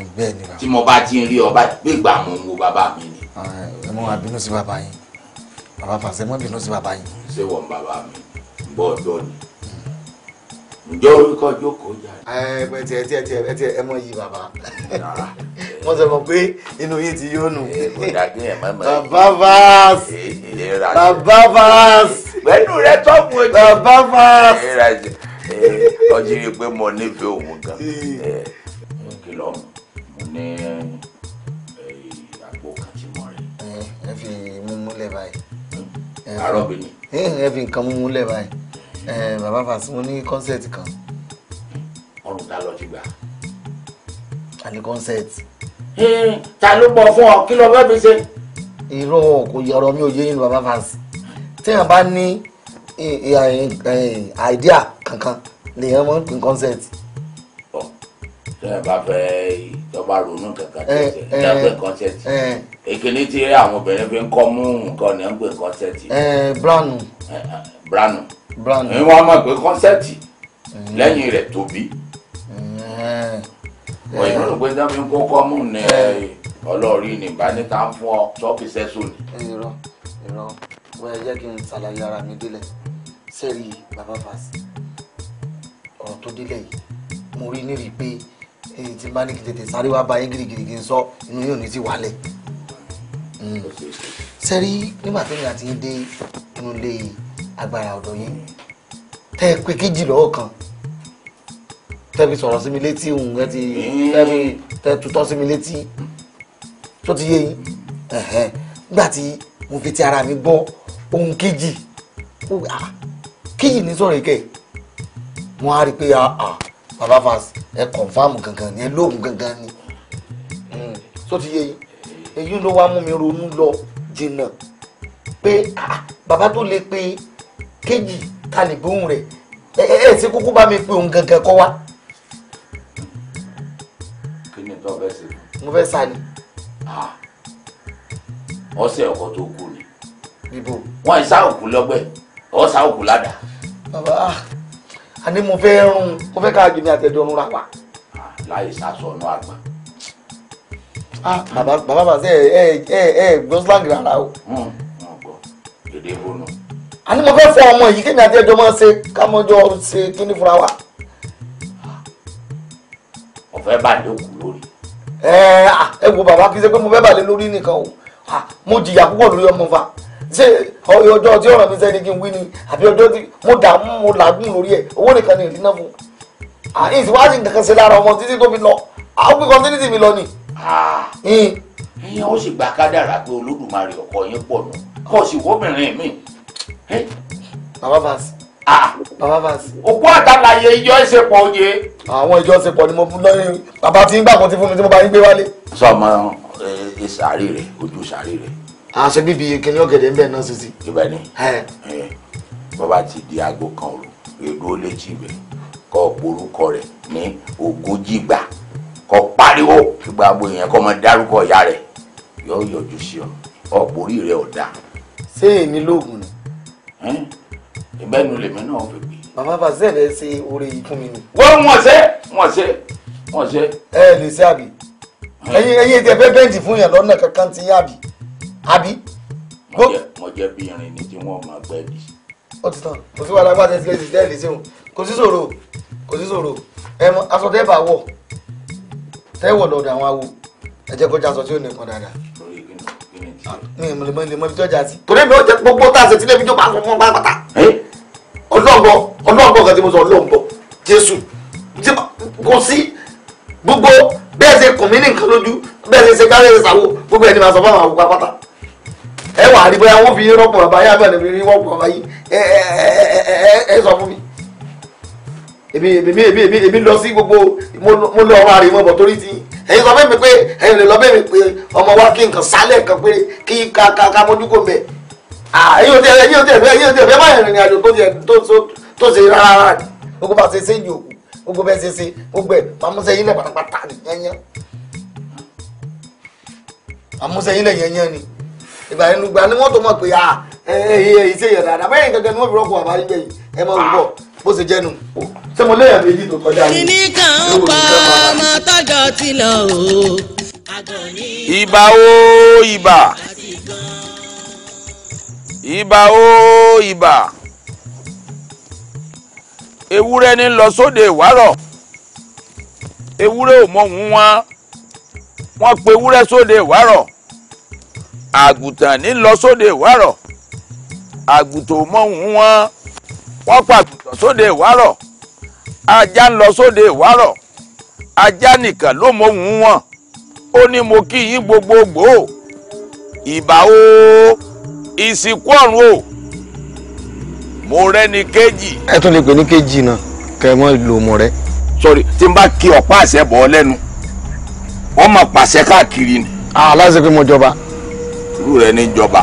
tí mo bá ti ń rí ọba gbégbà mo ń wo bàbá mi ni. ẹ mọ àbínú sí bàbá yín bàbá fàṣẹ mọ àbínú sí bàbá yín. ṣé wọn bàbá mi gbọ́ ọjọ́ ni ǹjọ́ orúkọ jókòó jà. ẹ ti ẹ ti ẹ ti ẹ ti ẹ mọ yìí bàbá wọn sọ mọ pé inú yìí ti yóò nù. bàbá vas bàbá vas. pẹ̀lú rẹ tọ́pù ojú. bàbá vas. ọjọ́ yìí pé mo nífẹ̀ẹ́ òun gan. mo kìlọ̀ mo ní àpò kàtìmọ́ rẹ̀. ẹ fi mú múlẹ̀ báyìí. àrọ́ ẹ fi nǹkan mú múlẹ̀ báyìí bàbá fàṣí mo ní kọ́nsẹ̀tì kan. ọrùn ta lọ ti gbà. a ní kọ́nsẹ̀tì. ta ló bọ̀ fún ọ kí lọ fẹ́ fi ṣe. irọ́ kò yẹ ọ̀rọ̀ mi ò yé yín bàbá fàṣí téèyàn bá ní àìdíà kankan lèèyàn máa ń pín kọ́nsẹ̀tì tẹ́lẹ̀ bá fẹ́ ìjọba ronú kankan tẹ̀sẹ̀ ìjàgbé kọ́nsẹ́tì èkìní tí àwọn obìnrin fi ń kọ́ mú nǹkan ní ọgbẹ́ kọ́nsẹ́tì. brown branu ni wọ́n mọ̀ pé kọ́nsẹ́ẹ̀tì lẹ́yìn rẹ̀ tóbi wọ́n ìlú ló pé dábìí kókó mú ní ọlọ́ọ̀rí ní ìbáníta fún ọ tọ́pì sẹ́sù ni. irọ́ irọ́ bóyá jẹ́ kí n ṣàlàyé ara mi délẹ̀ sẹ́ẹ̀rì bàbá fàṣì ọ̀rọ̀ tó délẹ̀ yìí mo rí nírìí pé èyí tí bá tètè sáré wá báyé girigiri kí sọ inú yóò ní sí wálẹ̀ sẹ́rí nígbà tí èèyàn ti ń dé inú ilé yìí agbára ọ̀dọ̀ yín tẹ́ ẹ pé kéjì lọ́wọ́ kan tẹ́ fi sọ̀rọ̀ sí mi létí òun ẹ ti tẹ́ fi tẹ́ tutọ́ sí mi létí tó ti yé yín nígbà tí mo fi ti ara mi gbọ́ ohun kéjì ah, kéjì ní sọ̀rọ̀ ìkẹ́ wọ́n á rí i pé ah, ah, bàbá fas ẹ kọ̀nfàmù gangan ni ẹ lóògùn gangan ni hmm. tó ti yé yín èyí ló wá mú mi ronú lọ jìnnà pé bàbá tó lè pe kéjì ta lè gbóhùn rẹ̀ ẹ ẹ ṣe kúkú bá mi pé òun gangan kọ́ wá. kí ni tó fẹ́ ṣe. mo fẹ́ sá ni. ọ̀sẹ̀ ọkọ tó kú ni. bíbó. wọ́n ń sá òkú lọ́gbẹ́ ọ̀ sá òkú ládàá. bàbá àní mo fẹ́ rún mo fẹ́ ká jùmí àtẹ̀dọ́rùn ra pa. láyé sásọ̀nù àgbà bàbá bàbá ṣe ẹ ẹ ẹ gbọ́síláǹgì rárá o. èdè bonu àní mo fẹ́ fọ ọmọ yìí kémi àti ẹjọ́ máa ṣe kámọ́jọ́ ṣe kíní fúnra wa. mo fẹ́ bà lé òkú lórí. ẹ ẹ wo bàbá kì í ṣe pé mo fẹ́ bà lé lórí nìkan o mo jìyà púpọ̀ lórí ọmọ fa ṣé ọjọ́ tí ọ̀rọ̀ mi sẹ́ni kí n wí ni àbí ọjọ́ tí mo dààmú mo làágùn lórí ẹ̀ owó nìkan ni ìdí náà fún un ìsìwájú nǹkan kan ṣe lára ọmọ títí tó fi lọ àwọn pé kọ́ńtínítì mi lọ ni. ìyẹn ó sì gba kádàrá pé olódùmarè ọkọ yín pọ̀ nù kó o mi bàbá Vance. bàbá Vance. òkú ah! àtàlàyé ìjọ ìṣepọ̀ òye. àwọn ìjọ ìṣepọ̀ ni mo fún lọ́yìn bàbá tí ń gbà kan ti fún mi tí mo bá yín gbé wálé. sọmọ sàárì rẹ ojú sàárì rẹ. àṣẹ bíbi kìnìún ọ̀gẹ̀dẹ̀ ń bẹ̀ náà sísí. ibẹ̀ ni bàbá ti di aago kan òru èdò létí rẹ kọ orúkọ rẹ ní ogójì gbà kọ pariwo gbogbo àgbo yẹn kọ mọ dárúkọ ìyá rẹ yọ yọjú sí ọ ọpọ orí rẹ ọdá. ṣé èmi lóògùn ni ìbẹ́nu lèmi náà fi pè. màmá bàzẹ́ rẹ ṣe oore yìí fún mi ni. wọ́n wọ́n ṣe wọ́n ṣe wọ́n ṣe. ẹ ẹ lè ṣe àbí ẹyin ẹyin tẹ fẹ́ bẹ́ǹtì fún yẹn lọ́nà kankan ti àbí àbí. mo jẹ bí irin ni tí wọn máa gbẹ bí. ó ti tán kò sí wàhálà pàtẹ sílẹ̀ sílẹ̀ lè o kò sí ṣòro kò sí ṣòro ẹ mọ aṣọ tẹ́ bá wọ̀ tẹ́ wọ̀ lọ́dọ̀ àwọn awo ẹ jẹ́ kó jẹ́ aṣọ tí ó nìkan dáadáa mọ̀lẹ́mọ̀ lèmọ̀ lè jọjà sí. torí mi ò jẹ́ gbogbo tá a ṣe tilẹ̀ mi jọ máa ń fún wọn pátá. ọlọ́ọ̀bọ ọlọ́ọ̀bọ kan tí mo sọ ọlọ́ọ̀bọ jésù kò sí gbogbo bẹ́ẹ̀ ṣe kùn mí ní nǹkan lójú bẹ́ẹ̀ ṣe ṣe káwé ṣe ṣàwò gbogbo ẹni máa sọ fún àwọn àwòkọ́ pátá. ẹ wà á rí bóyá wọ́n fi rọ́pò bàbá yá bẹ́ẹ̀ ni wọ́n pọ̀ bàbá yìí ẹ ẹ ẹ ẹ sọ fún mi èmi èmi èmi èmi èmi lọ sí gbogbo mo lọ ọmọ àrèmọ bọ torí ti ẹ̀yin sọ fẹmi pé ẹ̀yin lè lọ bẹmi pé ọmọ wa kí nǹkan sálẹ̀ kan pé kí ká ká ká mójú kò mẹ ẹ̀yin ò tẹ ẹ̀yin ò tẹ ẹ̀yin ò tẹ ẹ má yẹn rìnrìn àjò tó ṣe tó ṣe rárá rárá ni gbogbo bá ṣe ṣe ìjò gbogbo bẹ ṣe ṣe gbogbo ẹ pàmùsẹ yín náà pátápátá ni yányán àmúṣe yín náà yányán ni ìgbà yẹn lùgbà ni wọn tó mọ pé ah ẹ ẹ ẹ ṣe yẹn dáadáa bẹ́ẹ̀ ni gẹ́gẹ́ ni wọn fi rọpò àbárí gbẹ̀yìn ẹ má rúbọ bó ṣe jẹ́nu ṣé mo léèyàn méjì tó kọjá ní. kíní kan ń pa ọmọ tọjọ ti lọ o. ìbà o ìbà ìbà o ìbà ewúrẹ́ ní lọ sóde ìwárọ̀ ewúrẹ́ ò mọ òun wọn wọ́n pe ewúrẹ́ sóde ìwárọ̀ àgùntàn ní lọ sóde ìwárọ̀ àgùntàn ò mọ òun wọn. wọ́n pàgùntàn sóde ìwárọ̀ ajá ń lọ sóde ìwárọ̀ ajá nìkan ló mọ̀hún wọn ó ní mo kí yín gbogbogbò ìbà o ìsìnkú ọ̀run o mo rẹ́ ní kéjì. ẹ tún lè pè ní náà rẹ. sọrí tí n bá ọ̀pá àṣẹ bọ̀ ọ́ lẹ́nu wọ́n máa pàṣẹ káàkiri ni. aláṣẹ jọba. irú rẹ ní jọba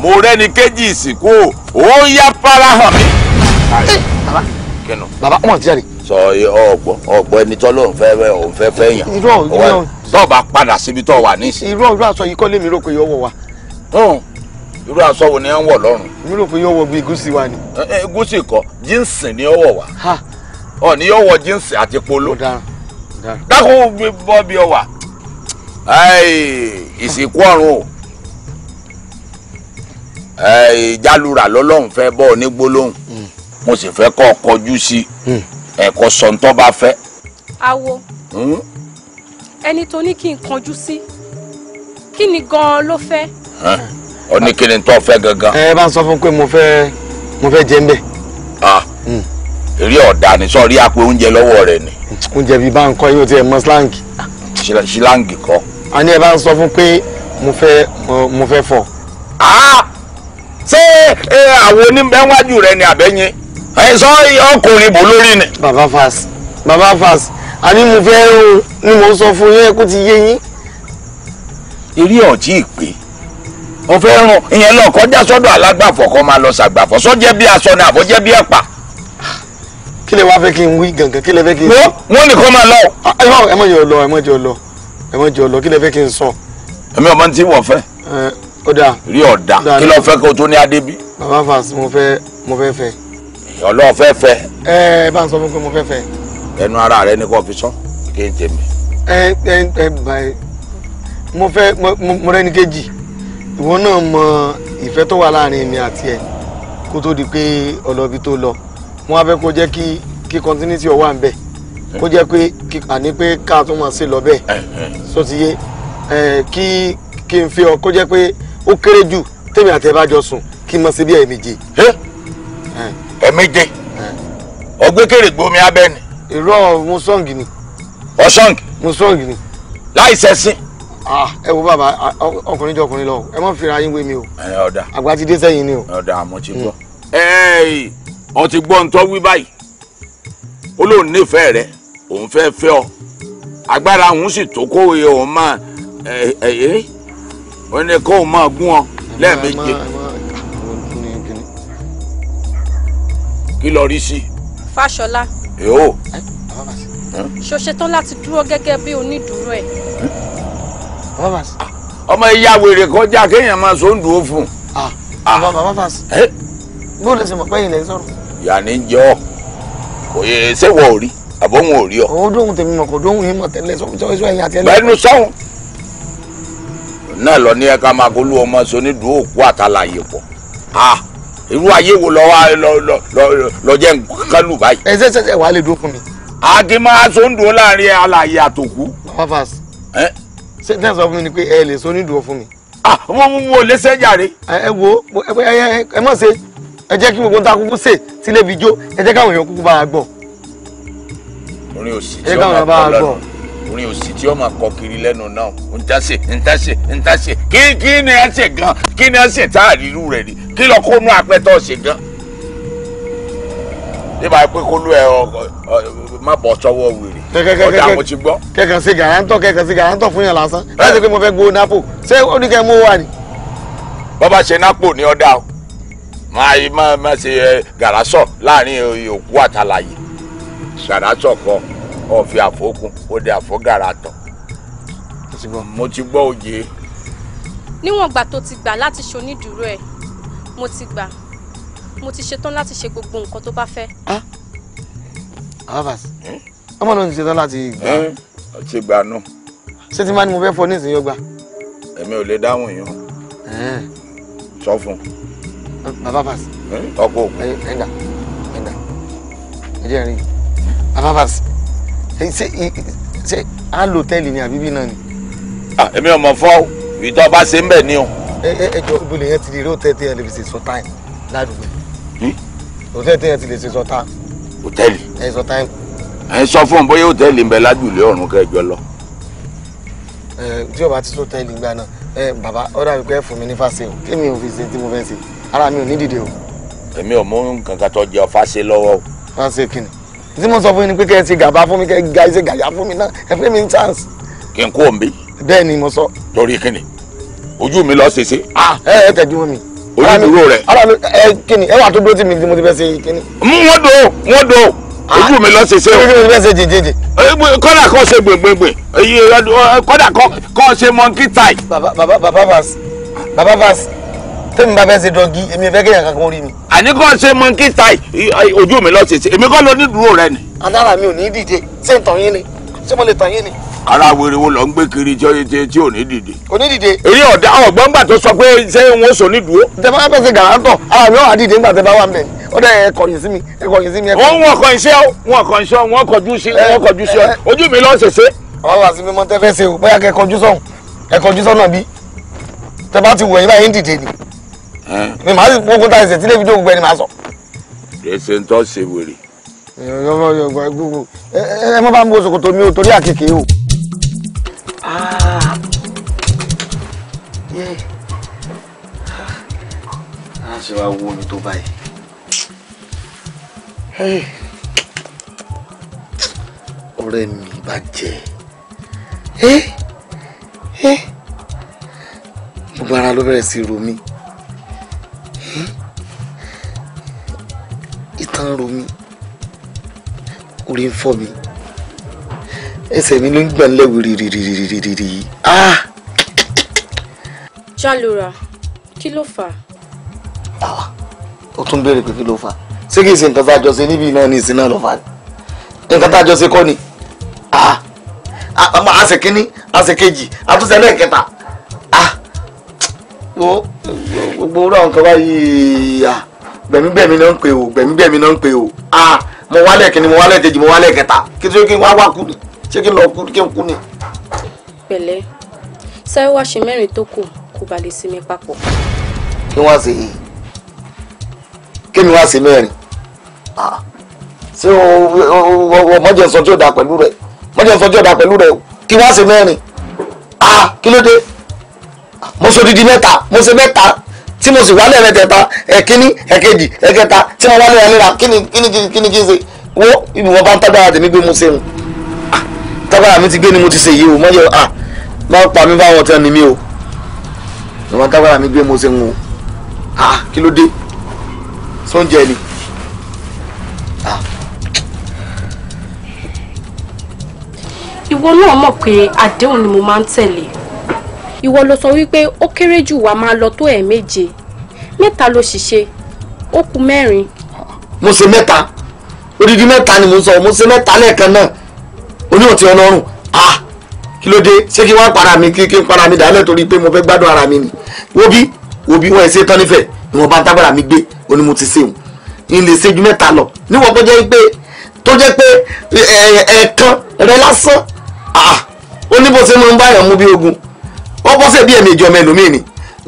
mo o ó yá kínú. bàbá ọmọ ti jáde. sọ ọgbọ ọgbọ ẹni tọ́ ló ń fẹ́ fẹ́ òun fẹ́ fẹ́ yàn. irọ́ irọ́ tọ́ bá padà síbi tọ́ wà nísìnyí. irọ́ irọ́ aṣọ yìí kọ́ lémi rò pé yóò wọ̀ wá. irú aṣọ wo ni ẹ ń wọ̀ lọ́rùn. mi rò pé yóò wọ bí gúúsì wa ni. gúúsì kọ́ jíǹsì ni ó wọ̀ wá. ọ ni yóò wọ jíǹsì àti polo. dákun bọ́ bí ọ wà. ìsìnkú ọ̀run o ìjálura lọ́lọ́run fẹ́ bọ́ ọ ní gbólóhùn. Hmm mo sì fẹ́ kọ́ kọjú sí hmm. ẹ̀kọ́ sọ̀ǹtọ́ bá fẹ́. awo hmm? ẹni tó ní kí n kọjú sí kí ni gan-an ló fẹ́. ó ní kí ni tó fẹ́ gangan. ẹ bá ń sọ fún pé mo fẹ́ mo fẹ́ jẹ ń bẹ̀. Hmm. eré ọ̀dà ni sọ rí àpò oúnjẹ lọ́wọ́ rẹ ni. oúnjẹ bíi bá ń kọ́ yóò ti ẹ̀ mọ síláǹgì. síláǹgì kọ́. a ní ẹ bá ń sọ fún pé mo fẹ́ mo fẹ́ fọ. ṣé àwọn onímọ̀ ẹ̀wájú rẹ ni àbẹ́yẹn ẹ̀sọ́ ọkùnrin bò lórí ni. baba fas baba fas àbí mo fẹ́ rún ni mo sọ fún yín kó ti yé yín. eré ọ̀tí ìpè o fẹ́ rún ìyẹn lọ kọjá sọ́dọ̀ alágbàfọ̀ kó máa lọ ṣàgbàfọ̀ sọ́jẹ́ bí aṣọ ni àbọ̀jẹ́ bí ẹ̀pà. kí lè wá fẹ́ kí n wí gàngàn kí lè fẹ́ kí n. wọ́n ní kó máa lọ. Ah, ẹ mọ̀ jẹ́ lọ ẹ mọ̀ jẹ́ lọ ẹ mọ̀ jẹ́ lọ kí lè fẹ́ kí n sọ. èmi ọmọ tí wọ́n fẹ́. ẹ ọ̀dà. rí ọ̀dà kí lọ fẹ́ kó tó ní adébí. baba fas mo fẹ́ mo fẹ́ fẹ́ ọlọ́ọ̀ fẹ́ fẹ́. ẹ ẹ bá ń sọ fún pé mo fẹ́ fẹ́. ẹnu ara rẹ ni kò fi sọ kí n tèmi. ẹ ẹ ẹ báyìí mo fẹ́ mo rẹ́ni kejì ìwọ náà mọ ìfẹ́ tó wà láàrin mi àti ẹ kó tó di pé ọlọ́bi tó lọ wọn á fẹ́ kó jẹ́ kí kí continuity ọ̀wà ń bẹ̀ kó jẹ́ pé àní pé ká tó máa ṣe lọ bẹ́ẹ̀ sọ ti yé kí kí n fi ọ kó jẹ́ pé ó kéré jù tèmi àti ẹ bá jọ sùn kí n máa ṣe bí ẹ̀ méje ẹ̀mẹ́jẹ ọgbẹ́kẹ̀rẹ̀ gbomi abẹ́ni. irọ́ mo sọ́ǹgì ni. ọ sọ́ǹgì. mo sọ́ǹgì ni. láì sẹ́sìn. ẹ wo bàbá ọkùnrin jọ ọkùnrin lọ ẹ má fira yín wé mi o. ẹ ọ̀dà àgbà ti dé sẹ́yìn ni o. ọ̀dà mo ti mm. gbọ́. ẹ ọ ti gbọ́ ntọ́ wí báyìí ó lóun nífẹ̀ẹ́ rẹ òun fẹ́ fẹ́ ọ agbára òun sì tó kó òun máa ẹ̀ẹ́ òun ni kó òun máa gún ọ lẹ́ẹ̀mejì. kí ló rí sí. fàṣọlá. èho. ṣó ṣetán láti dúró gẹ́gẹ́ bí onídùúró ẹ̀. ọmọ ìyá wèrè kọjá kéèyàn máa so ń dúró fún. Ah, ah. bàbá bàbá fàṣ. bóun lè ṣe mọ̀ pé ilẹ̀ sọ̀rọ̀. ìyá ni jẹ́ ọ kò yẹ ṣé wọ ò rí àbọ̀ wọn ò rí ọ. òun dóhun tèmi mọ̀ kò dóhun yìí mọ̀ tẹ́lẹ̀ sọ́kùsọ́ ẹ̀yìn àti ẹlẹ́yìn. bẹ́ẹ̀ni sọ́hun náà lọ ní ẹ̀ka máa kó lú ọmọ sọ ní dùn òkú àtàlàyé pọ̀. Ah irú ayé wo lọ wá lọ lọ lọ jẹ nǹkan lù báyìí. ẹ ṣẹṣẹ ṣe wàá lè dúró fún mi. àdìmọ́ aṣọ́ndùn láàrin alàyè àtòkú. pavas ṣe náà sọ fún mi ni pé ẹ lè so onídùú fún mi. wọ́n mú wo lé sẹ́jàre. ẹ wo ẹ mọ̀ ṣe ẹ jẹ́ kí gbogbo ta kúkú ṣe sílé fi jó ẹ jẹ́ káwọn èèyàn kúkú bá a gbọ́. orin òsì tí ó máa bọ́ lọ́dún ọkùnrin òsì tí ó máa kọ kiri lẹ́nu náà ń tàṣe ń tàṣe ń tàṣe kí kí ni ẹ ṣe gan kí ni ẹ ṣe tá àrírú rẹ ni kí lọ kó nú apẹ́tọ́ ṣe gan. nígbà pé kó lú ẹ má bọ̀ sọ́wọ́ wèrè ọjà mo ti gbọ́. kẹ̀kẹ́ sí gàrántọ̀ kẹ̀kẹ́ sí gàrántọ̀ fún yàn lásán láti pé mo fẹ́ gbowó nápò ṣé ó ní kẹ́ mú wà ni. bọ́bá ṣe nápò ní ọ̀dà o máa máa ṣe gàrásọ̀ láàrin òkú àtàlàyé gàrásọ̀ kan ó fi àfọkùn ó de àfọgàrà tán mo ti gbọ́ òye. níwọ̀n ìgbà tó ti gbà láti ṣonídùúró ẹ̀ mo ti gbà mo ti ṣetán láti ṣe gbogbo nǹkan tó bá fẹ́. abas ọmọ náà ti ṣetán láti gbà. ó ti gbà náà. ṣé tí máa ní mo fẹ́ fọ ní ìsinyìí ọgbà. èmi ò lè dáhùn yìí o sọ fún un. baba bas. ọkọ òkú. ẹ ẹ ń gà ẹ ń gà ẹ jẹ́ rí baba bas ṣe ṣe à ń lo tẹ́lì ni àbíbí náà ni. èmi ò mọ̀ fọ́ ìtọ́ bá ṣe ń bẹ̀ ni o. ẹ ẹ ẹ jọ ibo lè yẹn ti lè rí hòtẹ́ẹ̀lì tí yẹn lè fi ṣe sọ́tà yẹn ládùúgbò hòtẹ́ẹ̀lì tí yẹn ti lè ṣe sọ́tà. hòtẹ́ẹ̀lì. ẹ sọ́tà yẹn. ẹ sọ fún un bóyá hòtẹ́ẹ̀lì ń bẹ ládùúgbò ọ̀run kẹjọ lọ. ẹ tí o bá ti sọ tẹ́lì gbà náà ẹ bàbá ọ̀rọ̀ àbíkú ẹ fún mi ní fàṣẹ o kí mi ò fi ṣe tí mo fẹ́ ṣe ara mi ò ní dìde o. èmi ò mú nǹkan kan tó jẹ ọ fàṣẹ lọ́wọ́ o. fàṣẹ kìnnì tí mo sọ fún yín ni pé kẹ́ ẹ ti gàba fún mi kẹ́ ẹ ga iṣẹ́ gàyà fún mi náà ẹ fẹ́ mi ní chance. kí n kú òǹbí. bẹ́ẹ̀ ni mo sọ. torí kíni ojú mi lọ ṣèṣe. ah ẹ tẹ̀jú mi. ojú dúró rẹ. ara mi ẹ kíni ẹ wà tó dúró tì mí tí mo ti fẹ́ ṣe kíni. wọ́n do wọ́n do ah. ojú mi lọ ṣèṣe o. ojú mi fẹ́ ṣe jìjìjì. Eh, kọ́dà kọ́ ṣe gbèngbèngbè eh, kọ́dà kọ́ ṣe monkey tie. baba baba baba vas baba vas tẹ́mi bá fẹ́ ṣe dọ́gí èmi fẹ́ kéèyàn kankan rí mi. àní ṣe monkey tie ojú mi lọ èmi kọ́ ló ní rẹ ni. adára mi ò ní dìde ṣé n tàn yín ni ṣé mo lè tàn yín ni. ara wèrè wo lọ ń gbé kiri tí tí ò ní dìde. ò ní dìde. èyí ọ̀dà ọ̀gbọ́n gbà tó sọ pé ṣé wọn sọ ní dúró. bá fẹ́ ṣe gàrántọ̀ ara mi ò wá dìde nígbà tẹ́ bá wà mẹ́ ó dẹ̀ kọ̀yìn kọ̀ ni màá sì gbógun tá a ṣe tí lè fi dóhùn gbẹ ni màá sọ. ẹsẹ̀ ń tọ́ ṣe wèrè. ẹ mọ́ bá ń bo ṣòkòtò mi o torí àkekèé o. Ah, ah, a ṣe wá wo omi tó báyìí. ọ̀rẹ́ mi bá jẹ́ ẹ́ ẹ́ gbogbo ara ló bẹ̀rẹ̀ sí ro mi. Hey. Hey. ìtàn ń ro mi orí ń fọ́ mi ẹsẹ̀ mi ló ń gbà lẹ́wọ̀ rìrìrìrìrìrì ah. jalora kí ló fà á. o, tún béèrè pé kí ló fà á ṣé kìí ṣe nǹkan tá a jọ ṣe níbi náà ní ìsìn náà ló fà á nǹkan tá a jọ ṣe kọ́ ni a ṣe kínní a ṣe kejì a tún ṣe lẹ́ẹ̀kẹta gbogbo orí àwọn kan báyìí gbẹ̀mígbẹ̀mí náà ń pè o gbẹ̀mígbẹ̀mí náà ń pè o ah mo wálẹ̀ kìíní mo wálẹ̀ kejì mo wálẹ̀ kẹta kí tó kí n wá wá kú ni ṣé kí n lọ kú kí n kú ni. pẹ̀lẹ́ sáré wá ṣe mẹ́rin tó kù kó ba lè sinmi papọ̀. kí wọ́n ṣe yìí kí mi wá ṣe mẹ́rin ṣé o sọ tí ò dáa pẹ̀lú rẹ̀ mọ́jọ́ sọ tí ò dáa pẹ̀lú rẹ̀ kí wọ́n ṣe mẹ́rin kí ló dé mo sọ dídí mẹ́ta mo ṣe mẹ́ta tí mo sì wálé ẹ̀mẹ́tẹ̀ẹ̀ta ẹ̀kíní ẹ̀kejì ẹ̀kẹta tí mo wálé ẹ̀mẹ́ra kíni kíni kíni kí n ṣe wo ìwọ̀n bá ń tágbára tèmi gbé mo ṣe mu ah, tágbára mi ti gbé ni mo ti ṣe yìí o mọ́ yẹ ah má pa mi báwọn tán ni mi o ìwọ̀n tágbára mi gbé mo ṣe mu o ah kí ló dé sóúnjẹ ni ah. ìwọ náà mọ̀ pé àdéhùn ni mo máa ń tẹ̀lé ìwọ ló sọ wípé ó kéré jù wá máa lọ tó ẹ̀ẹ̀méje mẹ́ta ló sì ṣe ó kù mẹ́rin. mo ṣe mẹ́ta odidi mẹ́ta ni mo sọ mo ṣe mẹ́ta lẹ́ẹ̀kan náà oníwọ̀n ti ọlọ́run ah kí ló dé ṣé kí wọ́n para mi kí kí n para mi dálẹ̀ torí pé mo fẹ́ gbádùn ara mi ni wo bí wo bí wọ́n ẹ̀ ṣe tán nífẹ̀ẹ́ ìwọ̀n bá ń tábàrà mi gbé oní mo ti ṣeun n lè ṣe ju mẹ́ta lọ níwọ̀n tó jẹ́ pé tó jẹ́ pé ẹ̀ẹ̀kan rẹ lásán ah ó ní bó ṣe máa ń báyọ̀ mú bí ogun ó bọ́ sí bí ẹ̀mí ìjọ mẹ́lòmíì ni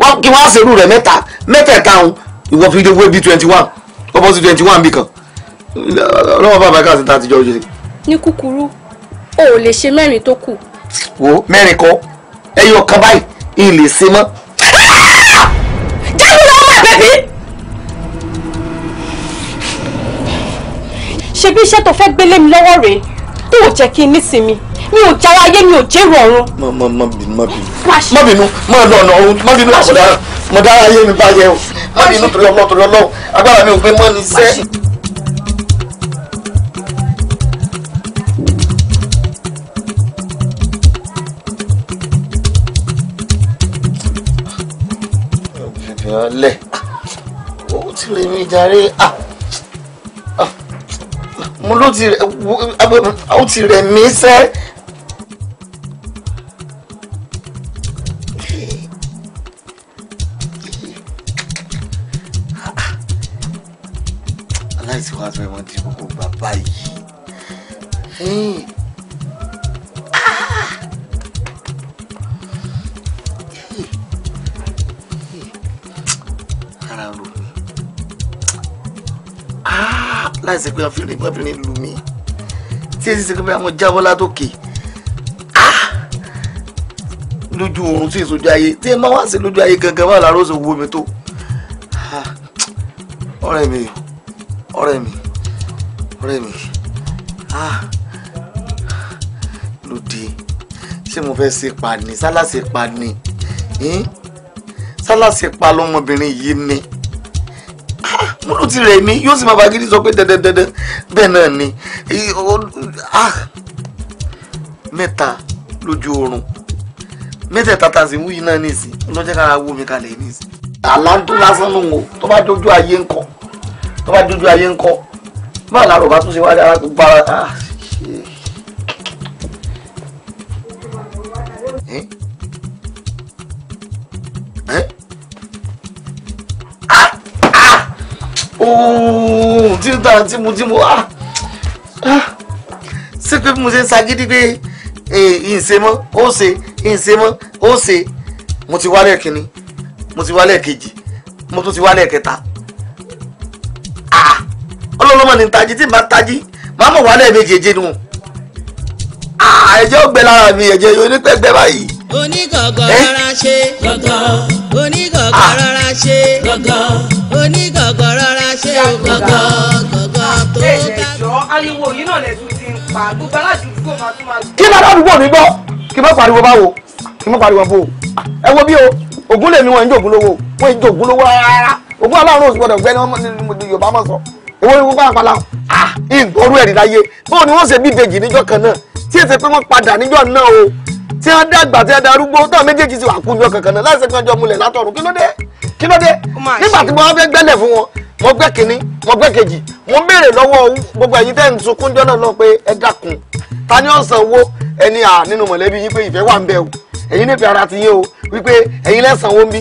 wọ́n kí wọ́n á ṣerú rẹ̀ mẹ́ta mẹ́tẹ̀ẹ̀ta òun ìwọ fi dégbé bíi twenty one ó bọ́ sí twenty one bì kan ọlọ́wọ́ bàbá káàsì tá a ti ojú ní kúkúrú o ò lè ṣe mẹ́rin tó kù. wo mẹ́rin kọ ẹyọ kan báyìí ìlè ṣe mọ́. jáde lọ́wọ́ àbẹ̀bí. ṣebí iṣẹ́ tó fẹ́ gbélé mi lọ́wọ́ rèé tó jẹ́ kí n nísinmi mi ò jára ayé mi ò jẹ́rù ọ̀run. má má má bínú má bínú má bínú má lọ ọ̀nà ọ̀run má bínú àbọ̀dá mo dára ayé mi bá yẹ o má bínú torí ọlọ́ torí ọlọ́ agbára mi ò gbé mọ́ ní sẹ́. lẹ owó tí lè mi jàre ah. ah mo ló ti rẹ ó ti rẹ mí sẹ máa fẹ́ wọn ti gbogbo bàbá yìí. ara rò mí ah, láìsí pé ọfìnrin ọfìnrin lù mí tí èsì sèké pé àwọn jábọ́ látòkè ah! lójú oorun tí èso jẹ ayé tí ẹ máa wá sí lójú ayé gangan báwo la rọ́ọ̀sì owó mi tó ah, ọ̀rẹ́ mi ọ̀rẹ́ mi ọ̀rẹ́ mi ah lóde ṣé mo fẹ́ ṣe pa ni sálàṣe pa ni sálàṣe pa lọmọbìnrin yìí ni ah, mo ló ti rẹ̀ ni yóò sì máa bá gidi sọ pé dẹ́dẹ́dẹ́dẹ́ bẹ́ẹ̀ náà ni ah, mẹ́ta lójú oorun mẹ́tẹ̀ẹ̀ta tá a sì ń wúyì náà nìsín lọ́jọ́ kára wú mi kalẹ̀ nìsín àlá ń dún lásán wò tó bá dójú ayé ńkọ́ tó bá dúdú ayé ń kọ́ má làárọ̀ bá tún ṣe wá dára gbogbo ara ah, ah, ah! tí ń tàn tí mo tí mo ṣé pé mo ṣe ń ṣagídí pé eh, ìṣe mọ́ ó ṣe ìṣe mọ́ ó ṣe mo ti wálẹ̀ kínní mo ti wálẹ̀ kejì mo tún ti wálẹ̀ kẹta ọlọ́lọ́mọ ní tají tí màá tají màá mọ̀ wálé mi jèjì nù. Ah, ẹ̀jẹ̀ ọgbẹ́ lára mi ẹ̀jẹ̀ onípẹ̀gbẹ́ báyìí. onígọ̀gọ̀ eh? ah. rọra ṣe gọ̀gọ̀ onígọ̀gọ̀ rọra ṣe gọ̀gọ̀ onígọ̀gọ̀ rọra ṣe gọ̀gọ̀ gọ̀gọ̀ tó ká. Eh, ẹ̀jọ̀ ariwo yìí náà lẹ́tù ti ń pa gbogbo aládùúgbò máa tún máa. kí ló dádùúgbò mi gbọ́ kí má pariwo báwo kí má pariwo bó ah, ẹ wo bí o ògún lèmi wọn ń jògún lówó wọn ń jògún lówó rárá ògún aláàrùn òsùpọ̀dọ̀ gbẹ́ni yorùbá mọ̀ sọ ìwọ ni wọ́n bá àpàlà ìgbọ́rú ẹ̀rí láyé bó ni wọ́n ṣe bí ìbejì níjọ́ kan náà tí èsì pé wọ́n padà níjọ́ náà o tí wọ́n dàgbà tí wọ́n darúgbó tó méjèèjì ti wà kú níjọ́ kankan náà láì sẹ́kàn jọ mulẹ̀ látọ̀run kí ló dé kí ló dé nígbà tí wọ́n fẹ́ gbẹ́lẹ̀ fún wọn mo gbẹ́ kínní mo gbẹ́ kejì mo béèrè lọ́wọ́ gbogbo ẹ̀yin tẹ́ ń sunkún jọ́nà lọ pé ẹ dákun ta ni ó san owó ẹni à nínú mọ̀lẹ́bí yín pé ìfẹ́ wà ń bẹ o ẹ̀yin nífẹ̀ẹ́ ara ti yín o wípé ẹ̀yin lẹ́sàn owó ń bí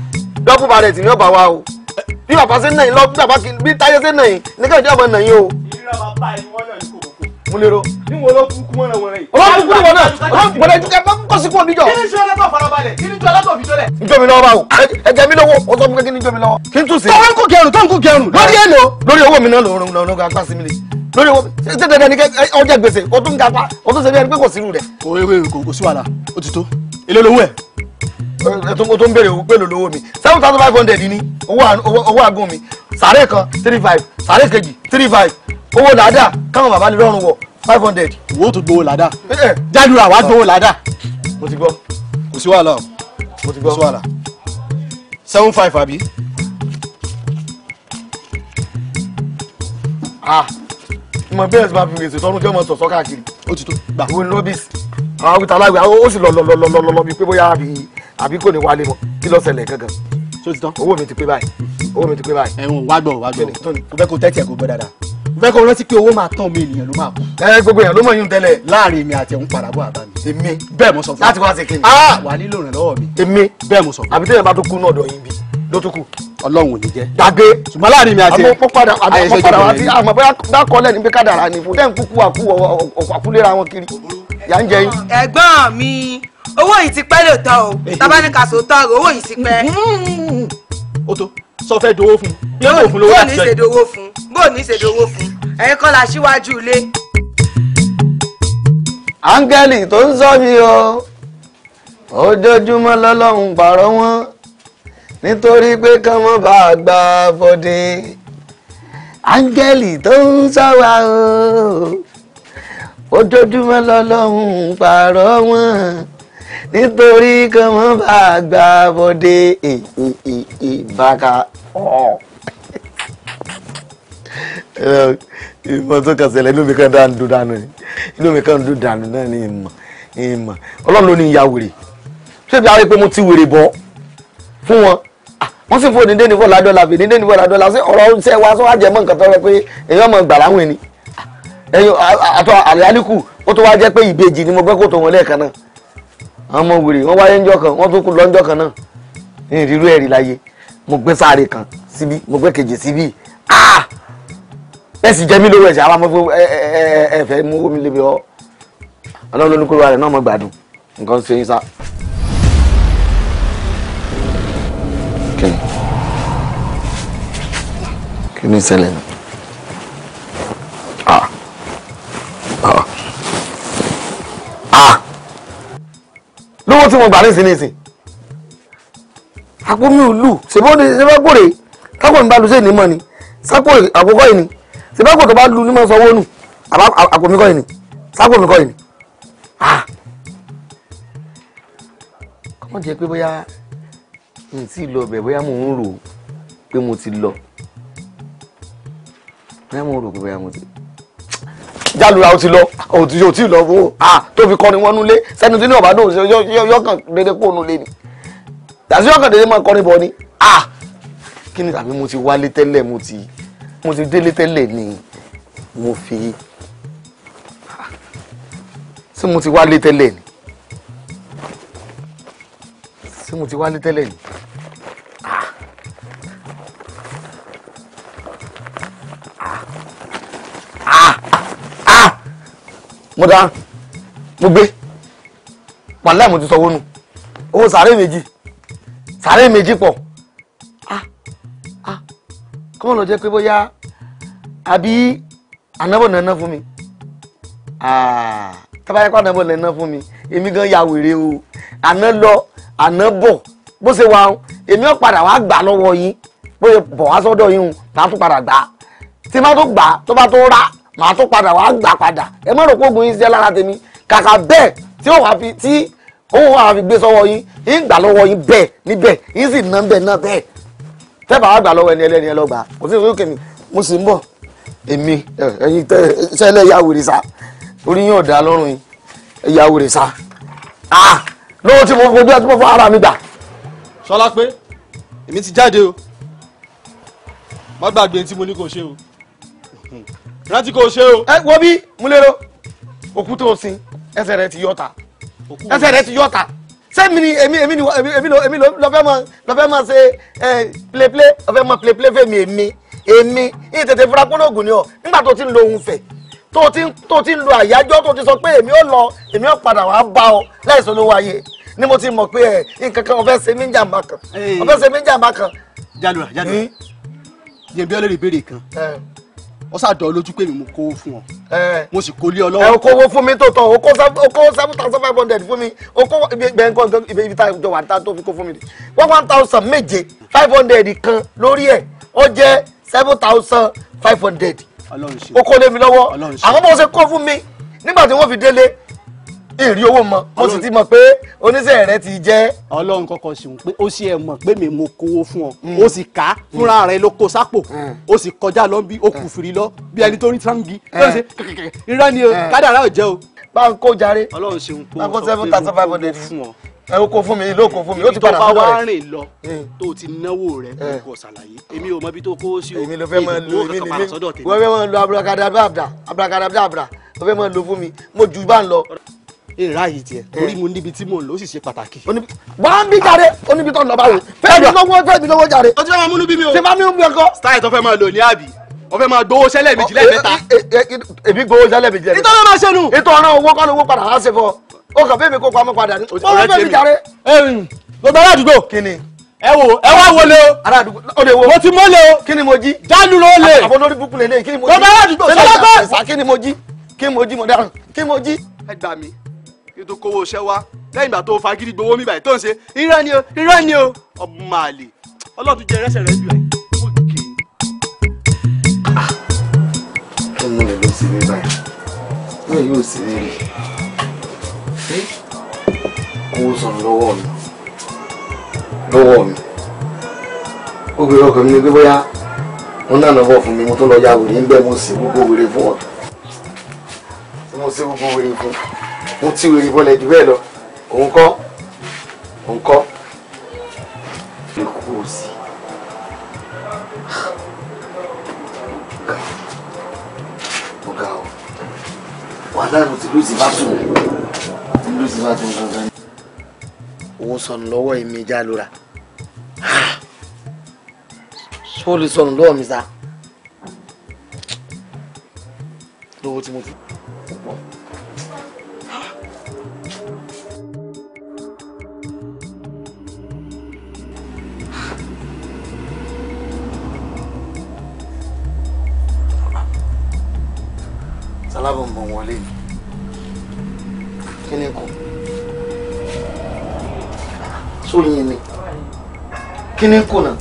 dọ́kú ba rẹ̀ tì ní ọ̀bà wa o bí bàbá ṣe nàyìn lọ bàbá bí táyé ṣe nàyìn ní káyọ̀dé ọ̀bà nàyìn o. múlẹ̀rọ. níwọ̀n ló kú kú mọ́ra wọ̀nyí. ọlọ́run kúrò wọn náà ọlọ́run kúrò ẹjú kẹfẹ́ kọ́ sí kúrò níjọ. kí ni sọ́ọ́ lọ́tọ̀ farabalẹ̀ kí ni sọ́ọ́ lọ́tọ̀ fi tọ́lẹ̀. njọ́ mi lọ́wọ́ báwo o sọ mi náà lórí owó ṣe dandan ni ọjà gbèsè o tún ga pa o tún ṣe bí ẹni pé kò sí irú rẹ̀. kò sí wàhálà ó ti tó èlé lówó ẹ̀ o tó ń béèrè owó pèlò lọ́wọ́ mi seven thousand five hundred ni owó àgùn mi sàárè kan three five sàárè kejì three five owó làádà káwọn bàbá ní lọ́rùn wọ̀ five hundred. owó tó gbowó làádà jádùrà wàá gbowó làádà. mo ti gbọ́. kò sí wàhálà o mo ti gbọ́. kò sí wàhálà seven five àbí. ah ìmọ̀ bẹ́ẹ̀ sì máa fi gbèsè tọ́nu kí ọmọ sọ̀sọ́ káàkiri. ó ti tó gbà. ìwé ní lọ́bìsì àwọn awítàlágbé ó sì lọ lọ lọ lọ lọ bí pé bóyá bíi àbí kò ní wálé mọ́ kí ló ṣẹlẹ̀ gangan. so ti tán. owó mi ti pé báyìí owó mi ti pé báyìí. ẹ̀hún wá gbọ́ wá gbọ́ mo fẹ́ kó tẹ́tí ẹ̀ kó gbọ́ dáadáa mo fẹ́ kó rántí pé owó máa tán mi ènìyàn ló máa kú. ẹ gbogbo èèyàn ló mọ̀ yín tẹ́lẹ̀. láàrin mi àti ẹ̀hún padà bọ̀ àbá mi. èmi bẹ́ẹ̀ mo sọ fún ọ. láti wá sí kí ni. Ah! wà á nílò ìrànlọ́wọ́ mi. èmi bẹ́ẹ̀ mo sọ fún ọ. àbí tẹ́lẹ̀ bá tó kú náà dọ̀ yín bí lótùkù ọlọ́run ò ní jẹ́. gbàgbé ṣùgbọ́n láàrin mi àti àyẹ̀sẹ̀ jọ̀bọ̀ rẹ̀ ni. àmọ́ dákọ́lẹ̀ níbi kádàrà ni fún dẹ́n kúkú àkú àkúlera wọn kiri yà ń jẹ yín. ẹ̀gbọ́n mi owó yìí ti pẹ́ lóòótọ́ o tabaníkà sòótọ́ rẹ̀ owó yìí ti pẹ́. o tó sọ fẹ́ dowó fún un yóò fún lówó àtijọ́ yìí. bó ní ṣe dowó fún ẹ̀yin kọ́ la ṣíwájú ilé. áńgẹ́lì tó ń sọ mi o ojoojúmọ́ lọ́lọ́run pààrọ̀ wọn nítorí pé kán mọ́ bá a gba fọdé áńgẹ́lì tó ń ṣọ́wa o ojoojúmọ́ lọ́lọ́run pààrọ̀ wọn nítorí kán mọ́ bá a gba fọdé ìbáka ọ̀ ìmọ̀ tó kàn ṣẹlẹ̀ inú mi kan dùn dànù ni inú mi kan dùn dànù náà ni ìmọ̀ ìmọ̀ ọlọ́run ló ní ìyá wèrè ṣé bí a rí mo ti wèrè bọ́ fún wọn wọ́n sì fún onídé ní fọ́lá dọ́là fi onídé ní fọ́lá dọ́là sí ọ̀rọ̀ ṣẹ́ wa sọ́wọ́ àjẹmọ́ nǹkan tó rẹ pé èèyàn mọ̀ gbà láwọn ẹni ẹ̀yìn àtọ àlẹ́álíkù ó tó wá jẹ́ pé ìbejì ni mo gbẹ́ kó tó wọn lẹ́ẹ̀kan náà àwọn ọmọ wèrè wọ́n wáyé ńjọ́ kan wọ́n tó kú lọ́njọ́ kan náà ní ìrírú ẹ̀rí láyé mo gbé sáré kan síbí mo gbé kejì síbí ah! bẹ́ẹ̀ sì jẹ́ mí lówó ẹ̀ṣẹ̀ àwọn ọmọ ẹ̀fẹ̀ mú omi lébi ọ́ ọlọ́run ló ní kó lọ́wọ́ rẹ̀ náà mọ̀ gbádùn nǹkan ṣe yín sá. kí ah ah ah lówó tí mo gbà nísìn nísìn àpò mi ò lù ni ṣe fẹ́ gbòrè mi bá lu sí ènìmọ̀ ni sápò àkókò yìí ni ṣe fẹ́ gbò tó bá lu ní mọ̀ sanwó nù àpò mi kọ́ yìí ni sápò mi kọ́ yìí ni. kọ́mọ̀ jẹ́ pé bóyá n tí lọ bẹ̀ bóyá mò ń rò pé mo ti lọ bẹ́ẹ̀ mo rò pé bẹ́ẹ̀ mo ti. jálùra ti lọ o ti o ti lọ fún o ah tó fi kọrin wọn nulẹ̀ sẹ́ni tí ní ọ̀bá dùn ṣe yọkàn dédé kó nulẹ̀ ni dàsí yọkàn dédé máa kọrin bọ̀ ni ah kí ni tàbí mo ti wálé tẹ́lẹ̀ mo ti mo ti délé tẹ́lẹ̀ ni mo fi ah, ṣé mo ti wálé tẹ́lẹ̀ ni ṣé mo ti wálé tẹ́lẹ̀ ni. mo dá mo gbé pàlẹ́ mo ti sọ wónú owó sàárè méjì sàárè méjì pọ̀ ah ah kọ́mọ̀ lọ jẹ́ pé bóyá àbí ànábọ̀ náà ná fún mi ah tábàáyé pa ànábọ̀ náà ná fún mi èmi gan ya wèrè o àná lọ àná bọ̀ bó ṣe wà ó èmi ò padà wá gbà lọ́wọ́ yín bóyá bọ̀ wá sọ́dọ̀ yín o tá a tún padà gbà tí má tó gbà tó bá tó rà màá tún padà wàá gbà padà ẹ má rò pé oògùn yín ṣiṣẹ́ lára tèmi kàkà bẹ́ẹ̀ tí ó wàá fi tí owó wàá fi gbé sọ́wọ́ yín yín gbà lọ́wọ́ yín bẹ́ẹ̀ níbẹ̀ yín sì ná bẹ́ẹ̀ náà bẹ́ẹ̀ tẹ́ bá wàá gbà lọ́wọ́ ẹni ẹlẹ́ni ẹlọ́gbà kò sí ìwé kèmí mo sì ń bọ̀ èmi ẹ̀yin tẹ́ sẹ́lẹ̀ ya wèrè sa orí yín ò dá lọ́rùn yín ya wèrè sa ah lọ́wọ́ tí mo fọ́ bí wọ́n ti mọ́ fọ́ ara mi gbà. sọlá pé èmi ti jáde o má gbàgbé tí mo ní kò ṣe o rántí kò ṣe o. ẹ wo bí múlẹ́rọ òkú tó sin ẹsẹ̀ rẹ ti yọta ẹsẹ̀ rẹ ti yọta sẹ́mi ni èmi èmi ni èmi ló èmi ló fẹ́ mọ ló fẹ́ mọ ṣe ẹ plẹ́plẹ́ ló fẹ́ mọ plẹ́plẹ́ fẹ́mi èmi èmi yìí tètè fura kó lóògùn ni ọ nígbà tó ti ń lo ohun fẹ̀ tó ti tó ti ń lo àyájọ́ tó ti sọ pé èmi ò lọ èmi ò padà wàá bá ọ láìsọ ló wáyé ni mo ti mọ̀ pé ẹ nǹkan kan ọ̀fẹ́ ṣe mí ń jàmbá kan ọ̀fẹ́ ṣe mí ń jàmbá kan. jalura jalura jẹ̀bi ọlẹ́rìí ìbéèrè kan ó ṣàdọ̀ lójú pé mo kówó fún ọ. mo sì kó lé ọ lọ́wọ́. ẹ o kówó fún mi tó tán o kó seven thousand five hundred fún mi o kó ibẹ̀ nǹkan nǹkan ibi tá a jọ wà tá a tó fi kó fún mi one one thousand méje five hundred kan lórí ẹ̀ ó jẹ́ seven thousand five hundred. o kó lé mi lọ́wọ́ àwọn bó ṣe kó fún mi nígbà tí wọ́n fi délé èrè owó mọ mo sì ti mọ pé oníṣẹ́ rẹ ti jẹ́. ọlọ́run kọ́kọ́ ṣeun pé ó sì ẹ̀ mọ̀ pé mi mo kówó fún ọ mm. ó sì ká mm. fúnra rẹ ló kó sápò mm. ó sì kọjá lọ bí ó kù fìrí lọ bí ẹni tó rí trangi ló ṣe irọ́ ni o kádàrá ò jẹ́ o. bá ń kó jàre ọlọ́run ṣeun tó sọ pé mo kó fún ọ ẹ o kò fún mi ló kò fún mi ó ti padà fún wa rẹ. ìtọ́ba wa rìn lọ tó o ti náwó rẹ kò ṣàlàyé èmi ò mọ ibi tó kó sí o èmi ló fẹ́ mọ lu èmi nìyí wọ́n fẹ́ mọ lu abúlakadà abúlakadà abúlakadà abúlakadà wọ́n fẹ́ mọ lu fún mi mo jù bá ń lọ èrà yìí tiẹ̀ torí mo níbi tí mò ń lọ ó sì ṣe pàtàkì. wàá bí jáde oníbi tó ń lọ báwo ah, fẹ́ẹ́ mi lọ́wọ́ fẹ́ẹ́ mi lọ́wọ́ jáde. o ti fẹ́ máa múnú bí mi o. ti máa múnú bí ọkọ. style tó fẹ́ máa lò ní àbí o fẹ́ máa gbowó sẹ́lẹ̀ méjì lẹ́ẹ̀mẹ́ta. Eh, eh, eh, èmi gbowó sẹ́lẹ̀ méjì lẹ́ẹ̀mẹ́ta. ìtọ́nà máa ṣe nu. ìtọ́nà owó kọ́ ni owó padà á ṣe fọ o kàn fẹ́mi kó pamọ́ padà ní. bọ́lá fẹ́mi jáde. gbogbo ará àdúgbò. kí ẹ wo ẹ wá wọlé o. ará àdúgbò o lè wo. mo ti mọ́lẹ̀ o. kí ni mo jí. dánú ló lè. àbọ̀ lórí búkú lè Kini kí ni mo jí. gbogbo ará àdúgbò sọ́dọ̀ pé. kí mo jí Kini ni mo jí mo dáhùn kí mo jí. ẹ gbà mí kí tó kówó iṣẹ́ ìgbà tó fagídí gbowó mi báyìí tó ń ṣe irọ́ ni o irọ́ ni o ọmọ màlè ọlọ́run jẹ ẹrẹ́sẹ̀ rẹ jù ẹ̀. ẹnu rẹ ló sì rí báyìí náà yóò sì rí rí owó sọ̀rọ̀ lọ́wọ́ mi lọ́wọ́ mi obìnrin ọkàn mi ni pé bóyá wọn náà lọ́wọ́ fún mi mo tó lọ ya wèrè ń bẹ́ mo sì gbogbo wèrè fún ọ mo sì gbogbo wèrè fún ọ mo ti wèrè bọ́lẹ̀ jù bẹ́ẹ̀ lọ òun kọ́ òun kọ́ lè kú òsì. ọ̀gá ọ̀ wàhálà mo ti lóòsì bá tún mi lóòsì bá tún gangan. òun sọnù lọ́wọ́ èmi jálura sóòlù sọnù lọ́wọ́ mi sá lówó tí mo ti alábọ̀nbọ̀n wọlé ni kí ni kù sóyin ni kí ni kù náà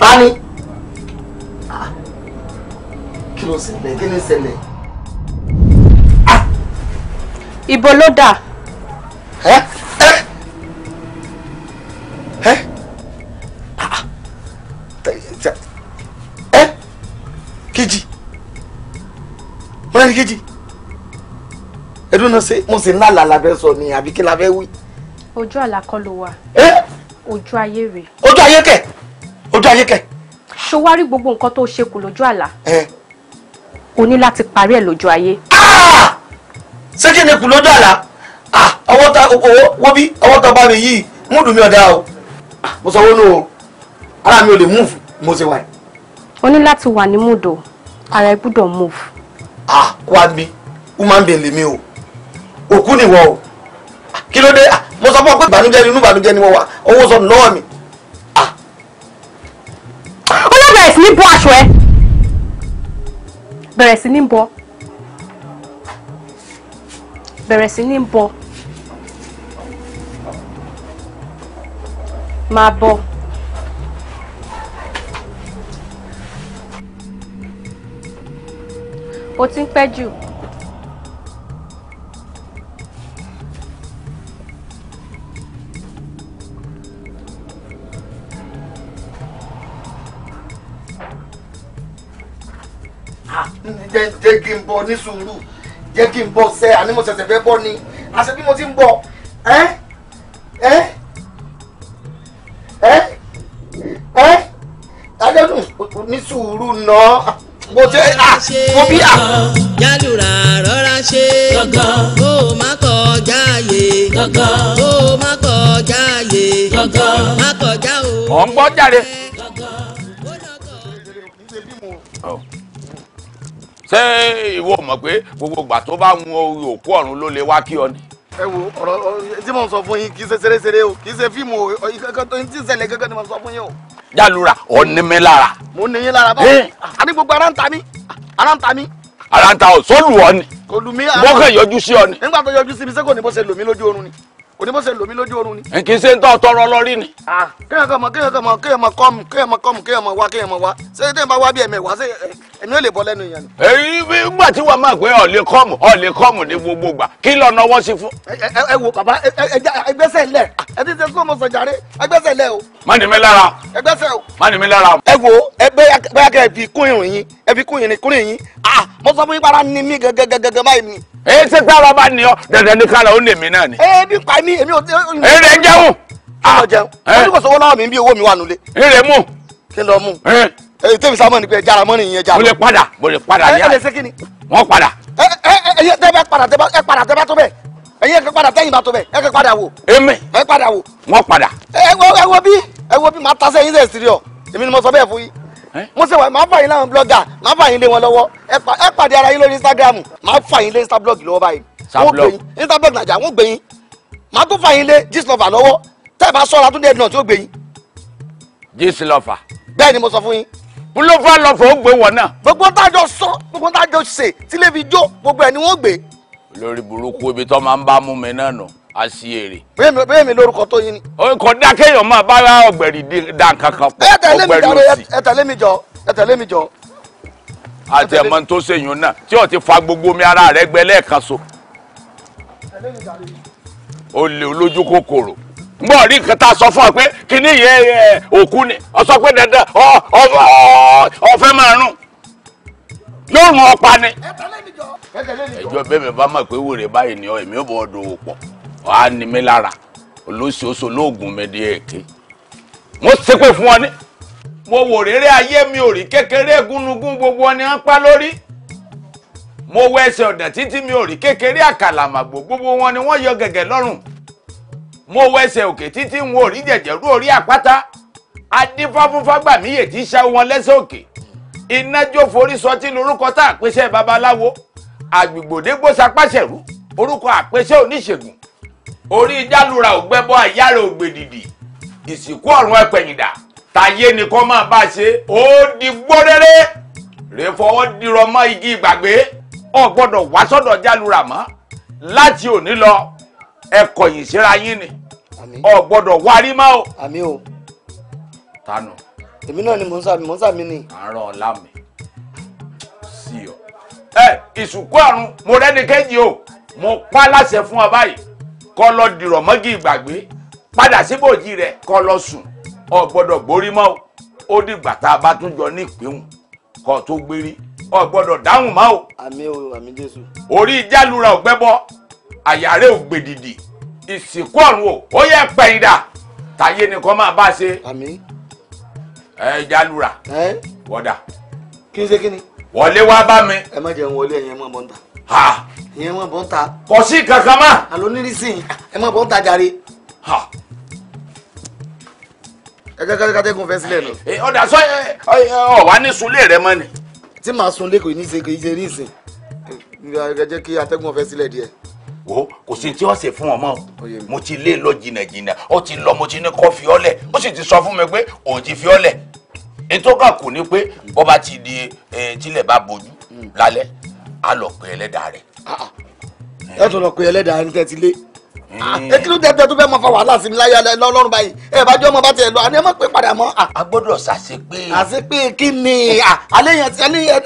tani ah, kí ló ṣẹlẹ̀ kí ni ṣẹlẹ̀. Ah! ibo ló dà. ẹ́ ló ṣe mo sì ń lálàá labẹ́ sọ ni àbí kí labẹ́ wí. ojú àlá kọ́ ló wà. ojú ayé rèé. ojú ayé kẹ̀ ojú ayé kẹ̀. ṣó wá rí gbogbo nǹkan tó ṣe kù lójú àlá. o ní láti parí ẹ̀ lójú ayé. Ah! ṣé kí ni kù lójú àlá ah, ọwọ́ ta owó wọ́n bí ọwọ́ ta bá mi yìí múdù mi ọ̀dà o ah, mo sọ wọnú o ara mi ò lè múùfù mo ṣe wà yìí. o ní láti wà ní ara ẹ gbúdọ̀ múùfù. ah wá mi human being lèmi o òkú nìwọ o kí ló dé ah, mo sọ fún ọ pé ìbànújẹ́ inú ìbànújẹ́ ni mo wà owó sọnù lọ́wọ́ mi. Ah. ó yẹ bẹ̀rẹ̀ sí ní bọ́ aṣọ ẹ bẹ̀rẹ̀ sí ní bọ́ bẹ̀rẹ̀ sí ní bọ́ máa bọ́. ó ti ń pẹ́ jù. jẹ́ jẹ́ kí n bọ ní sùúrù jẹ́ kí n bọ sẹ́ àní mo ṣẹ̀ṣẹ̀ fẹ́ bọ́ ni àṣẹ bí mo ti ń bọ̀ ẹ́ ẹ́ ẹ́ ẹ́ adẹ́dùn ní sùúrù náà mo jẹ́ à mo bí à. yálùrà rọra ṣe kó o má kọjá àyè kó o má kọjá àyè má kọjá o. ọ̀ ń gbọ́ jáde. ṣé ìwọ mọ̀ pé gbogbo ìgbà tó bá wọn òkú ọ̀run ló lè wá kí ọ ni ẹ wo ọ̀rọ̀ tí mo sọ fún yín kì í ṣe ṣeréṣeré o kì í ṣe fíìmù o kankan tó ń tí ìṣẹ̀lẹ̀ kankan ni mo sọ fún yín o. jálura ọ ní mi lára. mo ní yín lára báwo àní gbogbo ara ń ta mí ara ń ta ọ sólù ọ ni. olùmí ara. bọ́kàn yọjú sí ọ ni. nígbà tó yọjú sí mi ṣé kò ní ṣe lò mí lójú oorun ni onímọ̀sẹ̀ lomi lójú oorun ni. n kì í ṣe ń tọ́ tọrọ lọ́rí ni. kéèyàn kan mọ kéèyàn kan mọ kéèyàn mọ kọ́mù kéèyàn mọ kọ́mù kéèyàn mọ wá kéèyàn mọ wá ṣé tẹ́ ẹ bá wá bí ẹ̀mẹ̀ wá ṣé ẹ̀mí ò lè bọ́ lẹ́nu yẹn. èyí nígbà tí wàá máa pé ọ̀lẹ́ kọ́mù ọ̀lẹ́ kọ́mù ní gbogbo gbà kí lọ nọwọ́ sí fún. ẹ wo bàbá ẹgbẹ́sẹ̀ lẹ̀ ẹ ti ṣe kó mo sọ̀jàre ẹgbẹ́sẹ̀ lẹ̀ o. má ní ah mo sọ fún ni mí gẹ́gẹ́gẹ́gẹ́ báyìí ni. èyí ti pẹ́ ọlọ́ba ni ọ dandan ní kálá ó lè mí náà ni. ẹ pa mí ní èmi ò. èrè rẹ jẹun. kí ló ah, jẹun wọn kò sọ wọn láwọn mi bí owó mi wà nulẹ. èrè mú. kí lọ mú. èyí eh. eh, tèmi sá mọ ni pé jara mọ nìyẹn jara. mo lè padà mo lè padà ní àná. ẹ ẹ lè ṣe kí ni. wọn padà. ẹ ẹ ẹ tẹ bá padà tẹ bá ẹ padà tẹ bá tó bẹ ẹyẹ kẹ padà tẹyìn bá tó bẹ ẹ kẹ padà wò. èmi ẹ padà wò. wọn padà. Eh, ẹ wo bí ẹ wo bí màá tasẹ yín sẹ́yìn sí ọ èmi ni mo sọ bẹ́ẹ̀ fún yín mo ṣe wà máa fà yín láwọn blọ́gà máa fà yín lé wọn lọ́wọ́ ẹ pàdé ara yín lórí Instagram máa fà yín lé instablog lọ́wọ́ báyìí wọ́n instablog nàjà wọ́n gbé màá tún fàyín lé Gistlover lọ́wọ́ tẹ́ ẹ bá sọ́ra Túndé ẹ̀dùnà tí ó gbé yín. Gistlover. bẹ́ẹ̀ ni mo sọ fún yín. púlọ́fà lọ́fọ̀ ó gbé wọ̀ náà. gbogbo tájọ sọ gbogbo tájọ ṣe tílé fi jó gbogbo ẹ̀ ni wọ́n gbé. lórí burúkú ibi tó máa ń bá mú mi náà nù a sí èrè. bẹ́ẹ̀ mi lórúkọ tó yín ni. kò dá kéèyàn máa bá ọ̀gbẹ̀rì dá nǹkan kan pọ̀ ọ̀gbẹ̀rì òsì. ẹ tẹ̀lé mi jọ ẹ tẹ̀lé mi jọ àti ẹ̀mọ́ tó ṣèyún náà tí o ti fa gbogbo omi ara rẹ gbẹ lẹ́ẹ̀kan so. olè olójú kòkòrò ngbọ́ rí nǹkan tá a sọ fún ọ pé kíní yẹ ẹ ọ sọ pé dandan ọ ọfẹ máa rún yóò rún ni. ẹjọ́ bẹ́ẹ̀ mi bá mọ̀ pé wèrè báyìí ni ọ ò ọdún ọ á ní mi lára ọ ní. mo wò ayé mi ò rí kékeré gbogbo ni mo wọ ẹsẹ̀ ọ̀dàn títí mi ò rí kékeré àkàlàmàgbò gbogbo wọn ni wọ́n yọ gẹ̀gẹ̀ lọ́rùn mo wọ ẹsẹ̀ òkè títí n ò rí jẹ̀jẹ̀rú orí àpáta adífáfúnfágbàmíyè tí ṣá wọn lẹ́sẹ̀ òkè inájó forí sọtí lorúkọ tá àpèsè babaláwo àgbègbòdégbòsapàṣẹrú orúkọ àpèsè oníṣègùn orí ìjálura ògbẹ́bọ àyára ògbèdìdì ìsìnkú ọ̀run ẹ̀pẹ̀yìndà tàyé nìkan máa bá a ṣe ó di gbórẹ́rẹ́ rè fọwọ́ dirọ mọ́ igi ìgbàgbé ọ gbọ́dọ̀ wá sọ́dọ̀ jálura mọ́ láti òní lọ ẹ kọ̀yìn síra yín ni ọ gbọ́dọ̀ wárí mọ́ o. àmì o. tanu. èmi náà ni mò ń sàmì mò ń sàmì ni. àárọ̀ ọ̀la mi sí ọ. ẹ ìsìnkú àrùn mo rẹ́ni kejì o mo pa láṣẹ fún ọ báyìí kọ́ lọ dìrọ̀ mọ́gì ìgbàgbé padà síbòjì rẹ̀ kọ́ lọ sùn ọ gbọ́dọ̀ gbórí mọ́ o ó dìgbà tá a bá tún jọ ní ìpéhùn kó tó gbérí ọ gbọ́dọ̀ dáhùn má o. àmì o àmì jésù. orí jálura ògbẹ́bọ àyàrá ògbèdìdì ìsìnkú ọ̀run o ó yẹ pẹ̀yìndà táyé nìkan máa bá ṣe. àmì. ẹ jálura. ẹ wọ́dà. kí n ṣe kí ni. wọlé wá bá mi. ẹ má jẹun wọlé ẹ̀yẹ mọ́ bọ́ ń ta. ha. ìyẹn mọ́ bọ́ ń ta. kò sí kankan mọ́. àlọ́ nírísìn ẹ má bọ́ ń ta jàre. ha ẹgbẹ́ kátẹ́kùn fẹ́ sílẹ̀ nù. ọ̀dà sọ ọ wà ní sunlé rẹ mọ́ ni tí màá sun lẹ́kọ̀ọ́ ní ìṣe kì í ṣe rí ìsìn ẹ jẹ́ kí atẹ́gùn ọ̀fẹ́ sílẹ̀ díẹ̀. wo kò sí tí ó ṣe fún ọmọ mo ti lé lọ jìnnàjìnnà ó ti lọ mo ti ní kó fi ọ́lẹ̀ ó sì ti sọ fún mi pé òun ti fi ọ́lẹ̀ ètò kan kò ní pé bó bá ti di tílẹ̀ bá bojú hmm. lálẹ́ á lọ pe ẹlẹ́dàá rẹ̀. Ah, ah. ẹ tún lọ pe ẹlẹ́dàá ẹni tẹ́ ti lé. Ah, eh. ẹ kí ló dé tẹ tó fẹ́ mọ fa wàhálà sí mi láyé lọ́rùn báyìí ẹ bá jọ ọmọ bá tiẹ̀ lọ àní ẹ má pé padà mọ́. Ah, a gbọ́dọ̀ ṣàṣepé. àṣepé kí ni ah,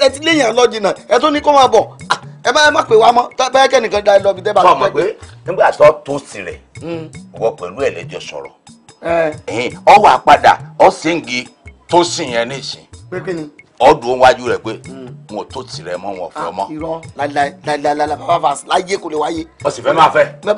ẹ ti léyìn lọ jìnnà ẹ tó ní kó máa bọ̀ ẹ má ẹ má pè wá mọ́ bẹ́ẹ̀ kẹ́nìkan dá ẹ lọ bí tẹ́ bá lọ pẹ́. sọ ma pé nígbà tó tó sí rẹ̀ hmm. wọ pẹ̀lú ẹ̀ lẹ́jọ́ sọ̀rọ̀ ọ wà padà ọ sì ń gi tó sì yẹn nísìn ọdún wájú rẹ̀ pé hmm gun ọtọ tirẹ mọ wọn fẹ ah, mọ. irọ́ lalalala baba vas láyé kò lè ye. o sì fẹ́ máa fẹ́.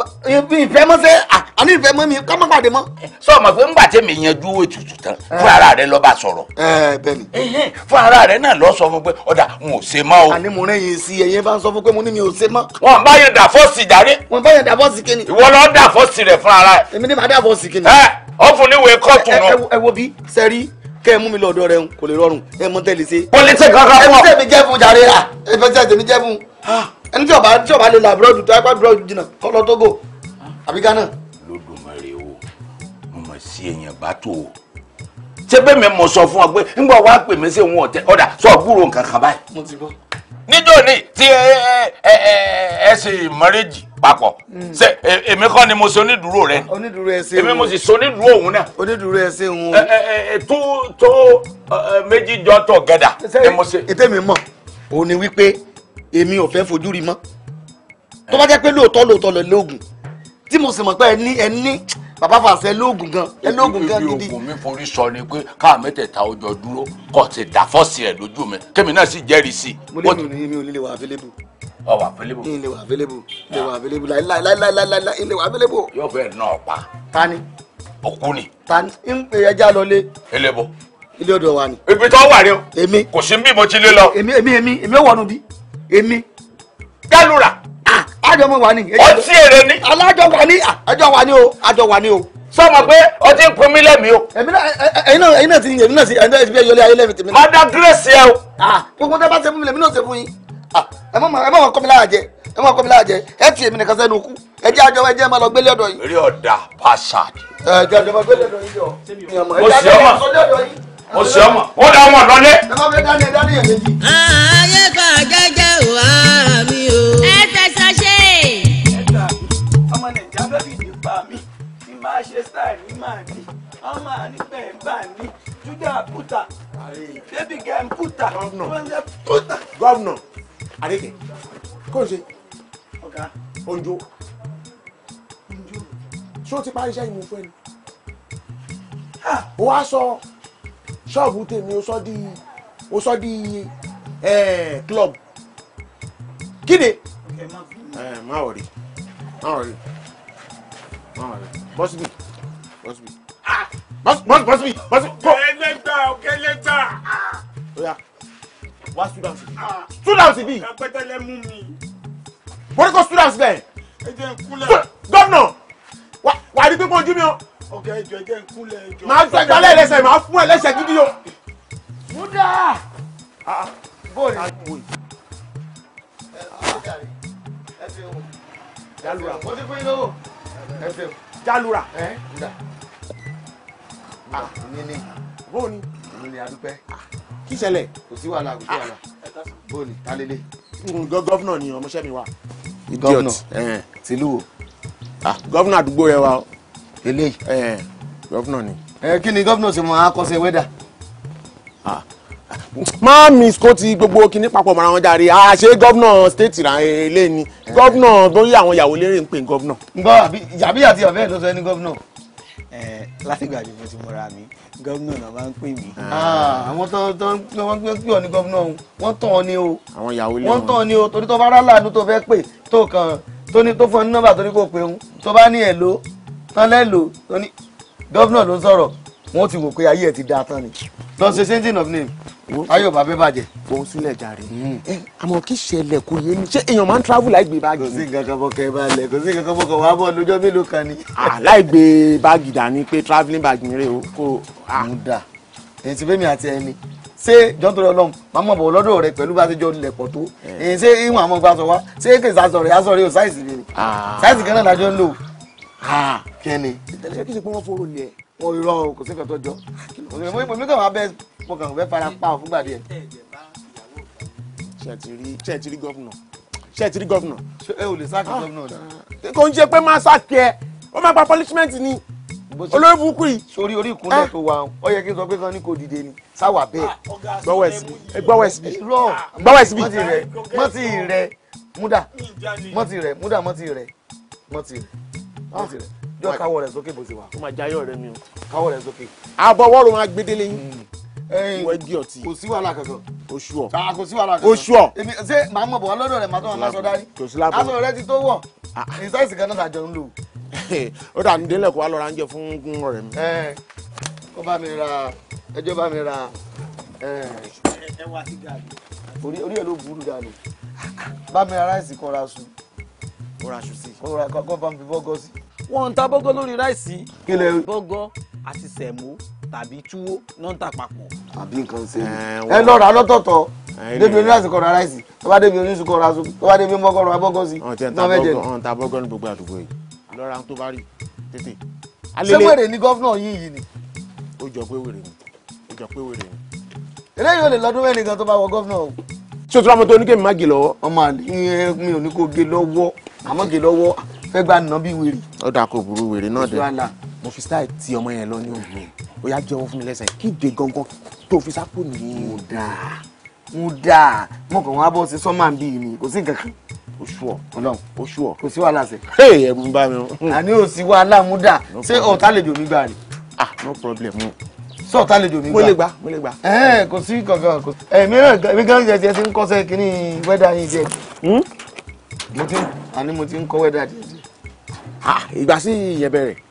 mi ìfẹ́ mọ́ fẹ́ àní ah, ìfẹ́ mọ́ mi ká má pàdé mọ́. sọ ma pé ńgbà tẹ́mi yanjú ètùtù tán eh. fún ara rẹ lọ́ba sọ̀rọ̀. Eh, bẹ́ẹ̀ni. fún ara rẹ náà lọ sọ fún pé ọ̀dà n ò ṣe mọ́ o. àní mo rẹ́yìn sí ẹ̀yẹ́ bá ń sọ fún pé mo ní mi ò ṣe mọ́. wọn bá yẹn dà fọ́ọ̀sì jàre. wọn bá yẹn dà fọ́ọ̀sì kíni. ìwọ lọ dà fọ́ọ̀sì rẹ fún ara ẹ. èmi ni màá dà fọ́ọ̀sì kíni. ọ eh, fún níwèé kọ́ọ̀tù náà. ẹ kẹ́ ẹ mú mi lọ́dọ̀ rẹ̀ kò lè rọrùn ẹ mọ tẹ́lẹ̀ ṣe. kò lè ṣe kankan fún ọ. ẹni tí èmi jẹ́ fún jàre à ah, ah. ẹni tí èmi jẹ́ fún ẹni tí ọba tí ọba lè là búrọ́dù tó apá búrọ́dù jìnnà kọ́ lọ ah. àbí Gánà. lódùmarè o mo mọ̀ sí èèyàn bá tó o ṣé bẹ́ẹ̀ mi mọ̀ sọ fún ọ pé ńgbà wàá pè mí sí òun ọ̀tẹ̀ ọ̀dà sọ gbúrò nǹkan kan báyìí. mo ti gbọ́ níjọ́ ni tí ẹ ẹ ẹ ṣe mọ́rẹ́jì papọ̀ mm. ṣe èmi kọ́ ni mo ṣe onídùúró rẹ èmi mo sì ṣe onídùúró òun náà onídùúró ẹ ṣe òun. tó tó méjì jọ tọ̀ gẹ̀dà ni mo ṣe. ètè mi mọ̀ òun ni wípé èmi ò fẹ́ fojú rí mọ́ tó bá jẹ́ pé lóòótọ́ lóòótọ́ lọ lóògùn tí mo sì mọ̀ pé ẹni ẹni bàbá fàṣẹ lóògùn gan ẹ lóògùn gan gidi. ibi oògùn mi forí sọ ni pé káà mẹ́tẹ̀ẹ̀ta ọjọ́ dúró kò ti dà fọ́ọ̀sì rẹ̀ lójú mi kémi náà sì jẹ́rìí sí. mo lè nù ní mi ò lè wà available. ọ wà available. ilé wà available ilé wà available láìláìláìláìlá ilé wà available. yóò fẹ́ náà pa. tani. òkú ni. tani ń pe ẹja lọ lé. elebo. ilé ọ̀dọ̀ wa ni. ibi tó wà rẹ o. èmi. kò sí bí mo ti lé lọ. èmi èmi èmi èmi ò wọnú bí. èmi. gálùrà àjọmọ wà ní. ó ti èrè ní. alájọ wà ní àjọ wà ní o àjọ wà ní o. sọmọ pé ọtí ń kun mí lẹ́mìí o. èmi náà ẹ̀yin náà ẹ̀yin náà ti ẹ̀yin náà ti ẹ̀yin náà ti fi yọlé ayé lẹ́mìí tèmi náà. má dá gírèsì ẹ o. gbogbo tẹ bá ṣe fún mi lèmi náà ṣe fún yín. ẹ má wọn kọ́ mi lára jẹ ẹ má wọn kọ́ mi lára jẹ ẹ ti èmi nìkan sẹ́nu kú ẹ jẹ́ àjọ ẹ jẹ́ máa lọ gbélé ọ̀dọ̀ yìí. eré ọ̀dà pàṣàd. ẹ jẹ́ àjọ máa gbélé ọ̀dọ̀ yìí jọ. mo ṣe ọmọ wọn dá ọmọ lọlé. ẹ má fẹ́ dání ẹ dání ẹ̀ méjì. ààyè fà jẹ́jẹ́ wàá mi o. ẹ má ṣe style ní máa di wọn máa ní bẹ́ẹ̀ bá ní juda puta baby girl puta gọ́vnà gọ́vnà àdékè kò ṣe onjo ṣé o ti parí iṣẹ́ ìmú fún ẹni o wá sọ ṣọ́ọ̀bù tèmi o sọ di o sọ di club kí ni. ẹ má wọrí má wọrí. Boss boss boss, boss, boss boss me, me, me, me. bọ́sibí bọ́sibí bọ́sibí bọ́sibí. kẹlẹta o kẹlẹta. oya wá students bi students bi. kapẹtẹlẹ mú mi. wọ́n kọ́ students bẹ́ẹ̀. ẹ me nkúlẹ̀. gómìnà wà á rí pípọ́n ojú mi o. ọkẹ ẹjọ ẹ jẹ́ nkúlẹ̀ ẹjọ. màá fẹ́ gbalẹ̀ ẹlẹ́sẹ̀ màá fún ẹlẹ́sẹ̀ gidi o. múdà. bóòlù. ẹ fi hàn. mo ti fún yín lówó jálura. ìyẹn ah, ah, ni bóòni. Ah, kí ṣẹlẹ̀. kò sí wàhálà kò sí wàhálà bóòni tálélé. gọ́fúnà ni ọmọọṣẹ́ mi wà. gọ́fúnà tìlú wo. gọ́fúnà àdúgbò rẹ wa. eléyìí. gọ́fúnà ni. kí ni gọ́fúnà ṣe mọ akọ́ṣẹ́ wẹ́dà má miss kó ti gbogbo kinní papọ̀ mọ́ra wọn jàre a ṣe gọ́vnà stéètì rà eh, ilé ni gọ́vnà tó yí àwọn ìyàwó lérè ń pè gọ́vnà. ngbọ́ àbí àti ọ̀bẹ́ ẹ̀ ló sọ ẹni gọ́vnà. Eh, látìgbà tí mo ti múra mi gọ́vnà náà máa ń pè mí. Ah, àwọn tó tó wọ́n pè pé ọ̀ ní gọ́vnà wọ́n tàn ọ́ ni o. àwọn ìyàwó lé wọn wọ́n tàn ọ́ ni o torí tó bá rà láàánú tó fẹ́ pè tó kàn tó ní tó fún ọ ní nọ́mbà torí kò pé òun tó bá ní ẹ̀ ló tán lẹ́ lò tó ní gọ́vnà ló ń sọ̀rọ̀ wọ́n ti wò pé ayé ẹ̀ ti da tán ni. lọ ṣe changing of name ayọ̀ bàbá bàjẹ́. bọ́n sílẹ̀ jàre. àmọ́ kí ṣẹlẹ̀ kò yé mi ṣé èèyàn máa ń travel láì gbé báàgì. kò sí nǹkan kan bọ́kẹ́ bá lẹ̀ kò sí nǹkan kan bọ́kẹ́ wàá bọ̀ lójọ́ mélòó kan ni. láì gbé báàgì dání pé travelling bag mi rè o kò. mo dà èyí ti bẹ́ẹ̀ mi àti ẹni ṣé jọ́ntòrò ọlọ́run máa mọ̀ bọ̀ lọ́dọ̀ rẹ pẹ̀lú bá ti jọ ilẹ̀ pọ̀ tó ṣé ìwọ̀n àmọ́ gba sọ wá ṣé kì í sasọ rẹ̀ aṣọ rẹ̀ o sáìsì rẹ̀ sáìsì kan náà lájọ́ ń lò kẹ́ni. ìtẹ̀lẹ́sẹ̀ kìí ṣe pé wọ́n forò lẹ̀. wọ́n irọ́ kò sí nǹkan tó jọ. mo mi kàn máa bẹ mo kàn fẹ́ fara pa ọ̀ fúngbà díẹ̀. ṣe ti rí gọ́fìnà ṣe ti rí gọ́fìnà. ẹ ò lè sáàkì gọ́fìnà ni. Ah. kò ń ṣe pé máa sáàkì ẹ ó máa gba punishment ni olórí burúkú yìí. sórí orí ìkúnlẹ̀ eh. tó wà ó yẹ kí n sọ pé kan ní kò dìde ni sáwà bẹ́ẹ̀ ah, gbọ́wọ́ ẹ̀ síbi gbọ́wọ́ ẹ̀ síbi gbọ́wọ́ ẹ̀ síbi. mọ́tì rẹ̀ múdà mọ́tì rẹ̀ múdà mọ́tì rẹ̀ mọ́tì rẹ̀ mọ́tì rẹ̀ ah. jọ káwọ́ rẹ̀ sókè bó ṣe wà. ó máa jayọ̀ rẹ̀ mi o. káwọ́ rẹ̀ sókè. àbọ̀wọ́rò máa gbé délé yín. Hmm ìwọ idiot. kò sí wàhálà kankan. oṣù ọ. aa kò sí wàhálà kankan. oṣù ọ. èmi ṣé màá mọ̀ bọ̀ wá lọ́dọ̀ rẹ̀ màá tó wọn lásọ dání. kò sí láàbù. aṣọ rẹ ti tó wọ̀. ìsáìsì ah. kan náà àjọ ń lò. ó dà ní délẹ̀ kó wá lọ ra oúnjẹ fún ọ̀rẹ́ mi. ó bá mi ra ẹjọ́ bá mi ra ẹwà sí gàdú. orí ẹ̀ ló burú gàdú. bá mi ra ráìsì kan ra sùn. kó ra sùn sí. kó bá mi fi bọ́gọ́ sí. wọ́n ń ta bọ́gọ́ lórí ráìsì. kílẹ̀ tàbí túwó náà ń tà papọ̀. àbí nǹkan ṣe ẹ lọ rà lọ́tọ̀ọ̀tọ̀ débi oní àsìkò ra ráìsì tó bá débi oní ìsìkò ra tó bá débi mọ́gọ́rùn abọ́gọ́ sí. ọ̀n ta bọ́gọ́ ní gbogbo àdúgbò yìí lọ́ra tó bá rí tètè. ṣé wèrè ni gọ́fúnà yín yìí ni. ó jọ pé wèrè ni ó jọ pé wèrè ni. eléyìí ò lè lọ́dún mẹ́rin gan tó bá wọ gọ́fúnà o. ṣé o tún àmọ́ tó oníkèmí má gé lọ́wọ́. ọmọ àlè mi ò ní kó gé lọ́wọ́ àmọ́ gé lọ́wọ́ fẹ́ gbà nà mo fi style ti ọmọ yẹn lọ ní òní ó yá jẹ́wọ́ fún mi lẹ́sẹ̀ kíde gangan tó fi sápò nìyí. mo dáa mo dáa mo kàn wá bọ́ sí sọ́mà bíi mi kò sí nǹkan kan oṣù ọ Ọlọ́run oṣù ọ kò sí wàhálà sẹ. ee ẹ̀bùn bá mi o. àní ò sí wàhálà mú dà ṣé ọ̀tá lè jò mí gbà rí. ah no problem. ṣé ọ̀tá lè jò mí gbà. mo lè gbà mo lè gbà. ẹ kò sí kankan kò sí. ẹ mìíràn èmi gan jẹ jẹ ti ń kọsẹ̀ kínní wẹ́dà yín jẹ. mo hmm? ti àní mo ti ń kọ wẹ́dà jẹ. ìgbà sí ìyẹn bẹ̀rẹ̀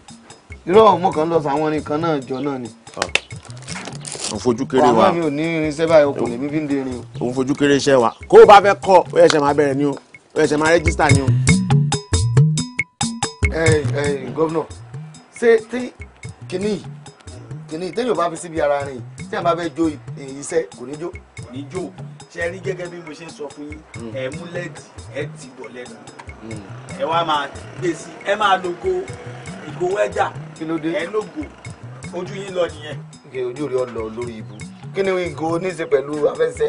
irọ́ mo kàn lọ sàwọn nìkan náà jọ náà ni. òun fojú kéré wa wàhálà mi ò ní irinṣẹ́ báyìí okùn lèmi fi ń de irin o. òun fojú kéré iṣẹ́ wa kó o bá fẹ́ kọ́ ó yẹ ṣe máa bẹ̀rẹ̀ ni o ó yẹ ṣe máa rẹ́gísítà ni o. ẹ ẹ gómìnà ṣé tí kìnnìyàn kìnìún téèyàn bá fi síbi ara rìn téèyàn bá fẹ́ jó iṣẹ́ kò ní jó. kò ní jó ṣe rí gẹ́gẹ́ bí mo ṣe ń sọ fún yín hmm. ẹ mú lẹ́ẹ̀dì ẹ ti bọ̀ lẹ́nu hmm. ẹ wá máa gbé sí ẹ máa logo ìgò wẹ́dà ẹ lógo ojú yín lọ nìyẹn. kí ojú rẹ lọ lórí ibu kí ni ìgò oníṣe pẹ̀lú afẹ́sẹ́.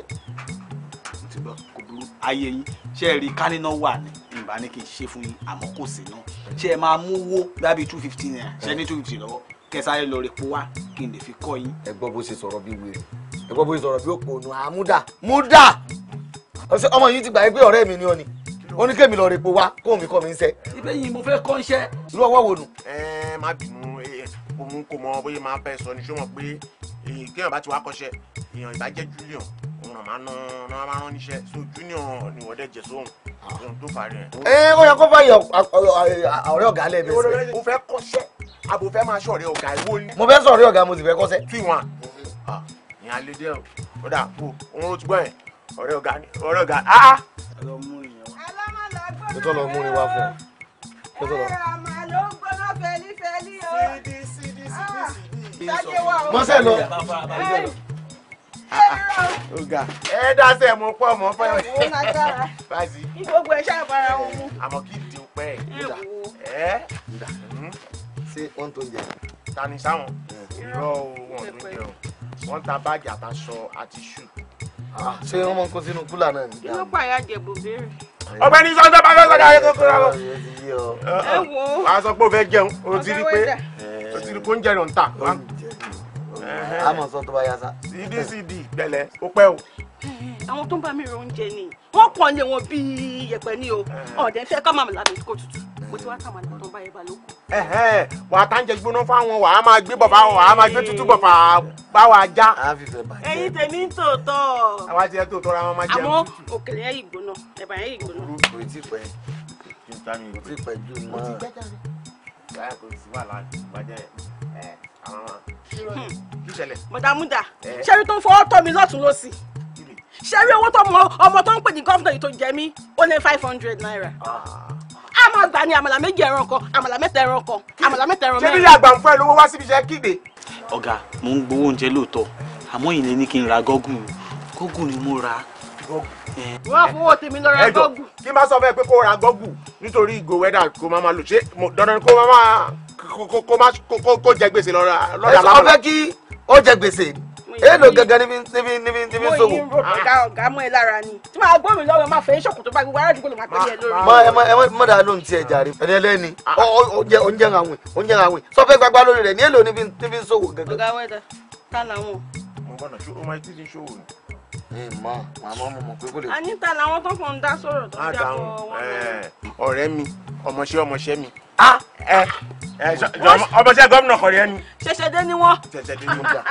ti gbọ́ kò burú ayé yín ṣe rí kánínà wà ní ìbánikẹ́ ṣe fún yín àmọ́ kò sí náà ṣe máa mú owó gbábí two fifty naira ṣe ní two fifty lọ́wọ́ kẹsàrẹ lọ rẹ kó wá kí n lè fi kọ́ yín. ẹ gbọ́ bó ṣe sọ̀rọ̀ bí wèrè ẹ gbọ́ bó ṣe sọ̀rọ̀ bí òpònú àmúdà múdà ọmọ yìí ti gbà pé ọ̀rẹ́ mi ni ọ ni ó ní kémi lọ rẹ kó wá kó mi kọ́ mi ń sẹ́. ibẹ̀ yìí mo fẹ́ kọ́ ń ṣẹ́. irú ọwọ́ wo nù. ẹ má bínú òun kò mọ bóyá máa bẹ sọ ni ṣó mọ̀ pé kéèyàn bá ti wá kọ́ṣẹ́ èèyàn ìbá jẹ́ Julian ọ̀nà máa ná náà máa rán níṣẹ́ so junior ni wọ́n dẹ̀ jẹ sóhun ohun tó parí ẹ̀. ẹ ó yẹ kó bá yọ ọ̀rẹ́ ọ̀gá lẹ́ẹ̀mí sí. mo fẹ́ kọ́ṣẹ́ àbò fẹ́ máa ṣọ̀rẹ́ ọ̀gá ìwọ ni. mo fẹ́ sọ̀rẹ́ ọ̀gá mo sì fẹ́ kọ́ṣẹ́. tí wọn ìyẹn alẹ́ dẹ́ o ó dà kó òun ló ti gbọ́ yẹn ọ̀rẹ́ ọ̀gá ni ọ̀rẹ́ ọ̀gá á. Ah, ah. ẹ lọ mú ni wá ẹ lọ gbọ́dọ̀ fẹ́lí fẹ́lí o. sídìí ọ̀gá ẹ dáṣẹ́ mo pọ̀ mọ́ fẹ́ mi. báyìí kí gbogbo ẹ ṣàbára wọn mu. àmọ́ kí di pẹ́ ẹ̀ ẹ̀ ǹdà ṣé wọ́n tó jẹ. tani sáwọn irọ́ o wọn ò jẹ o wọ́n ta báàgì àtàṣọ àti ṣù. Ah, ṣé wọ́n mọ kó sínú kúlà náà nígbà. inú pààyà jẹ̀bù béèrè. ọ̀gbẹ́ni sọ́ńtẹ́ bá fẹ́ sọ́dọ̀ ayé tó lọ. ẹ wo. wàá sọ pé o fẹ́ jẹun o ti rí pé o ti rí pé oúnjẹ ń tà a mọ̀ sọ tó bá yá sá. cdcd gbẹlẹ ó pẹ́ o. àwọn tó ń bá mi ro oúnjẹ ni wọ́n pọ̀ lé wọn bí yẹpẹ ní o ọ̀dẹ̀ fẹ́ ká màmá lábẹ́ kó tutù mo ti wá kà màmá tó ń bá yẹ bá ló kù. wàá tá ń jẹ gbóná fáwọn wàá máa gbé bọ̀ fáwọn wàá máa gbé tutù bọ̀ fáwọn ajá. ẹyin tèmi ń tòótọ́. àwa ti ẹ tòótọ́ ra wọn máa jẹun. àmọ́ òkèlè ẹ̀ ìgbóná ẹ̀bà ẹ̀ ìgbóná. kò tí pẹ́ kò tí pẹ́ jù mọ́. mo ti gbẹ́jà rẹ̀. kò sí wàhálà mọ̀dàmúdà ṣẹ́rí tó ń fọwọ́ tọ́ mi lọ́tún lọ́sì ṣẹ́rí owó tó mọ ọmọ tó ń pè ní gọ́fìnà yìí tó jẹ mí ó lé five hundred naira ah. a máa gbà ní àmàlà méjì ẹran kan àmàlà mẹ́ta ẹran kan àmàlà mẹ́ta ẹran mẹ́rin. ṣé nílẹ̀ àgbà ń fún ẹ lówó wá síbi iṣẹ́ kígbe. ọ̀gá mo ń gbowó oúnjẹ lóòótọ́ àmọ́ ìlẹ̀ ni kí n ra gọ́gùn gọ́gùn ni mo ra wọ́n fowó tèmi lọ ra gọ́gùn. kí n bá sọ fún ẹ pé kó ra gọ́gùn nítorí kó má kó jẹ gbèsè lọ́ra lọ́ra lábàlá. ọ̀fẹ́ kí ó jẹ gbèsè èèlò gangan níbi níbi níbi níbi sòwò. mo yin ro ah. ọ̀gá ọ̀gá mọ́ ẹ lára ni tí máa gbọ́ mi lọ́wọ́ máa fẹ́ ṣòkòtò bá gbogbo aládùúgbò ló máa pẹ́ yẹ lórí. mọ ẹ mọ ẹ mọ dáa ló ń tiẹ̀ jàre ẹni ẹlẹ́ni oúnjẹ ah. oúnjẹ àwìn oúnjẹ àwìn sọfẹ́ gbagba lórí rẹ̀ ní èèlò níbi níbi sòwò gangan. ọ̀gá wẹ́dà ká làwọn. mo gbọ́dọ̀ anita làwọn tó fọ ń dá sọ̀rọ̀ tó ń jábọ wọn. ọ̀rẹ́ mi ọmọọṣẹ́ ọmọọṣẹ́ mi. Ah! ọmọọṣẹ́ gómìnà kan rẹ ni. ṣẹ̀ṣẹ̀dé ni wọn. ṣẹ̀ṣẹ̀dé ni wọn gbà.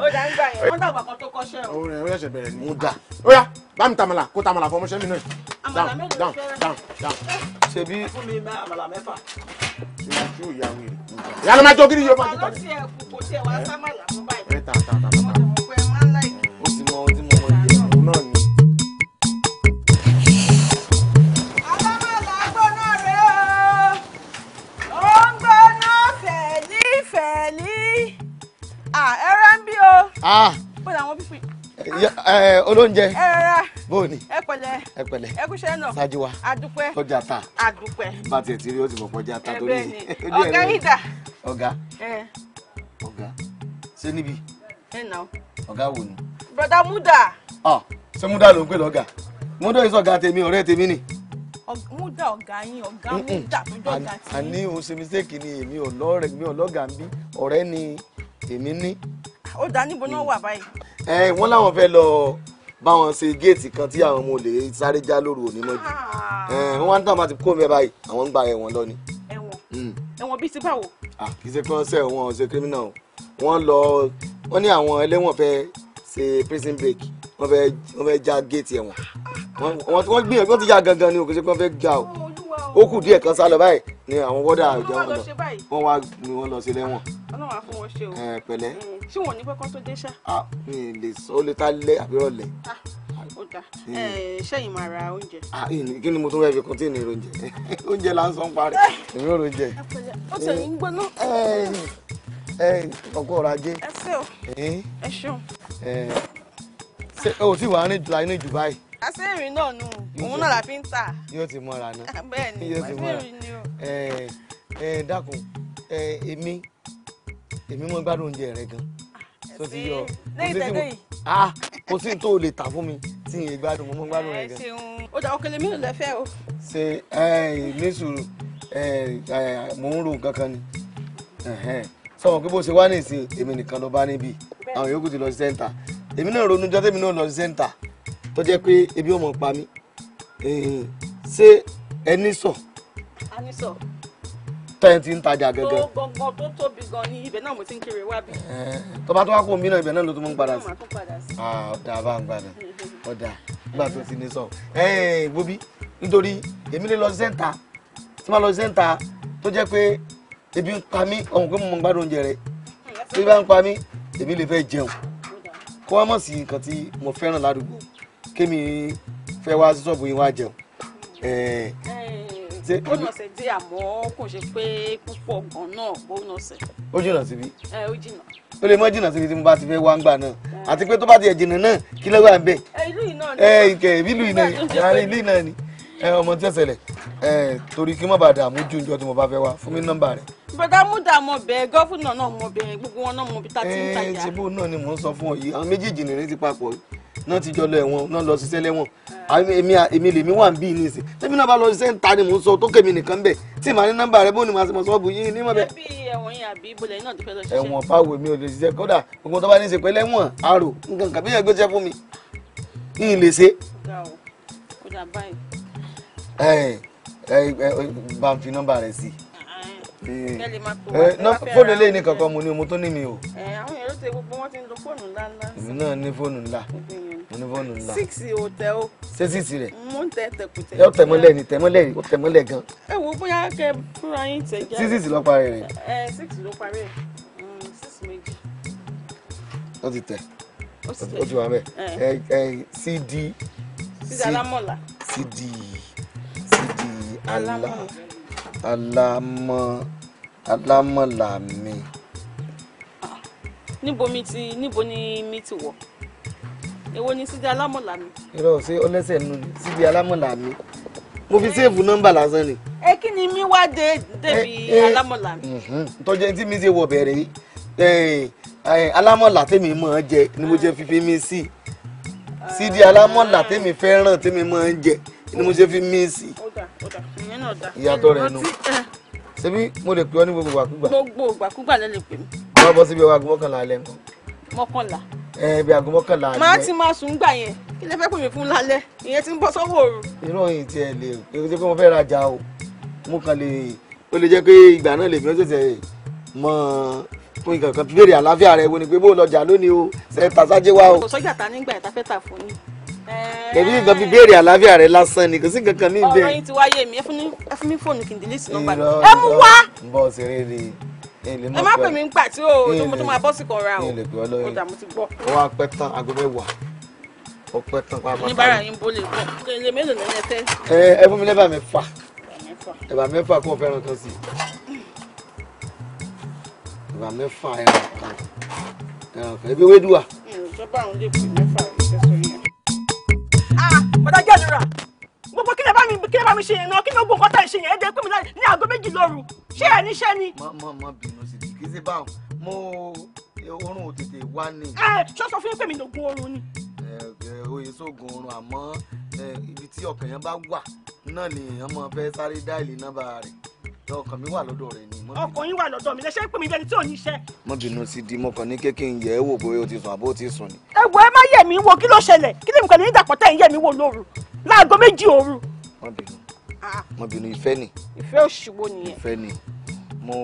ó dá ń gbà yẹn wọn dàgbà kan tó kọ́ṣẹ́ o. ó ṣẹ̀ṣẹ̀ bẹ̀rẹ̀ ni. ó dà ó yá bá mi tamala kó tamala fún ọmọọṣẹ́ mi náà. àmàlà mélòó ló fẹ́ràn. ṣebí. fún mi má àmàlà mẹ́fà. ṣé ojú ìyá wèrè. ìyá ló máa jó kiri yóò máa jó kiri. àlọ́ kò tiẹ̀ wá sámàlà ibẹ̀ ah ẹrẹ́ ń bí o. bó làwọn bí fún yìí. olóúnjẹ ẹ rárá bóòní ẹ pẹ̀lẹ́ ẹ pẹ̀lẹ́ ẹ kúṣẹ́ náà ṣáájú wa adúpẹ́ ọjà ta adúpẹ́ bá tiẹ̀ ti rí ó ti mọ̀ pọ̀jà ta torí ọ̀gá ìdà ọ̀gá ọ̀gá ṣé níbi ọ̀gá wo ni. broda muda. Ah, ṣé muda ló ń pè lọ́gà muda ìṣọ̀gá tèmi ọ̀rẹ́ tèmi ni múdà ọ̀gá yín ọ̀gá múdà tó dọ̀gá tí. àní òun ṣe mistake ni èmi ò mi ò lọ́ọ̀gá ń bí ọ̀rẹ́ ni èmi ní. ó dá níbo náà wà báyìí. ẹ wọ́n láwọn fẹ́ lọ báwọn ṣe géètì kan tí àwọn ọmọ olè sáré já lóru òní mọ́jú ah. wọ́n á ń tàn bá ti kó mẹ́ báyìí àwọn ń gba ẹ̀wọ̀n lọ ni. ẹ̀wọ̀n mm. ẹ̀wọ̀n bíi ti báwo. Ah, kì í ṣe kí wọ́n ṣe ẹ̀wọ̀n ṣe kírímínà wọ́n lọ wọ́n ní àwọn ẹlẹ́wọ̀n fẹ́ ṣe prison break wọ́n fẹ́ wọ́n fẹ́ já gate ẹ̀wọ̀n wọ́n wọ́n gbìyànjú wọ́n ti já gangan ni o kò ṣe pé wọ́n fẹ́ já o ó kù díẹ̀ kan sá lọ báyìí ni àwọn wọ́dà ìjà wọn lọ wọ́n wá ni wọ́n lọ sí lẹ́wọ̀n. ọlọ́run á fún wọn ṣe o. ẹ pẹ̀lẹ́. ṣé wọn ò ní pẹ́ kán tó dé ṣá. ah mi lè sọ ó lè ta lẹ àbí ọ̀lẹ kódà sẹ́yìn máa ra oúnjẹ. kí ni mo tún fẹ́ fi kun tí ì ní oúnjẹ oúnjẹ là ń sọ ń parí eh! èmi ò rò jẹ. ó sì ń gbóná. Eh, ọkọ ọrọ̀ ajé. ẹ ṣé o ẹ ṣeun. ṣé o ti wà ní ìlànà ìjù báyìí. aṣèrìn náà nù òun náà la fi ń tà. yóò ti mọ́ra náà bẹ́ẹ̀ ni aṣèrìn ni o. ẹ dákun èmi èmi mọ gbádùn oúnjẹ rẹ gan. Ah, tó ti yọ lẹ́yìn tẹ́lẹ̀ yìí. Ah, kò sí tó o lè tà fún mi tí n yé gbádùn mo mọ gbádùn rẹ gan. ẹ ṣeun ó dà òkèlè mi ò lẹ́fẹ̀ẹ́ o. ṣe ní sùúrù mò ń ro nǹkan ni sọ̀rọ̀ pé bó ṣe wá nìsín èmi nìkan ló bá níbí àwọn yòókù ti lọ sí sẹ́ńtà èmi náà ronú jọ́tẹ́mi náà lọ sí sẹ́ńtà tó jẹ́ pé ebi ò pa mí ṣé ẹni sọ. a ní sọ tẹ́yìn ti ń tajà gẹ́gẹ́. tó gbọ̀ngàn tó tóbi gan ni ibẹ̀ náà mo ti ń kiri wá bí. tó bá tó wá kó omi náà ibẹ̀ náà ló tún mú padà sí. ọ̀dà bá ń padà ọ̀dà nígbà tó ti ní sọ. gbóbi nítorí èmi lè lọ sí sẹ́ńtà tí wọ́n lọ sí sẹ́ńtà tó jẹ́ pé tẹbi ń pa mí ọmọ pé mo mọ gbádùn oúnjẹ rẹ tẹbi bá ń pa mí èmi lè fẹ́ jẹun kó wá mọ̀ sí nǹkan tí mo fẹ́ràn ládùúgbò kémi fẹ́ wá ṣọ́ọ̀bù yín wá jẹun. ó nà ṣe dé àmọ́ kò ṣe pé púpọ̀ gan náà bó nà ṣe. ó jìnnà síbi. ó jìnnà. ó lè mọ jìnnà síbi tí mo bá ti fẹ́ wá ń gbà náà àti pé tó bá ti ẹ̀ jìnnà náà kí ló wà ń bẹ̀. ìlú yìí náà ni. ìlú yìí náà ni ọmọ tí ẹsẹ̀ lẹ̀ torí kí n má bàa dààmú ju ìjọ tí mo bá fẹ́ wá fún mi nọ́mbà rẹ̀. bọ̀dá múdà mọ̀ bẹ́ẹ̀ gọ́fúnà náà mọ̀ bẹ́ẹ̀ gbogbo wọn náà mọ̀ bí tá ti ń tajà. tìbú náà ni mò ń sọ fún ọ yìí àwọn méjèèjì nìrè ti papọ̀ náà ti jọ lọ ẹ̀wọ̀n náà lọ ṣiṣẹ́ lẹ́wọ̀n èmi lèmi wà ń bí ní ìsìn tẹ́mi náà bá lọ ṣiṣẹ́ ń ta ni mò ń sọ tó kèmi nìkan bẹ̀ tí màá ní nọ́mbà rẹ bó ni màá sì mọ̀ sọ́ọ̀bù yìí ní mọ̀ bẹ́ẹ̀. ẹbí ẹ̀wọ̀n yẹn àbí ibùdó náà ti fẹ́ lọ ṣiṣẹ́. ẹ̀wọ̀n báwo mi ò lè ṣiṣẹ́ kódà gbogbo tó bá ní í ṣe pé lẹ́wọ̀n arò nǹkan kàbí yẹn gbé jẹ́ fún mi kí lè ṣe. ọ̀gá ò kódà báyìí bá ń fi sí fóònù eléyìí ní kankan mo ní mo tó ní mi o. àwọn èrò tẹ gbogbo wọn ti ń lo fóònù ńlá ńlá. èmi náà ní fóònù ńlá mo ní fóònù ńlá. six o tẹ o. ṣé six rẹ. mo ń tẹ tẹkùtẹ. yóò tẹ mọ́lẹ̀ ni tẹ mọ́lẹ̀ ni ó tẹ mọ́lẹ̀ gan. ẹ wo bóyá kẹ fúnra yín tẹ jáde. six ló parí rẹ. six ló parí mm, six méjì. ó ti tẹ ó ti wà mẹ ẹ ẹ cd. cd alámọ̀lá. cd alámọ̀ alámọ̀là mi. níbo mi ti níbo ni mi ti wọ̀ èwo ni síbi alámọ̀là mi. irọ́ ṣé ọlẹ́sẹ̀ nù ni síbi alámọ̀là mi mo fi séèfù nọ́mbà lásán ni. ẹ kí ni mi wá dé débi eh, eh, alámọ̀là mi. Mhm. tọ́jú ẹni tí mi ṣe wọ bẹ̀rẹ̀ yìí eh, alámọ̀là tèmi mọ̀ ọ́n jẹ ni mo jẹ fífi mi sí sídi alámọ̀là tèmi fẹ́ràn tèmi mọ̀ ọ́n jẹ ni mo ṣe fi míìsì ìyàtọ̀ rẹ̀ nu eh. ṣebí mo lè pè ọ́ ní gbogbo ìgbàkúgbà. gbogbo ìgbàkúgbà lè lè pè mí. wọ́n bọ́ síbi ọwọ́ aago mọ́kànlá alẹ́ nǹkan. mọ́kànlá. ẹ bí aago mọ́kànlá alẹ́. máa ti máa sùn gbà yẹn kí lè fẹ́ pè mí fún lálẹ́ ìyẹn ti ń bọ́ sọ́wọ́ òru. irú òyìn tiẹ̀ lè o ṣe pé mo fẹ́ rajà o mo kàn lè o lè jẹ́ pé ìgbà náà lè fi ọ́sẹ̀sẹ̀ mọ fún ìkànkan béèrè àlàáfíà rẹ wo ni pé bó o ṣe tàṣájé kẹ̀bí nǹkan fi béèrè àlàáfíà rẹ lásán ni kò sí nǹkan kan ní ìbéèrè. ọ̀rọ̀ yìí ti wáyé mi ẹ fún mi fóònù kì í délé sí mi ẹ mú wá. bọ́ ṣeré ni ẹ má pè mí ń pà tí o tó máa bọ́ sí kan ra o ó dààmú ti gbọ́. ó wá pẹ́ tán aago mẹ́wàá ó pẹ́ tán pàápàá. oníbàárà yín bó lè bọ̀ kele mélòó ní ẹ fẹ́. ẹ fún mi lẹ́bàá mẹ́fà ẹ̀bà mẹ́fà kó o fẹ́ràn kan sí ẹ̀bà mẹ́fà ẹ̀ràn kan ẹ̀ràn kan ebi bàtà jẹ́dúrà gbogbo kí lè bá mi kí lè bá mi ṣe yẹn náà kí ló gbọ́ nǹkan tá ì ṣe yẹn ẹ̀dẹ̀ pé mi láì ní aago méjì lóru ṣé ẹ̀ níṣẹ́ ni. mo mo mo bínú sí i kì í ṣe báwọn mo oorun ò tètè wá ni. ẹ ṣọ́sọ fún pé mi ló gun oorun ni. oye sóògùn oorun àmọ́ ibi tí ọkàn yẹn bá wà náà ni èèyàn máa fẹ́ sáré dáìlì nọ́mbà rẹ̀ ọkàn mi wà lọ́dọ̀ rẹ ni. ọkàn yín wà lọ́dọ̀ mi lẹ́sẹ̀ pé mi bẹ́ẹ̀ ni tí ò ní iṣẹ́. mo bínú sí di mọ́kàn ní kéèké ń yẹ̀ ẹ́ wò bóyá o ti sùn àbó o ti sùn ni. ẹ wo ẹ má yẹ̀ mí wo kí ló ṣẹlẹ̀ kí lèmi pẹ̀lú nígbà pọ̀tẹ́ ìyẹ̀ mi wò lóru láago méjì òru. mo bínú ah, ah. mo bínú ìfẹ́ ni. ìfẹ́ òṣùwò nìyẹn. ìfẹ́ ni mo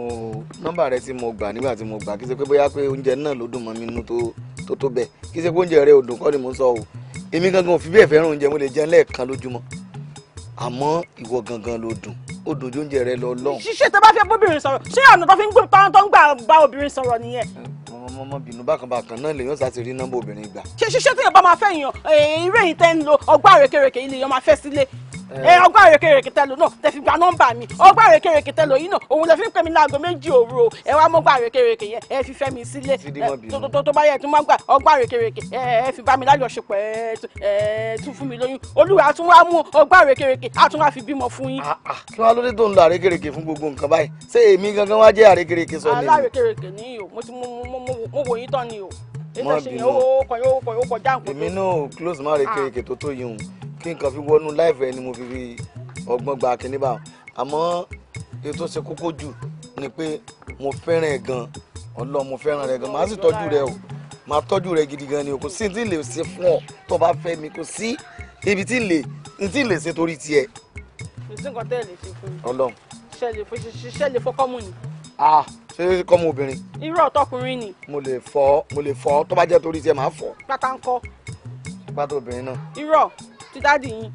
nọ́mbà rẹ tí mo gbà nígbà tí mo gbà kí ṣe pé bóyá pé oúnjẹ náà ló dùn mọ́ mi nínú tó tó bẹ́ẹ̀ kí ṣe pé oúnjẹ rẹ ò dùn kọ́ ni mo ń sọ o èmi gangan ò fi bẹ́ẹ̀ fẹ́ràn oúnjẹ mo lè jẹun lẹ́ẹ̀kan lójúmọ́ àmọ́ ìwọ gangan ló dùn ó dojú oúnjẹ rẹ lọ lọ́hùn. ṣíṣe tó bá fẹ́ bóbìnrin sọ̀rọ̀ ṣé ọ̀nà tó fi ń gbé tó ń gbà bá obìnrin sọ̀rọ̀ nìyẹn. ọmọ bínú bákan bákan náà lèyàn sá ti rí nọ́mbà obìnrin gbà. ṣe ṣíṣe tó yẹ bá máa fẹ́ yan eré ìtẹ́ ń lo ọgbà rékèrékè ilé yẹn máa fẹ́ sílé ẹ eh, ọgbà àrèkèrèkè tẹ lò náà tẹ fi gba nọ́mbà mi ọgbà àrèkèrèkè tẹ lò yìí náà òun lè fi pè mí láago méjì òru o ẹ wá mọ́gbà àrèkèrèkè yẹn ẹ fi fẹ́ mi sílé tó bá yẹ tó má gbà ọgbà àrèkèrèkè ẹ fi bá mi lájọṣepọ̀ ẹ tún fún mi lóyún olúwa tún wá mú ọgbà àrèkèrèkè á tún wá fi bímọ fún yín. Ah, ah, kí wàá lóde tó ń lo àrèkèrèkè fún gbogbo nǹkan báyìí ṣé èmi gangan wá jẹ́ àrèkèrèkè sọ ni. alárèkèrèkè ni o mo ti mo wò yín tán ni o. mọ bínú èmi náà close má àrèkèrèkè ah. tó tó yìí hùn tí nǹkan fi wọnú láìfẹ́ ni mo fi fi ọgbọ́n gba kínní bá àmọ́ ètò ṣe kókó jù ni pé mo fẹ́ràn ẹ̀ gan ọlọ́ mo fẹ́ràn rẹ̀ gan màá sì tọ́jú rẹ o màá tọ́jú rẹ gidi gan ni o kò sí tí lè ṣe fún ọ tó bá fẹ́ mi kò sí ibi tí lè tí lè ṣe torí tiẹ̀. ìsìn kan tẹ́ ẹ̀ lè ṣe fún ah ṣe kọ́ mu obìnrin. irú ọ̀tọ́kùnrin ni. mo lè fọ mo lè fọ tó bá jẹ́ torí tiẹ̀ màá fọ. pátá ń kọ́. pátá obìnrin náà. irọ́ ti dáàdì yín.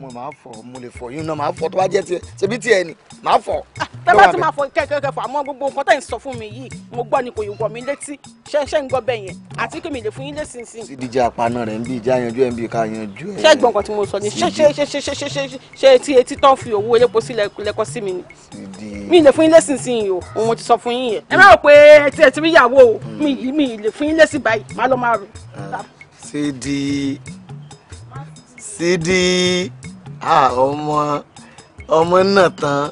mo máa fọ mo lè fọ yín náà máa fọ tó bá jẹ tiẹ ṣebí tiẹ ni máa fọ. Ah, tẹ́ bá ti máa fọ kẹ́kẹ́kẹ́ fọ àmọ́ gbogbo nǹkan tẹ̀ ń sọ fún mi yìí mo gbọ́ ni kò yí wọ̀ mí létí ṣẹ́ṣẹ́ ń gbọ́ bẹ́ẹ̀ yẹn àti kí mi lè fún yín lẹ́sìnsìn. sí díje àpáná rẹ̀ ń bí ìjà yanjú ẹ̀ ń bí ká yanjú ẹ̀. ṣé ìgbọ̀n kan tí mo sọ ni ṣé ṣé ṣé ṣé ṣé ṣé ṣé ṣé etí etí tán fi owó elépo sí lẹ́kọ́ sí mi ni. mi lè fún yín lẹ́sìnsìn yìí o òun ti sọ fún yín yẹn. ẹ má rò pé etí ẹ ti rí ìyàwó o mi lè fún yín lẹ́sìn báyìí má lọ má rò. ṣé ah, di sídi ọmọ ọmọ náà tán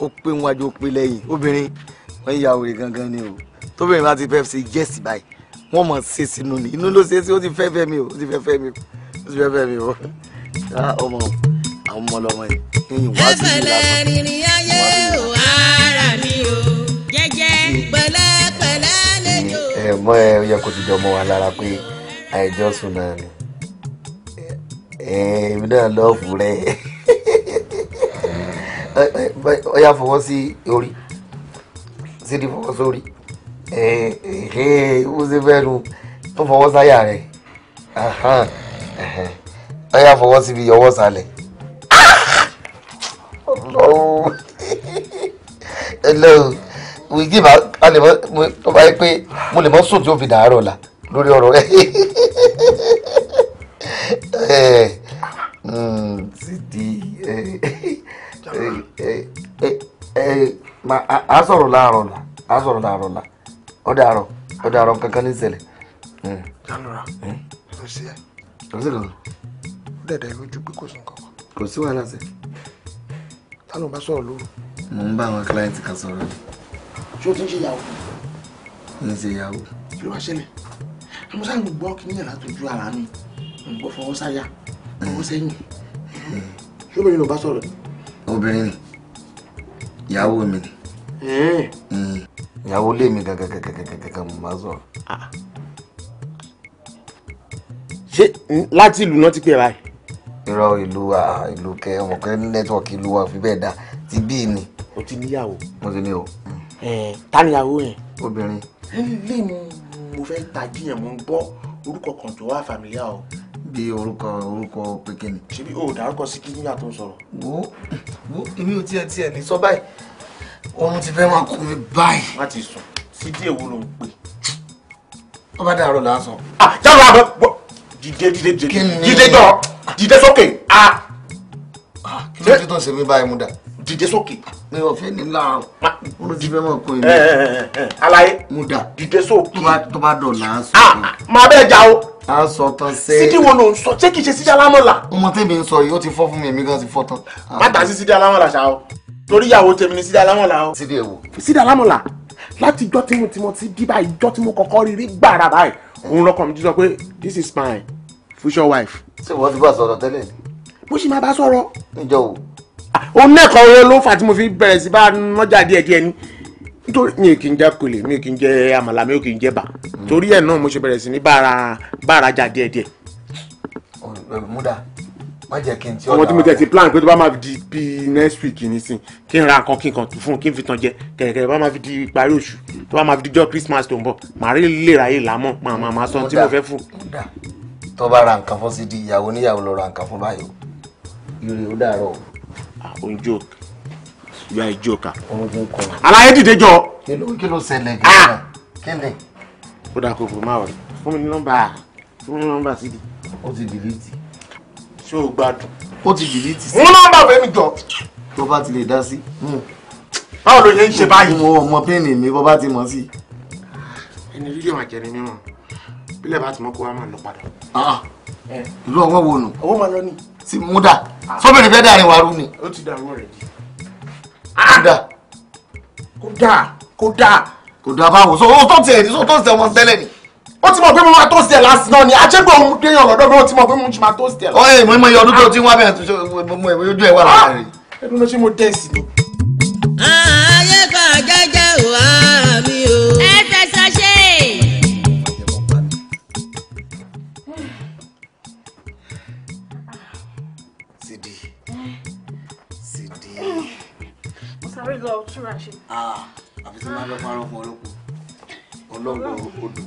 ó pé wájú ó pé lẹ́yìn obìnrin wọ́n ya òrè gangan ni o tóbìnrin bá ti fẹ́ ṣe jẹ́sì báyìí wọ́n mọ̀ ṣe sínú ni inú ló ṣe é sí ó ti fẹ́ fẹ́ mi o ó ti fẹ́ fẹ́ mi o ó ti fẹ́ fẹ́ mi o ọmọ àwọn ọmọ lọmọ yìí ẹ̀yìn wá sí mi lásán. ẹsẹ̀ lẹ́rìn ní ayé o ara mi o jẹ́jẹ́ pẹ̀lẹ́pẹ̀lẹ́ lẹ́jọ́. ẹ mọ ẹ yẹ kó ti jọ mọ wa lára pé àìjọsùn náà ni èmi náà lọ́ọ̀fù rẹ̀ ó yá fọwọ́ sí orí sídi fọwọ́ sórí ó ṣe fẹ́ nu ó fọwọ́ sáyà rẹ̀ ó yá fọwọ́ síbi ọwọ́ sálẹ̀ hello wigi ma a bá yẹ pé mo lè mọ sùn tí ó fi dàárọ̀ la lórí ọ̀rọ̀ rẹ̀. azọrọla arọla azọrọla arụla ọ dị arọ ọ dị arọ kankan n'izele. dẹ̀dẹ̀ o owó sẹ́yìn ṣóbìnrin ló bá sọ̀rọ̀. obìnrin ni ìyàwó mi ni hmm. ìyàwó lé mi gàgàgàgàgàgà mo máa sọ̀rọ̀. ṣé láti ìlú náà ti pè báyìí. irọ́ ìlú ìlú kẹ ọmọ kẹ nẹ́tíwọ̀kì ìlú wa fi bẹ́ẹ̀ dá ti bíi ni. o ti níyàwó. mo ti ní o. ta ni ìyàwó yẹn. obìnrin. ilé mi mo fẹ́ tají yẹn mo ń gbọ́ orúkọ kan tó wà fàmílíà o bí orúkọ orúkọ pékinni. ṣebí o dárúkọ sí kí nígbà tó ń sọ̀rọ̀. wo wo èmi ò tiẹ̀ tiẹ̀ ní sọ báyìí oorun ti fẹ́ máa kú mi báyìí. má ti sùn sí díẹ̀ wo ló ń pè. wọ́n bá dàrú lásán. ah jáwọ́ àbọ̀ dìde dìde dìde dìde jọ dìde sókè. kí ló dé tó ń ṣe mí báyìí mú dà. dìde sókè. mi ò fẹ́ ní láàrú oorun ti fẹ́ máa kú mi. alaye mú dà. dìde sókè. tó bá dọ̀ lásán. máa bẹ́ẹ̀ jà o a sọ tán ṣe. sídì wo ló ń sọ ṣé kìí ṣe sídì alámọ̀là. ọmọ tèmi ń sọ yìí ó ti fọ́ fún mi èmi gan ti fọ́ tán. má dá sí sídì alámọ̀là ṣá o torí ìyàwó tèmi ni sídì alámọ̀là o. sídì èwo. sídì alámọ̀là láti ijọ́ tí mo ti mo ti dí báyìí ijọ́ tí mo kọ́kọ́ rí rí gbàrà báyìí òun lọ́kàn mi ti sọ pé this is my future wife. ṣé wọ́n ti bá sọ̀rọ̀ tẹ́lẹ̀ ni. mo sì máa bá sọ̀rọ̀. níjọ́ wo. Ah, òun náà kọ́ ló fà tí mo fi bẹ̀rẹ̀ sí bá nájà díẹ̀díẹ̀ ni nítorí mi kì í jẹ kùlé mi kì í jẹ àmàlà mi kì í jẹ bà torí ẹ̀ náà mo ṣe bẹ̀rẹ̀ sí ní bára bára jà díẹ̀díẹ̀. olùmúdà má jẹ́ kí n ti ọ̀dà ọmọ tí mo tẹ̀ ti plan pé tó bá máa fi di bí next week nísìn kí n ra nǹkan kí n kàn fún kí n fi tan jẹ kẹ̀kẹ́ bá máa fi di ìparí oṣù tó bá máa fi dijọ́ Christmas tó ń bọ̀ màá rí lè ráyè lámọ̀ màá màá máa sọ tí mo fẹ́ fún. tó bá ra nǹkan fún sí di ìyàwó níyàwó lọ ra nǹkan fún báyìí o ire ó dàrọ̀ o. àwọn ah, joke you are a joker. ogun kọ. aláyé dìde jọ. kí ló ṣẹlẹ̀ ah! gẹ́gẹ́ kí ni. ó dà kókò máa wọlé fún mi ní nọ́mbà fún mi ní nọ́mbà síbi. ó ti dìlítì. ṣé o gbádùn. ó ti dìlítì sí. mú nọ́mbà fẹ́mi jọ. tó bá ti lè dá sí. Hmm. báwo ló ṣe ń ṣe báyìí. mo ọmọ pẹ́ẹ́nì mi bó bá ti mọ̀ sí. ẹni fídíò máa jẹ ni mímọ bílẹ̀ bá ti mọ́ kó wa máa lọ padà. ìlú ah, eh. ọwọ́ wo nù. owó máa lọ ni. sí múdà sóbìnrin fẹ́ dàrin wa rú ni. ó ti dàrú ọ̀rẹ́ yìí kódà kódà kódà kódà báwo so o tó tiẹ̀ ní so o tó tiẹ̀ wọn tẹ́lẹ̀ ni ó ti mọ̀ pé mo máa tó tiẹ̀ lásì náà ni àjẹgbẹ́ òun déyàn lọ́dọ̀ mi ó ti mọ̀ pé mo ti máa tó tiẹ̀ lọ. ọ̀hìn mo mọ iye ọdún tó ti wá bẹ̀rẹ̀ tó ṣe ojú ẹ̀ wà láàárín. ẹnu ló ṣe mo dẹ́sì ni. lọ túra ṣe. Ah, àfi tí máa lọ parọ́ fún ọlọ́kùn ọlọ́gbọ̀n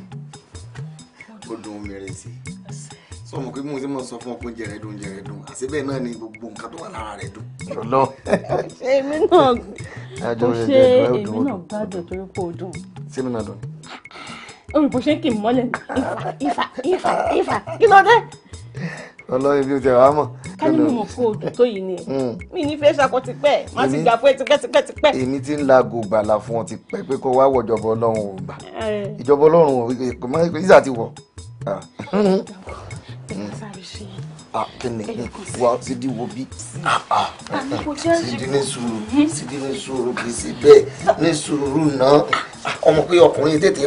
odò odò mèrèsì sọ mọ̀ pé mo ti mọ̀ sọ fún ọ pé jẹrẹ dùn jẹrẹ dùn àti bẹ́ẹ̀ náà ni gbogbo nǹkan tó wà lára rẹ̀ dùn. ṣọlọ èmi náà mo ṣe èmi náà gbádùn torí pé o dùn. sínú náà dùn. olùkọ́ ṣé kì í mọ́lẹ̀ ní ìfà ìfà ìfà ìfà kí ló dé ọlọ́run ibi òjò wa mọ̀. kálí mi mọ̀ kó ojú tó yìí ni hmm. mi ní fẹ́ ṣakọ ti pẹ́ má ti gbà fún ẹ tipẹ́ tipẹ́ tipẹ́. èmi ti ń la gògbà la fún ọ ti pẹ́ pé kó wá wọ ìjọba ọlọ́run ò gbà ìjọba ọlọ́run ò má ìsà ti wọ̀. kíni wa sídi wo bí sídi ní sùúrù sídi ní sùúrù kì í sí bẹ́ẹ̀ ní sùúrù náà ọmọ pé ọkùnrin tètè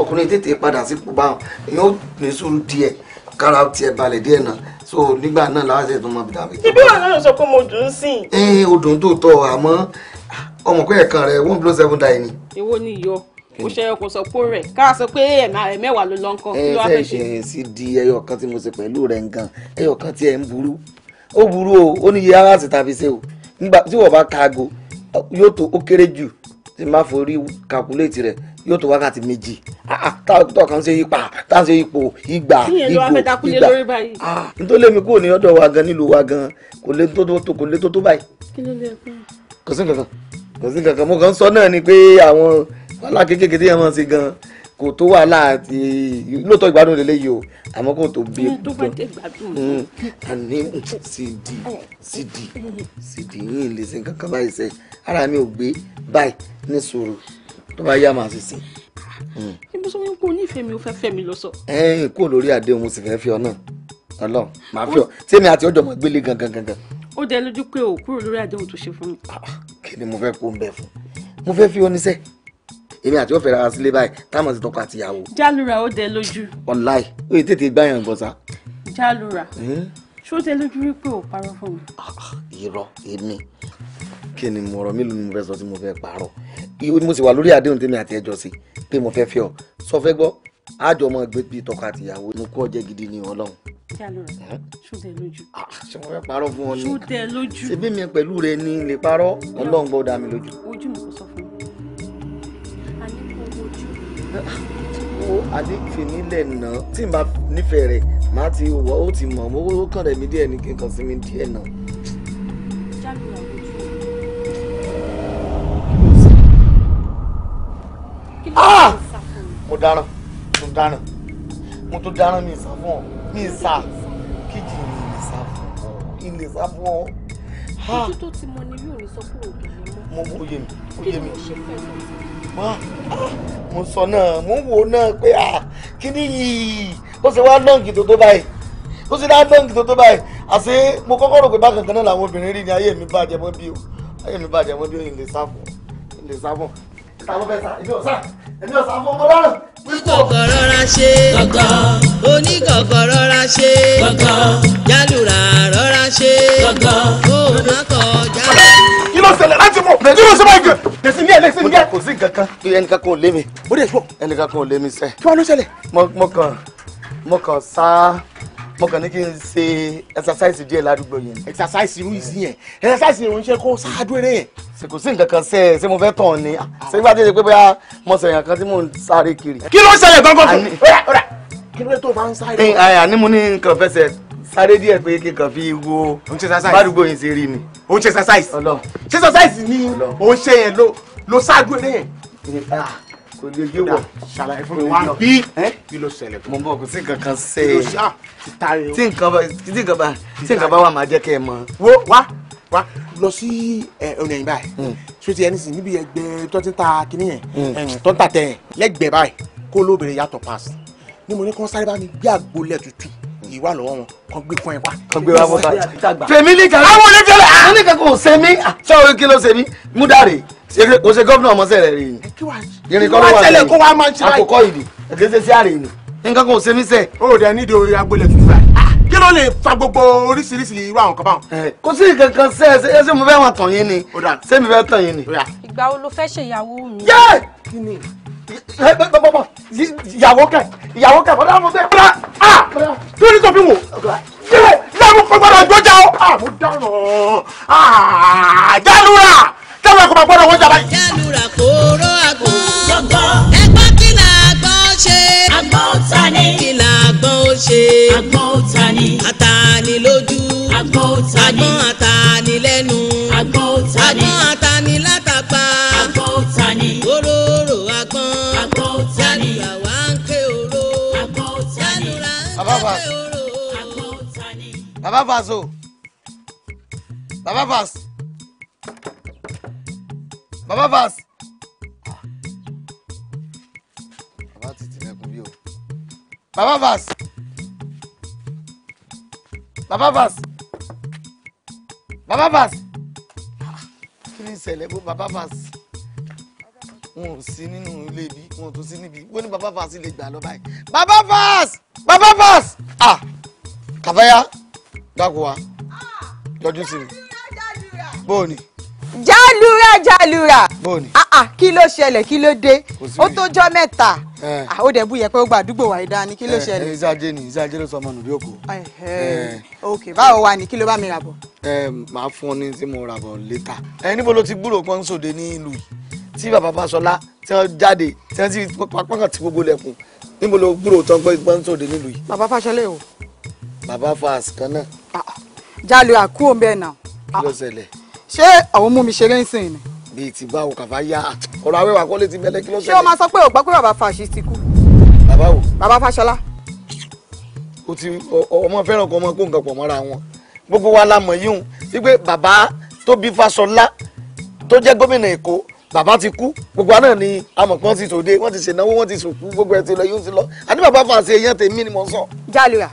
ọkùnrin tètè padà sípò báwọn èèyàn ní sùúrù díẹ̀ kára tiẹ̀ balẹ̀ díẹ̀ náà so nígbà náà láwọn ṣe tún mọ bìtà mi. ibi wà náà sọ pé mo dùn ún sìn. ẹ o dùn tó tọ àmọ́ ọmọ kọ ẹ̀kan rẹ one blow seven die ni. èwo ni yọ o ṣe kò sọ pó rẹ ká sọ pé ẹ̀mẹ́wàá ló lọ nǹkan kí ló wá fẹ́ ṣe. ẹ ṣe di ẹyọ kan tí mo ṣe pẹ̀lú rẹ nǹkan ẹyọ kan tí ẹ ń burú ó burú o ó níye ara sì tàbí ṣe o nígbà tí wọ́n bá kaago yóò tó ó kéré jù tí n bá forí calculate rẹ̀ yóò tó wákàtí méjì ah, ah, tó kàn ṣe ipa tá à ń ṣe ipò ìgbà ìgbò ìgbà nítorí mi kúrò ní ọ̀dọ̀ wa gan nílùú wa gan kò lè tó tó kò lè tó tó báyìí kò sí kankan kò sí kankan mo kàn sọ náà ni pé àwọn wàhálà kékeré tí wọ́n máa ṣe gan kò tó wàhálà àti lóòótọ́ ìgbádùn lè léyìí o àmọ́ kò tó bí epo dán àní cd cd cd yìí lè ṣe nǹkan kan báyìí sẹ́yìn ara mi ò gbé báyìí ní sùúrù tó bá yá màá sì sìn. ibi hmm. sọ wípé o nífẹ̀ẹ́ mi ò fẹ́ fẹ́ mi lọ sọ. ẹ ẹ kú lórí àdéhùn mo sì fẹ́ fi ọ náà ọlọ màá fi ọ sẹ́mi àti ọ̀dọ̀ mọ̀ gbélé gangan gangan. ó dẹ lójú pé o kúrò lórí àdéhùn tó ṣe fún mi. Ah, kí ni mo fẹ́ kó ń bẹ fún mo fẹ́ fi oníṣẹ́ èmi àti ọ̀fẹ́ rárá sílé báyìí táwọn ti tọkọ àtìyàwó. jálùra ó dẹ lójú. ọ̀la ẹ̀ ó yẹ tètè gbáyàn gbọ̀nsá. jálùra ṣó dẹ lójú wípé o parọ́ fún mi. Ah, irọ́ èmi kí ni mo rọ mélòó ni mo fẹ́ sọ tí mo fẹ́ parọ́ mo sì wà lórí àdéhùn tèmi àti ẹjọ́ sí pé mo fẹ́ fẹ́ ọ sọ fẹ́ gbọ́ àjọ ọmọ ẹgbẹ́ bíi tọkọ àtìyàwó mo kọ́ jẹ́ gidi ní ọlọ́run. Ah, ṣé mo fẹ́ parọ́ fún ọ ní. ṣebí mi pẹ̀lú rẹ ní lè parọ́ ọlọ́run gbọ́ mi lójú. ojú mi kò sọ fún mi. a ní kó ojú. o àní fìmílẹ̀ nà tí n bá nífẹ̀ẹ́ rẹ̀ má ti wọ̀ ó ti mọ̀ mo kàn rẹ̀ mí díẹ̀ ní kí n kàn sí mi díẹ̀ nà. jálùwà Ah! mo dáràn mo dáràn mo tó dáràn mi ìsà fún ọ mi ìsà kejì mi ìsà fún ọ ilé ìsà fún ọ. ojú tó ti mọ ni yóò ní sọ fún òògùn mi mọ. mo yé mi mo yé mi ah! mo sọ náà mo ń wò náà pé ah! kíní yìí ó ṣe wá lọ́ǹkì tó tó báyìí ó ṣe dá lọ́ǹkì tó tó báyìí àṣé mo kọ́kọ́ rò pé bákan kan náà làwọn obìnrin rí ni ayé mi bàjẹ́ mọ́ bí o ayé mi bàjẹ́ mọ́ bí o ìlè sáfù ìlè sáfù. ìta ló fẹ́ sa ìlú ọ̀sán ẹni ọ̀sán fún ọmọ lọ́rùn. oníkọ̀kọ̀ rọra ṣe gọ̀gọ̀ oníkọ̀kọ̀ rọra ṣe gọ̀gọ̀ jálùrà rọra ṣe gọ̀gọ̀ ó má kọ̀ jálù. kí ló ṣẹlẹ̀ láti mọ̀ kí ló ṣe máa gẹ̀ kèsì ní ẹlẹ́sìn ní ẹ̀. kò sí nǹkan kan kí ẹnìkan kan ò lé mi. bó dẹ̀ sọ. ẹnìkan kan ò lé mi sẹ́. kí wàá ló ṣẹlẹ̀. mo kàn mo kàn sá mo kàn ní kí n ṣe exercise díẹ̀ ládùúgbò yẹn. exercise irú ìsìn yẹn exercise irú iṣẹ́ kó ṣáájú eré yẹn. ṣe kò sí nǹkan kan ṣe ẹ ṣé mo fẹ́ tàn ni ṣé bá tẹ̀lé pé bóyá mo sọ èèyàn kan tí mò ń sáré kiri. kí ló ń ṣẹlẹ̀ gbọ́ngàn tó kí ló tó máa ń sáré. àní mo ní nǹkan fẹsẹ̀ sáré díẹ̀ pé kíkan fi wo bádùúgbò yẹn ṣe rí ni. o ń ṣe exercise. ṣe exercise ni o ń ṣe yẹn ló ṣáájú eré yẹn kò lè yé wọ ṣàlàyé fún mi wá bí kí ló ṣẹlẹ̀. mo bọ̀ kò sí nǹkan kan ṣe é ah, tí nǹkan bá tí nǹkan bá tí nǹkan bá wà máa jẹ́ kẹ́ ẹ mọ̀. wo wa, wa. lọ sí ọ̀nà ẹ̀yìn báyìí hmm. ṣé ti ẹni sìn níbi ẹgbẹ́ tó ti ń ta kinní yẹn hmm. tó ń tà tẹ̀ yẹn lẹ́gbẹ̀ẹ́ báyìí kó lóbìnrin yàtọ̀ pass ni mo ní kí wọ́n sáré bá mi gbé àgbo lẹ́tùtù yìí wà lọ́wọ́ wọn kàn gbé pọ́n ẹ̀ wá. kàn gbé wa bọ́ ká fèmí ní kan. àwọn oníjẹ́ rẹ̀ àwọn oníkan kò ṣe mí ah. ṣé o kí ló ṣe mí mú dáre kò ṣe gómìnà ọmọọṣẹ́ rẹ̀ rèé irin kọ́ ló wà lẹ́yìn àkókò ìdì ẹ̀gẹ́sẹ̀ sí àrè ni nǹkan kò ṣe mí sẹ́. o ò dẹ nídìí orí agbolẹ̀ fífa ah. kí ló lè fa gbogbo oríṣiríṣi irú àwọn kan báwọn. Eh, kò sí nǹkan kan ṣe é ṣé mo fẹ́ wọn tàn yín ni ṣé mi fẹ́ tàn yín ni. ìgbà wo lo fẹ́ ṣèyàwó mi. Eh, ìyàwó kẹ ìyàwó kẹ bọ́dá mo bẹ́ẹ̀ bọ́dá a tó ní sọ́bí wò yẹ láàmú gbọ́dọ̀ gbọ́dọ̀ o àmú ah, dáná ah, jálùrà tẹ́lẹ̀ kò máa gbọ́dọ̀ wọ́n jàmbá yìí. jálùrà kóró àgbọ̀ ẹgbọ́n kí là gbọ́ ṣe àgbọ̀n ta ni kí là gbọ́ ṣe àgbọ̀n ta ni àtàní lójú àgbọ̀n ta ni àgbọ̀n àtàní. baba pass o baba pass baba pass. baba ti tilẹ̀kùn bí o. baba pass baba pass baba pass kí ni ìṣẹ̀lẹ̀ bó baba pass wọn ò sí nínú ilé ibi wọn ò tún sí níbi wọn ní baba pass lè gbà lọ báyìí baba pass baba pass ah kàbáyà dákun wa yọjú sí mi bóòní. jálùrà jálùrà bóòní. Ah, ah, kí ló ṣẹlẹ̀ kí ló dé ó tó jọ́ mẹ́ta ah, ó dẹ̀ bú yẹ pé ó gba àdúgbò wa ìdá ni kí ló ṣẹlẹ̀. ìsájé ni ìsájé ló sọ ọmọ nùbí òkú. ok báwo wà ní kí ló bá mi rà bọ̀. màá fún ọ ní tí mo rà bọ̀ létà. ẹ níbo ló ti gbúròó pọ́n sòde ní ìlú yìí tí bàbá Fáṣọlá tí wọ́n jáde tí wọ́n ti pápákọ̀ gbogbo lẹ̀kùn níbo ló gbúròó tán pọ́n sòde nílùú yìí. bàbá Fáṣọlá o. bàbá Fáṣ kan náà Ah, jalo àkúrò ń bẹ́ẹ̀ náà. kí ló ṣẹlẹ̀. Ah, ṣé àwọn mú mi ṣeré ń sìn ni. bíi ti báwo kàfá yá ọ̀rọ̀ àwẹ̀wà kọ́lé ti bẹ̀lẹ̀ kí ló ṣẹlẹ̀. ṣé o máa sọ pé o gbọ́ pé bàbá fàṣí ti kú. bàbá wo. bàbá Fàṣọlá. o ti ọmọ fẹ́ràn kan ọmọ pé nǹkan pọ̀ mọ́ra wọn gbogbo wa la mọ̀ yíhun wípé bàbá tó bí Fàṣọlá tó jẹ́ gómìnà Èkó bàbá ti kú gbogbo àná ni amọ̀pọ̀n ti sòde wọ́n ti ṣènáwó wọ́n ti sòkú gbogbo ẹ̀ ti lọ yóò ti lọ àní bàbá fàṣẹ èèyàn tèmi ni mo sọ. jálùyà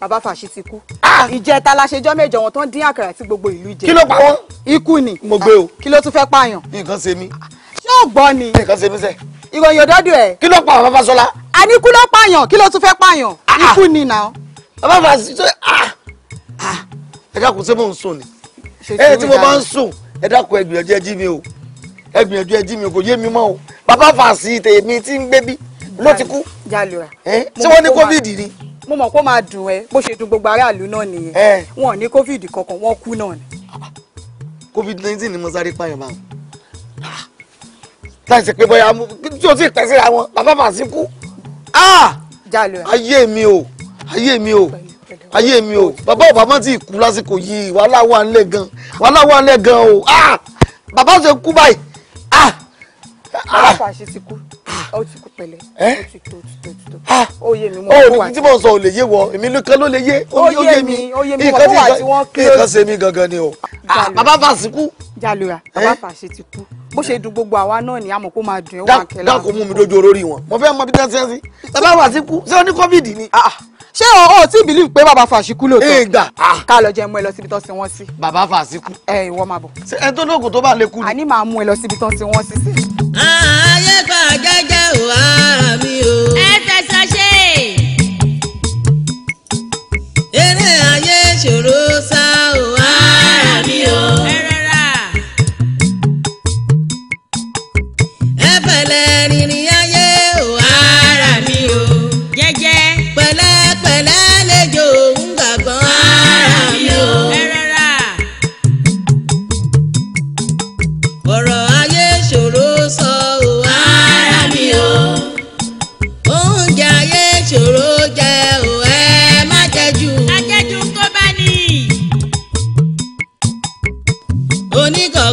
bàbá fàṣẹ ti kú ah! ìjẹta la ṣe jọ méjọ wọn tó ń dín àkàrà tí gbogbo ìlú jẹ. kí ló pa wọn. ikú ni mo gbé o kí ló tún fẹ́ pààyàn. nǹkan ṣe mí. ṣé ò gbọ́ ni. nǹkan ṣe mí sẹ́. ìròyìn òdòdó ẹ̀. kí ló pa bàbá sọlá. àní kú ló pààyàn kí ló tún ah, ah. ni nà. bàbá fàṣẹ ṣe ẹ dákun ṣé ni. ẹ tí mo bá ń sùn ẹ gbìyànjú ẹ jí mi kò yé mi mọ́ o bàbá fàṣì tèmi tí ń gbé bí ló ti kú. jalura ṣé wọ́n ní covid ni. mo mọ̀ kó máa dùn ẹ́ bó ṣe dùn gbogbo aráàlú náà nìyẹn wọn ò ní covid kankan wọ́n kú náà ni. covid nineteen ni mo sáré pààyàn báwọn ah! láì ṣe pé bóyá tí o sì tẹ̀síra wọn bàbá fàṣì kú ayé ah! mi o ayé mi o ayé mi o bàbá ò bàbá tí ì kú lásìkò yìí wàhálà wà ń lẹ̀ gan wàhálà wà ń lẹ̀ gan o ah! bàbá ṣe kú báyìí ọlọ́pàá ah! ṣe ah! eh? ti kú ó ti kú ah! oh, mo sọ ò yé wọ èmi nìkan ló lè yé ó yé mi ó tí nǹkan ṣe mí gangan ni o. bàbá fàṣí jalura bàbá fàṣí eh? ti kú bó ṣe dùn gbogbo àwa náà ni a mọ̀ kó máa dùn ẹ́ wà kẹlẹ́. dákò mú mi dojú olórí wọn mo fẹ́ mọ bí tẹ́sí ẹ sí bàbá fàṣí ṣé o ní kọ́fíìdì ni ṣé o ò tí ì bìlí pé bàbá fàṣíkú ló tọ ìgbà ah, ká lọ jẹ mú ẹ lọ síbi tó sin wọn sí. bàbá fàṣíkú. ẹ ìwọ máa bọ. ẹ tó lóògùn tó bá lè kú ni. àní màá mú ẹ lọ síbi tó sin wọn sí sí. ààyè gbà jẹjẹ wà mí o. ẹ tẹsán ṣe. eré ayé ṣòro sá.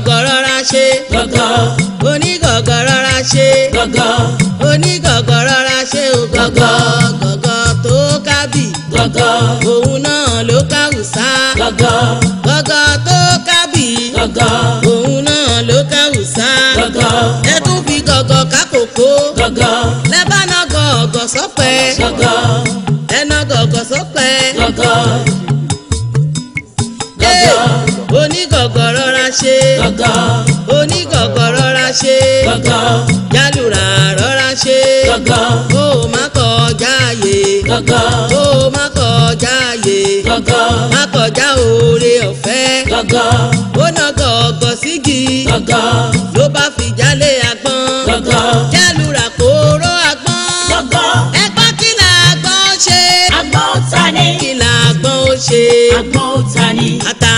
gọ̀gọ̀ rọra ṣe gọ̀gọ̀ oní gọ̀gọ̀ rọra ṣe gọ̀gọ̀ oní gọ̀gọ̀ ṣe o gọ̀gọ̀ gọ̀gọ̀ tó kábì gọ̀gọ̀. ṣe gọ́gọ́ onígọ̀gọ̀ rọra ṣe gọ́gọ́ jálùrà rọra ṣe gọ́gọ́ ó má kọjá àyè gọ́gọ́ ó má kọjá àyè gọ́gọ́ má kọjá oore ọ̀fẹ́ ó nà gọ̀ọ̀gọ̀ sígi ló bá fi jálè agbọ́n gọ́gọ́ jálùrà kóró agbọ́n gọ́gọ́ ẹgbọ́n kí là agbọ́n ṣe agbọ́n ta ni kí là agbọ́n ṣe agbọ́n ta ni ata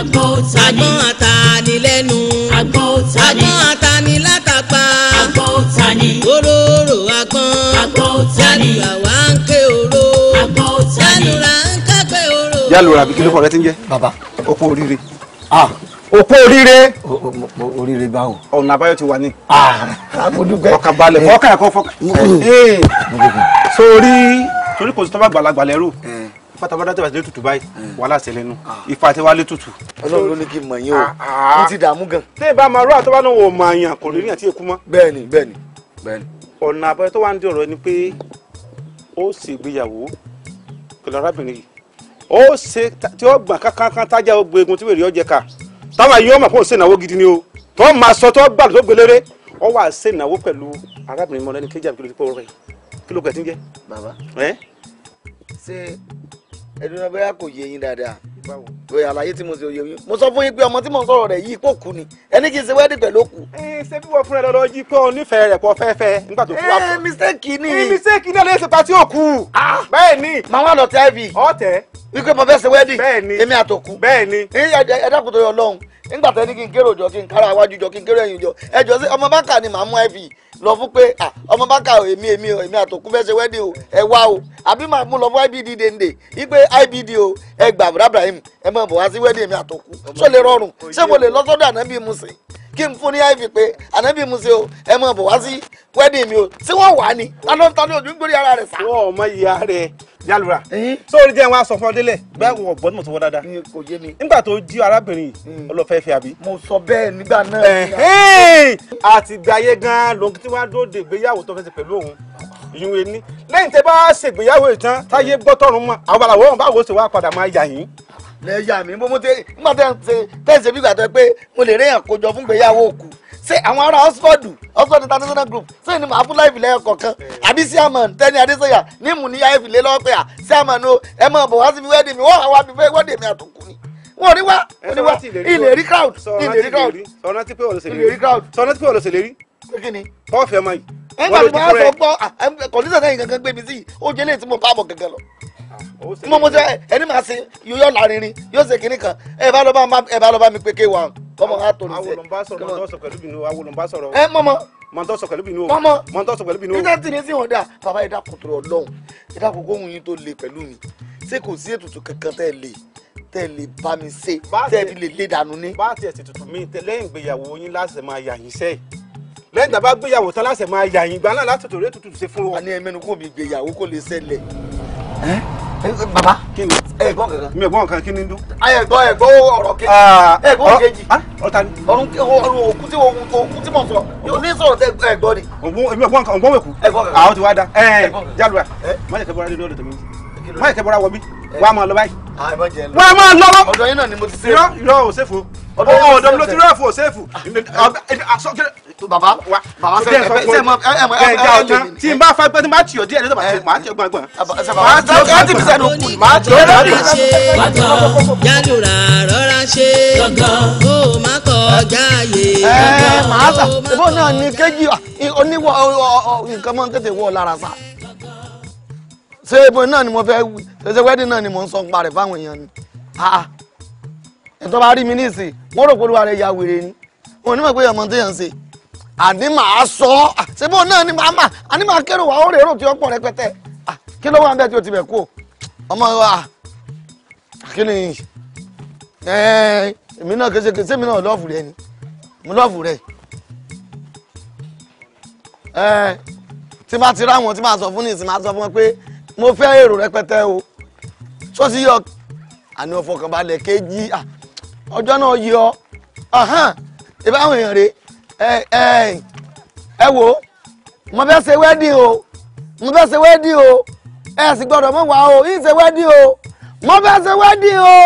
àgbò tani. àgbọ̀n àtàní lẹ́nu. àgbò tani. àgbọ̀n àtàní látàpá. àgbò tani. òróró àgbọ̀n. àgbò tani. yàlùrà wà ń ké oró. àgbò tani. yàlùrà ń kápẹ́ oró. yàlùrà bí kí ló fọ̀rẹ́ ti ń jẹ́. bàbá opó oríire. ah opó oríire. oríire báwo. ọ̀nà àbáyọ ti wà ní. ọkà balẹ̀ fọkà ẹ̀kọ́ fọkà. sórí torí kò sí tọ́ gbàlagbà lẹ́rù pátápátá tó bá ti lé tutù báyìí hmm. wàhálà ṣẹlẹ̀ nù ah. ifá tí wàá lé tutù. Ọlọ́run ló ní kí n mọ̀ yín o n ah, ah, ti dààmú gan. tẹ́ ẹ bá máa rú àtọ́wá náà wò máa yàn kò lórí àti èkú mọ́. bẹ́ẹ̀ni bẹ́ẹ̀ni bẹ́ẹ̀ni. ọ̀nà àbáyọ tó wà ń di ọ̀rọ̀ ni pé ó ṣègbéyàwó pẹ̀lú arábìnrin yìí ó ṣe tí ó gbà kankan tájà ó gbé egun tí wèrè ọjẹ ká táwọn yìí ó mà fún òun ṣèǹnáwó gidi ni o tó máa sọ tó gbà tó gbélére ó wà ṣèǹnáwó pẹ̀lú arábìnrin mọ́lẹ́ni kéjì àbíkí ló ti pọ̀ rẹ̀ kí ló pẹ̀ tí ń jẹ́. bàbá ẹdùnú bóyá kò yé yín dáadáa bóyá àlàyé tí mo ṣe òye yín mo sọ fún yín pé ọmọ tí mo ń sọ̀rọ̀ rẹ̀ yìí pò kú ni ẹni kì í ṣe wẹ́ẹ́dì pẹ̀lú òkú. ẹ ṣe bí wọn fúnra ẹ lọ́dọ̀ pé òun nífẹ̀ẹ́ rẹ̀ pọ̀ fẹ́ẹ́fẹ́ nígbà tó wa. ẹ ni. ẹ mistake ni ọlọ́yẹsẹ̀ pàtí ah! bẹ́ẹ̀ ni. màá wà wípé mo lọ fún pé ah, ọmọ bá kà èmi èmi èmi àtòkùn fẹ́ wá o àbí màá lọ fún IBD dèndé ipe IBD o ẹ gbà àbúrò Ibrahim ẹ mọ̀ bọ̀ wá sí wẹ́ẹ̀dì èmi àtòkù ṣó lè rọrùn ṣé mo lè lọ sọ́dọ̀ ànábì Mùsè kí n fún ní àìfi pé ànábì Mùsè o ẹ mọ̀ bọ̀ wá sí wẹ́ẹ̀dì mi o ṣé wọ́n wà ní alọ́ntà ní ojú ń gbórí ara rẹ̀ sá. wọ́n ọmọ ìyá rẹ̀ yálùrà sórí jẹ́ wọn aṣọ fún ọdẹ lẹ̀ bẹ́ẹ̀ wọ̀ ní mo dáadáa nígbà tó jí arábìnrin yìí hmm. àbí. mo sọ bẹ́ẹ̀ nígbà náà. àti gbàyé gan lòun tí wọ́n dóde ìgbéyàwó tó fẹ́ ṣe òun ìyún ẹni lẹ́yìn tẹ́ bá ṣègbéyàwó ìtàn táyé gbọ́ mọ́ àwọn àlàwọ wọn báwo ṣe wá padà máa yà yín. lẹ́yà mi mo mo tẹ nígbà tẹ́ ń ṣe tẹ́ bí gbàtọ́ pé mo lè réyàn kójọ fún gbéyàwó òkú ṣé àwọn ará Oxford Oxford international group ṣé ni màá fún láì fìlẹ́ kọ̀ọ̀kan àbí chairman Tẹ́ni Adésọyà ní mú ní ayé fìlẹ́ lọ́wọ́ à chairman o ẹ máa bọ̀ wá síbi wẹ́ẹ̀dì mi wọ́n wá bíi wẹ́ẹ̀dì mi àtòkù ni wọ́n rí wá wọ́n rí wá ilé rí crowd ilé rí crowd ilé rí crowd sọ̀rọ̀ náà ti pé ọ̀rọ̀ ṣèlérí sọ̀rọ̀ náà ti pé ọ̀rọ̀ ṣèlérí ni. bọ́ọ̀fẹ́ máa yìí nígbà tí mo á sọ gbọ́ kọ̀ndíṣàn ah, eh, náà gangan gbé mi sí ó jẹ́ léyìí tí mo pààbọ̀ gangan lọ. Ah, mo mo ṣe ẹni máa ṣe yóò lárinrin yóò ṣe kinní kan ẹ bá lọ bá mi pé kéwàá kọ́mọ á tó ní sẹ́. ẹ mọ́mọ́ mọ̀ntọ́sọ̀ pẹ̀lú bínú o mọ̀ntọ́sọ̀ pẹ̀lú bínú o. títí ní sí wọn dà bàbá ẹ̀dá kòtò ọlọ́run ẹ̀dá kòkó ohun yìí tó le pẹ̀lú mi ṣé kò sí ètùtù kankan tẹ́ ẹ lè tẹ́ ẹ lè bá mi ṣe tẹ́ ẹ lè lé dànù ní. bá a tiẹ̀ ṣètùtù mi lẹ́yìn ìgbéyàwó yín láti máa yà yín sẹ́yìn lẹ́yìn tá a bá gbéyàwó tán láṣẹ máa yà yín gba náà láti tòrè tutù ṣe fún wa. a ní ẹmẹnu kò mi gbéyàwó kò lè ṣẹlẹ̀. baba kí ni ẹ gbọ́ kankan. mi ò gbọ́ kankan kí ni dún. ayẹ gbọ́ ẹ gbọ́ ọ̀rọ̀ kejì. Ah, ẹ gbọ́ kejì. Ah, ọ̀tá ni. ọ̀run ọ̀run òkú tí òkú tí mo sọ yóò ní sọ̀rọ̀ tẹ ẹ gbọ́ ni. èmi ò gbọ́ kankan ògbọ́n wẹ̀kú. ẹ gbọ́ kankan. àwọn ti wá da. ẹ jálùwà má yẹ kẹ́ bọ́ra lé lọ́dọ̀ tẹ̀mí má yẹ kẹ́ bọ́ra wọ bí wàá máa lọ báyìí. wàá máa lọ. ọ̀dọ̀ yín náà ni mo ti sèfù. irọ́ ò sèfù o ọ̀dọ̀ mi ló ti rẹ́ẹ̀fù ò sèfù. bàbá bàbá sẹ ẹ sẹ mọ ẹ mọ ẹ ẹ lè mi. tí n bá fẹ́ pé tí n bá tì ọ́ díẹ̀ ní sọ́ba máa tì ọ́ gbọ̀ngbọ̀n. máa tì ọ́ tí mi sẹ́nu kù máa tì ọ́ tí mi sẹ́nu kù. gbọ̀ngàn yálùrà rọra ṣe gbọ̀ngàn kó o má kọjá àyè. ẹ màá sà ìbọn náà ni kéjì oníwọ̀ nǹkan mọ́ tètè wọ̀ lára sà ṣé ebo náà ni mo fẹ́ ṣẹṣẹ wedding náà ni mo ń sọ parẹ̀ fáwọn èèyàn ni ah, ah. ẹ̀tọ́ bá rí mi ní ìsìn wọ́n rò pé olúwa rẹ̀ ya wèrè ni wọn ò ní mọ̀ pé ọmọ tí yàn ń ṣe àní màá sọ ọ́ ah, ṣébó náà ni màá mà àní màá kérò wá ó rèrò tí ó pọ̀ rẹpẹtẹ kí ló wà ń bẹ́ẹ̀ tí ó ti bẹ̀ kú ọmọ wa kí ni èmi náà kése kése mi náà lọ́ọ̀fù rẹ ni mo lọ́ọ̀fù rẹ tí bá ti ráwọn tí máa sọ fún ní ìsìn máa sọ fún wọn pé mo fẹ́ èrò rẹpẹtẹ o sọ́sí yọ àní ọ̀fọ̀kànbalẹ̀ kejì ọjọ́ náà yọ ìbá àwọn èèyàn rè ẹ wò ó mo fẹ́ ṣe wẹ́dì o mo fẹ́ ṣe wẹ́dì o ẹ sì gbọ́dọ̀ mọ̀ wá o yìí ṣe wẹ́dì o mo fẹ́ ṣe wẹ́dì o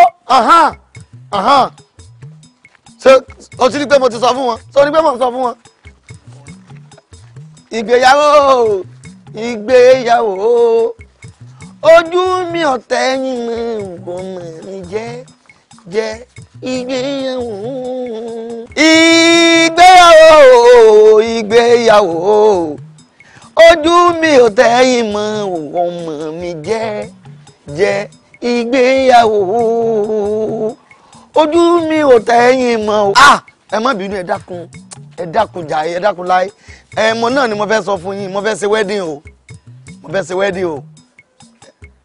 ṣe o ti rí pé mo ti sọ fún wọn ṣe o ní pé mo sọ fún wọn ìgbéyàwó ìgbéyàwó ojú mi ọ̀tẹ̀ ẹ̀yìn mi kò mọ̀ ní jẹ́ jẹ́ ìgbéyàwó. ìgbéyàwó ìgbéyàwó ojú mi ọ̀tẹ̀ ẹ̀yìn mi kò mọ̀ ní jẹ́ jẹ́ ìgbéyàwó ojú mi ọ̀tẹ̀ ẹ̀yìn mi o. ẹ má bínú ẹ dákun ẹ dákun jàre ẹ dákun láyé ẹ mọ náà ni mo fẹ́ sọ fún yín mo fẹ́ ṣe wedding o mo fẹ́ ṣe wedding o.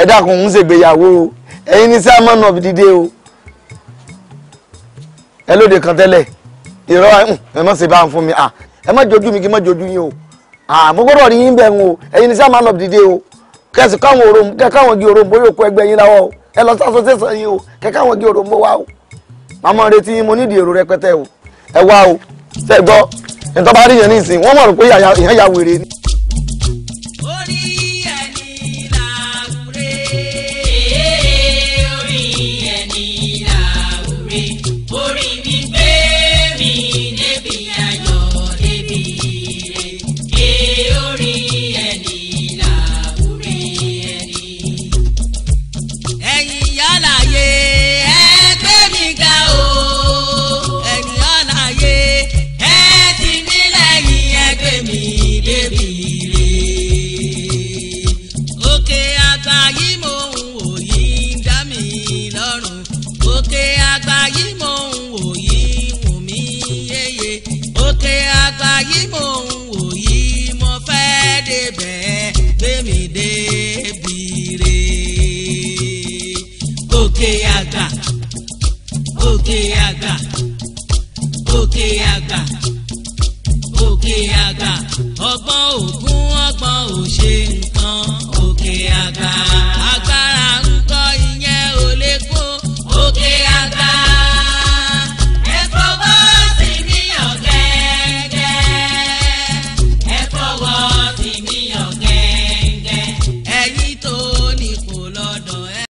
ẹ dákun ń ṣègbéyàwó o ẹ̀yin ní sáàmọ́n náà fi dìde o ẹ lóde kan tẹ́lẹ̀ ìrọ̀ ẹ má ṣe bá ń fún mi à ẹ má jojú mi kí ẹ má jojú yín o àmúgbọ́dọ̀ rí yín bẹ̀ ń o ẹ̀yin ní sáàmọ́n náà fi dìde o kẹsì káwọn òròm kẹkáwọn igi òròm bóyá òkú ẹgbẹ́ yín láwọ́ o ẹ lọ sáso sẹ́sọ yín o kẹkáwọn igi òròm bó wá o màmá retí yín mo nídìí èrò rẹpẹtẹ o ẹ wá o ṣẹ gbọ́ ntọ́ bá rí yẹn ní ìsìn wọ́n mọ̀ rò pé ìyá ya wèrè ni. òkè àgbà òkè àgbà òkè àgbà ọgbọ́n ògún ọgbọ́n òṣè nǹkan òkè àgbà